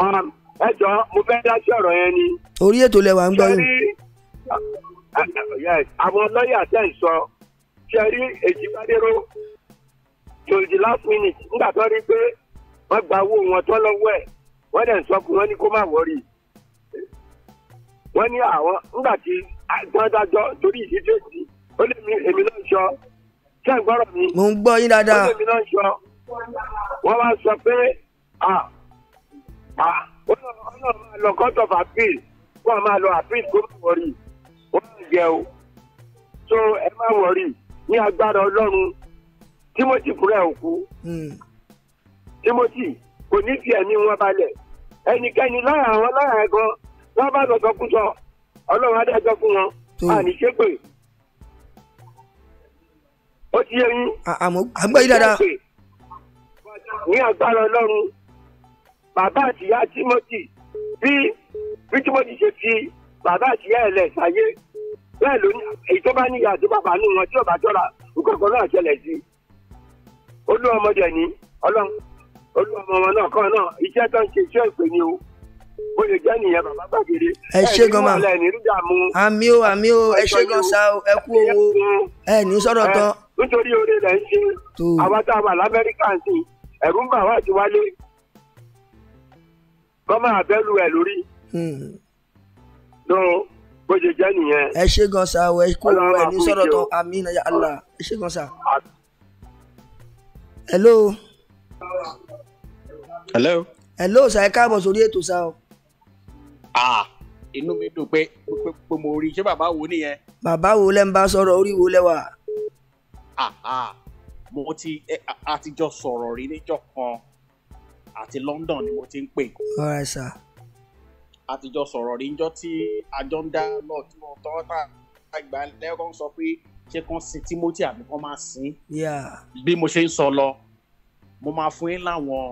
um, ẹ jọ mo fẹ́ dá sí ọ̀rọ̀ yẹn ni. orí ètò lẹwà ń gbọ́ yín. Uh, uh, àwọn lọ́ọ̀yà tẹ̀ ń sọ ṣe rí èjì bá dérò till the last minute nígbà tó rí pé wọ́n gba owó wọn tọ́ lọ́wọ́ ẹ̀ wọ́n dẹ̀ ń sọ fún wọn ní kó má wọ́ọ̀rì wọ́n ní àwọn ńgbà tí dáńdájọ́ torí ìdíjọ́sí ó lè mi èmi náà sọ ṣé ń gbọ́rọ̀ mi. mo ń gbọ́ yín dáadáa. ó lè mi náà sọ wọ́n wá sọ pé ọ̀nà máa lọ court of appeal wọ́n máa lọ appeal kó má wọ́ọ̀rì wọ́n ń jẹ o so ẹ má wọ́ọ̀rì ní agbára ọlọ́run Timothy fúnra ẹ̀ òkú Timothy kò ní tiẹ̀ ní wọn balẹ̀. ẹnikẹ́ni lára àwọn lára ẹ̀ wọ́n bá lọ sọkúsọ ọlọ́run adájọ́ fún wọn àní hmm. ṣépè ó ti yẹ yín. àgbẹ̀ yìí ní agbára ọlọ́run bàbá àtìyá Timothy bí bí Timothy ṣe fi bàbá àtìyá ẹ̀ lẹ̀ bẹ́ẹ̀ ló ní èyí tó bá níyà bàbá nù wọn tí ò olúwa ọmọ náà kan náà iṣẹ́ tó ń ṣe iṣẹ́ ìpè ni o bó ṣe jẹ́ nìyẹn bàbá gbàgede. ẹ ṣe gan ma àmì o àmì o ẹ ṣe gan sa o ẹ kú owó ẹ ní sọ̀rọ̀ tán. nítorí oore rẹ̀ ń ṣe àwa tá a wà lamẹ́ríkà ń sìn ẹ̀rù ń bà wá ti wálé kọ́mọ àbẹ́lu ẹ̀ lórí. Hmm. bó ṣe jẹ́ nìyẹn. ẹ ṣe gan sa o ẹ kú owó ẹ ní sọ̀rọ̀ tán àmì náà yà á là ẹ ṣe gan sa. hello hello. hello sir ẹ káàbọ̀ sórí ètò sá o. ah inú mi dùn pé pé mo rí ṣé bàbá wo nìyẹn. bàbá wo lẹ́ ń bá sọ̀rọ̀ orí wo lẹ́ ah ah mo ti àtijọ́ sọ̀rọ̀ rí níjọ́ kan àti London ni mo ti ń pè. alright sir. àtijọ́ sọ̀rọ̀ rí níjọ́ tí àjọ ń dá lọ tí mo tọ́ tá àgbà lẹ́kọ̀ọ́ sọ pé ṣé kàn sin Timothy àbí kàn máa sin. bí mo ṣe ń sọ lọ mo máa fún yín láwọn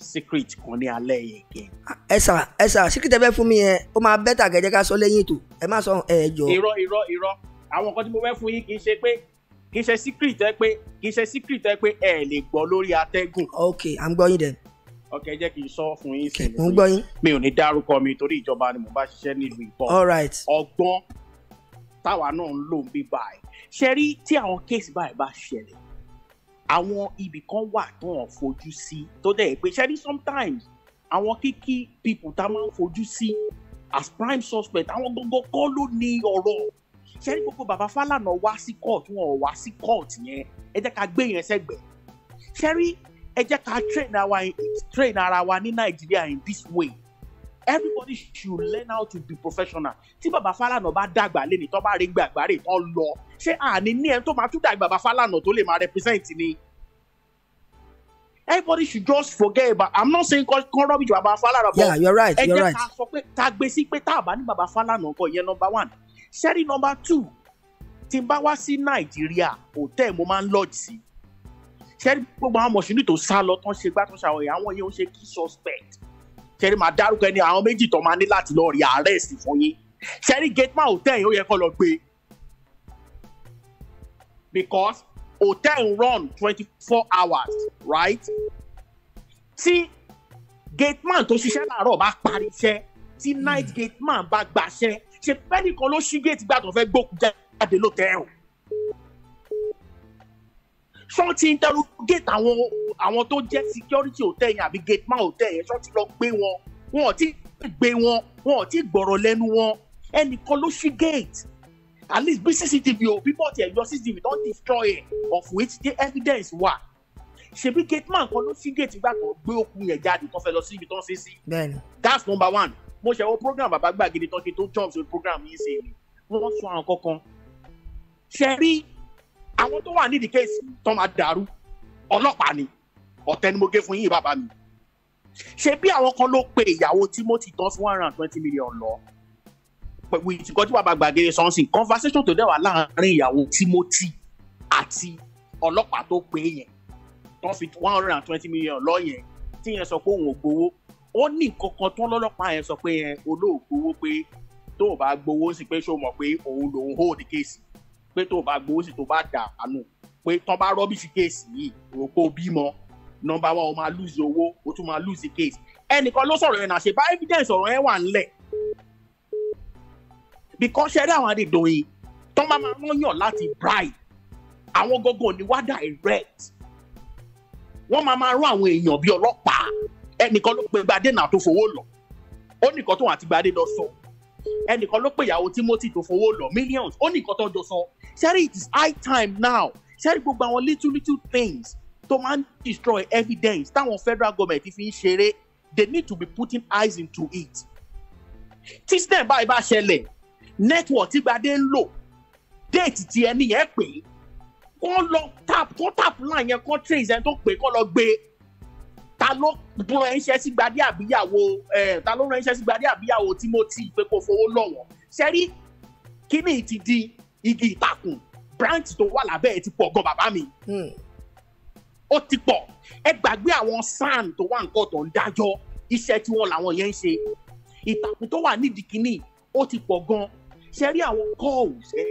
secret kan ní alẹ́ yẹn kẹ. Ah, ẹ sà ẹ sà secret ẹ fẹ́ fún mi yẹn ó máa bẹ́tà gẹ́gẹ́ ká sọ lẹ́yìn ètò ẹ má sọ ẹ jọ. irọ́ irọ́ irọ́ àwọn nǹkan tí mo fẹ́ fún yín kì í ṣe pé kì í ṣe secret ẹ pé kì í ṣe secret ẹ pé ẹ lè gbọ́ lórí atẹ́gùn. ok à ń gbọ́ ok jẹ́ kí n sọ fún yín sí i. mi ò ní dárúkọ mi torí ìjọba ni mo bá ṣiṣẹ́ nílùú ìbọn. all right. ọgbọ́n táwa náà ń lò ń bí báyìí ṣe rí tí àwọn kéèsì báyìí bá ṣẹlẹ̀ àwọn ibì kan wà tó hàn fojú sí tó dẹ̀ pé ṣẹ́ni sometimes àwọn kíkí people tá máa ń fojú sí as prime suspect àwọn gbogbo kọ́ ló ní ọ̀rọ̀ ṣẹ́ni gbogbo bàbá Fálànà wá sí court wọn ò wá sí court yẹn ẹ jẹ́ ká gbé yẹn sẹ́gbẹ̀ẹ́ ṣẹ́ni ẹ jẹ́ ká train ara wa train ara wa ní Nàìjíríà in this way everybody should learn how to be professional tí bàbá Fálànà bá dàgbà lé ní tó bá rí gbàgbà rè tán lọ ṣé àní ní ẹni tó máa tún dàgbà bàbá Fálànà tó lè máa represent ni everybody should just forget about i'm not saying kan rọbì ju bàbá Fálànà yeah you're right you're right ẹ jẹ́ ká sọ pé tá a gbé sí pé tá a bá ní bàbá Fálànà ọkọ ìyẹn number one ṣẹ́rí number two tí n bá wá sí Nàìjíríà hòtẹ́ẹ̀ mo máa ń lọ́ọ̀jì sí ṣẹ́rí gbogbo àwọn mọ̀ṣúnì tó sá lọ tán ṣe gbá tó ṣàwọ̀yà àwọn yẹn ń ṣe key suspect ṣẹ́rí máa dárúkọ ẹni àwọn méjì tó máa ní láti lọ rí àrẹ́ẹ̀sì fún yín ṣẹ́rí gateman hotel yìí ó yẹ kó lọ gbé because hotel run twenty four hours right tí gateman tó ṣiṣẹ́ láàárọ̀ bá parí iṣẹ́ tí night hmm. gate man bá gbàṣẹ́ ṣe pẹ́ẹ́nì kan ló ṣí gate gbà tó fẹ́ gbókùn jáde lótẹ́ẹ̀lì ṣọ́n ti interrogate àwọn àwọn tó jẹ́ security hotel yẹn àbí gate man hotel yẹn ṣọ́n ti lọ gbé wọn wọn ò tí gbé wọn wọn ò tí gbọ̀rọ̀ lẹ́nu wọn ẹnìkan ló ṣí gate at least bí cctv o bí bọ́ọ̀tì ẹ̀yọ cctv don destroy it of which the evidence wà ṣebí gate man kan ló ṣí gate gbà kan gbé okùn yẹn jáde tó fẹ́ lọ sí ibi tó ń ṣe sí. that's number one mo ṣe wo program bàbá gbàgede tó ṣe tó jump the program yìí ṣe ni wọ́n sọ àwọn kankan ṣe rí àwọn tó wà nídìí kéèsì tó máa dàrú ọlọ́pàá ni ọ̀tẹ́ ni mo gé fún yín bàbá mi ṣe bí àwọn kan ló pe ìyàwó Timothy tán fún one hundred and twenty million lọ pẹ̀lú ìtìkọ́ tí bàbá gbàgede something conversation tó dẹ̀wà láàrin ìyàwó Timothy àti ọlọ́pàá tó pe yẹn tán fi one hundred and twenty million lọ yẹn tí yẹn sọ pé òun ò gbowó ó ní nǹkan kan tán lọ́lọ́pàá yẹn sọ pé yẹn olóògbowó pé tó o bá gbowó sí pé ṣó mọ̀ pé òun lòun hold the case pé tó bá gbowó sí tó bá dà àánú pé tó bá rọ́bìsì kéèsì yìí òpó bímọ nọ́mbà wa ó máa lùzì owó ó tún máa lùzì kéèsì ẹnìkan ló sọ̀rọ̀ yẹn náà ṣe bá evidence ọ̀rọ̀ yẹn wà ńlẹ̀ because ṣẹ́rí àwọn adìdòyìn tó máa máa wọ́n yàn láti bribe àwọn gógó ni wá direct wọ́n máa máa rán àwọn èèyàn bíi ọlọ́pàá ẹnìkan ló pe gbadé náà tó fowó lọ ó nìkan tó wà àti gbadé lọ sọ ẹnìkan ló pè ìyàwó Timothy tó fowó lọ millions ó ní nǹkan tó jọ san sẹ́rí it is high time now sẹ́rí gbogbo àwọn little little things tó máa ń destroy evidence táwọn federal government fi ń ṣeré they need to be putting eyes into it tí stem báyìí bá ṣẹlẹ̀ network tí gbadé ń lò déètì tí ẹni yẹn pè kó lọ tap kó tap line yẹn kó trace ẹni tó pè kó lọ gbé e ta ló ránṣẹ́ sí gbadé àbíyàwó ta ló ránṣẹ́ sí gbadé àbíyàwó Timothy pé kò fowó lọ́wọ́ sẹ́rí kíní ti di igi ìtàkùn branch tó wà lábẹ́ ẹ̀ ti pọ̀ gan bàbá mi hmm. ó ti pọ̀ ẹ gbàgbé àwọn SAN tó wà nǹkan tó ń dájọ́ iṣẹ́ tí wọ́n làwọn yẹn ń ṣe ìtàkùn tó wà nídìí kíní ó ti pọ̀ gan sẹ́rí àwọn calls ẹ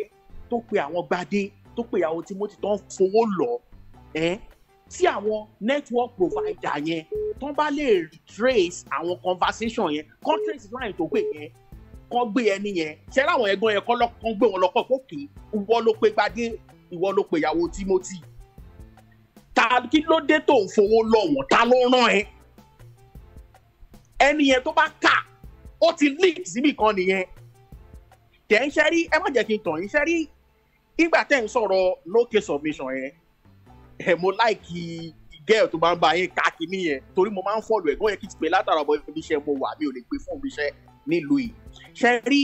tó pe àwọn gbadé tó pe àwọn Timothy tó ń fowó lọ ẹ. Eh? tí àwọn network provider yẹn tó bá lè trace àwọn conversation yẹn kọ́ trace line tó pè yẹn kọ́ gbé ẹni yẹn ṣẹ́rẹ́ àwọn ẹ̀gbọ́n yẹn kọ́ gbé wọn lọ́pọ̀ pókè ìwọ ló pe gbadé ìwọ ló pe ìyàwó Timothy ta kí ló dé tó ń fowó lọ́wọ́ ta ló rán ẹ ẹni yẹn tó bá kà ó ti leak síbì kan nìyẹn tẹ̀ ń ṣẹ́rí ẹ má jẹ́ kí n tàn yín ṣẹ́rí ìgbà tẹ̀ ń sọ̀rọ̀ no submission yẹn ẹ̀ eh, mo láìkí gẹ́ẹ̀ tó máa ń bá yín káàkiri nìyẹn torí mo máa ń fọ̀lù ẹ̀gbọ́n yẹn kí n ti pè látara ọmọ ibi iṣẹ́ mo wà mi ò lè gbé fún ibi iṣẹ́ nílùú yìí ṣe rí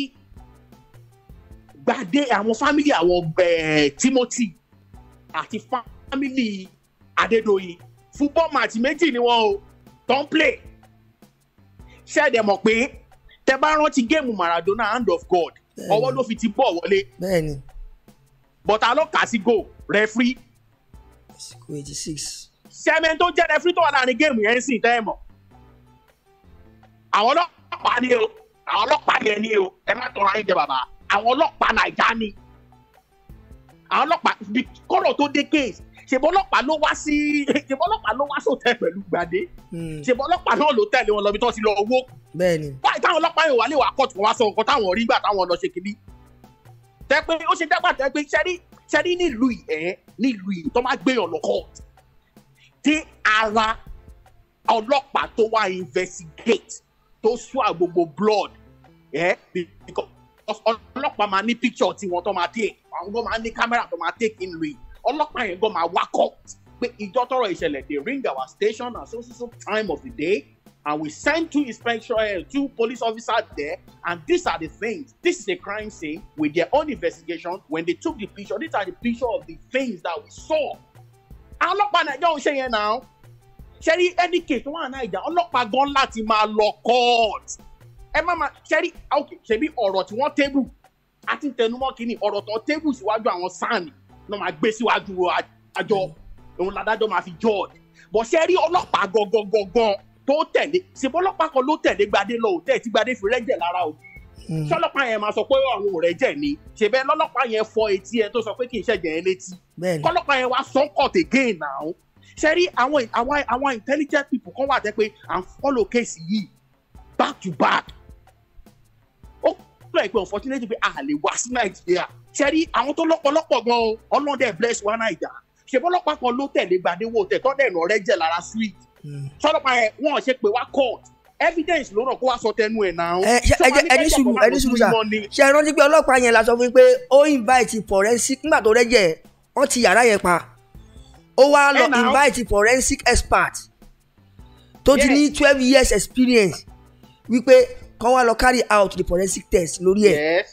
gbadé àwọn fámìlì àwọn ọgbẹ́ eh, Timothy àti fámìlì Adédoyin football match méjì ni wọ́n o tó play ṣe é dẹ̀ mọ̀ pé tẹ bá rántí géèmù Maradona hand of God ọwọ́ ló fi ti bọ̀ wọlé bọ́tà ló kà sí goal referee àsìkò eighty six. sẹ́mẹ̀n tó jẹ́ rẹ́fírí tó wà láàrin géèmù yẹn ń sìn tẹ́ ẹ̀ mọ̀ àwọn ọlọ́pàá ni o àwọn ọlọ́pàá yẹn ni o ẹ má tọrọ ayé jẹ bàbá àwọn ọlọ́pàá nàìjà ni àwọn ọlọ́pàá kọ́rọ̀ tó dé case ṣèbọ ọlọ́pàá ló wá sí ṣèbọ ọlọ́pàá ló wá sòtẹ pẹ̀lú gbàdé hmm. ṣèbọ ọlọ́pàá náà ló tẹ̀lé wọn lọbi tó ti lọ owó. bẹ́ẹ̀ni. báyìí táwọn ọlọ́pàá yóò wá lè wá kóòtù wá sọ nǹkan táwọn rí gbà táwọn lọ ṣe kiri. tẹ pé ó ṣe dẹ́gbà tẹ pé sẹ́rí sẹ́ni nílùú ẹ̀ nílùú yìí tó máa gbéyàn lọ court tí ara ọlọ́pàá tó wá investigate tó sùà gbogbo blood ẹ̀ ọlọ́pàá máa ní picture tí wọ́n tó máa take àwọn tó máa ní camera tó máa take in yìí ọlọ́pàá yẹn gan máa wá court pé ìjọ tọrọ ìṣẹ̀lẹ̀ dey ring our station at so so so time of the day and we sent two inspector, eh, two police officers there, and these are the things. This is a crime scene with their own investigation. When they took the picture, these are the picture of the things that we saw. Ọlọ́pàá Nàìjíríà ń ṣe yẹn náà. Ṣẹ́rí any case tó wà Nàìjíríà, ọlọ́pàá gan láti máa lọ court. Ẹ má ma ṣẹ́rí ṣẹ́bí ọ̀rọ̀ tí wọ́n tébù àti tẹnumọ́ kínní ọ̀rọ̀ tó tébù síwájú àwọn sáàni náà máa gbé síwájú àjọ òun ládàjọ́ máa fi judge. Bọ̀ ṣẹ́rí ọlọ́pàá gangan gangan tó tẹ̀lé ṣèbọ́lọ́pàá kan ló tẹ̀lé gbadé lọ òtẹ́ tí gbadé fi rẹ́jẹ̀ lára o hmm. ṣọlọ́pàá yẹn máa sọ pé àwọn ọ̀rẹ́ jẹ̀ ni ṣèbẹ́ lọ́lọ́pàá yẹn fọ etí ẹ tó sọ pé kì í ṣẹ̀jẹ̀ ẹ létí kọ́lọ́pàá yẹn wá sọ́n court again now ṣe rí àwọn àwọn àwọn intelligent people kan wà tẹ́ pé à ń follow case yìí back to back ó kúrò ẹ̀ pé unfortunately pé a lè wá sí nàìjíríà ṣe rí àwọn tó lọ́pọ̀lọpọ̀ gan ọlọ́dẹ bless wa nàìjà ṣèbọ́lọ́pàá kan ló tẹ̀lé gbadéwò tẹ̀ tọ́dẹ̀ nà ọ̀rẹ́ jẹ̀ lára sweet sọ̀rọ̀ pa ẹ̀ wọ́n ṣe pé wá court evidence ló rọ̀ kó wá sọ tẹnu ẹ̀ náà. ẹ ẹni sùúrù ẹni sùúrù sà ṣe é rántí pé ọlọ́pàá yẹn la sọ fún mi pé ó invite forensic nígbà tó rẹ́jẹ̀ wọ́n ti yàrá yẹn pa ó wá lọ invite forensic expert tó ti ní twelve years experience wípé kán wá lọ carry out the forensic test lórí ẹ̀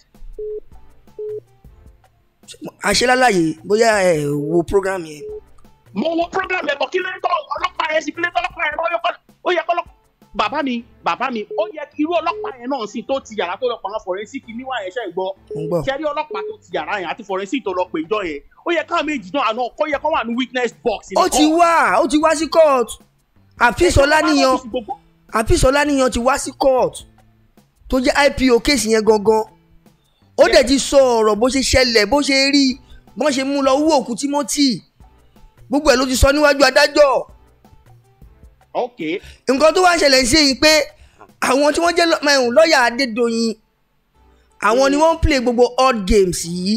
àṣẹ lálàyé bóyá ẹ wo program yẹn mo problem, program ẹ̀kọ́ kí ló ń tọ́ ọlọ́pàá yẹn sí kí ló ń tọ́ ọlọ́pàá yẹn lọ́yọ́ kọ́ ó yẹ kọ́ lọ́pàá bàbá mi bàbá mi ó yẹ irú ọlọ́pàá yẹn náà sì tó ti yàrá tó lọ pa àwọn forensic níwá yẹn ṣe gbọ́ ṣẹ́rí ọlọ́pàá tó ti yàrá yẹn àti forensic tó lọ pè jọ yẹn ó yẹ káwọn méjì náà àná kó yẹ kó wà ní witness box. ó ti wá ó ti wá sí court àfisọlá níyan àfisọlá níyan ti wá sí court tó jẹ́ IPO case yẹn gangan ó dẹ̀ ti sọ ọ̀rọ̀ bó ṣe ṣẹlẹ̀ bó ṣe rí bó ṣe mú lọ wú òkú Timothy gbogbo ẹ̀ ló ti sọ níwájú adájọ́. okay. nǹkan tó wá ṣẹlẹ̀ sí i pé àwọn tí wọ́n jẹ́ lọ́ọ̀yà Adédoyin àwọn ni hmm. wọ́n ń play gbogbo odd games yìí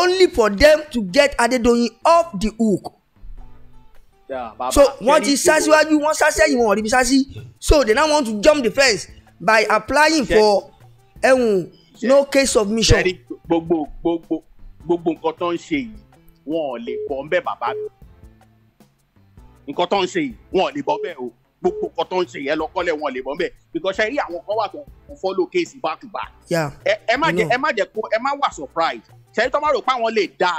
only for them to get Adédoyin off the hook. Yeah, so wọ́n ti sá síwájú wọ́n sá sẹ́yìn wọn ò rí bí sá sí so they now want to jump the fence by applying yeah. for ẹ̀wọ̀n eh, no case submission. gbogbo gbogbo gbogbo nǹkan tó ń ṣe yìí wọn ò lè pọ̀ ń bẹ́ bàbá mi nǹkan tó ń ṣe yìí wọn ò lè bọ́ bẹ́ẹ̀ o gbogbo nǹkan tó ń ṣe yẹn lọ́kọ́lẹ̀ wọn ò lè bọ́ bẹ́ẹ̀ because ẹ rí àwọn kan wà tó ń follow case back to back. ẹ má jẹ ẹ má jẹ kó ẹ má wà surprise ṣẹ́yìn tó má rò pé àwọn lè da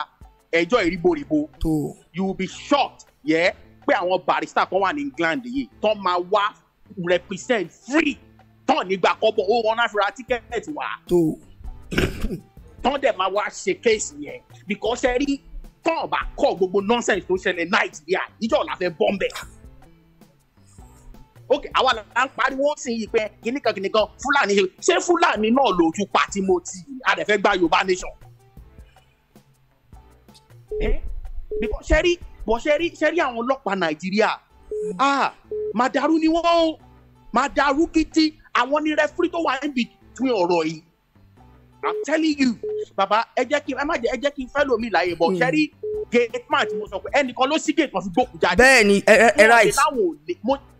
ẹjọ́ ìrìbòrìbò you will be shocked yẹ pé àwọn barrister kan wà ní England yìí tó máa wá represent free tán nígbà kọ́bọ̀ ó wọn náà fi ra tíkẹ́ẹ̀tì wá tán dẹ̀ máa wá ṣe kéèsì yẹn because ẹ rí tọ́ ọ̀bà kọ́ gbogbo nonsense tó ṣẹlẹ̀ nàìjíríà ìjọ ọ̀la fẹ́ bọ́ mbẹ́. ok àwa là ń pariwo sí i pé kìnnìkan kìnnìkan fúlàní ṣé fúlàní náà lòjú pa timothy adẹ̀fẹ́ gba yorùbá nation. ṣẹ́rí bọ̀ ṣẹ́rí ṣẹ́rí àwọn ọlọ́pàá nàìjíríà ah, màdàrú ni wọ́n ó màdàrú gidi àwọn ni rẹ́fúrí tó wà níbi tún ọ̀rọ̀ yìí i'm telling you baba ẹ jẹ́ kí ẹ má jẹ́ ẹ jẹ́ kí n fẹ́ lómi láàyè bọ̀ hmm. ṣẹ́rí gate man tí mo sọ pé ẹnìkan ló sí gate kan fi gbókùn jáde. bẹ́ẹ̀ni ẹ ẹ right.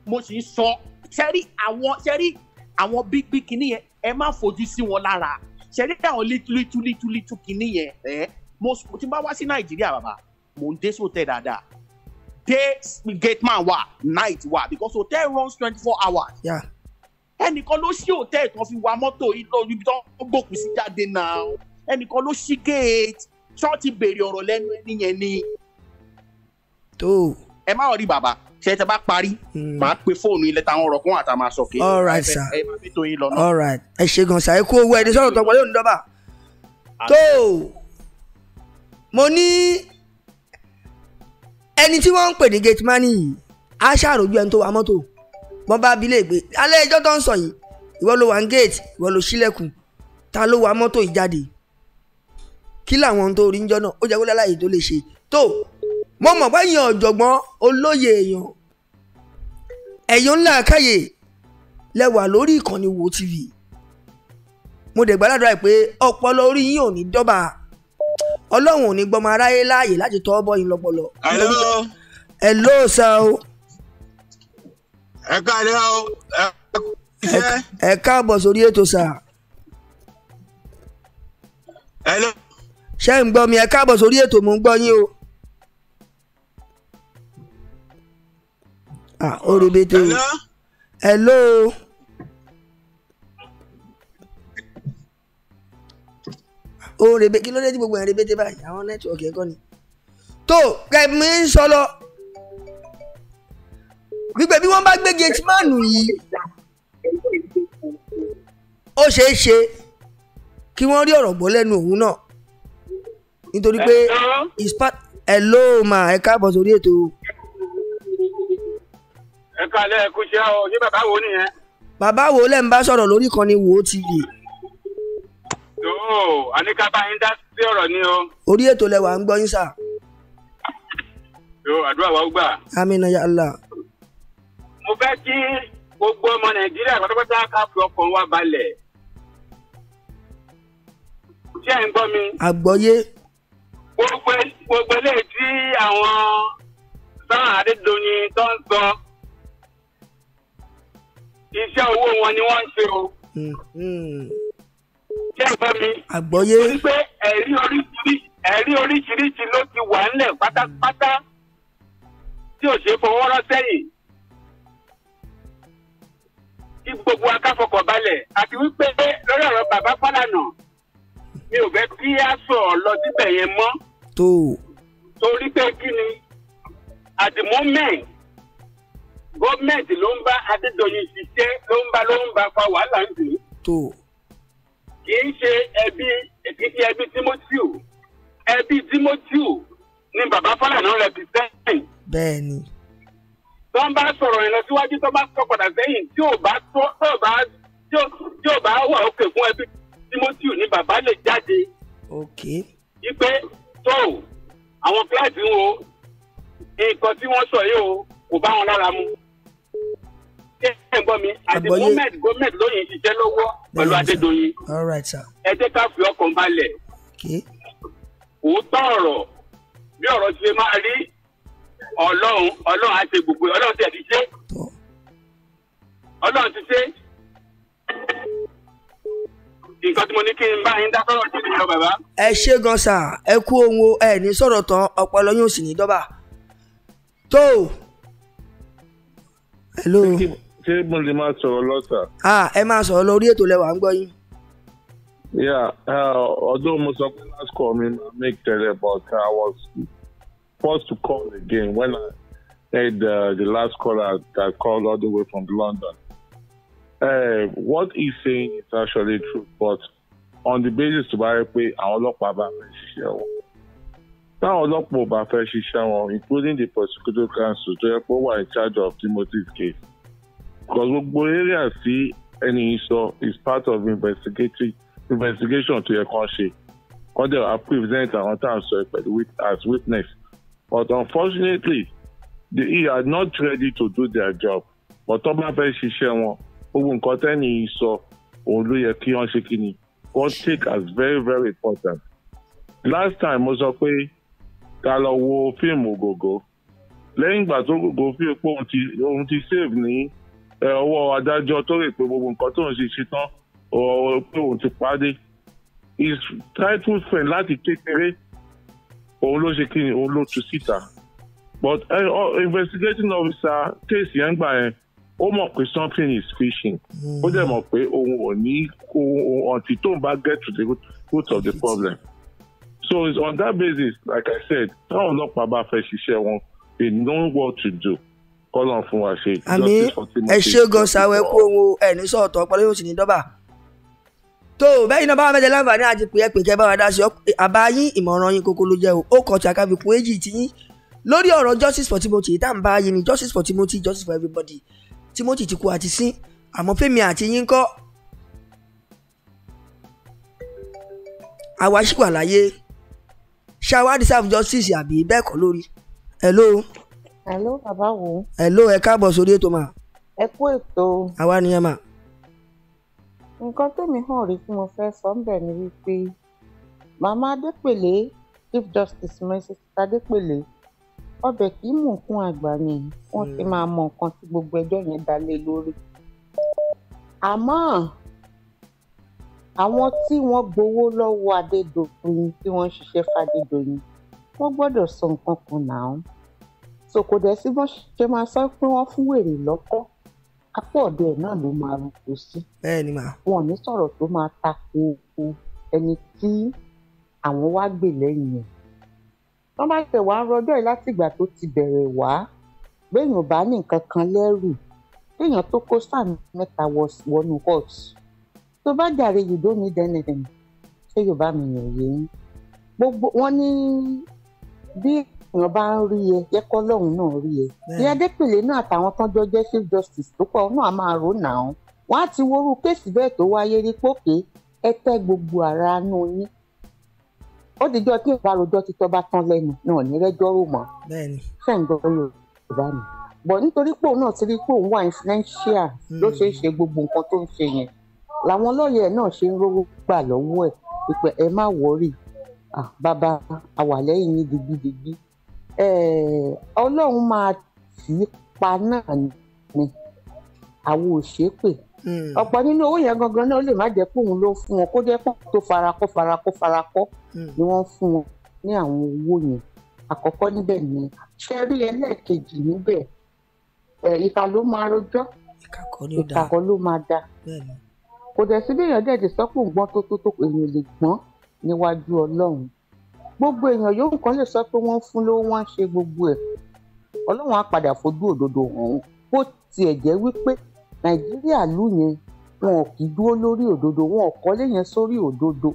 mo sì ń sọ ṣẹ́rí àwọn ṣẹ́rí àwọn big big kìíní yẹn ẹ má fojú sí wọn lára ṣẹ́rí àwọn little little little kìíní yẹn ẹ mo ti bá wá sí nàìjíríà bàbá mo ń dé sóòtẹ́ dáadáa day gate man wà night wà because hotel runs twenty four hours. Yeah ẹnìkan ló ṣí hòtẹ́ẹ̀lì kan fi wa mọ́tò ibi tó ń gbòkú sí jáde náà ẹnìkan ló ṣí géètì ṣọ́ọ̀tì béèrè ọ̀rọ̀ lẹ́nu ẹni yẹn ni. tó. ẹ má rí bàbá ṣe tẹ bá parí hmm. màá pe fóònù ilẹ̀ táwọn ọ̀rọ̀ kún àtàwọn aṣọ all right sir all right ẹ ṣe gan sa ẹ kú owó ẹni sọ̀rọ̀ tọpọ̀ lónìí dọ́bà. tó mo ní ẹni tí wọ́n ń pè ní gate money. yìí á ṣàròjú ẹni tó wa mọ́tò wọ́n bá abilé gbé alẹ́ ẹjọ́ tó ń sọ yìí ìwọ ló wà ń géètì ìwọ ló ṣílẹ̀kùn ta ló wa mọ́tò ìjáde kí làwọn tó rí ń jọ náà ó jẹ́ kó láláyè tó lè ṣe tó mo mọ̀ pé èèyàn ọ̀jọ̀gbọ́n olóye èèyàn ẹ̀yọ́ ńlá káyè lẹ́wà lórí ìkànnì wo tv mo dẹ̀ gbàdúrà pé ọpọlọ orí yín ò ní dọ́bà ọlọ́run ò ní gbọmọ aráyé láàyè láti tọ́ bọ́ yín lọ́pọlọ. hello hello sir ẹ káàlẹ́ o ẹ kú iṣẹ́. ẹ káàbọ̀ sórí ètò sà. hello. ṣé ń gbọ́ mi ẹ káàbọ̀ sórí ètò mò ń gbọ́ yín o. ah ó rebete o. hello. hello. ó rebe kí ló dé tí gbogbo ẹ̀ rebete báyìí àwọn nẹ́tíwọ̀kì ẹ̀kọ́ ni. tó kẹ́mi ń sọ lọ wípé bí wọ́n bá gbé gateman yìí ó ṣeé ṣe kí wọ́n rí ọ̀rọ̀ gbọ́ lẹ́nu òun náà nítorí pé hello ma ẹ káàbọ̀ sórí ètò. ẹ kalẹ̀ kú ṣe ọ ní bàbá wo nìyẹn. bàbá wo lẹ́ ń bá sọ̀rọ̀ lórí ìkànnì wo tv. yóò àníkà bá yín dá sí ọ̀rọ̀ ni o. orí ètò lẹwà ń gbọ́ yín sà. yóò àdúrà wa ó gbà. àmín ya mo fẹ́ kí gbogbo ọmọ nàìjíríà pátápátá ká fi ọkàn wa balẹ̀. ṣé ẹ̀ ń gbọ́ mi. àgbọ́yé. gbogbo gbogbo tí àwọn sáà adédọ̀yìn tó ń sọ iṣẹ́ owó wọn ni wọ́n ń ṣe o. Mm-hmm. ṣé ẹ̀ ń gbọ́ mi. àgbọ́yé. torí pé ẹ̀rí oríṣiríṣi ẹ̀rí oríṣiríṣi ló ti wà ńlẹ̀ pátápátá tí ò ṣe fọwọ́ sẹ́yìn kí gbogbo akáfọkọ̀ balẹ̀ àti wípé lórí ọ̀rọ̀ bàbá Fálànà mi ò fẹ́ kí á sọ lọ síbẹ̀ yẹn mọ́. tó o. torí pé kí ni at the moment gọ́ọ̀mẹ̀ntì ló ń bá Adédoyin ṣiṣẹ́ ló ń bá ló ń bá fa wàhálà ń dùn. tó o. kì í ṣe ẹbí kì í ṣe ẹbí Timothy ẹbí Timothy ni bàbá Fálànà represent. bẹ́ẹ̀ni tó ń bá sọ̀rọ̀ yẹn lọ síwájú tó bá sọ padà sẹ́yìn tí ò bá tó ò bá tí ò bá wà òkè fún ẹbí Timothy ní bàbá lè jáde. ok. ipe tó àwọn kíláàsì wo nǹkan tí wọ́n sọ yìí o kò bá wọn lára mu. ṣé ẹ gbọ́ mi àti gómẹ̀t gómẹ̀t lóyìn ṣiṣẹ́ lọ́wọ́ pẹ̀lú Adédoyin. all right sir. ẹ jẹ́ ká fi ọkàn balẹ̀. ok. òótọ́ ọ̀rọ̀ bí ọ̀rọ̀ ti ṣe máa rí ọlọ́run ọlọ́run á ṣe gbogbo ọlọ́run tẹ̀ fi ṣe ọlọ́run ti ṣe nǹkan tí mo ní kí n bá yín dá sọ̀rọ̀ tó ti lọ bàbá. ẹ ṣe gan sa ẹ kú ohun o ẹ ní sọ̀rọ̀ tán ọpọlọ yóò sì ní dọ́bà tó. hello. ṣé mo lè máa sọ̀rọ̀ lọ́sà. ẹ máa sọ̀rọ̀ orí ètò lẹ́wà ń gbọ́ yín. yeah ọdún uh, mo sọ pé last call mi make tẹlẹ but i was forced to call again when I had uh, the last caller that called all the way from London. Uh, what he's saying is actually true, but on the basis to buy pay àwọn ọlọ́pàá bá fẹ́ ṣiṣẹ́ wọn. Táwọn ọlọ́pàá ò bá fẹ́ including the prosecutor council tó yẹ pé in charge of Timothy's case. Because gbogbo area see any issue is part of investigation tó your kán ṣe. they dẹ̀ wá present àwọn tá à as witness. But unfortunately, they are not ready to do their job. But tó bá fẹ́ ṣiṣẹ́ wọn, gbogbo nǹkan tẹ́ni sọ, òun ló yẹ kí wọ́n ṣe kí ni. God take as very very important. Last time mo sọ pé ká lọ wo fíìmù Ògògó. Lẹ́yìn ìgbà tó Ògògó fi pé òun ti save ní ọwọ́ adájọ́ tó rè pé gbogbo nǹkan tó ń ṣe ṣe tán pé òun ti pàdé. His title friend láti kékeré. Like òun ló ṣe kí ni òun ló tú síta but uh, investigating officer kéèsì yẹn gbà yẹn ó mọ̀ pé something is fishing ó dẹ̀ mọ̀ pé òun ò ní ohun ọ̀tí tóun bá get to the root of the problem so it's on that basis like i said táwọn ọlọ́pàá bá fẹ́ ṣiṣẹ́ wọn they know what to do kọ́lọ̀ fún wa ṣe. àmì ẹ ṣe gan sáwẹ́ kó ohun ẹ̀ ní sọ̀tọ̀ ọpọlọ yóò sì ní dọ́bà. tó o bẹ́ẹ̀ iná báwa mẹ́tẹ̀ẹ́ láǹfààní àti pè é pè kẹ́ báwa dá sí àbá yín ìmọ̀ràn yín kókó ló jẹ́ o ó kọ̀ọ̀tì àkàfikún èjì tí yín lórí ọ̀rọ̀ justice for Timothy tá à bá yín ni justice for Timothy justice for everybody Timothy ti kú àti sín àmọ́ fẹ́mi àti yín kọ́ àwa ṣì wà láyé ṣáwa deserve justice àbí bẹ́ẹ̀ kọ́ lórí hello. hello bàbá wo. hello ẹ káàbọ̀ sórí ètò mà. ẹ kú ètò. àwa nìyẹn mà. nǹkan tẹ́mi hàn rí tí mo fẹ́ sọ ń bẹ̀ ni wípé màmá adépèlé chief justice mrs adépèlé ọbẹ̀ kì í mú nǹkan àgbà ni wọ́n ti máa mọ nǹkan tí gbogbo ẹjọ́ yẹn dá lé lórí àmọ́ àwọn tí wọ́n gbowó lọ́wọ́ adédọ̀yìn tí wọ́n ń ṣiṣẹ́ fàdédọ̀yìn wọ́n gbọ́dọ̀ sọ nǹkan kan náà so kò dẹ̀ sí bọ́n ṣe máa sọ pé wọ́n fún wèrè lọ́kọ́ apá ọ̀dọ̀ ẹ̀ náà ló máa rúkọ sí. bẹ́ẹ̀ ni wọn ò ní sọ̀rọ̀ tó máa tako ẹni tí àwọn wá gbè lẹ́yìn ẹ̀. wọ́n bá tẹ̀ wá rọjọ́ yìí látìgbà tó ti bẹ̀rẹ̀ wá béèyàn bá ní nǹkan kan lẹ́rù téèyàn tó kó sáà mẹ́ta wọnú court tó bá jàre you don't need anything ṣé yorùbá mi yàn yé yín gbogbo wọn ní bí èèyàn bá ń rí ẹ jẹ́ kọ́lọ́hún náà rí ẹ. ìyá adépèlé náà àtàwọn tán jọ jẹ́ chief justice tó pọ̀ náà máa rò náà wọ́n á ti wórú kéèsì bẹ́ẹ̀ tó wáyé rí pókè ẹ tẹ́ gbogbo ara nù yín. ó dìjọ́ tí ìbárojọ́ ti tọ́ba tán lẹ́nu náà ní rẹ́jọ́rò mọ́ fẹ́ǹgbọ́ yorùbá mi. bọ̀ nítorí pòun náà ti rí pòun wà influential ló hmm. ṣe é ṣe gbogbo nǹkan tó ń ṣe yẹn làwọn lọ́ọ̀yẹ̀ náà ṣe ń rówó gbà lọ́wọ́ ẹ̀ pípẹ́ ẹ má wọ́rì bàbá àwàlẹ́yìn ní digidigbi Eh, ọlọ́run máa tì í pa náà ni àwọn òṣèpè hmm. ọ̀pọ̀ nínú owó yẹn gangan náà lè má jẹ́ pé òun ló fún wọn kó jẹ́ pọ̀ tó farakọ́ farakọ́ farakọ́ hmm. ni wọ́n fún wọn ní àwọn owó yẹn àkọ́kọ́ níbẹ̀ ni ṣe rí ẹlẹ́ẹ̀kejì níbẹ̀ eh, ìkà ló máa rojọ́ ìkà kan ló máa da kò dẹ̀ sí bí èèyàn dẹ̀ ti sọ́pọ̀ gbọ́n tó tó tó èèyàn lè gbọ́n níwájú ọlọ́run gbogbo èèyàn yòówù kan lè sọ pé wọ́n ń fún lówó wọ́n ń ṣe gbogbo ẹ̀ ọlọ́run á padà fojú òdodo hàn án bó tiẹ̀ jẹ́ wípé nàìjíríà lù yẹn wọn ò kì í dúró lórí òdodo wọn ò kọ́lé yẹn sórí òdodo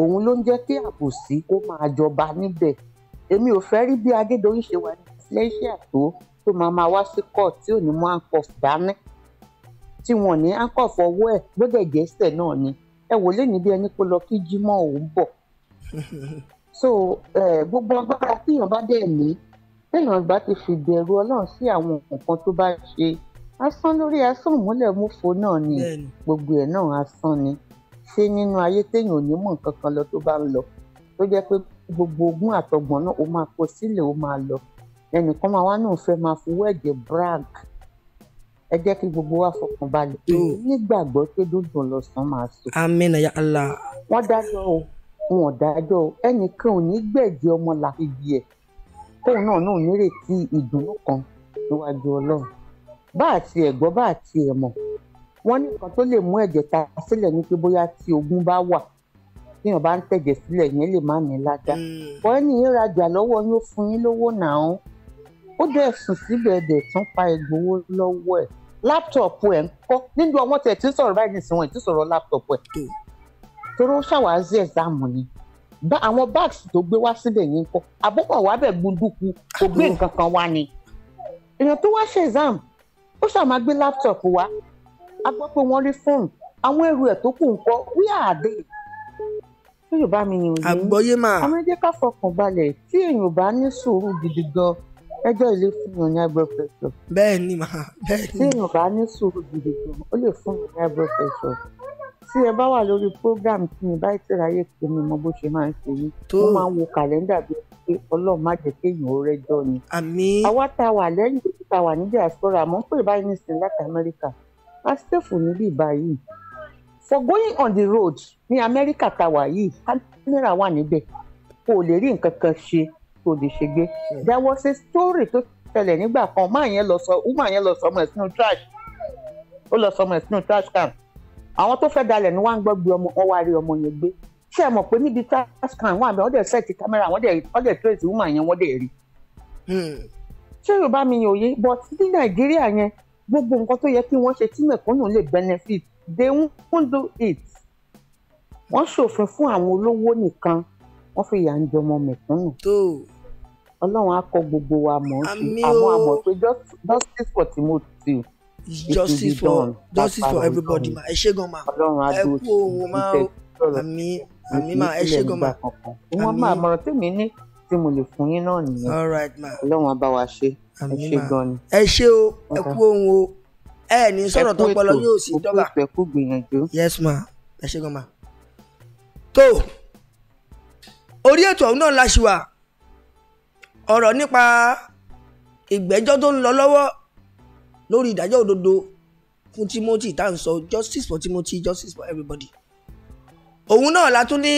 òun ló ń jẹ́ kí àbòsí kó máa jọba níbẹ̀ èmi ò fẹ́ rí bí Adédoyin ṣe wà ní iléeṣẹ́ àtó tó máa máa wá sí court tí ò ní mú handcuff dání tí wọn ní handcuff ọwọ́ ẹ̀ gbọ́dọ̀ jẹ́sẹ̀ náà ni ẹ wò lé ní ẹni kó lọ kí Jímọ̀ òun bọ̀ so eh, gbogbo agbára téèyàn bá dẹ̀ ní téèyàn bá ti fìbẹ̀rù ọlọ́run sí àwọn nǹkan tó bá ṣe asán lórí asán òmúlẹ̀ múfo náà ni gbogbo ẹ̀ náà asán ni ṣé nínú ayé téèyàn ò ní mọ̀ nǹkan kan lọ tó bá ń lọ tó jẹ́ pé gbogbo ogún àtọgbọ̀n náà ó máa kó sílẹ̀ ó máa lọ ẹnìkan máa wá náà fẹ́ máa fowó ẹ̀jẹ̀ brag ẹ jẹ́ kí gbogbo wa fọkàn balẹ̀ nígbàgbọ́ pé dúdú ọlọ́sàn máa sọ. àmín ya Allah. wọ́n dájọ́ o wọn ò dájọ́ ẹnìkan ò ní gbẹ̀jẹ̀ ọmọ làfihàn ẹ̀ tóun náà náà nírètí ìdùnnú kan níwájú ọlọ́run bá àti ẹ̀ gbọ́ bá àti ẹ̀ mọ̀ wọ́n ní nǹkan tó lè mú ẹ̀jẹ̀ ta sílẹ̀ ní pé bóyá tí ogun bá wà téèyàn bá ń tẹ̀jẹ̀ sílẹ̀ yẹn lè má ní ládá bọ́ ẹni yín rajà lọ́wọ́ yóò fún yín lówó náà ó dẹ̀ sùn síbẹ̀ dẹ̀ tún pa ìgbowó lọ́wọ́ ẹ̀ láptọ̀pù ẹ̀ ń kọ́ nínú ọmọ tẹ̀ tí sọ̀rọ̀ báyìí nìsín wọn ẹ̀ torí ó ṣàwárí ẹ̀sàmù ni bá àwọn bags tó gbé wá síbẹ̀ yìí ń kọ́ àbúkọ̀ wà bẹ̀ gbunduku kò gbé nǹkan kan wá ni èèyàn tó wá ṣe exam ó ṣàmà gbé laptop wá a gbọ́ pé wọ́n rí fóònù àwọn ẹrù ẹ̀ tó kù ń kọ́ wíyà àdé tí yorùbá mi yàn yìí àgbọ́yé máa àwọn ẹjẹ́ ká fọkàn balẹ̀ tí èèyàn bá ní sùúrù gidi gan ẹjọ́ ilé fún yàn ní agbo pressure bẹ́ẹ̀ ni màá bẹ́ẹ̀ ni tí èèyàn bá ní sùúrù gidi gan ó lè fún yàn ní agbo pressure tí ẹ bá wà lórí program tí mi báyìí ti ráyè pé mi mọ bó ṣe máa ń ṣe yín mo máa ń wo kàlẹ́ndà bí pé ọlọ́run má jẹ́ kéèyàn ó rẹ́jọ́ ni. àmín. àwa tá wà lẹ́yìn tó ta wà ní diaspora mo ń pè báyìí nísìnyí láti amẹ́ríkà a ṣèfù níbí báyìí for going on the road ní amẹ́ríkà tá wà yìí kámẹ́rà wà níbẹ̀ kó o lè rí nǹkan kan ṣe kó lè ṣe gbé there was a story tó ṣẹlẹ̀ nígbà kan máa yẹn lọ sọ ọmọ yẹn lọ sọ ọmọ ẹ̀ trash ó lọ sọ ọmọ ẹ̀ trash can àwọn tó fẹ́ dalẹ̀ ni wọ́n á gbọ́ gbé ọmọ wọn wá rí ọmọ yẹn gbé ṣé ẹ mọ̀ pé níbi tascan wà bẹ́ẹ̀ wọ́n dẹ̀ sẹ́ẹ̀tì kámẹ́rà wọ́n dẹ̀ wọ́n dẹ̀ tírèsì woman yẹn wọ́n dẹ̀ rí. ṣé yorùbá mi yàn òye but ní nàìjíríà yẹn gbogbo nǹkan tó yẹ kí wọ́n ṣe tí mẹ̀kúnnù lè benefit they won't do it. wọ́n ṣòfin fún àwọn olówó nìkan wọ́n fi yà ń jọmọ mẹ̀kúnnù. ọlọ́run á kọ gbogbo wa mọ̀ ọ́ sí àwọn àmọ̀ pé justice for Timothy justice for justice for everybody ma ẹ ṣé gan ma ẹ kú òun ma àmì àmì ma ẹ ṣé gan ma àmì. wọ́n máa mọ̀rọ̀ tèmi ní tí mo lè fún yín náà nìyẹn ọlọ́run á bá wa ṣe ẹ ṣé gan ni. ẹ ṣé o ẹ kú òun o ẹ ní sọ̀rọ̀ tó pọ̀ lọ yóò sì dọ́gba ẹ kú gbìyànjú. yes ma ẹ ṣé gan ma. tó orí ètò ọ̀hún náà la ṣì wà ọ̀rọ̀ nípa ìgbẹ́jọ́ tó ń lọ lọ́wọ́ lórí ìdájọ́ òdodo fún Timothy tá à ń sọ justice for Timothy justice for everybody òun náà la tún ní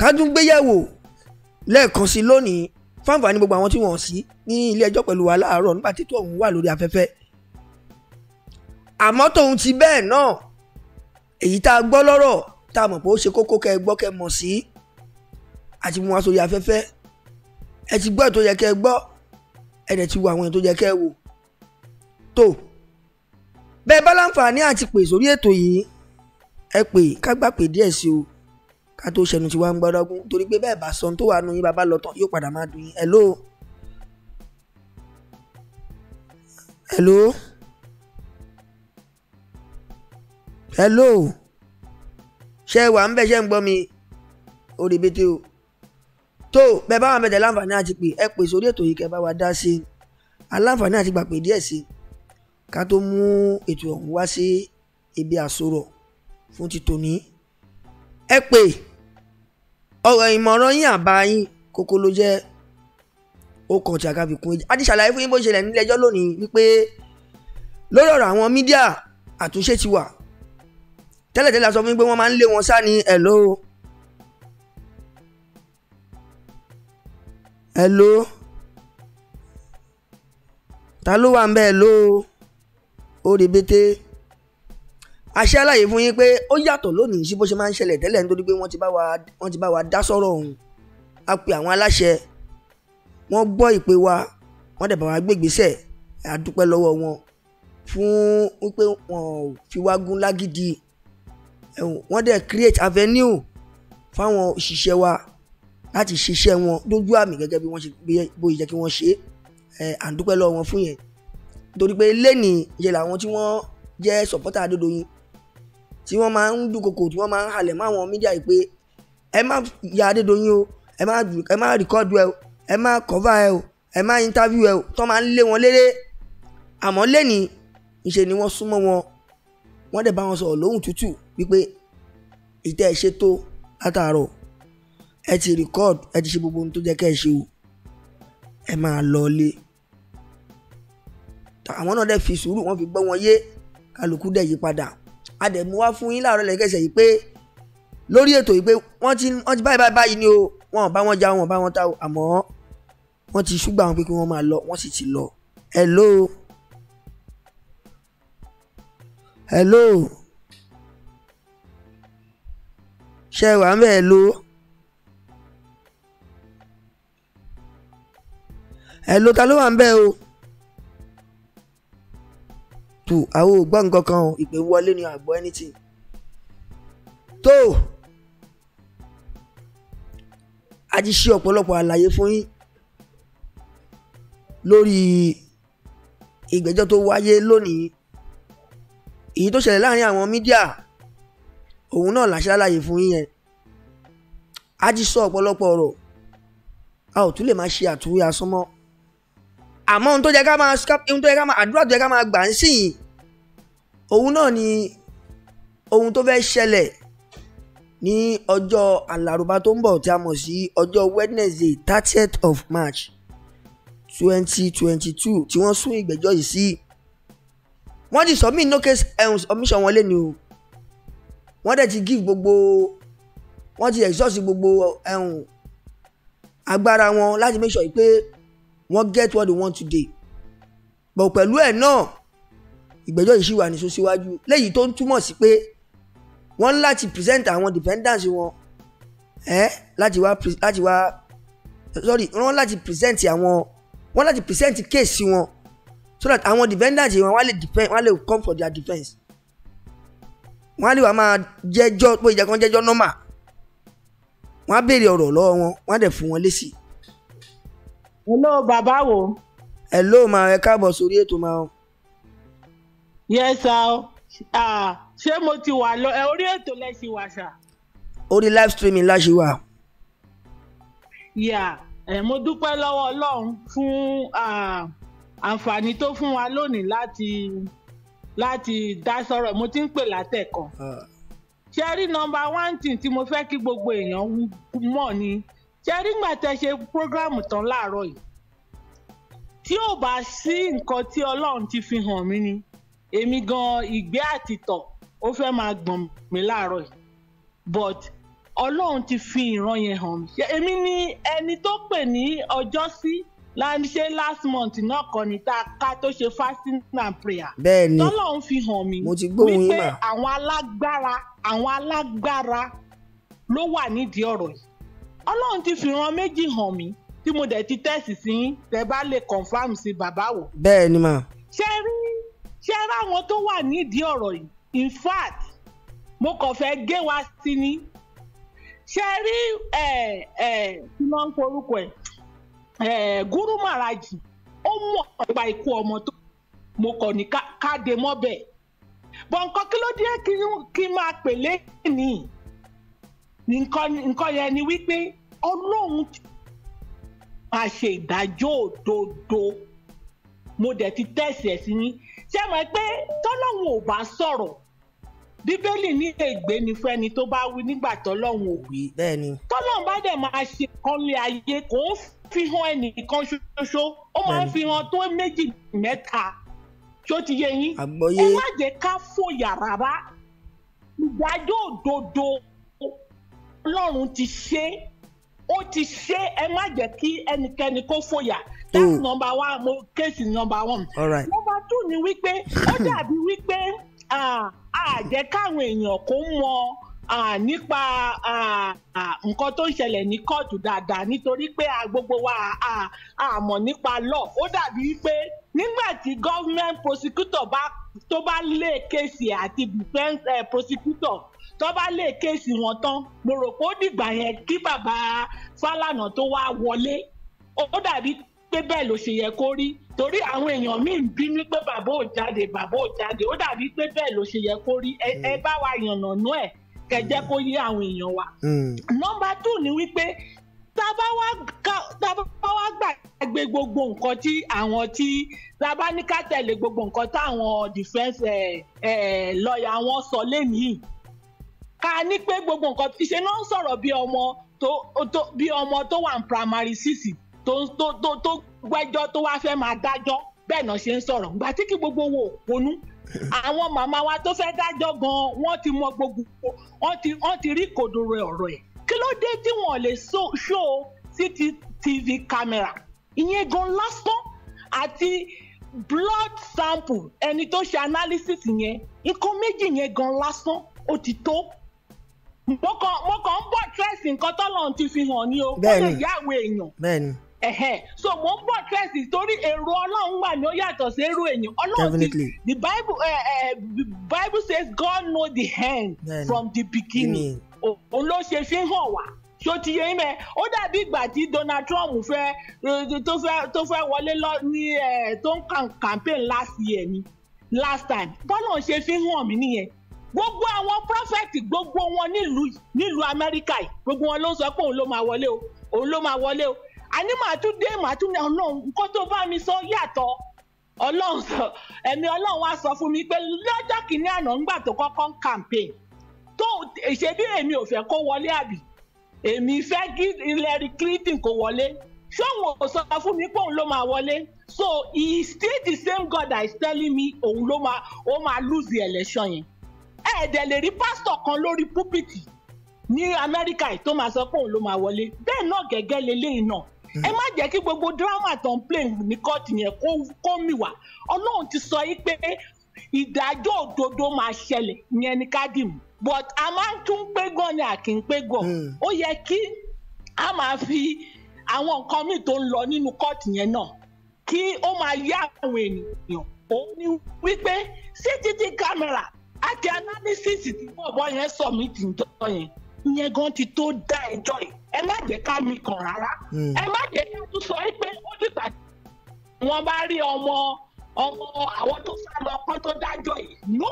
kádúgbéyẹ̀wò lẹ́ẹ̀kan sí lónìí fáǹfààní gbogbo àwọn tí wọ́n sí ní ilé ẹjọ́ pẹ̀lú wa láàárọ̀ nígbà tí tó ọ̀hún wà lórí afẹ́fẹ́ àmọ́ tóun ti bẹ́ẹ̀ náà èyí tá a gbọ́ lọ́rọ̀ tá a mọ̀ pé ó ṣe kókó kẹ́ ẹ gbọ́ kẹ́ ẹ mọ̀ sí àti mú wa sórí afẹ́fẹ́ ẹ ti gbọ́ ètò yẹ kẹ́ ẹ gbọ́ ẹ dẹ̀ ti wo àwọn ètò yẹ kẹ́ ẹ wò tó bẹ́ẹ̀ bá láǹfààní àti pè sórí ètò yìí ẹ pè ká gbà pé díẹ̀ sí o ká tó ṣẹnu tí wàá ń gbọ́dọ́gún torí pé bẹ́ẹ̀ bá sọ tó wà nù yín bàbá lọ tán yóò padà máa dùn yín hello hello hello ṣé wà ń bẹ̀ ṣé ń gbọ́ mi ó rí bété o tó bẹ́ẹ̀ bá wà ń bẹ̀ tẹ̀ láǹfààní àti pè ẹ pè sórí ètò yìí kẹ́ bá wa dá sí i aláǹfààní àti gbà pé sí i ká tó mú ètò ọ̀hún wá sí ibi àsọ̀rọ̀ fún ti tòní. ẹ pè ọ̀rọ̀ ìmọ̀ràn yín àbá yín kókó ló jẹ́ ó kàn tí a ká fi kún ẹjẹ. a ti ṣàlàyé fún yín bó ṣe lẹ̀ lónìí wípé lórí ọ̀rọ̀ àwọn mídíà àtúnṣe ti wà tẹ́lẹ̀tẹ́lẹ̀ sọ fún yín pé wọ́n máa ń lé wọn sá ní hello hello ta ló wà ń bẹ́ẹ̀ hello ó rí bété a ṣe àlàyé fún yín pé ó yàtọ̀ lónìí sí bó ṣe máa ń ṣẹlẹ̀ tẹ́lẹ̀ nítorí pé wọ́n ti bá wa wọ́n ti bá wa dá sọ́rọ̀ ọ̀hún a pe àwọn aláṣẹ wọ́n gbọ́ ìpè wa wọ́n dẹ̀ bá wa gbé ìgbésẹ̀ a dúpẹ́ lọ́wọ́ wọn fún wípé wọn ò fi wá gún lágídí wọ́n dẹ̀ create avenue fáwọn òṣìṣẹ́ wa láti ṣiṣẹ́ wọn dójú àmì gẹ́gẹ́ bí wọ́n ṣe bóyá jẹ́ kí wọ́n ṣe é lọ́wọ́ wọn fún yẹn torí pé lẹ́nìí yẹ làwọn tí wọ́n jẹ́ sọ̀pọ́tà Adédoyin tí wọ́n máa ń dúnkokò tí wọ́n máa ń halẹ̀ mọ́ àwọn mídíà yìí pé ẹ má ya Adédoyin o ẹ má ẹ má rìkọ́dù ẹ o ẹ má kọ́fà ẹ o ẹ má intaviu ẹ o tó máa ń lé wọn léré àmọ́ lẹ́nìí ìṣe ni wọ́n súnmọ́ wọn wọ́n dẹ̀ bá wọn sọ̀rọ̀ lóhùn tútù wípé ìtẹ́ ẹ ṣe tó látàárọ̀ ẹ ti rìkọ́dù ẹ ti ṣe gbogbo ohun tó jẹ́ kẹ́ ẹ ṣe o ẹ máa lọ ilé àwọn náà dẹ̀ fi sùúrù wọ́n fi gbọ́ wọn yé kálukú dẹ̀ yí padà a wá fún yín láàárọ̀ lẹ́kẹ̀sẹ̀ yìí pé lórí ètò yìí pé wọ́n ti wọ́n ti báyìí báyìí ni o wọn ò bá wọn já wọn ò bá wọn ta o àmọ́ wọ́n ti ṣúgbà wọn pé kí máa lọ wọ́n sì ti lọ hello hello ṣe wà ń bẹ̀ hello hello ta ló wà ń bẹ̀ o two àwọn ò gbọ́ nǹkan kan o ìpè wọlé ni àgbọ̀ anything tó a ti ṣe ọ̀pọ̀lọpọ̀ àlàyé fún yín lórí ìgbẹ́jọ́ tó wáyé lónìí èyí tó ṣẹlẹ̀ láàrin àwọn mídíà òun náà làṣàlàyé fún yín yẹn a ti sọ ọ̀pọ̀lọpọ̀ ọ̀rọ̀ a ò tún lè máa ṣe àtúwé asán mọ́ àmọ́ ohun tó yẹ ká máa àdúrà tó yẹ ká máa gbà ń sìn yìí òun náà ni ohun tó fẹ́ ṣẹlẹ̀ ní ọjọ́ alárùbá tó ń bọ̀ tí a mọ̀ sí ọjọ́ Wednesday thirtieth of March twenty twenty two tí wọ́n sún ìgbẹ́jọ́ yìí sí wọ́n ti submit no case omission eh, wọn lé ni o wọ́n dẹ̀ ti give gbogbo wọ́n ti exhaust gbogbo ẹ̀hún eh, agbára wọn láti make sure pé wọ́n get what they want today but pẹ̀lú ẹ̀ náà. No, ìgbẹ́jọ́ yìí sì wà nìṣó síwájú léyìí tó ń túmọ̀ sí pé wọ́n ń láti present àwọn defendants wọn ẹ́ láti wá láti wá sorry wọ́n láti present àwọn wọ́n láti present case wọn so that àwọn defendants wọn wọ́n lè defend wọ́n lè come for their defence wọ́n á lè wá máa jẹ́jọ́ pé ìjà kan jẹ́jọ́ normal wọ́n á béèrè ọ̀rọ̀ lọ́wọ́ wọn wọ́n á dẹ̀ fún wọn lésì. hello bàbá wo. hello ma ẹ káàbọ̀ sórí ètò ma yes sir ah, ṣé mo ti wà lọ ẹ orí ètò lẹ ṣì wà ṣá. orí live streaming la ṣì wà. yà mo dúpẹ́ lọ́wọ́ Ọlọ́run fún àǹfààní tó fún wa lónìí láti láti dá sọ̀rọ̀ mo ti ń pè látẹ̀kọ́. Ah. ṣe rí nọmba one thing tí mo fẹ́ kí gbogbo èèyàn mọ̀ ni ṣe rí gbà tẹ́ ṣe program tán láàárọ̀ yìí tí ò bá sí nǹkan tí Ọlọ́run ti fi hàn mí ni. Uh, èmi gan ìgbẹ́ àtìtọ̀ ó fẹ́ máa gbọ̀n mí láàárọ̀ yìí but ọlọ́run ti fi ìran yẹn hàn mí. èmi ni ẹni tó pè ní ọjọ́ sí láńṣe last month náà kọ́ ni tá a ká tó ṣe fasting and prayer. bẹ́ẹ̀ni tọ́lọ́run fi hàn mí mo ti gbóhùn yín mà wípé àwọn alágbára àwọn alágbára ló wà nídìí ọ̀rọ̀ yìí ọlọ́run ti fi ìran méjì hàn mí tí mo dẹ̀ ti tẹ̀sì sí tẹ bá lè confam sí bàbá wò. bẹ́ẹ̀ni mà. ṣé rí ṣé ráwọn tó wà nídìí ọ̀rọ̀ yìí in fact mo kàn fẹ́ gé wa sí ni ṣe rí ẹ ẹ kí ló ń forúkọ ẹ Guru Maharaj ó mọ̀ nípa ikú ọmọ tó mo kàn ní káde mọ́bẹ̀ bọ̀ kí ló dé kí n máa pè lẹ́yìn ni nǹkan yẹn ni wípé Ọlọ́run máa ṣe ìdájọ́ òdodo mo dẹ̀ ti tẹ̀sí sí yín ṣé mọ̀ pé tọ́lọ́hún ò bá sọ̀rọ̀ bíbélì ní ègbé ni fẹ́ni tó bá wí nígbà tọ́lọ́hún ò wí. bẹ́ẹ̀ni. tọ́lọ́hún bá dẹ̀ máa ṣe kanlẹ̀ ayé kò ń fi hàn ẹnìkan ṣoṣo ó máa ń fi hàn tó méjì mẹ́ta tó ti yé yín. àgbọ̀yé ẹ má jẹ́ ká fòyà rárá ìdájọ́ òdodo ọlọ́run ti ṣe ó ti ṣe ẹ má jẹ́ kí ẹnikẹ́ni kó fòyà that's number one mo case number one. all right number two ni wípé ó dàbí wípé àjẹ́ káwọn èèyàn kò mọ nípa nǹkan tó ń ṣẹlẹ̀ ní kóòtù dáadáa nítorí pé gbogbo wa àmọ̀ nípa law ó dàbí pé nígbà tí government prosecutor bá tó bá lé kéèsì àti defence eh, prosecutor tó bá lé kéèsì wọn tán mo rò pé ó dìgbà yẹn kí bàbá Fálànà tó wá wọlé ó dàbí pé bẹ́ẹ̀ ló ṣe yẹ kó rí torí àwọn èèyàn míì ń bínú pé bàbá ò jáde bàbá ò jáde ó dàbí pé bẹ́ẹ̀ ló ṣe yẹ kó rí ẹ bá wa yànnànú ẹ̀ kẹjẹ kó yé àwọn èèyàn wa. Hmm. nọ́mbà tù ni wípé tábà wá gbàgbé gbogbo nǹkan tí àwọn tí tábà ní ká tẹ̀lé gbogbo nǹkan táwọn defence lọ́ọ̀yà wọn sọ lẹ́nìí ká ní pé gbogbo nǹkan ìṣe náà ń sọ̀rọ̀ bí ọmọ tó wà ní primary six tó tó tó tó gbẹ́jọ́ tó wá fẹ́ máa dájọ́ bẹ́ẹ̀ náà ṣe ń sọ̀rọ̀ gbà tí kí gbogbo wo òpònú àwọn màmá wa tó fẹ́ dájọ́ gan wọ́n ti mọ gbogbo wọ́n ti wọ́n ti rí kòdòrò ọ̀rọ̀ ẹ̀ kí ló dé tí wọ́n lè ṣó tv camera ìyẹn gan lásán àti blood sample ẹni tó ṣe analysis yẹn nǹkan méjì yẹn gan lásán ó ti tó mo kàn mo kàn ń bọ̀ tírẹ̀sì nǹkan tọ́lọ́run ti fi hàn ní o kó lè yá àwọn èèyàn so mo ń bọ̀ tẹ́sí torí èrò ọlọ́run wà ní ó yàtọ̀ sí èrò èèyàn ọlọ́run ti the bible uh, uh, bible says God know the end Then, from the beginning òun ló ṣe fi hàn wá ṣó ti yẹ mẹ ó dàbí ìgbà tí Donald Trump fẹ́ eh, tó fẹ́ tó fẹ́ wọlé lọ ní tó ń campaign last year ni last time bọ́lá ṣe fi hàn mí nìyẹn gbogbo àwọn prọfẹ̀tì gbogbo wọn nílùú nílùú Amẹ́ríkà yìí gbogbo wọn ló sọ pé òun ló máa wọlé o òun ló máa wọlé o àní màá tún dé màá tún ní ọlọ́run nǹkan tó bá mi sọ yàtọ̀ ọlọ́run sọ ẹ̀mí ọlọ́run wá sọ fún mi pé lọ́jọ́ kìíní àná ńgbà tó kọ́kọ́ ń campaign tó ṣe bí èmi ò fẹ́ kó wọlé àbí èmi fẹ́ kí Hillary Clinton kó wọlé ṣóun ò sọ fún mi pé òun ló máa wọlé so he still the same God that is telling me òun ló máa ó máa lose the election yẹn ẹ̀ẹ́dẹ̀ lè rí pásítọ̀ kan lórí púpìtì ní Amẹ́ríkà tó máa sọ pé òun ló máa wọlé bẹ́ẹ̀ náà gẹ́gẹ́ leléyìí náà ẹ má jẹ́ kí gbogbo drama tó ń play ní kóòtù yẹn kó mì wá ọlọ́run ti sọ yí pé ìdájọ́ òdodo máa ṣẹlẹ̀ yẹn ni ká dì but a máa ń tún pé gan ni àkì ń pé gan hmm. ó yẹ kí a máa fi àwọn nǹkan míì tó ń lọ nínú kóòtù yẹn náà kí ó máa yá àwọn ènìyàn òun ni wípé CCTV camera àti analysis tí bọ̀bọ̀ yẹn sọ mí tì yẹn ìyẹn gan ti tó dá ẹjọ́ yìí ẹ má jẹ́ ká mi kàn rárá hmm. ẹ má jẹ́ ká tún sọ pé ó dìgbà wọ́n bá rí ọmọ ọmọ àwọn tó sá lọ kán tó dájọ́ yìí no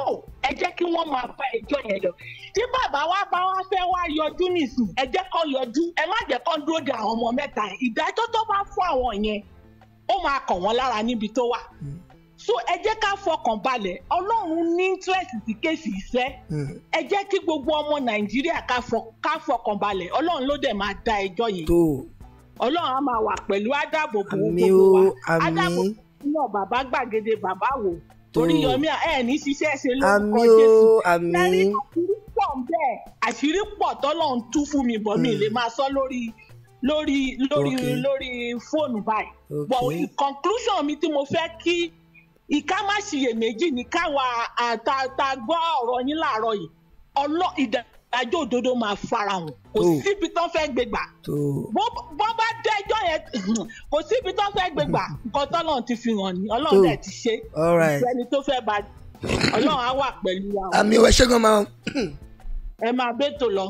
ẹ jẹ́ kí wọ́n máa bá ẹjọ́ yẹn lọ tí bàbá wa bá wá fẹ́ wá yọjú nìsín ẹ jẹ́ kó yọjú ẹ má jẹ́ kó dúró de àwọn ọmọ mẹ́ta ìdájọ́ tó bá fún àwọn yẹn ó máa kàn wọ́n lára níbi tó wà hmm so ẹ jẹ́ ká fọkàn balẹ̀ ọlọ́run ní interest ti kéèsì iṣẹ́ hmm. ẹ jẹ́ kí gbogbo ọmọ nàìjíríà ká fọkàn balẹ̀ ọlọ́run ló dẹ̀ máa da ẹjọ́ yìí ọlọ́run á máa wà pẹ̀lú àdàbòbò gbogbo wa àdàbòbò náà bàbá gbàgede bàbá wò torí yọmí ẹ ní ṣiṣẹ́ ṣe lórúkọ jésù lẹ́rìí àṣírí pọ̀ bẹ́ẹ̀ àṣírí pọ̀ tọ́lọ́run tú fún mi bọ̀ mi lè hmm. máa sọ lórí lórí lórí lórí fóònù báyìí but in conclusion mi tí mo fẹ́ kí ìká má ṣiyèméjì ní káwa àtàtà gbọ́ ọ̀rọ̀ yín láàárọ̀ yìí ọlọ́ ìdájọ́ òdodo máa fara hàn kò síbi tán fẹ́ gbé gbà bó bá dẹ́jọ́ yẹn kò síbi tán fẹ́ gbé gbà (laughs) nǹkan tọ́lọ́run ti fi hàn ní ọlọ́run dẹ̀ ti ṣe ìfẹ́ni tó fẹ́ bá ọlọ́run á wà pẹ̀lú wa. àmì ìwẹ̀ ṣẹ́gun máa. ẹ máa bẹ́tò lọ.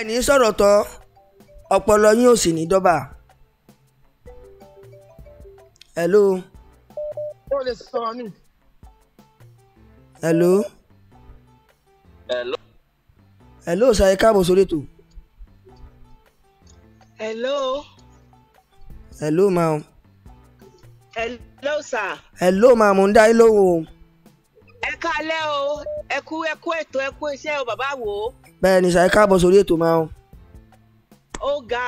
ẹni sọ̀rọ̀ tán ọpọlọ yín ò sì ní dọ́bà hello. ó lè sọ̀rọ̀ ni. hello. hello. hello ṣayé káàbọ̀ sórí ètò. hello. hello ma hello sir. hello ma mo ń dá yín lóhùn o. ẹ kálẹ́ o ẹ kú ẹ kú ètò ẹ kú iṣẹ́ o bàbá wo. bẹ́ẹ̀ ni ṣayé káàbọ̀ sórí ètò o. ga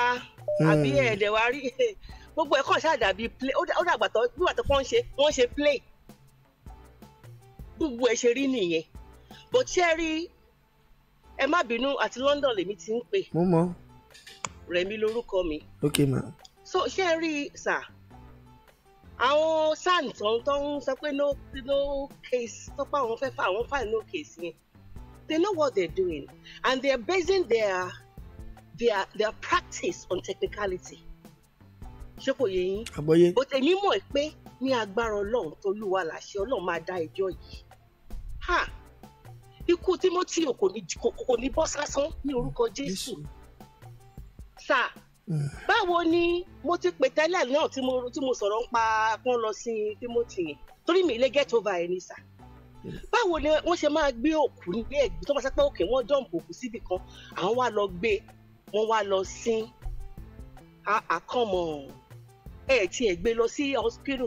àbí hmm. ẹ̀ẹ́dẹ̀ wa rí gbogbo ẹ̀ kàn ṣáà dàbí play ó dàgbà tó bí wàtí wọ́n ṣe wọ́n ṣe play gbogbo ẹ̀ ṣe rí nìyẹn bó tí ẹ rí ẹ má bínú àti London lèmi ti ń pè. mo mọ. Rẹ̀mí lórúkọ mi. ok ma. so ṣé ẹ rí sà àwọn SAN tó ń tó ń sọ pé no no case tó pa àwọn fẹ́ fa àwọn file no case yẹn they know what they're doing and they're basing their their their practice on technicality ṣé kò yé yín àgbọ́yé bó tèmi mọ̀ pé ní agbára ọlọ́run tó lù wá láṣẹ ọlọ́run máa dá ẹjọ́ yìí ha ikú Timothy kò ní bọ́ sásán ní orúkọ Jésù sà eh. báwo ni mo ti pè tẹ́lẹ̀ náà tí mo tí mo sọ̀rọ̀ ń pa pọ́n lọ sí Timothy yẹn torí mi ilé get over ẹni sà eh. báwo ni wọ́n ṣe máa gbé òkú nílé ẹ̀gbẹ́ tó bá sọ pé òkè wọ́n dọ̀m̀pù òkú síbì kan àwọn wá lọ gbé wọ́n wá lọ sin àkànmọ́ ah, ah, ọ̀hún ẹ ti ẹ̀ gbé lọ sí hospital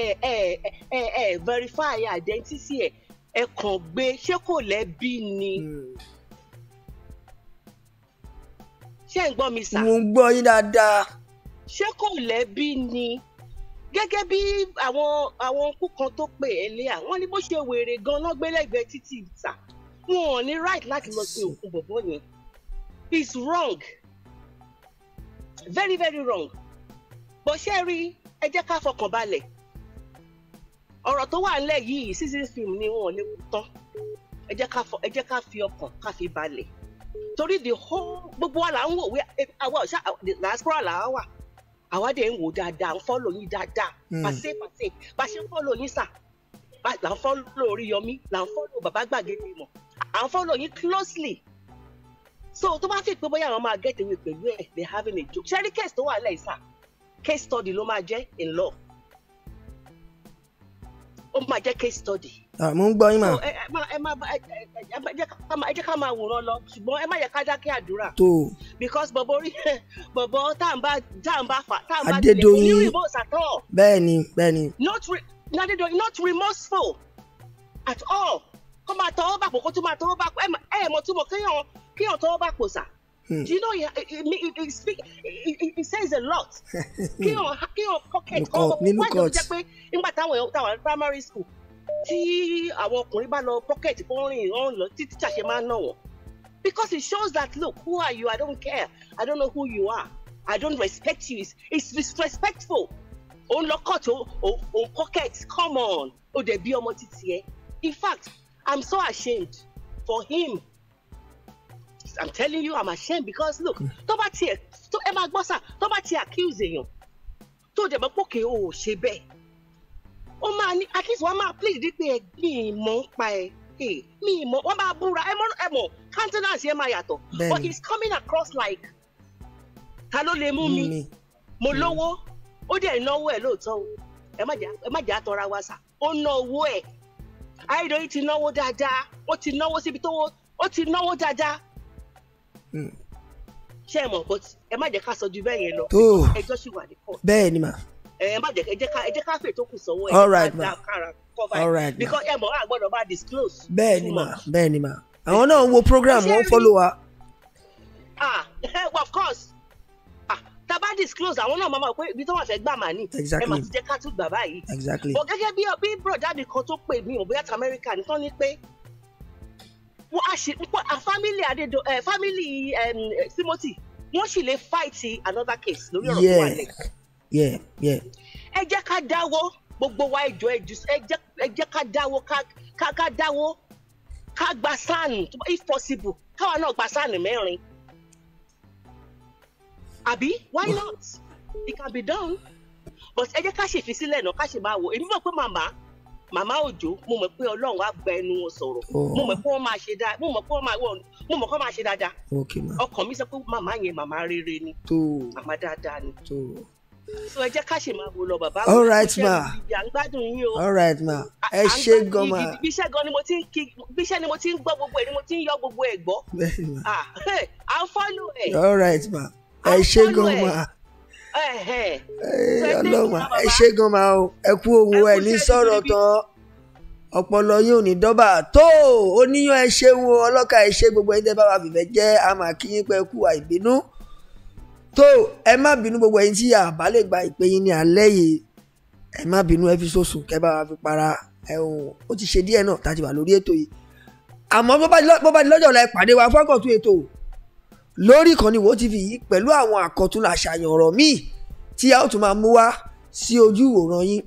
ẹ ẹ ẹ ẹ verify identity ẹ ẹ kàn gbé ṣé kò lẹ́bí ni. ṣé ń gbọ́ mi sà. mo ń gbọ́ yín dáadáa. ṣé kò lẹ́bí ni gẹ́gẹ́ bí àwọn àwọn ọkùn kan tó pè é lé àwọn ní bó ṣe wèrè gan-an títí ìta wọn ò ní right láti lọ sí òkú bọ̀bọ̀ yẹn it's wrong very very wrong bọ́sẹ̀ rí ẹ jẹ́ ká fọkàn balẹ̀ ọ̀rọ̀ tó wà nílẹ̀ yìí season film ni wọn ò lè tán ẹ jẹ́ ká fi ọkàn ká fi balẹ̀ torí the whole gbogbo wa là ń wò wí àwa ọ̀ṣà diaspora là wà àwa dẹ̀ ń wò dáadáa ń fọ́lò yín dáadáa pàṣẹ pàṣẹ pàṣẹ ń fọ́lò yín sà là ń fọ́lò Oríyọmí là ń fọ́lò bàbá gbàgede mọ̀ à ń fọ́lò yín closely so tó bá fi pé bóyá àwọn máa get away pẹ̀lú ẹ̀ they having a joke ṣẹ́rí case tó wà lẹ́yìn sáà case study ló máa jẹ́ in law ó máa jẹ́ case study. Ah, mo ń gbọ́ yín mà. ẹ jẹ́ ká máa wòran lọ ṣùgbọ́n ẹ má yẹ ká dákẹ́ àdúrà. tó o. because bọ̀bọ̀ orí (laughs) bọ̀bọ̀ tá à ń bá tá à ń bá fà tá à ń bá tilẹ̀ kò ní remote at all. bẹ́ẹ̀ni bẹ́ẹ̀ni. not re Adédoyin not remorseful at all kó máa tọwọ́ bàpò kó tún máa tọwọ́ bàpò ẹ̀ mọ̀ túmọ̀ kéèyàn kéèyàn tọwọ́ bàpò sà. Hmm. Do you know? Yeah, it, it, it, speak, it, it, says a lot. (laughs) Hmm. kí o kí o pocket ọmọ wọ́n ti jẹ́ pé nígbà táwọn èèyàn táwọn primary school tí àwọn ọkùnrin bá lọ pocket kó rìn ọ̀rùn lọ tí tíṣà ṣe máa ń nà wọ́n. Because it shows that look who are you I don't care I don't know who you are I don't respect you it's, disrespectful. Òun lọ cut òun pocket come on ó dẹ̀ bí ọmọ títí ẹ. In fact I'm so ashamed for him i'm telling you i'm ashamed because look tó bá tiẹ̀ tó ẹ máa gbọ́ sà tó bá tiẹ̀ accuse èèyàn tó dẹ̀ mọ́ pòkè o ò ṣe bẹ́ẹ̀ ó máa ní at least wọ́n máa plead dípẹ́ ẹ mi ì mọ̀ ń pa ẹ mi ì mọ̀ wọ́n máa búra ẹ mọ̀ ẹ mọ̀ countenance yẹn máa yàtọ̀ but it's coming across like ta ló lè mú mi mo lówó ó dẹ̀ náwó ẹ̀ lóòótọ́ o ẹ má jà á tọra wa sà ó ná owó ẹ̀ àìdọ̀ yìí ti náwó dáadáa ó ti náwó síbi tó ó ti náwó dáadáa Mm. ṣé ẹ mọ̀ nǹkan tí ẹ má jẹ́ ká sọ ju bẹ́ẹ̀ yẹn lọ oh. ẹjọ́ sì wà ní court. bẹ́ẹ̀ ni mà. ẹ má jẹ́ ẹ jẹ́ ká ẹ jẹ́ ká fè tó kù sọ́wọ́ ẹ ká dá kára cover it right, because ẹ mọ̀ á gbọ́dọ̀ bá disclose. bẹ́ẹ̀ ni mà bẹ́ẹ̀ ni mà àwọn náà ń wo program wọn ń follow wa. ah (laughs) of course Ah, a bá disclose àwọn náà máa ma pé ibi tó wà fẹ́ gbà máa ní ẹ máa ti jẹ́ ká tún gbà báyìí. but gẹ́gẹ́ bí bí broda mi kan tó pè mí òbí Amẹ́ríkà nìkan ní pé wọ́n á ṣe family adedo uh, eh, family um, Timothy wọ́n sì lè fight another case lórí ọ̀rọ̀ tó wà lẹ̀. ẹ jẹ́ ká dáwọ́ gbogbo wa ìjọ ẹ jẹ́ ká dáwọ́ ká dáwọ́ ká gba sáànù if possible káwa náà gba sáànù mẹ́rin àbí why not it can be done but ẹ jẹ́ ká ṣèfisílẹ̀ náà ká ṣe máa wò èmi mọ̀ pé màmá màmá òjò mo mọ̀ pé ọlọ́run á gba ẹnu wọn sọ̀rọ̀ oh. mo mọ̀ pé wọ́n máa ṣe dáadáa mo mọ̀ pé wọ́n máa wọ̀ mo mọ̀ kọ́ máa ṣe dáadáa ọkàn mi sọ pé màmá yẹn màmá rere ni màmá dáadáa ni so ẹ jẹ́ ká ṣe máa wò lọ bàbá mi all right ma à ń gbádùn yín o all right ma ẹ ṣe gan ma bíṣẹ́ gan ni mo ti ń kí bíṣẹ́ ni mo ti ń gbọ́ gbogbo ẹ̀ ni mo ti ń yọ gbogbo ẹ̀ gbọ́ ah hey i follow ẹ all right ma ẹ ṣe gan ma ọlọ́wà ẹ ṣe gan ma o ẹ kú ohun ẹ ní sọ̀rọ̀ tán ọpọlọ yóò ní dọ́bà tó o níyàn ẹ ṣeun o ọlọ́ka ẹ ṣe gbogbo ẹni tẹ́ bá wa fìfẹ́ jẹ́ a máa kí yín pé kú àìbínú tó ẹ má bínú gbogbo ẹni tí àbá lè gba ìpè yín ní alẹ́ yìí ẹ má bínú ẹ fi sòsò kẹ́ bá wa fi para ẹ o ó ti ṣe díẹ̀ náà tá a ti wà lórí ètò yìí àmọ́ bó bá di lọ́jọ́ ọ̀la ẹ pàdé wa fọ́kàn tún ètò lórí ìkànnì wo tv yìí pẹ̀lú àwọn àkọ́tún àṣàyàn ọ̀rọ̀ míì tí a ó tún máa mú wá sí ojú ìwòran yín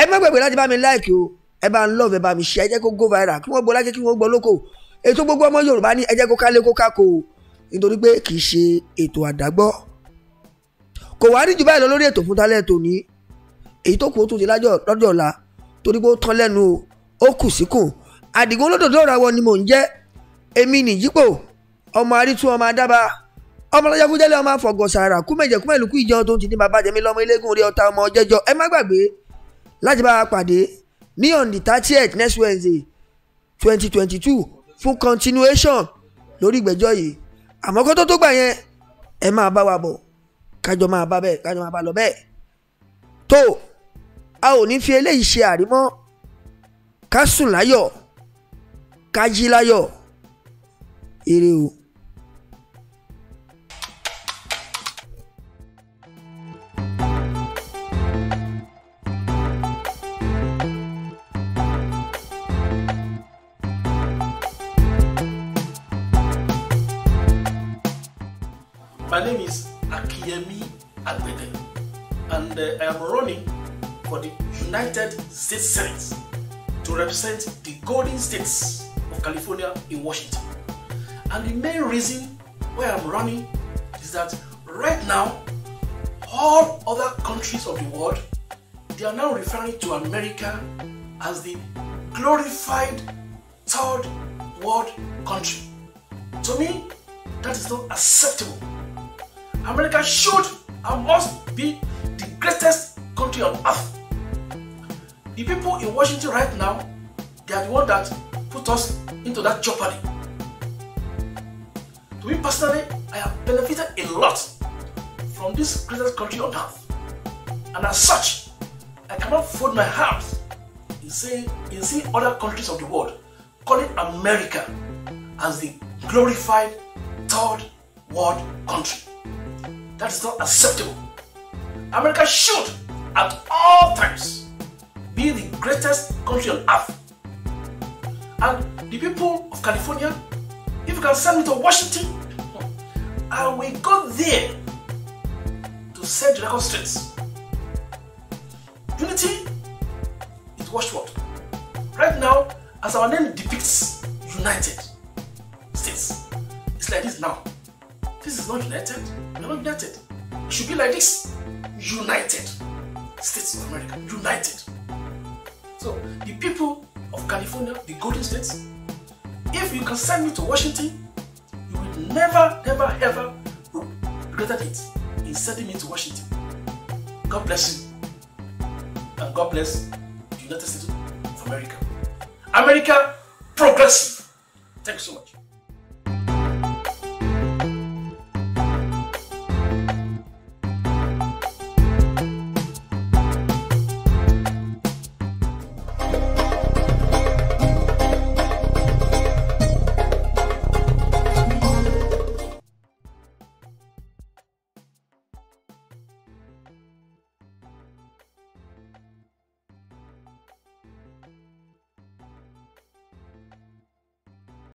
ẹ má gbàgbé láti bá mi láìkì o ẹ bá ń love ẹ bá mi share ẹ jẹ́ kó go viral kí wọ́n gbọ́ lájẹ́ kí wọ́n gbọ́ lóko ètò gbogbo ọmọ yorùbá ní ẹ jẹ́ kó kálé kó kákò o nítorí pé kì í ṣe ètò àdágbọ́ kò wá ní jù báyìí lọ lórí ètò fún tálẹ̀ tòní èyí tó kù ó tún ọmọ arítú ọmọ adába ọmọ lọ́jọ́ kújẹ́lẹ́ ọmọ afọ̀gọ̀ sàrà kúmẹ̀jẹ̀ kúmẹ̀lùkú ìjọ tó ń ti ní bàbá jẹ̀mí lọ́mọ eléégún orí ọ̀tá ọmọ jẹ́jọ́ ẹ má gbàgbé láti bá a pàdé ní on the thirtieth next wednesday twenty twenty two fún continuation lórí ìgbẹ́jọ́ yìí àmọ́ kó tó tó gbà yẹn ẹ máa bá wa bọ̀ kájọ máa bá bẹ́ẹ̀ kájọ máa bá lọ bẹ́ẹ̀ tó a ò ní fi eléyìí ṣe àrímọ́ ká sùn láyọ̀ ká jí láyọ̀ ire o. elected state senate to represent the golden states of California in Washington. And the main reason why I'm running is that right now, all other countries of the world, they are now referring to America as the glorified third world country. To me, that is not acceptable. America should and must be the greatest country on earth. The people in Washington right now, they are the ones that put us into that jeopardy. To me personally, I have benefited a lot from this greatest country on earth. And as such, I cannot fold my hands in seeing, in seeing other countries of the world calling America as the glorified third world country. That is not acceptable. America should, at all times, be the greatest country on earth. And the people of California, if you can send me to Washington, I will go there to set the record straight. Unity is what? Right now, as our name depicts United States, it's like this now. This is not United, we're not United. It should be like this United States of America, United. So the people of California, the Golden States, if you can send me to Washington, you will never, never, ever regret it in sending me to Washington. God bless you. And God bless the United States of America. America progressive. Thank you so much.